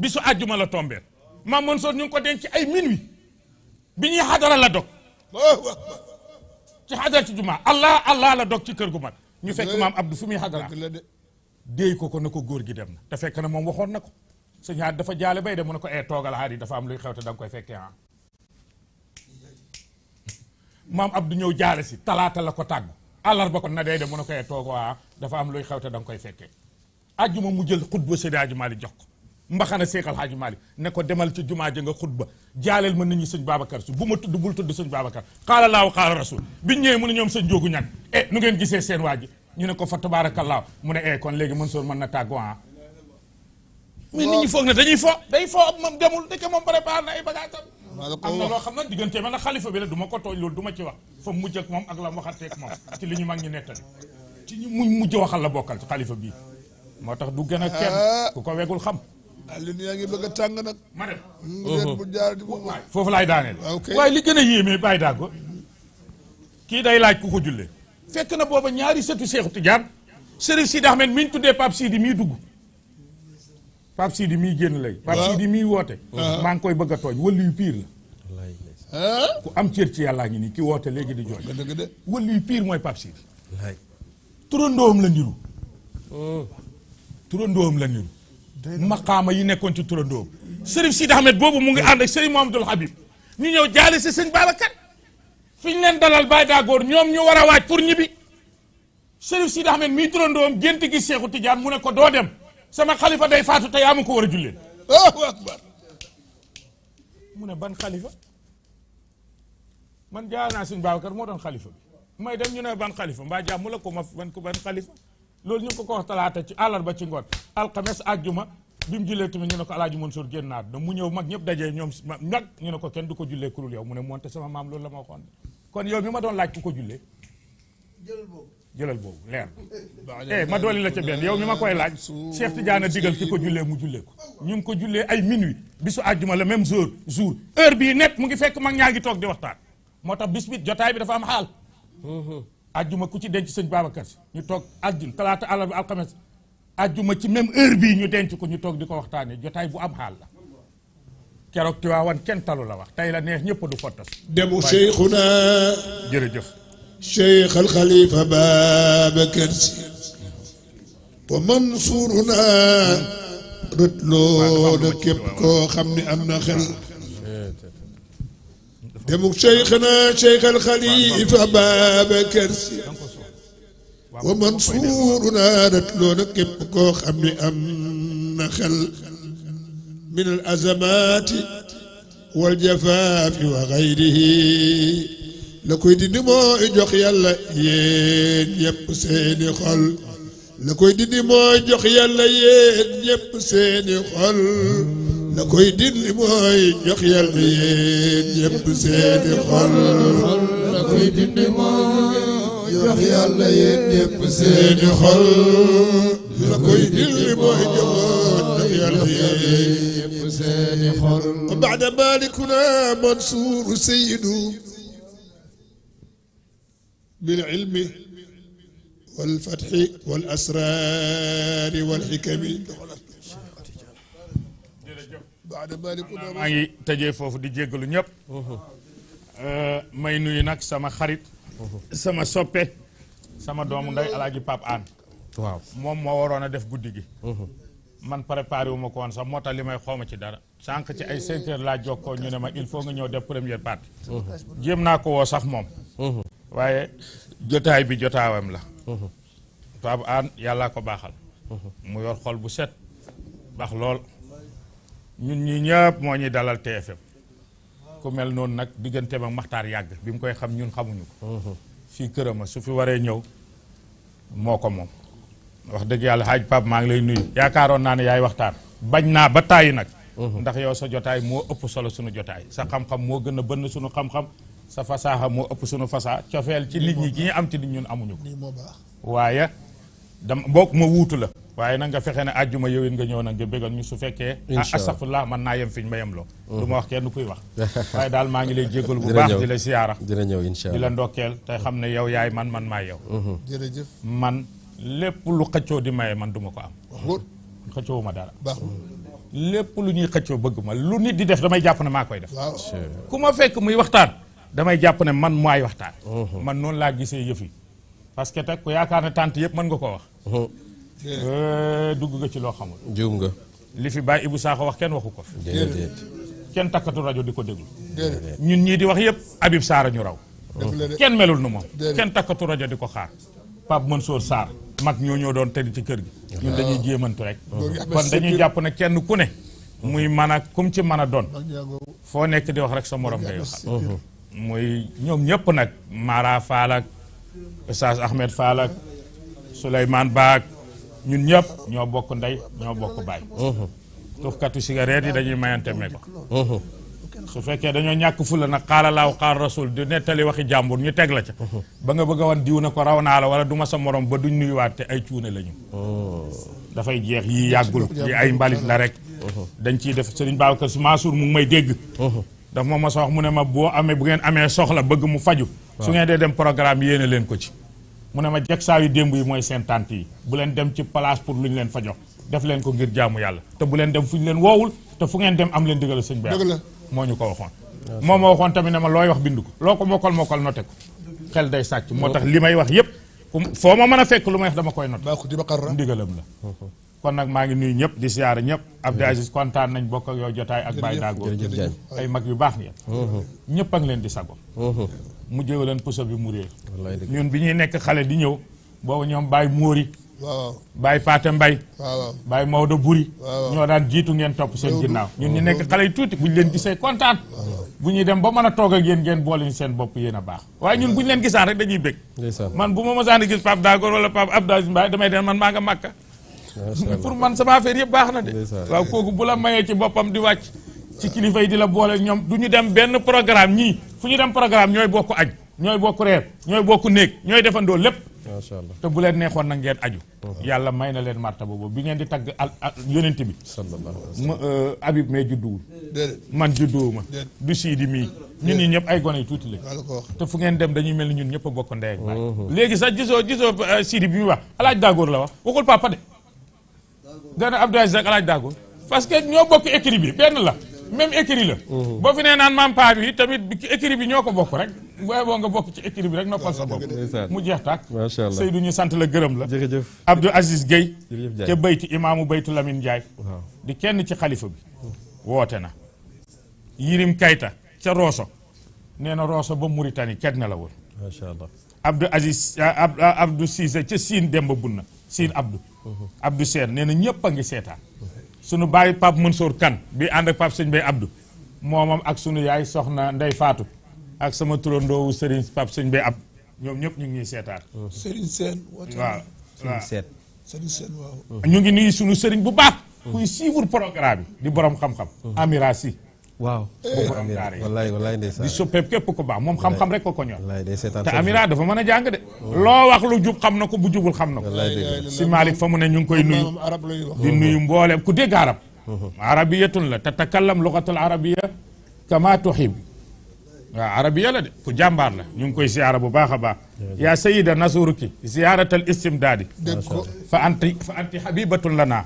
bisu àjjuma la tombeel maam Mansour ñu ngi ko denc ay minuit bi ñuy xadara la dog ci xadara ci jumaa allah allah la dog ci kër gu mag ñu fekk maam Abdou fu muy xadara déey ko ko na ko góor gi dem na te fekk na moom waxoon na ko sëñ Haadi dafa jaale bay de mun ne ko ee eh, toogal Haadi dafa am luy xew danga koy fekkee ah maam Abdou ñëw jaale si talaata la ko tàggu àllarba kon na day de mu ne ko ee eh, toogal ah, dafa am luy koy fekkee ajjuma mu jël xutba Seydi Hadji Malick jox ko mbaxana Seex al Haaji Maalik ko demal ci jumaa ji nga xutba jaaleel ma nit ñi sëñ Babacar si bu ma tudd bul tudd sëñ Babacar xaala laaw xaala rasul bi ñëwee mu ne ñoom sëñ jógu ñag e eh, nu ngeen gisee seen waaj ji ñu ne ko fa tabaarakallaa mu ne e kon léegi soon mën na tàggoo ah mais nit ñi foog ne dañuy fo day fo ab moom demul moom préparé na ay bagaasam am na loo xam na diggante ma na xalifa bi la du ma ko tooñ loolu du ma ci wax fa mujj ak moom ak la waxateeg moom ci li ñu mag ñi nettali ci ñu muñ mujj waxal la bokkal ci xalifa bii moo tax du gën a kenn ah. ku ko xam Alioune ah, yaa ngi bëgg a ma dem foofu laay daaneel. Ah, waaye li gën a yéeme bàyyi daa ko kii day laaj ku ko julle. fekk na booba ñaari sëtu Seexu Tijaan Serigne Sidi Ahmed mi ñu tuddee Pape Sidi muy dugg. Pape Sidi muy génn lay. waaw Pape Sidi mii woote. Ah. maa ngi koy bëgg a tooñ wëllu yu piir la. ku am cër ci yàllaa ngi nii ki woote léegi di jooy. dëgg de wëllu yu piir mooy Pape Sidi. turandoom la niru. Oh. turandoom la niru. maqaama yi nekkoon ci turandoo sëriñ Sidi Ahmed boobu mu ngi ànd ak sëriñ Mouhamadoul Habib ñu ñëw jaale si sëñ Babacar fi ñu leen dalal Baye ñoom ñu war a waaj pour ñibbi sëriñ Sidi Ahmed mii turandoom gént gi Seexu Tijaan mu ne ko doo dem sama xalifa day faatu te yaa ko war a jullee Allahu akbar mu ne ban xalifa man jaal naa sëñ Babacar moo doon xalifa bi may dem ñu ne ban xalifa mbaa jàmm la ko ma ban ko ban loolu ñu ko ko wax talaata ci àllarba ci ngoon alxames àjjuma bi mu jullee tamit ñu ne ko alaaji Mansour génn na àdduna mu ñëw mag ñëpp dajee ñoom nag ñu ne ko kenn du ko jullee kurul yow mu ne moonte sama maam loolu la ma waxoon kon yow mi ma doon laaj ku ko jullee jëlal boobu jëlal boobu leer <laughs> eh, ma dooli la ca benn yow mi ma koy laaj Cheikh Tidiane digal ki ko jullee mu jullee ko ñu ngi ko jullee ay minuit bisu àjjuma le même jour jour heure bii net mu ngi fekk mag ñaa ngi toog di waxtaan moo tax bis bi jotaay bi dafa am xaal ajjuma ku ci denc sëñ Babacar si ñu toog ajjum talaata àllarba alxames ajjuma ci même heure bii ñu denc ko ñu toog di ko waxtaanee jotaay bu am xaal la keroog Tiwaawan kenn talu la wax tey la neex ñëpp du fottas demu cheikhuna jërëjëf cheikh alxalifa Babacar si wa mansuruna hmm. rëtloo na képp koo xam ne am na xel دمك شيخنا شيخ الخليفة باب كرسي ومنصورنا نتلو كبكو خمي أمن خل من الأزمات والجفاف وغيره لكويد نمو إجوخ يالا يين يب سيني خل لكويد نمو إجوخ يالا يين يب سيني خل نكوي دين موي جخيا العين يب سيدي خل نكوي دين موي جخيا العين يب سيدي خل نكوي دين موي جخيا العين بعد مالكنا منصور سيد بالعلم والفتح والاسرار والحكم maa ngi tëjee foofu di jéggalu ñëpp euh, may nuyu nag sama xarit sama soppe sama doomu nday alaaji Pape Aan waaw moom moo waroon a def guddi gi man préparé wu ma ko woon sax moo tax li may xooma ci dara sànq ci ay cinq heures laa jokkoo ñu ne ma il faut nga ñëw def première partie jéem naa ko woo sax moom waaye jotaay bi jotaawam la Pape Aan yàllaa ko baaxal mu yor xol bu set baax lool ñun ñi ñëpp moo ñuy dalal TFM ku mel noonu nag diggante ak maxtaan yàgg bi mu koy xam ñun xamuñu ko fii mm-hmm. kërama su fi waree ñëw moo ko moom wax dëgg yàlla xaaj Pape maa ngi lay nuyu yaakaaroon naa ne yaay waxtaan bañ naa ba tàyyi nag mm-hmm. ndax yow sa jotaay moo ëpp solo suñu jotaay sa xam-xam moo gën a bënn suñu xam-xam sa fasaaxa moo ëpp suñu fasaa cofeel ci nit ñi gi ñu am ci nit ñun amuñu ko waaye dama bokk ma wuutu la waaye nag nga fexe ne àjjuma yow it nga ñëw nag nga bégal ñu su fekkee ah, astafurlah man naa yem fi ñu ma yem loo mm-hmm. du ma wax kenn kuy wax <laughs> waaye daal maa ngi lay jéggal bu baax di la siyaara dina ñëw incha allah di la ndokkeel te xam ne yow yaay man man maa yow mm-hmm. jërëjëf man lépp lu xëccoo di maye man duma ko am xëccoo ma dara lépp lu ñuy xëccoo bëgg ma lu nit di def damay jàpp ne maa koy def ku ma fekk muy waxtaan damay jàpp ne man maay waxtaan mm-hmm. man noonu laa gisee yëf yi parce que teg ku yaakaar ne tànt yëpp mën nga koo wax Eh, dugg nga ci loo xamul. juum nga. li fi Baye Ibou Sakho wax kenn waxu ko fi. kenn takkatu rajo di ko déglu. ñun ñii di wax yëpp Habib Sarr ñu raw. kenn melul nu moom. kenn takkatu rajo di ko xaar. Pape Mansour Sarr. mag ñoo ñoo doon tëdd ci kër gi. ñun ah. dañuy jéemantu rek. kon dañuy jàpp ne kenn ku ne. muy man a kum ci mën a doon. foo nekk di wax rek sa morom ngay wax. muy ñoom ñëpp nag. Mara Fall ak Ahmed Fall ak Souleymane ñun ñëpp ñoo bokk ndey ñoo bokk baay. Mhm. tuxkatu cigarette yi dañuy mayante meeg. Mhm. su fekkee dañoo ñàkk fula nag xaala laaw xaal rasul di nettali waxi jàmbur ñu teg la ca. Mhm. ba nga bëgg a wan diw na ko raw naa la wala du ma sa morom ba duñ nuyuwaat te ay cuune la ñu. dafay jeex yi yàggul yi ay mbalit la rek. dañ ciy def Serigne Babacar Sy Mansour mu ngi may dégg. daf ma mos a wax mu ne ma boo amee bu ngeen amee soxla bëgg mu faju su ngeen dee dem programme yéene leen ko ci. mu ne ma jag saa yu démb yi mooy seen tànt yi bu leen dem ci place pour lu ñu leen fa jox def leen ko ngir jaamu yàlla te bu leen dem fu ñu leen woowul te fu ngeen dem am leen digal sëñ Béthio moo ñu ko ko loo ko li may wax yëpp foo ma mën a fekk lu may wax dama koy noté ndigalam la mhm. kon nag maa ngi nuyu ñëpp di siyaara ñëpp Abdou Aziz kontaan nañ bokk yow jotaay ak Baye Dago ay mag yu baax ngeen mhm. ñëpp a leen di sago mhm. mu jëw leen puso bi mu réer ñun biñu nekk xalé di ñëw boobu ñom bay mouri bay Paate Mbay bay mawdo Buri ño daan jitu ngeen top seen ginnaw ñun ñi nekk xalé tuuti buñu leen gisee kontaan dem ba mëna toog ak yeen ngeen boole seen bop yeena baax way ñun buñu gisaan rek dañuy bëgg man buma ma mosaan gis pap Dagor wala pap abdaj mbay damay dem man ma nga makka pour man sama affaire yeb baax na de waaw koku bu la mayé ci bopam di wacc ci kilifa yi di la bolé ñom duñu dem ben programme ñi fu ñu dem programme ñooy bokk añ ñooy bokk reer ñooy bokk néeg ñooy defandoo lépp macha allah te bu leen neexoon na ngeen aju mhm. yàlla may na leen marta boobu bi ngeen di tagg al yonent bi euh, Habib mais judduwul man judduwuma du siidi mii ñun ñi ñëpp ay gone yu tuuti lañ te fu ngeen dem dañuy mel ni ñun ñëpp bokk ndey ak mhm. léegi sax gisoo gisoo euh, siidi bi mu wax alaaj daagoor la wax waxul papa de dana Abdou Aziz ak alaaj daagoor parce que ñoo bokk écrit bi benn la même écrit la. boo fi nee naan maam paa bi tamit écrit bi ñoo ko bokk rek waaye boo nga bokk ci écrit bi rek noppal sa bopp. mu jeex tàkk. macha allah ñu sant la gërëm la. jërëjëf Abdou Aziz Guèye. jërëjëf ca bayti imaamu baytu Lamine Ndiaye. di kenn ci xalifa bi. woote na. Yirim Kayta ca Roso. nee na Roso ba muritani kenn na la woon. macha allah Abdou Aziz ah, ah, Abdou Cissé ca Sine Demba Bunna Sine Abdou. Abdou Seen nee na ñëpp a ngi seetaan. sunu bàyyi Pape Mansour kan bi ànd ak Pape Sëñ Bay Abdou moomam ak sunu yaay soxna Ndey Faatu ak sama turandoowu Serigne Pape Sëñ Bay Abdou ñoom ñëpp ñu ngi ñuy seetaan. Serigne Sène woote ñu ngi nuyu sunu Serigne bu baax. kuy suivre programme bi di borom xam-xam. Mm-hmm. Amira waaw wallaay wallaay ndeysaan di soppeeku képp ko baax moom xam-xam rek ko ko ñor te Amira dafa mën a jàng de oh. loo wax lu jub xam na ko bu jubul xam na ko si Malick fa mu ne ñu ngi koy nuyu di nuyu mboolem ku dégg arab arabiyatun la tatakallam lugatul arabiya kama tuhib waaw arabiya la de ku jàmbaar la ñu ngi koy siyaara bu baax a baax yaa sayida nasuruki siyaaratal istimdaadi fa anti fa anti habibatun lana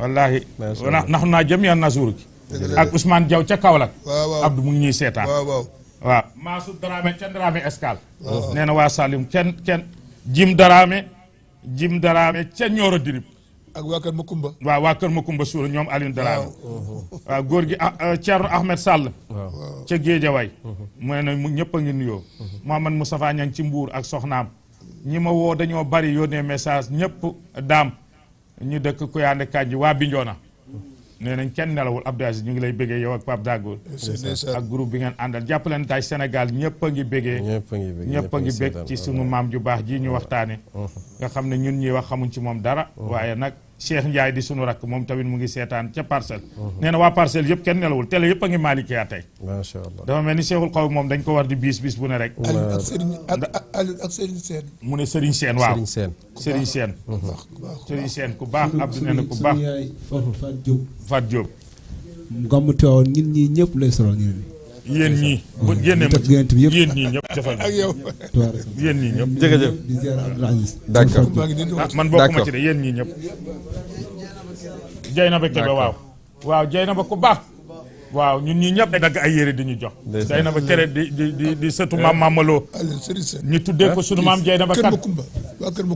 wallahi naxnu naa jamian ki ak Ousmane Diaw ca Kaolack. waaw waaw Abdou mu ngi ñuy seetaan. waaw waaw waaw Maasu Dramé ca Dramé Escale. nee na waa Salim kenn kenn Jim Dramé Jim Dramé ca Nioro Dirib. ak waa Kër Makumba. waaw waa Kër ñoom Alioune Dramé. góor gi ah, euh, Thierno Ahmed Sall. ca Géejawaay. mu ne nag ngi nuyoo. Mouhamad Moustapha Niang ci Mbour ak Soxnaam. ñi ma woo dañoo bari yónnee message ñëpp daam ñu dëkk Koyaande Kanji waa Bignona. nee nañ kenn nelawul Abdou Aziz ñu ngi lay bëggee yow ak Pape Dago ak groupe bi ngeen àndal jàppalantaay Sénégal ñëpp a ngi bëggee ñëpp a ngi bëgg ci sunu maam ju baax ji ñu waxtaane nga xam ne ñun ñi wax xamuñ ci moom dara waaye nag Cheikh Ndiaye di suñu rakk moom tamit mu ngi seetaan ca parcelle mhm. nee na waa parcelle yëpp kenn nelawul télé yëpp a ngi Malikia tey macha allah dafa mel ni Cheikhul Xaw moom dañ ko war di biis bis bu ne rek ak Serigne ak Serigne Sène mu ne Serigne seen waaw seen Sène Serigne ku baax Abdou nee na ku baax Fat Diop Fat Diop gàmmu teewoon ñun ñii ñëpp lay solal ñu ne yéen ñii bu génnee ma yéen ñii ñëpp defal ak yow yéen ñii ñëpp man bokkuma ci de yéen ñii ñëpp jay na ba kebe waaw waaw na ba ku baax waaw ñun ñii ñëpp dagg ay yére di ñu jox jay na ba kere di di di di sëtu maam Mamaloo ñu tuddee ko sunu maam jay na ba kan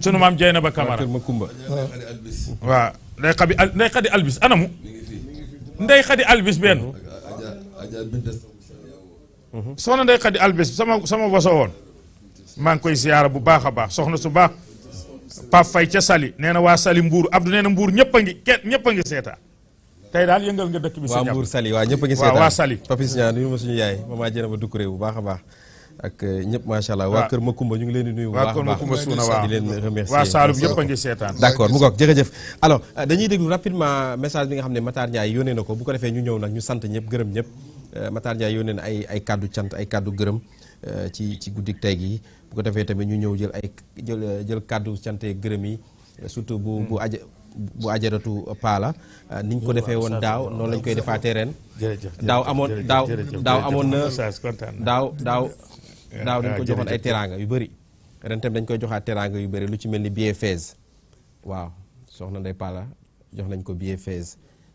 sunu maam jay na ba Kamara waaw nday xadi nday xadi albis anamu nday xadi albis benn soxna Ndeye kadi Albes sama sama waso woon maa ngi koy ziyaara bu baax a baax soxna su baax Pape Faye ca Sali nee na waa Sali Mbour Abdou nyepengi seta Mbour ñëpp a ngi kenn ñëpp a nga dëkk bi. si Mbour Sali waa ñëpp a ngi seetaan waa Sali. Papis Niane nuyu ma suñu yaay maman Dieng ba Doucouré bu baax baax. ak euh, ñëpp macha allah waa kër Makumba ñu ngi leen di nuyu. waa Makumba di leen remercier alors euh, dañuy déglu rapidement message bi nga xam Matar Ndiaye yónnee na ko bu ko defee ñu ñëw nag ñu Euh, Matar Ndiaye yónnee na ay ay kàddu cant ay kàddu gërëm euh, ci ci guddik tey gi bu ko defee tamit ñu ñëw jël ay jël euh, jël kàddu cante gërëm yi surtout bu bu hmm. aja bu ajaratu paala ni ko defee woon daaw noonu lañ koy defaatee ren daaw amoon daaw daaw amoon na daaw daaw daaw dañ ko joxoon ay teraanga yu bari ren tamit dañ koy joxaat teraanga yu bëri lu ci mel ni billet Fès waaw soxna Ndeye Paala jox nañ ko billet Fès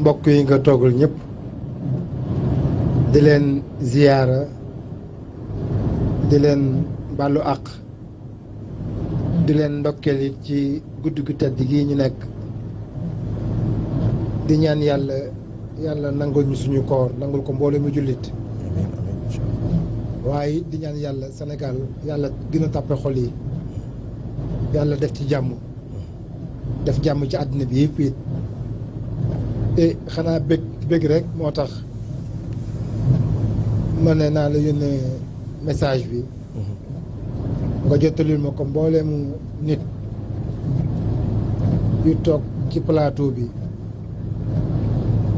mbokk yi nga toogal ñëpp di leen ziyaara di leen bàllu àq di leen ndokkeel ci guddi gu tedd gii ñu nekk di ñaan yàlla yàlla nangul ñu suñu koor nangul ko mboole mu jullit waaye di ñaan yàlla Sénégal yàlla dina a tàppe xol yi yàlla def ci jàmm def jàmm ci àddina bi yëpp it et eh, xanaa bëgg bëgg rek moo tax ma ne naa la yónnee message bi mm-hmm. nga jottalil ma ko mbooleemu nit yu toog ci plateau bi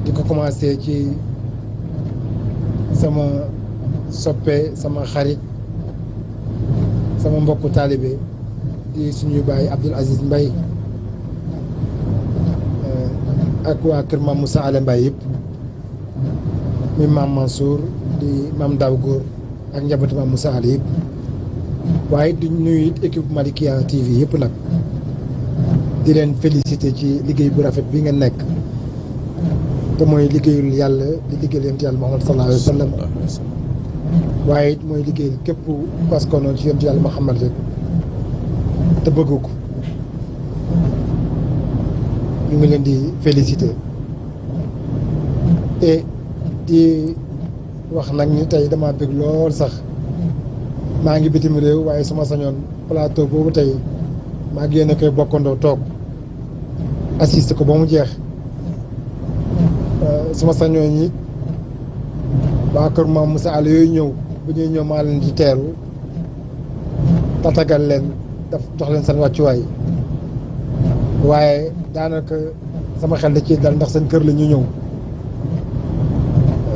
di ko commencé ci sama soppe sama xarit sama mbokku taalibe di suñuy bàyyi Abdoul Aziz Mbaye ak waa kër maam Moussa Allé Mbaye yëpp mi maam Mansour di maam Daw Góor ak njabootu maam Moussa Allé yëpp waaye di nuyu it équipe Malikia TV yëpp nag di leen félicité ci liggéey bu rafet bi nga nekk te mooy liggéeyul yàlla di liggéeyal yonent yàlla Muhammad sallallahu alayhi wa sallam waaye it mooy liggéeyal képp paskono ci yonent yàlla Muhammad rek te bëggu ko ñu ngi leen di féliciter et eh, di wax nak ñu tay dama bëgg lool sax maa ngi bitim réew waaye sama sañoon plateau boobu tey maa ngi yéen a koy bokkandoo toog assiste ko ba mu jeex eh, sama sañoon yi waa kër maam Moussa Alla yooyu ñëw bu ñuy ñëw maa leen di teeru tatagal leen daf jox leen seen wàccuwaay waaye daanaka sama xel da ciy dal ndax seen kër la ñu ñëw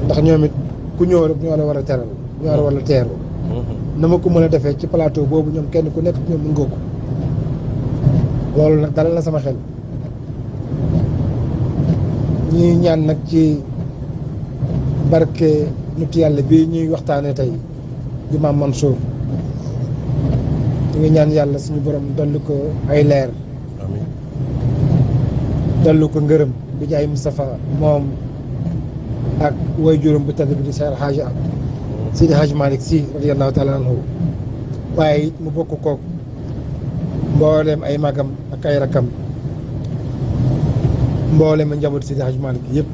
ndax ñoom it ku ñëw rek ñoo la war a teral ñoo la war a teeru mm-hmm. na ma ko mën a defee ci palaato boobu ñoom kenn ku nekk ñoom mën nga loolu nag dalal sama xel ñuy ñaan nag ci barke yàlla bii ñuy waxtaanee tey di Maam Mansour ñu ngi ñaan yàlla suñu borom dolli ko ay leer dallu ko ngërëm bi jaay Moustapha moom ak way juróom bu tedd bi di Seex Alxaaji ak Seydi Haaji Malick Sy radiyallahu mu bokk koog mboolem ay magam ak ay rakam mboolem njaboot Seydi Haaji Malick yëpp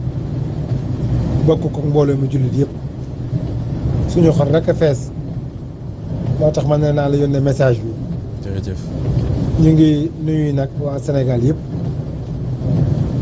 bokk koog mboolem mu jullit yëpp suñu xol rek fees moo tax man ne naa la yónnee message bi. ñu ngi nuyu nag waa Sénégal yëpp.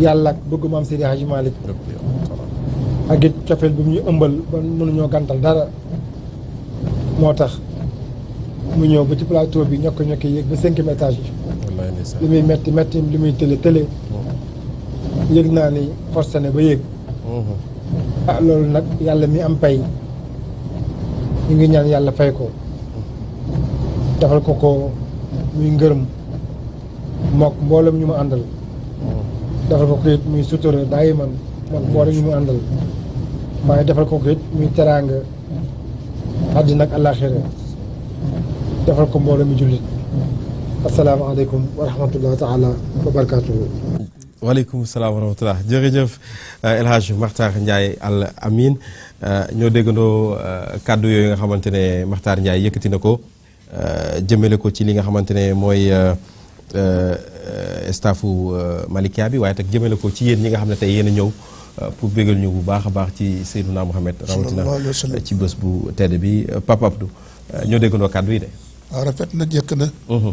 yàlla ak bëgg maam Seydi Hadji Malick ak it cofeel bi mu ëmbal ba mënuñoo gàntal dara moo tax mu ñëw ba ci plateau bi ñokk ñokk yéeg ba cinquième étage li muy metti metti li muy tële tële yëg naa ni forcé ba yéeg mhm. ah loolu nag yàlla mi am pay mu ngi ñaan yàlla fay ko defal ko ko muy ngërëm mook mboolem ñu ma àndal defal ko ko it muy sutura bàyyi man man boole ñu mu àndal defal ko ko it muy teraanga àddina ak àllaaxira defal ko mbooloo mi jullit asalaamaaleykum wa rahmatulah taala wa barakaatuhu. waaleykum salaam wa rahmatulah jërëjëf eh, El Hadj Makhtar Ndiaye Amin eh, ñoo déggandoo eh, kàddu yooyu nga xamante ne Makhtar Ndiaye yëkkati na ko jëmale ko ci li nga xamante ne mooy. Euh, staffu euh, Malikia bi waaye tak jëmale ko ci yéen ñi nga xam ne tey yéen a ñëw euh, pour bégal ñu bu baax a baax ci Seydina Mohamed rawatina ci bés bu tedd bi Papa Abdou ñoo déggandoo kàddu yi de waaw ah, rafet na jëkk na mhm.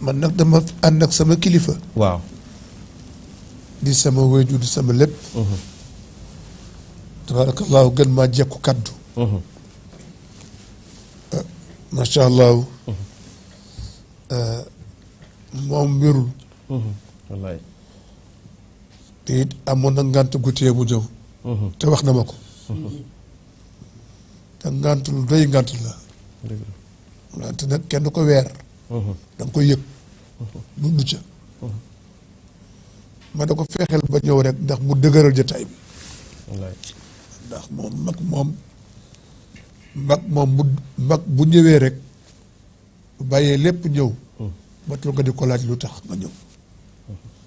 man nag dama ànd ak sama kilifa waaw di sama wéju sama lépp mhm. tabaarakallaahu gën maa jekku kaddu macha mhm. allah moom wérul mhm. wallaay te it amoon na ngànt gu mu ñëw mhm. te wax na ma ko mhm. te ngànt lu doy ngànt la ngànt nag kenn du ko weer da nga koy yëg lu ca ma da ko fexeel ba ñëw rek ndax mu dëgëral jotaay bi ndax moom mag moom mag moom mu mag bu ñëwee rek bàyyee lépp ñëw batul nga di ko laaj lu tax nga ñëw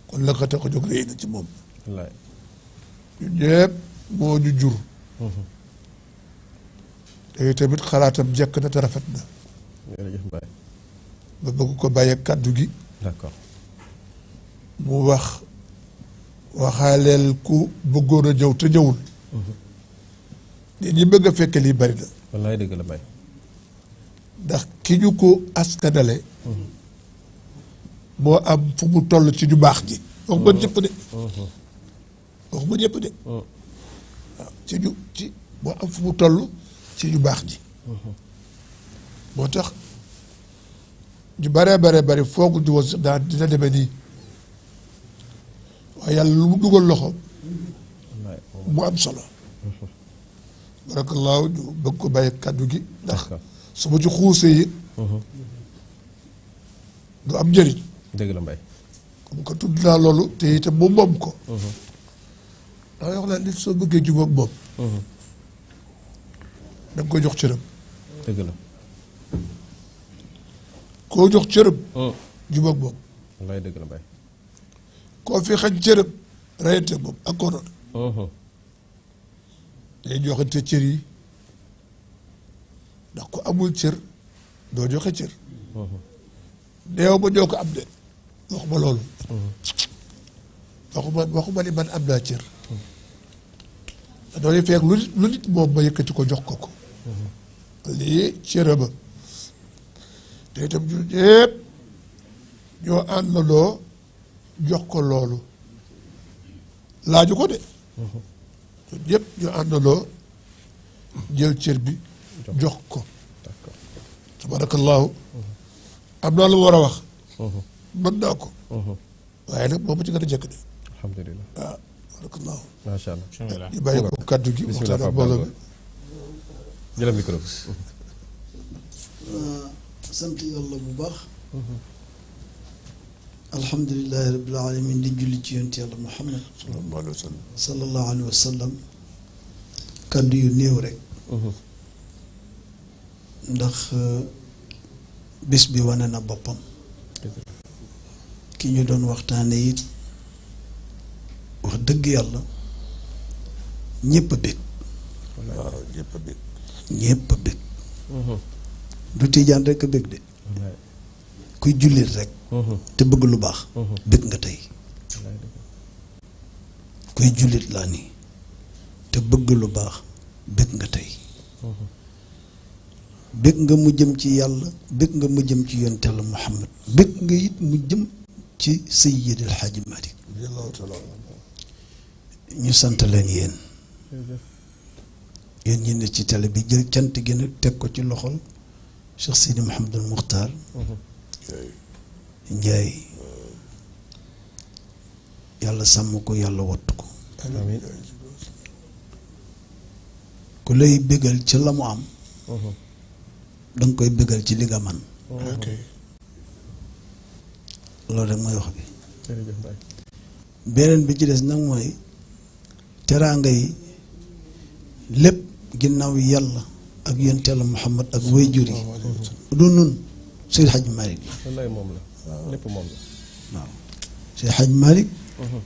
kon la ko tax jog jóg réy na ci moom ñu ñëpp moo ñu jur mhm. te tamit xalaatam jekk na te rafet na nga bëgg ko bàyyee kàddu gi d'accord mu wax waxaaleel ku bëggoon a ñëw te ñëwul mhm. nit ñi bëgg a fekke lii bari na wallaay dëgg la bay ndax ki ñu ko askanale moo am fu mu toll ci ñu baax ji wax ba ñëpp de mm-hmm. wax ba ñëpp de mm-hmm. ci ñu ci moo am fu mu toll ci ñu baax ji mm-hmm. moo tax ñu baree baree bari foogu di woon daan dina demee nii waaye yàlla lu mu dugal loxo mu am solo barakallaahu bëgg ko bàyyi kàddu gi ndax su ma ci xuusee yi du am njëriñ dëgg la mbay. comme que tudd naa loolu te itam mu moom ko. ndax mhm. wax naa nit soo bëggee jubóog moom. Mhm. da nga koy jox cërëm. koo jox cërëm. Mhm. jubóog moom. koo fi xañ cërëm. rayante moom ak kóoroon. day joxante cër yi ndax ku amul cër doo joxe cër. néew ma ñoo ko am de. waxuma loolu. waxuma waxuma ni am naa cër. doon feeg lu nit lu nit moom ma yëkkati ko jox ko ko. lii cëram a. te itam ñun ñëpp ñoo àndandoo jox ko loolu. laaju ko de. ñëpp ñoo àndandoo jël cër bi jox ko. tabarakallahu am na lu war a wax. Mhm. mën naa ko. Mhm. waaye nag moom ci gën a jëkk de. alhamdulilah waaw ah, barakallah. macha allah bisimilah ñu bàyyi ko kaddu gi. bisimilah Pape Balogue jëlal micro bi. Ah, sant yàlla bu baax. Mhm. alhamdulilah rabbil alamin di julli ci yonent yàlla Muhammad. sallallahu alayhi wa sallam. kaddu yu néew rek. Mhm. Ah, bi wane na boppam. ki ñu doon waxtaane yi wax dëgg yalla ñepp bit bég bit ñépp a bég ñépp mhm. rek de kuy jullit rek mhm. te bëgg lu baax mhm. bég nga tay kuy jullit la ni te bëgg lu baax bég nga tey bég nga mu jëm ci yalla nga mu jëm ci Muhammad bég nga yit mu jëm ci Seyyid El Hadj ñu sant leen yéen yéen ñi ci télé bi jël cant gi nag teg ko ci loxol Cheikh Sidi Mouhamadul Mukhtar Njaay yàlla sàmm ko yàlla wattu ko ku lay bégal ci la mu am danga koy bëggal ci li nga man loolu rek mooy wax bi beneen bi ci des nag mooy teraanga yi lépp ginnaaw yàlla ak yonteelu Muhammad ak wayjur yi du nun Seydi Hadj Malick la moom la lépp moom la waaw Seydi Hadj Malick mhm.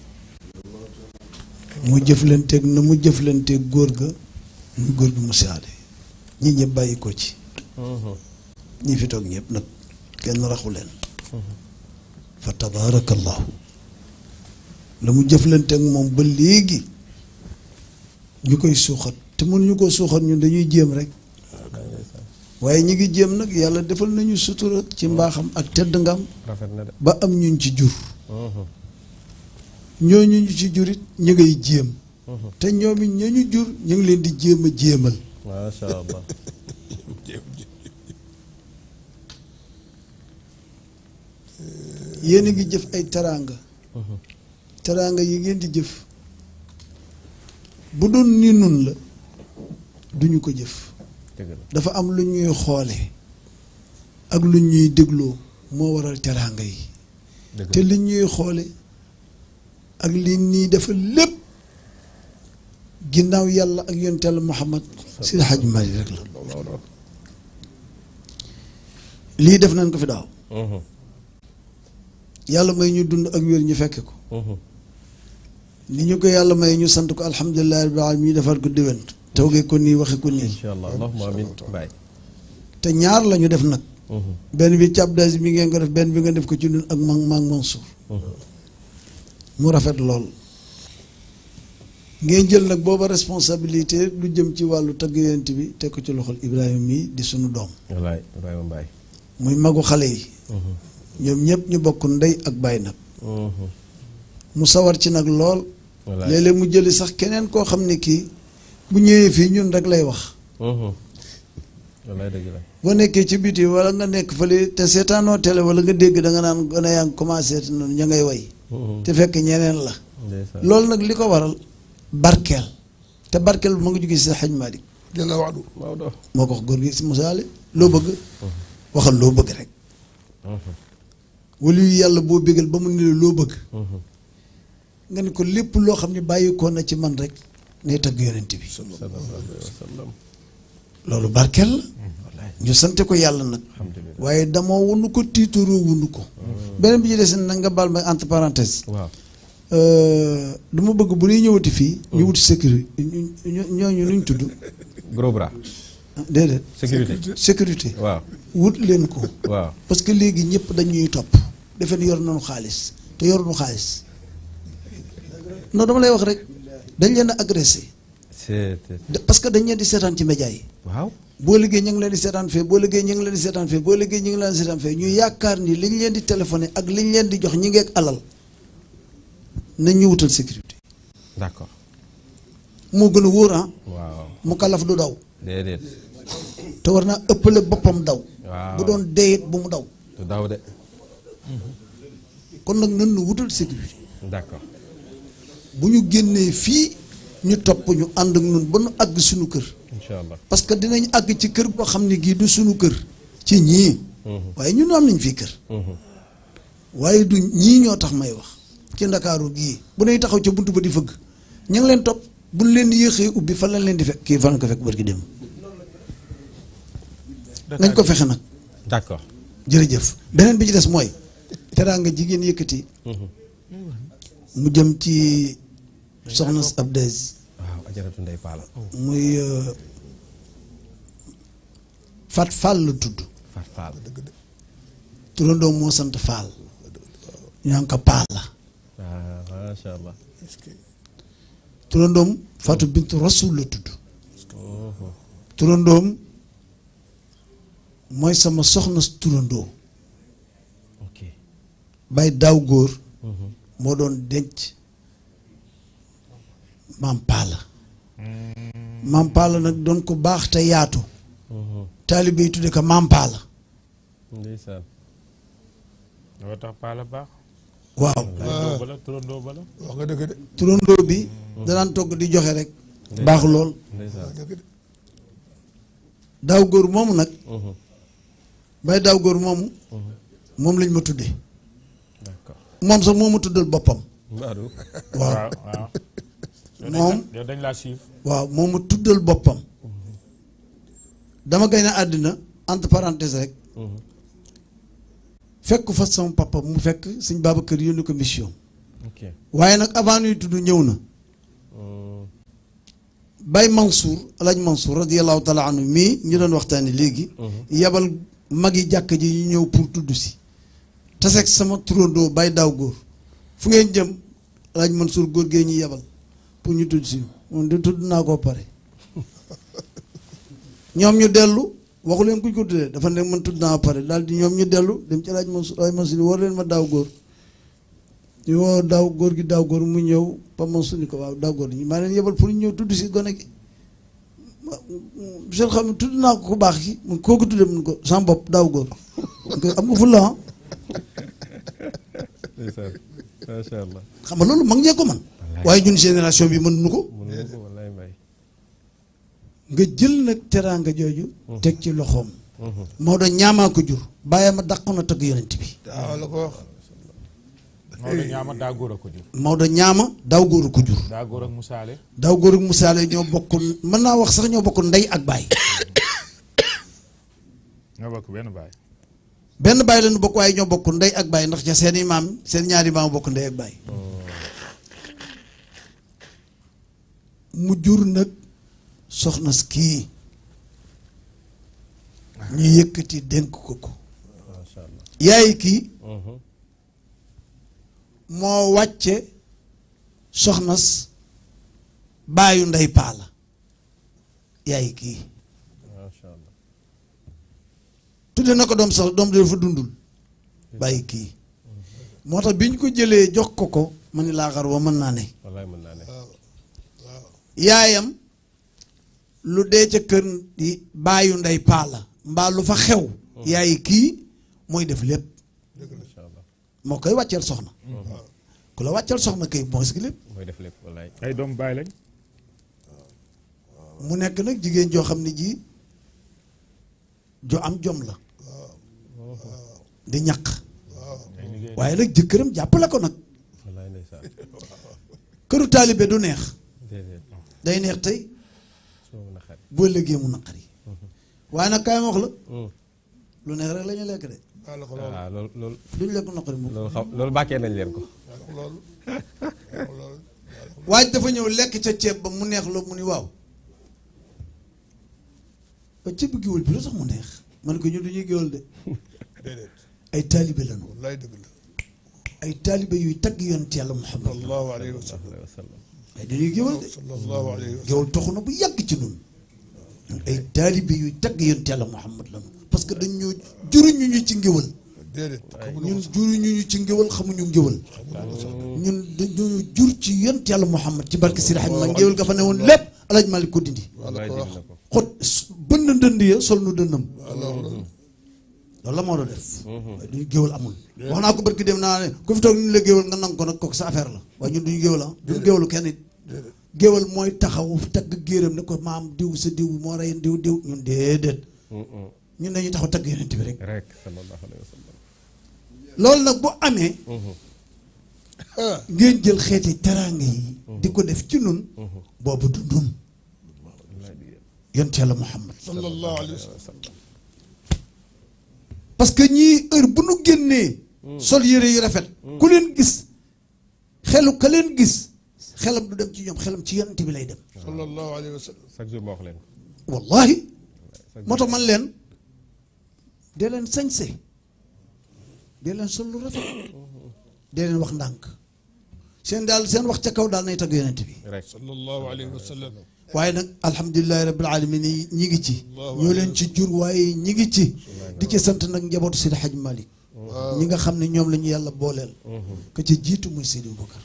mu jëflanteeg na mu jëflanteeg góor ga muy góor gi mu saale ñi ñëpp bàyyi ko ci mhm. ñi fi toog ñëpp nag kenn raxu fa tabaarakallahu la mu moom ba léegi ñu koy suuxat te mënuñu ko suuxat ñun dañuy jéem rek waaye ñi ngi jéem nag yàlla defal nañu sutura ci mbaaxam ak tedd ngam ba am ñun ci jur ñooñu ñu ci jurit ñu ngay jéem te ñoom it ñañu jur ñu ngi leen di jéem a jéemal <laughs> yéen a ngi jëf ay teraanga mhm. teraanga yi ngeen di jëf bu doon ni nun la duñu ko jëf dafa am lu ñuy xoole ak lu ñuy dégloo moo waral teraanga yi te li ñuy xoole ak lii nii dafa lépp ginnaaw yàlla ak yonteelu Muhammad si Hajj Mali rek la lii def nañ ko fi daaw mhm. yàlla may ñu dund ak wér ñu fekk ko mhm. li ñu ko yàlla may ñu sant ko alhamdulilah rabbil alamin ñu defaat ko déwén tawgee ko nii waxe ko nii te ñaar lañu def nag mhm. benn bi cab dasi bi ngeen ko def benn bi nga def ko ci nun ak ma maag Mansour mhm. mu rafet lool ngeen jël nag booba responsabilité lu jëm ci wàllu tagg yonent bi teg ko ci loxol ibrahim mii di sunu doom muy magu xale yi ñoom ñëpp ñu bokk ndey ak baay nag mu sawar ci nag lool léeg-léeg mu jëli sax keneen koo xam ne kii bu ñëwee fii ñun rek lay wax boo nekkee ci biti wala nga nekk fële te seetaanoo télé wala nga dégg da nga naan gone yaa ngi commencé ña ngay way te fekk la loolu nag li ko waral te barkeel bu ma nga jógee si xaj Malick jalla waadu moo ko wax góor gi si musaale loo bëgg waxal loo bëgg rek wala yu yàlla boo bégal ba mu ne la loo bëgg. Mhm. nga ne ko lépp loo xam ne bàyyikoo na ci man rek nay tagg yonent bi. loolu barkeel la. Mhm, ñu sante ko yàlla nag. waaye damoo wunu ko tiituroo wunu ko. Mhm. beneen bi ci des nag nga baal ma entre parenthèse. waaw euh, dama bëgg bu ñuy ñëwati fii. ñu wut sécurité ñooñu ñu tudd. gros bras. Ah, déedéet sécurité sécurité. wut leen ko. waaw parce que léegi ñëpp dañuy topp. defe ni yor nañu xaalis te yoruñu xaalis non dama lay wax rek dañ leen a agressé. parce que dañ leen di seetaan ci média yi. waaw boo liggéey ñu ngi leen di seetaan fee boo liggéey ñu ngi leen di seetaan fee boo liggéey ñu ngi leen di seetaan fee ñu yaakaar leen di téléphoné ak li liñ leen di jox ñi ngeeg alal nañ ñu wutal sécurité. d'accord. moo gën a wóor ah. waaw mu kalaf du daw. te war naa ëppale boppam daw. bu doon deeyit bu mu daw. du kon nak nañu wutul wutal sécurité d'accord buñu génné fi ñu top ñu and ak ñun ba ñu ag suñu kër inshallah parce que dinañ ag ci kër ko xamni gi du suñu kër ci ñi mhm. waye ñun am nañ fi kër mhm. waye du ñi ño tax may wax ci dakaru gi bu ne taxaw ci buntu ba di fëgg ñang leen top bu leen yexé ubbi fa lañ leen di fek ki fan ko fek barki dem nañ ko fexé nak d'accord jërëjëf benen bi ci dess moy teraanga jigéen yëkkati mu dem ci soxna Abdez wa ajaratu ndey paala muy euh, Fat fal la tudd Fat deug turandoo moo sant Fall ñoo ngi ko ah, ma sha Allah turandoom Fatou Bintu Rasul la tudd turandoom moy sama soxna turandoo bay daaw góor mhm. moo doon denc maam paala mm. maam paala nag doon ko baax te yaatu mhm. taalibe yi tudde ko maam paala ndeysaan loo tax paala bi mm. danaan togg di joxe rek baax lool daaw góor moomu nag mhm. bay daaw góor moomu moom lañ ma tudde mom sax momu ma tuddal boppam. waaw mom dañ la siif waaw momu tuddal dama gane adina, entre parenthèses rek. Mhm. fekk fa papa mu fekk sëñ Babacar yónni ko mission. waaye nak avant ñuy tudd ñëw na. Mhm. bay Mansour Alaaji Mansour radiyallahu taala anhu mi ñu doon waxtani léegi. Mhm. yabal magi jàkk ji ñu ñëw pour tudd si. taseeg sama turandoo bay daaw góor fu ngeen jëm laaj man suur góor gee ñu yebal pour ñu tudd si moom di tudd naa koo pare ñoom ñu dellu waxu leen kuñ ko tuddee dafa ne mën tudd naa pare daal di ñoom ñu dellu dem ci laaj Mansour laaj Mansour war leen ma daaw góor ñu daaw góor gi daaw mu ñëw ba Mansour ni ko waaw daaw góor ñi maa leen pour ñu ñëw tudd si gone naa ko ku baax ki mun kooku tuddee mun ko sans bopp daaw góor <laughs> am nga fulla ah. macha xam nga loolu mag ñee ko man waaye ñun génération bi mën nu ko. nga jël nag teraanga jooju. Mhm. teg ci loxoom. Mhm. Maodo ñaamaa ko jur. bàyyi ma dàq na tëgg yonent bi. waaw la ko wax. ñaama ko Maodo ñaama daaw góor a ko jur. daa góor ak musaale. daaw góor ak musaale ñoo bokk mën naa wax sax ñoo bokk ndey ak baay. benn baay. benn baay lañu bokk waaye ñoo bokk ndey ak baay ndax ca seen maam seen ñaari maam bokk ndey ak baay mu jur nag soxnas kii ñu yëkkati dénk ko ko yaay kii moo wàcce soxnas baayu ndey paala yaay kii tudde na ko doom sax doom dafa dundul bàyyi kii moo tax bi ñu ko jëlee jox ko ko ma ni laaxar wa mën naa ne yaayam lu dee ca kër baayu ndey paa la mbaa lu fa xew yaayi kii mooy def lépp moo koy wàcceel soxna ku la wàcceel soxna kay moo si lépp def lépp wallaay doom baay lañ mu nekk nag jigéen joo xam ne ji ju am jom la di ñaq waaye nag jëkkëram jàppale ko nag këru taalibe du neex day neex tey boo lëggee mu naqari mhm. waaye nag kaay ma la mm. lu neex rek la ñu lekk de ah, lekk naqari loolu bàkkee nañ leen ko waaye dafa ñëw lekk ca ceeb ba mu neex la mu ni waaw ceeb bu géwél bi lu tax mu neex man ko ñu duñuy géwél de ay taalibe lañu. wallaay dëgg la. ay taalibe yuy tagg yonent yàlla Muhammad. sallallahu alayhi wa sallam. ay dañuy géwal de. wa sallam na bu yàgg ci ñun. ay taalibe tagg yonent yàlla Muhammad lañu. parce que dañ ñu juruñu ñu ci ngéwal. déedéet ñun juruñu ñu ci ngéwal xamuñu ngéwal. ñun dañu jur ci yonent yàlla Muhammad ci barke Sidi Xadim ma ngéwal ga fa ne woon lépp El Hadj Malick ko dindi. xot bënn dënd ya sol nu dëndam. loolu la moo doon def. Mhm. du ñu amul. wax naa ko barki dem naa ne ku fi toog ñu la géwal nga nangu ko nag kooku sa affaire la waaye ñun du ñu géwal ah. du ñu géwalu kenn it. mooy taxaw tagg géeram ne ko maam diw sa diw moo rey diw diw ñun déedéet. ñun dañuy taxaw tagg yonent bi rek. rek sallallahu alayhi loolu nag bu amee. Mm-hmm. ngeen jël xeeti teraanga yi. Mm-hmm. di ko def ci nun mm-hmm. boobu dundum. yonent yàlla Muhammad. sallallahu alayhi parce que ñii heure bu nu génnee. Hmm. sol yére yu rafet. Hmm. ku leen gis xelu ka leen gis xelam du dem ci ñoom xelam ci yonent bi lay dem. Ah. sallallahu alayhi wa sallam. chaque jour ma wax leen. wallaahi. moo tax man leen. dee leen sañse. dee leen sol lu rafet. Hmm. dee leen wax ndànk. seen daal seen wax ca kaw daal nay tagg yonent bi. sallallahu alayhi wa sallam. waaye nag alhamdulilah rabbil alamin ñi ngi ci. ñoo leen ci jur waaye ñi ngi ci. di ci sant nag njabootu Seydi Hadj Malick ñi nga xam ne ñoom la ñu yàlla booleel que mhm. ci jiitu muy Seydi Boubacar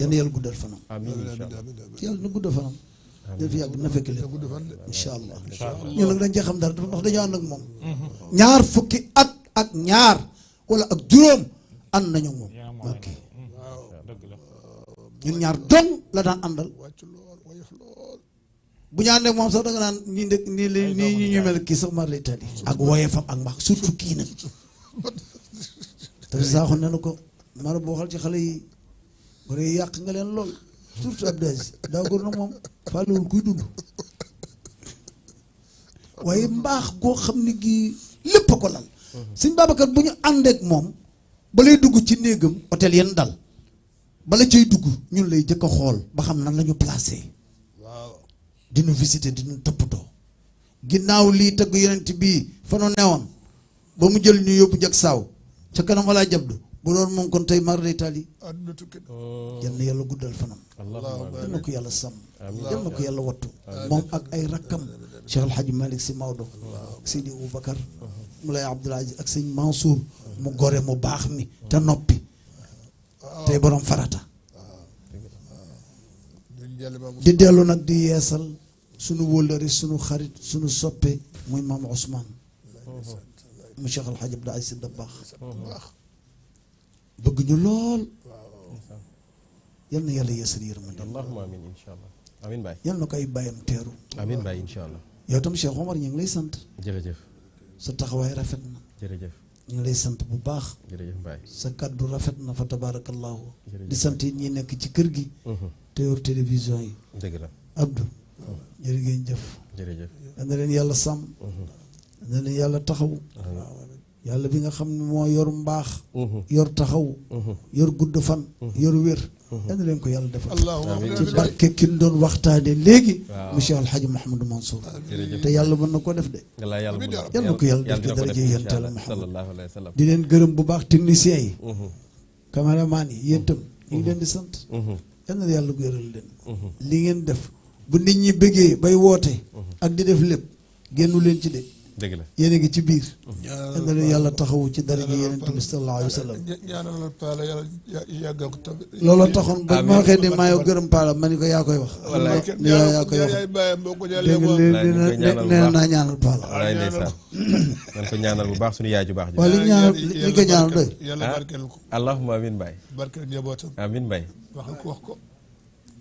dana yàlla guddal fanam yàlla na guddal fanam dana fi yàgg na fekk leen incha allah ñun nag dañ cee xam dara ndax dañoo ànd ak moom mhm. ñaar fukki at ak ñaar wala ak juróom ànd nañu moom ok mhm. ñun ñaar dong la daan àndal bu ñu àndee moom sax danga naan nii nii ñu ñu mel kii sax mar lay tali. ak woyefam ak mbaax surtout kii nag. te saako ne na ko mar boo xal ci xale yi bare yàq nga leen lool surtout Abdou Aziz daa na moom fàllewul kuy dund. waaye mbaax goo xam ne gii lépp ko lal. sëñ Babacar bu ñu àndeek moom balay dugg ci néegam hôtel yenn dal bala cay dugg ñun lay jëkk a xool ba xam nan la ñu placé. di nu visité di nu toppatoo ginnaaw li tëgg yonent bi fa no newon ba mu jël ñu yobu jag saw ci kanam wala jabdu bu doon mon kon tay mar day tali oh. yal na yàlla guddal fanam yal na ko yàlla sàmm yal ko wattu mom ak ay rakam Cheikh El Hadj Malick si Maodo ak Seydi abdul uh-huh. Moulay Aziz ak seigne Mansour mu gore mu bax mi te uh-huh. nopi ah. tay borom farata ah. di delu nak di yeesal sunu wóllëre suñu xarit suñu soppee muy maam Ousmane mu Cheikh Al Hadj baax Aziz Dabakh bëgg ñu lool yal na yàlla yeesal yërmande allahumma amiin incha allah amiin baay yal na koy ay bàyyam teeru amiin baay allah yow tam Cheikh Omar ñu ngi lay sant jërëjëf sa taxawaay rafet na jërëjëf ñu ngi lay sant bu baax sa kàddu rafet na fa tabaarakallaahu di sant yi ñi nekk ci kër gi te yor télévision yi dëgg la jërë ngeen jëf. jërëjëf na leen yàlla sàmm. na leen yàlla taxaw. yàlla bi nga xam ne moo yor mbaax. yor taxaw. yor gudd fan. yor wér. yal na leen ko yàlla defal. ci barke ki doon waxtaanee léegi. waaw monsieur El Hadj Mouhamadou ko de. yàlla na ko yàlla def de dara jëyantal di leen gërëm bu baax techniciens yi. caméraman yi yéen itam. leen di sant. yal na yàlla gërëm leen. li ngeen def. bu nit ñi bëggee bay woote. ak di def lépp génnu leen ci de. dëgg la yéen a ngi ci biir. ñaanal na leen yàlla taxawu ci daraja yonent bi sallallahu alayhi wa sallam. ñaanal Paala yàlla yàggal ko tam. looloo taxoon ma waxee ne maa gërëm Paala ma ni ko yaa koy wax. wallaay kenn yaa koy wax dégg nga nee naa ñaanal Paala. wallaay ndeysaan ko ñaanal bu baax suñu yaay ju baax ji. waaw li ñaanal li ko ñaanal doy. yàlla ah, barkeel ko. allahumma amiin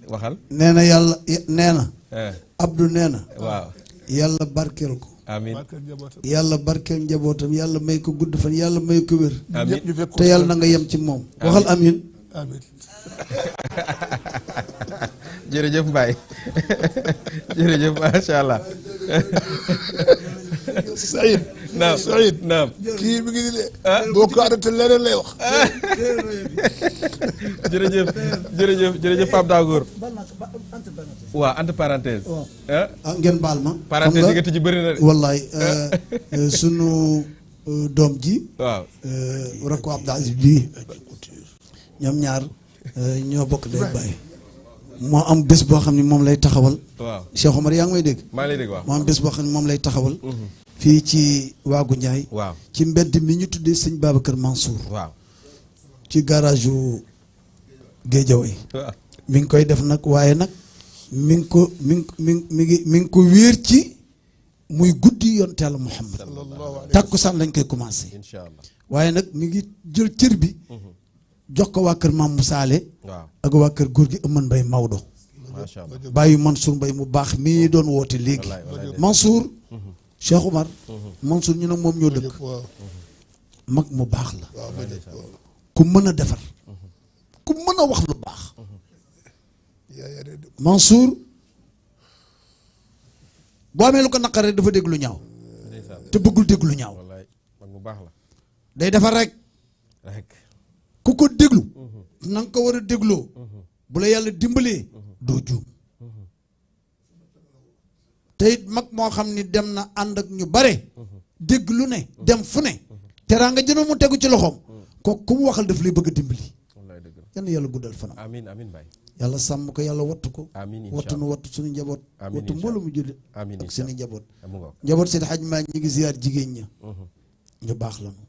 waxal nee na yàlla nee na eh. Abdou nee na waaw yàlla barkeel ko yàlla barkeel njabootam yàlla may ko gudd fan yàlla may ko wér te yàlla na nga yem ci moom waxal amiin amiin <laughs> jërëjëf Mbaye <laughs> jërëjëf macha allah <laughs> Saïd. naam Saïd naam. kii mi ngi nii de. Ah. boo ko arrêté leneen lay wax. Ah. jërëjëf jërëjëf jërëjëf Pape Dagour. waaw entre oh. ah. ngeen baal ma. parenthèse nga tijji bëri na de. wallaay euh, euh, sunu euh, doom ji. waaw. rakku bi ñoom ñaar ñoo bokk day bàyyi. moo am bés boo xam ne moom lay taxawal. waaw Cheikh Omar yaa ngi may dégg. maa lay dégg waaw moo am bés boo xam ne moom lay taxawal. Mhm. fii ci waagu Ndiaye. waaw ci mbedd mi ñu tuddee sëñ Babacar Mansour. waaw ci garage yu Guédiawaye. waaw mi ngi koy def nag waaye nag mi ngi ko mi ngi mi ngi mi ngi ko wéer ci muy guddi yonte Yàlla Muhammad. takkusaan lañ koy commencé. incha allah waaye nag mi ngi jël cër bi. Mhm. jox ko waa kër maam Musaale ak waa kër góor gi ëmman mbay Maodo bàyyi Mansour mbay mu baax mii doon woote léegi Mansour mhm. Cheikh Oumar mhm. Mansour ñu ne moom ñoo dëkk mhm. mag mu baax la ku mën a defar ku mën a wax lu baax Mansour boo amee lu ko naqaree dafa dégg lu ñaaw te buggul dégg lu ñaaw day defar rek ku ko déglu mhm. na nga ko war a dégloo mhm. bu la yàlla dimbalee mhm. doo juum te mag moo xam ni dem na ànd ak ñu bare dégg lu ne dem fu ne teraanga jëno mu tegu ci loxoom ko ku mu waxal daf lay bëgg a dimbali yal na yàlla guddal fanam amiin amiin yàlla sàmm ko yàlla wattu ko wattu nu wattu suñu njaboot wattu mboolu mu jullit ak suñu njaboot njaboot seen xaj maa ñi ngi ziyaar jigéen ña ñu baax la ñu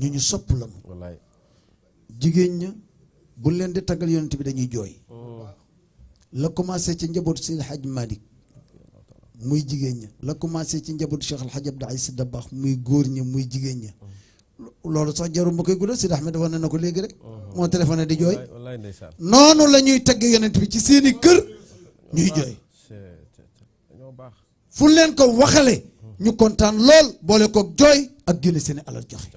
ñu ñu sopp la ñu jigéen ña bu leen di taggal yonent bi dañuy jooy oh. la commencé ci njabootu si Hadj Malick muy jigéen ña la commencé ci njabootu Cheikh Al Hadj Abdou Aziz Dabakh muy góor ña muy jigéen ña oh. loolu sax jarum ba koy guddal Seydi Ahmed wax na na ko léegi rek oh. moo téléphoné di jooy noonu la ñuy tagg yonent bi ci seeni kër ñuy jooy fu leen ko waxale ñu kontaan lool boole koog jooy ak génne seeni alal joxe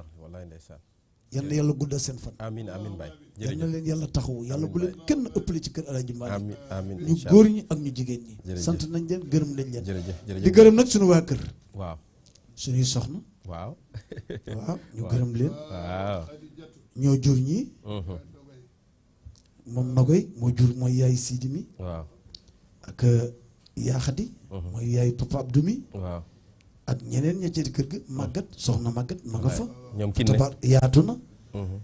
yal na yàlla guddal seen fan. amiin amiin Baye jërëjëf na leen yàlla taxawu yàlla bu leen kenn ëppale ci kër Alaaji Maalik. amiin amiin ñu góor ñi ak ñu jigéen ñi. sant nañ leen gërëm nañ leen. jërëjëf di gërëm nag suñu waa kër. waaw suñuy soxna. waaw. waaw ñu gërëm leen. ñoo jur ñi uh-huh. moom Nagoy moo jur mooy yaay Sidi mi. ak uh, Yaaxadi. Uh-huh. mooy yaay Papa Abdou mi. ak ñeneen ña ci kër ga màggat soxna màggat ma nga fa. ñoom ki ne tabaar yaatu na. Mhm.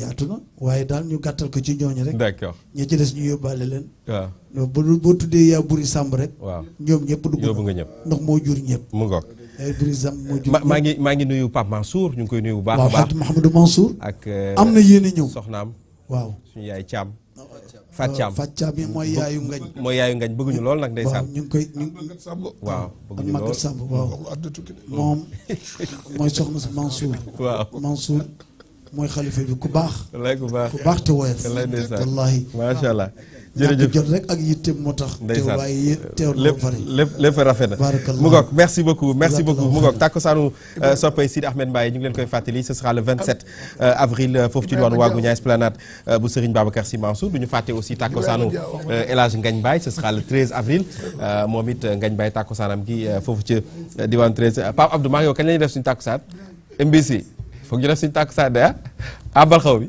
yaatu na waaye daal ñu gàttal ko ci ñooñu rek. d'accord ña ci des ñu yóbbaale leen. waaw ñoom boo tuddee yaa buri sàmb rek. waaw ñoom ñëpp dugg yóbbu nga ñëpp ndax moo jur ñëpp. mu ngoog yaa buri sàmb moo jur ñëpp maa ngi maa ngi nuyu Pape Mansour ñu ngi koy nuyu bu baax a baax. waaw Mahamadou Mansour. ak euh, am na yéen a ñëw soxnaam. waaw suñu yaay Thiam. Fathiam euh, Fathiam bi mooy yaayu ngañ mooy yaayu ngañ bëgguñu lool nag ndeysaan ñu ngi koy magat sàmb waaw bëgguñu lool magat sàmb waaw adda tukki moom mooy soxna si Mansour waaw Mansour mooy xalifa bi ku baax ku baax baax te woyof wallaahi macha allah jërëjëf jot rek ak yitteem moo tax. lépp lépp merci beaucoup merci beaucoup Mugok. ngoog tàkkusaanu euh, soppay Sidi Ahmed Mbaye ñu ngi leen koy fàttali ce sera le 27 euh, avril euh, fofu ci diwaan Waagu Ñaay Esplanade bu Serigne Babacar Sy Mansour du ñu aussi tàkkusaanu elage Ngagne Mbaye ce sera le 13 avril momit Ngagne Mbaye tàkkusaanam gi fofu ci diwan 13 pap Abdou maa yow kañ la def suñu tàkkusaan MBC foog ñu def suñu tàkkusaan de ah. abal xaw bi.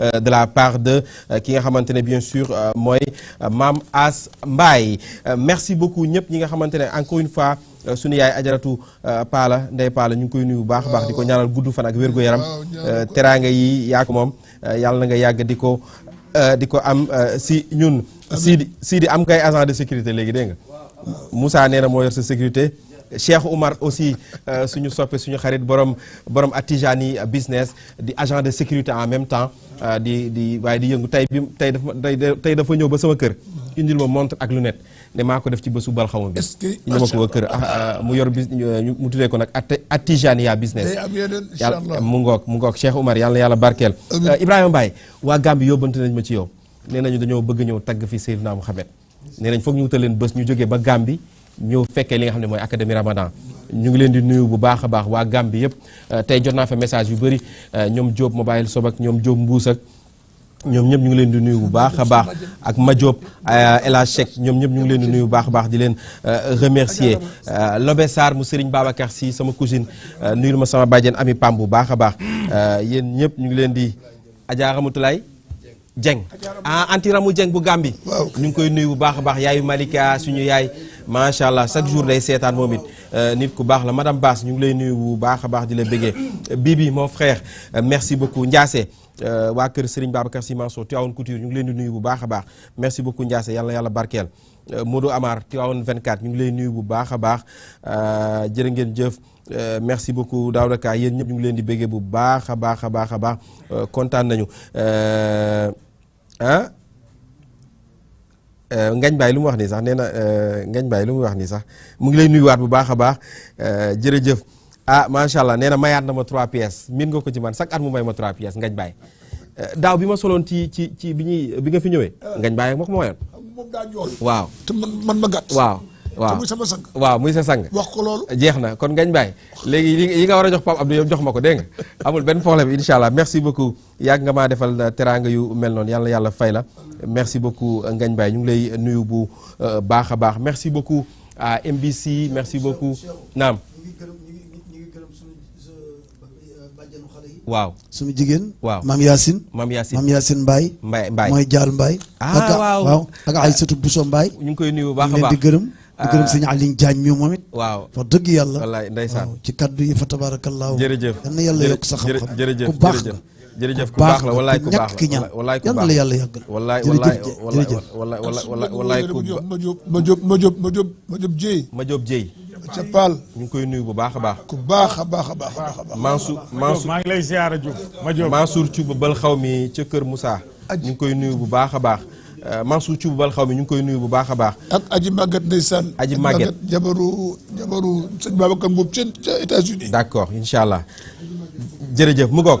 Euh, de la part de qui a été bien sûr euh, moi euh, mam As Mbaye merci beaucoup Nous ñi encore une fois ajaratu Paala nous, Paala ñu koy nuyu yaram si Sidi Sidi am kay agent de sécurité nous Moussa sécurité. Cheikh Omar aussi euh, suñu soppe suñu xarit borom borom Atijani business di agent de sécurité en même temps euh, di di way di yëngu tay bi tey dafa tey dafa ñëw ba sama kër indil ma montre ak lunette né mako def ci bésu bal xaw bi. est-ce que ñu mako wa kër ah, ah, mu yor mu tuddee ko nak Atijania business. yàlla mu ngok mu ngok Cheikh Omar yalla yalla barkel euh, Ibrahima Mbaye wa Gambie yóbbante nañ ma ci yow né nañu dañoo bëgg ñëw tag fi Seydina Mohamed né nañ fokk ñu wutal leen ñu joggé ba Gambie ñëw fekkee li nga xam ne mooy académie Ramadan ñu ngi leen di nuyu bu baax a baax waa Gambie yëpp euh, tey jot naa fa message yu bëri euh, ñoom Diop mobile sob ak ñoom jóob mbuus ñoom ñëpp ñu ngi leen di nuyu bu baax a baax ak Madiop euh, El Hadj ñoom ñëpp ñu ngi leen di nuyu baax a baax di leen remercier Lobe Sarr mu Serigne Babacar si sama cousine nuyul ma sama bàjjen Ami Pam bu baax a baax yéen ñëpp ñu ngi leen di Adja Ramatoulaye Dieng ah mu Dieng bu Gàmbi ñu ngi koy nuyu bu baax a baax yaayu Malika suñu yaay macha allah chaque jour day seetaan moom it euh, nit ku baax la madame baas ñu ngi lay nuyu bu baax a baax di la bëggee euh, Bibi mon frère euh, merci beaucoup Ndiassé waa kër Serigne Babacar Sy Mansour Tivaouane Couture ñu ngi leen di nuyu bu baax a baax merci beaucoup Ndiassé yàlla yàlla barkeel Modou Amar Tivaouane 24 ñu ngi lay nuyu bu baax a baax jërë ngeen jëf Euh, merci beaucoup Daouda Ka yéen ñëpp ñu ngi leen di béggee bu baax a baax a baax a baax euh, kontaan nañu ah Ngañ Baay lu mu wax nii sax nee na euh, Ngañ Baay lu mu wax nii sax mu ngi lay nuyuwaat bu baax a baax jërëjëf ah macha allah neena na mayaat na ma 3 pièces miin nga ko ci man chaque at mu may ma 3 pièces Ngañ Baay daaw bi ma soloon ci ci ci bi ñuy bi nga fi ñëwee. Ngañ Baay ak ma ko ma mayoon. waaw te man ma gàtt. waaw muy sama sang waaw muy sa sang wax ko loolu jeex na kon ngañ baay léegi yi nga war a jox Pape Abdou yow jox ma ko dégg nga <laughs> amul benn problème incha allah merci beaucoup yàgg nga maa defal euh, teraanga yu mel noonu yàlla yàlla fay la merci beaucoup euh, ngañ bàyyi ñu ngi lay euh, nuyu bu baax a baax merci beaucoup à MBC merci beaucoup naam waaw jigéen. waaw maam Yacine. maam Yacine maam Yacine Mbaye. Mbaye Mbaye mooy Jaal Mbaye. ah waaw ak ak Aïssatou Bousso ñu ngi koy nuyu baax a baax gërëm. di gërëm ah. sëñ Alioune Diagne mi moom it. waaw wax dëgg yàlla. wallaay ndeysaan ci kaddu yi fa tabaarakallaahu. jërëjëf yal na yàlla yokk sa xam-xam. jërëjëf ku baax nga. jërëjëf ku baax la wallaay ku baax la wallaay ku baax la yàlla yàggal. wallaay wallaay wallaay wallaay wallaay ku ma jóob ma jóob ma job ma job ma job jéy. ma jóob jéy. ca Paal. ñu ngi koy nuyu bu baax a baax. ku baax a baax a baax a baax. Mansour Mansour maa ngi lay ziara Diouf. ma jóob Mansour Thioub bal xaw mi ca Kër Moussa. ñu ngi koy nuyu bu baax a baax Euh, Mansour Thioub bal xaw mi ñu ngi koy nuyu bu baax a baax. ak aji Maguette ndeysaan. aji Maguette jabaru jabaru sëñ Babacar Mboup ca ca États-Unis. d' accord incha allah jërëjëf mu goog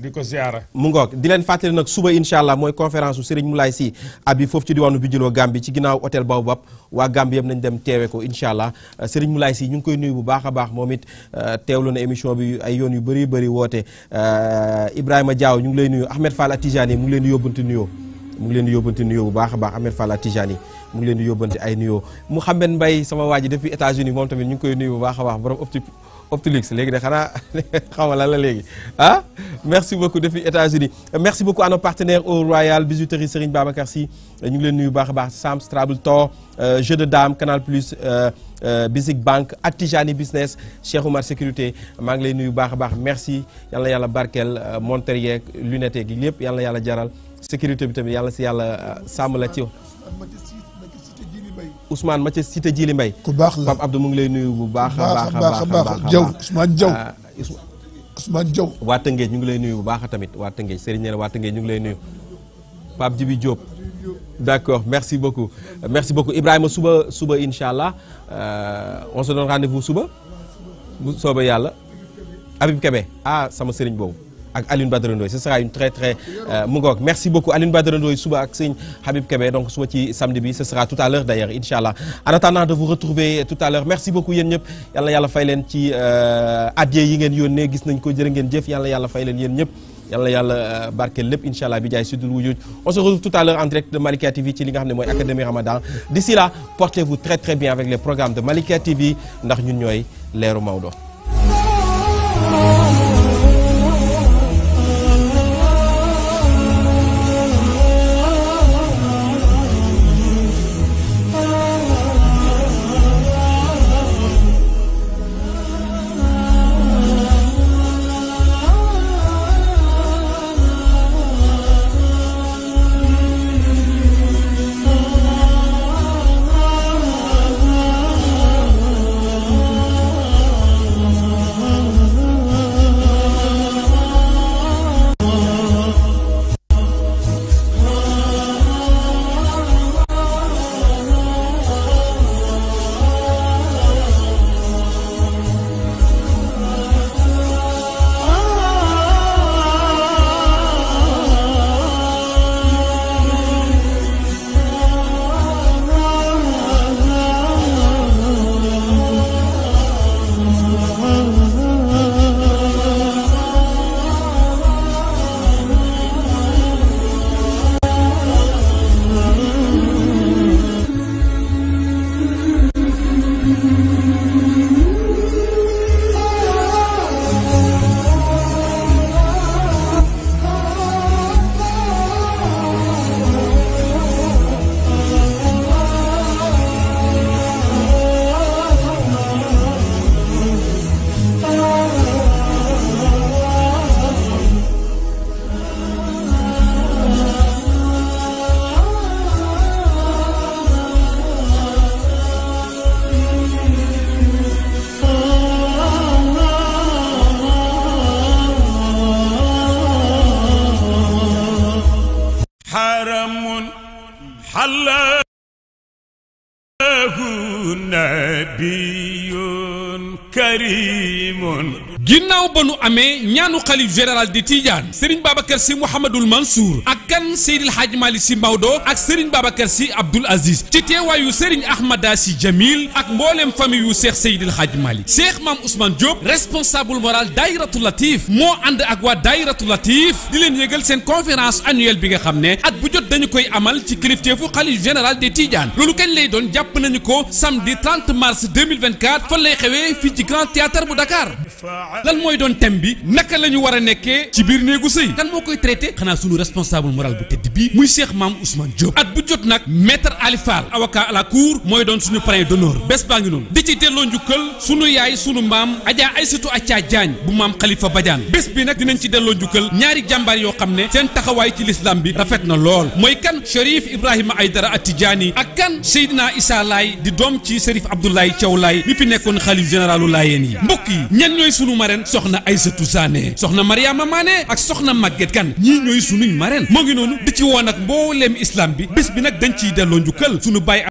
di ko ziara mu ngoog di leen fàttali nag suba incha allah mooy conférence su Serigne Moulay Sy abi foofu ci diwaanu Bijilo Gambie ci ginnaaw hôtel Baobab waa Gambie yëpp nañ dem teewe ko incha allah euh, Serigne Moulay Sy ñu ngi koy nuyu bu baax a baax moom it euh, teewlu na émission bi ay yoon yu bëri bëri woote euh, Ibrahima Diaw ñu ngi lay nuyu Ahmed Fall Atijani mu ngi leen di yóbbante nuyoo mu ngi leen bu baax a baax Ahmed Fall Atijani mu ngi leen di yóbbante ñu ngi koy nuyu bu baax Optilux léegi de xanaa <laughs> xaw la ah merci beaucoup depuis États-Unis merci beaucoup à nos partenaires au Royal bijouterie Serigne Babacar Sy ñu ngi leen nuyu baax a Sam's euh, jeu de dames Canal Plus euh, euh, Basic Bank Atijani Business Cheikh Omar Sécurité maa ngi nuyu baax a merci Yalla Yalla Barkel, lunette yeeg Yalla yal na jaral sécurité bi tamit Yalla si yàlla sàmm Ousmane ma ca cité mbay Mbaye ku baax la Pape Abdou mu ngi lay nuyu bu baax a baax a baax Jaw Ousmane Jaw ah, Ousmane ñu ngi lay nuyu bu baax a tamit waa Tëngéej Serigne Niel waa Tëngéej ñu ngi lay nuyu Pape Djibi Diop d'accord merci beaucoup merci beaucoup Ibrahima suba suba incha allah euh, on se donne rendez suba soobee yàlla Habib Kébé ah sama sëriñ boobu ak Aline Badara ce sera une très très euh, mu merci beaucoup Aline Badara Ndoye souba ak Habib Kébé donc suba ci samedi bi ce sera tout à l'heure d'ailleurs Inch'Allah en attendant de vous retrouver tout à l'heure merci beaucoup yéen Yalla yalla faylen yàlla fay leen ci euh, addiya yi ngeen yónnee gis nañ ko jërë ngeen jëf yalla na yàlla fay yalla yéen ñëpp euh, sudul on se retrouve tout à l'heure en direct de Malikia TV ci li nga xam ne académie Ramadan d'ici là portez-vous très très bien avec les programmes de Malikia TV ndax ñun ñooy leeru Mawdo xalif général di Tidiane Serigne Babacar Sy Mouhamadoul Mansour ak kan sëriñ Seydil Hadj Malick Sy Maodo ak sëriñ Babacar Sy Abdoul Aziz ci teewaayu sëriñ Ahmada Sy Jamil ak mbooleem famille yu Cheikh Seydil Hadj Malick Cheikh Mame Ousmane Diop responsable moral Dairatu Latif moo ànd ak waa Dairatu Latif di leen yëgal seen conférence annuelle bi nga xam ne at bu jot dañu koy amal ci kilifteefu xalif général des Tidianes loolu kañ lay doon jàpp nañu ko samedi 30 mars 2024 fan lay xewee fii ci Grand Théâtre bu Dakar lan mooy doon thème bi naka la ñu war a nekkee ci biir néegu sëy kan moo koy traité xanaa sunu responsable moral bu tedd bi muy Cheikh Mame Ousmane Diop at bu jot nag maître Ali Fall avocat à la cour mooy doon suñu parrain d'honneur bés baa ngi noonu di ci delloo njukkal sunu yaay sunu maam Adja Aysatu Acca Diagne bu maam Khalifa bajaan bés bi nag dinañ ci delloo njukkal ñaari jàmbaar yoo xam ne seen taxawaay ci lislam bi rafet na lool mooy kan Chérif Ibrahima ay Aydara Atijaani ak kan Seydina Issa Laay di doom ci Chérif Abdoulaye Thiaw Laay mi fi nekkoon xalif généralu Laayeen yi mbokk yi ñen ñooy sunu marraine soxna Aysatu Sané soxna Mariama Mané ak soxna di ci woon ak mbooleem islam bi bés bi nag dañ ciy delloo njukkal sunu baay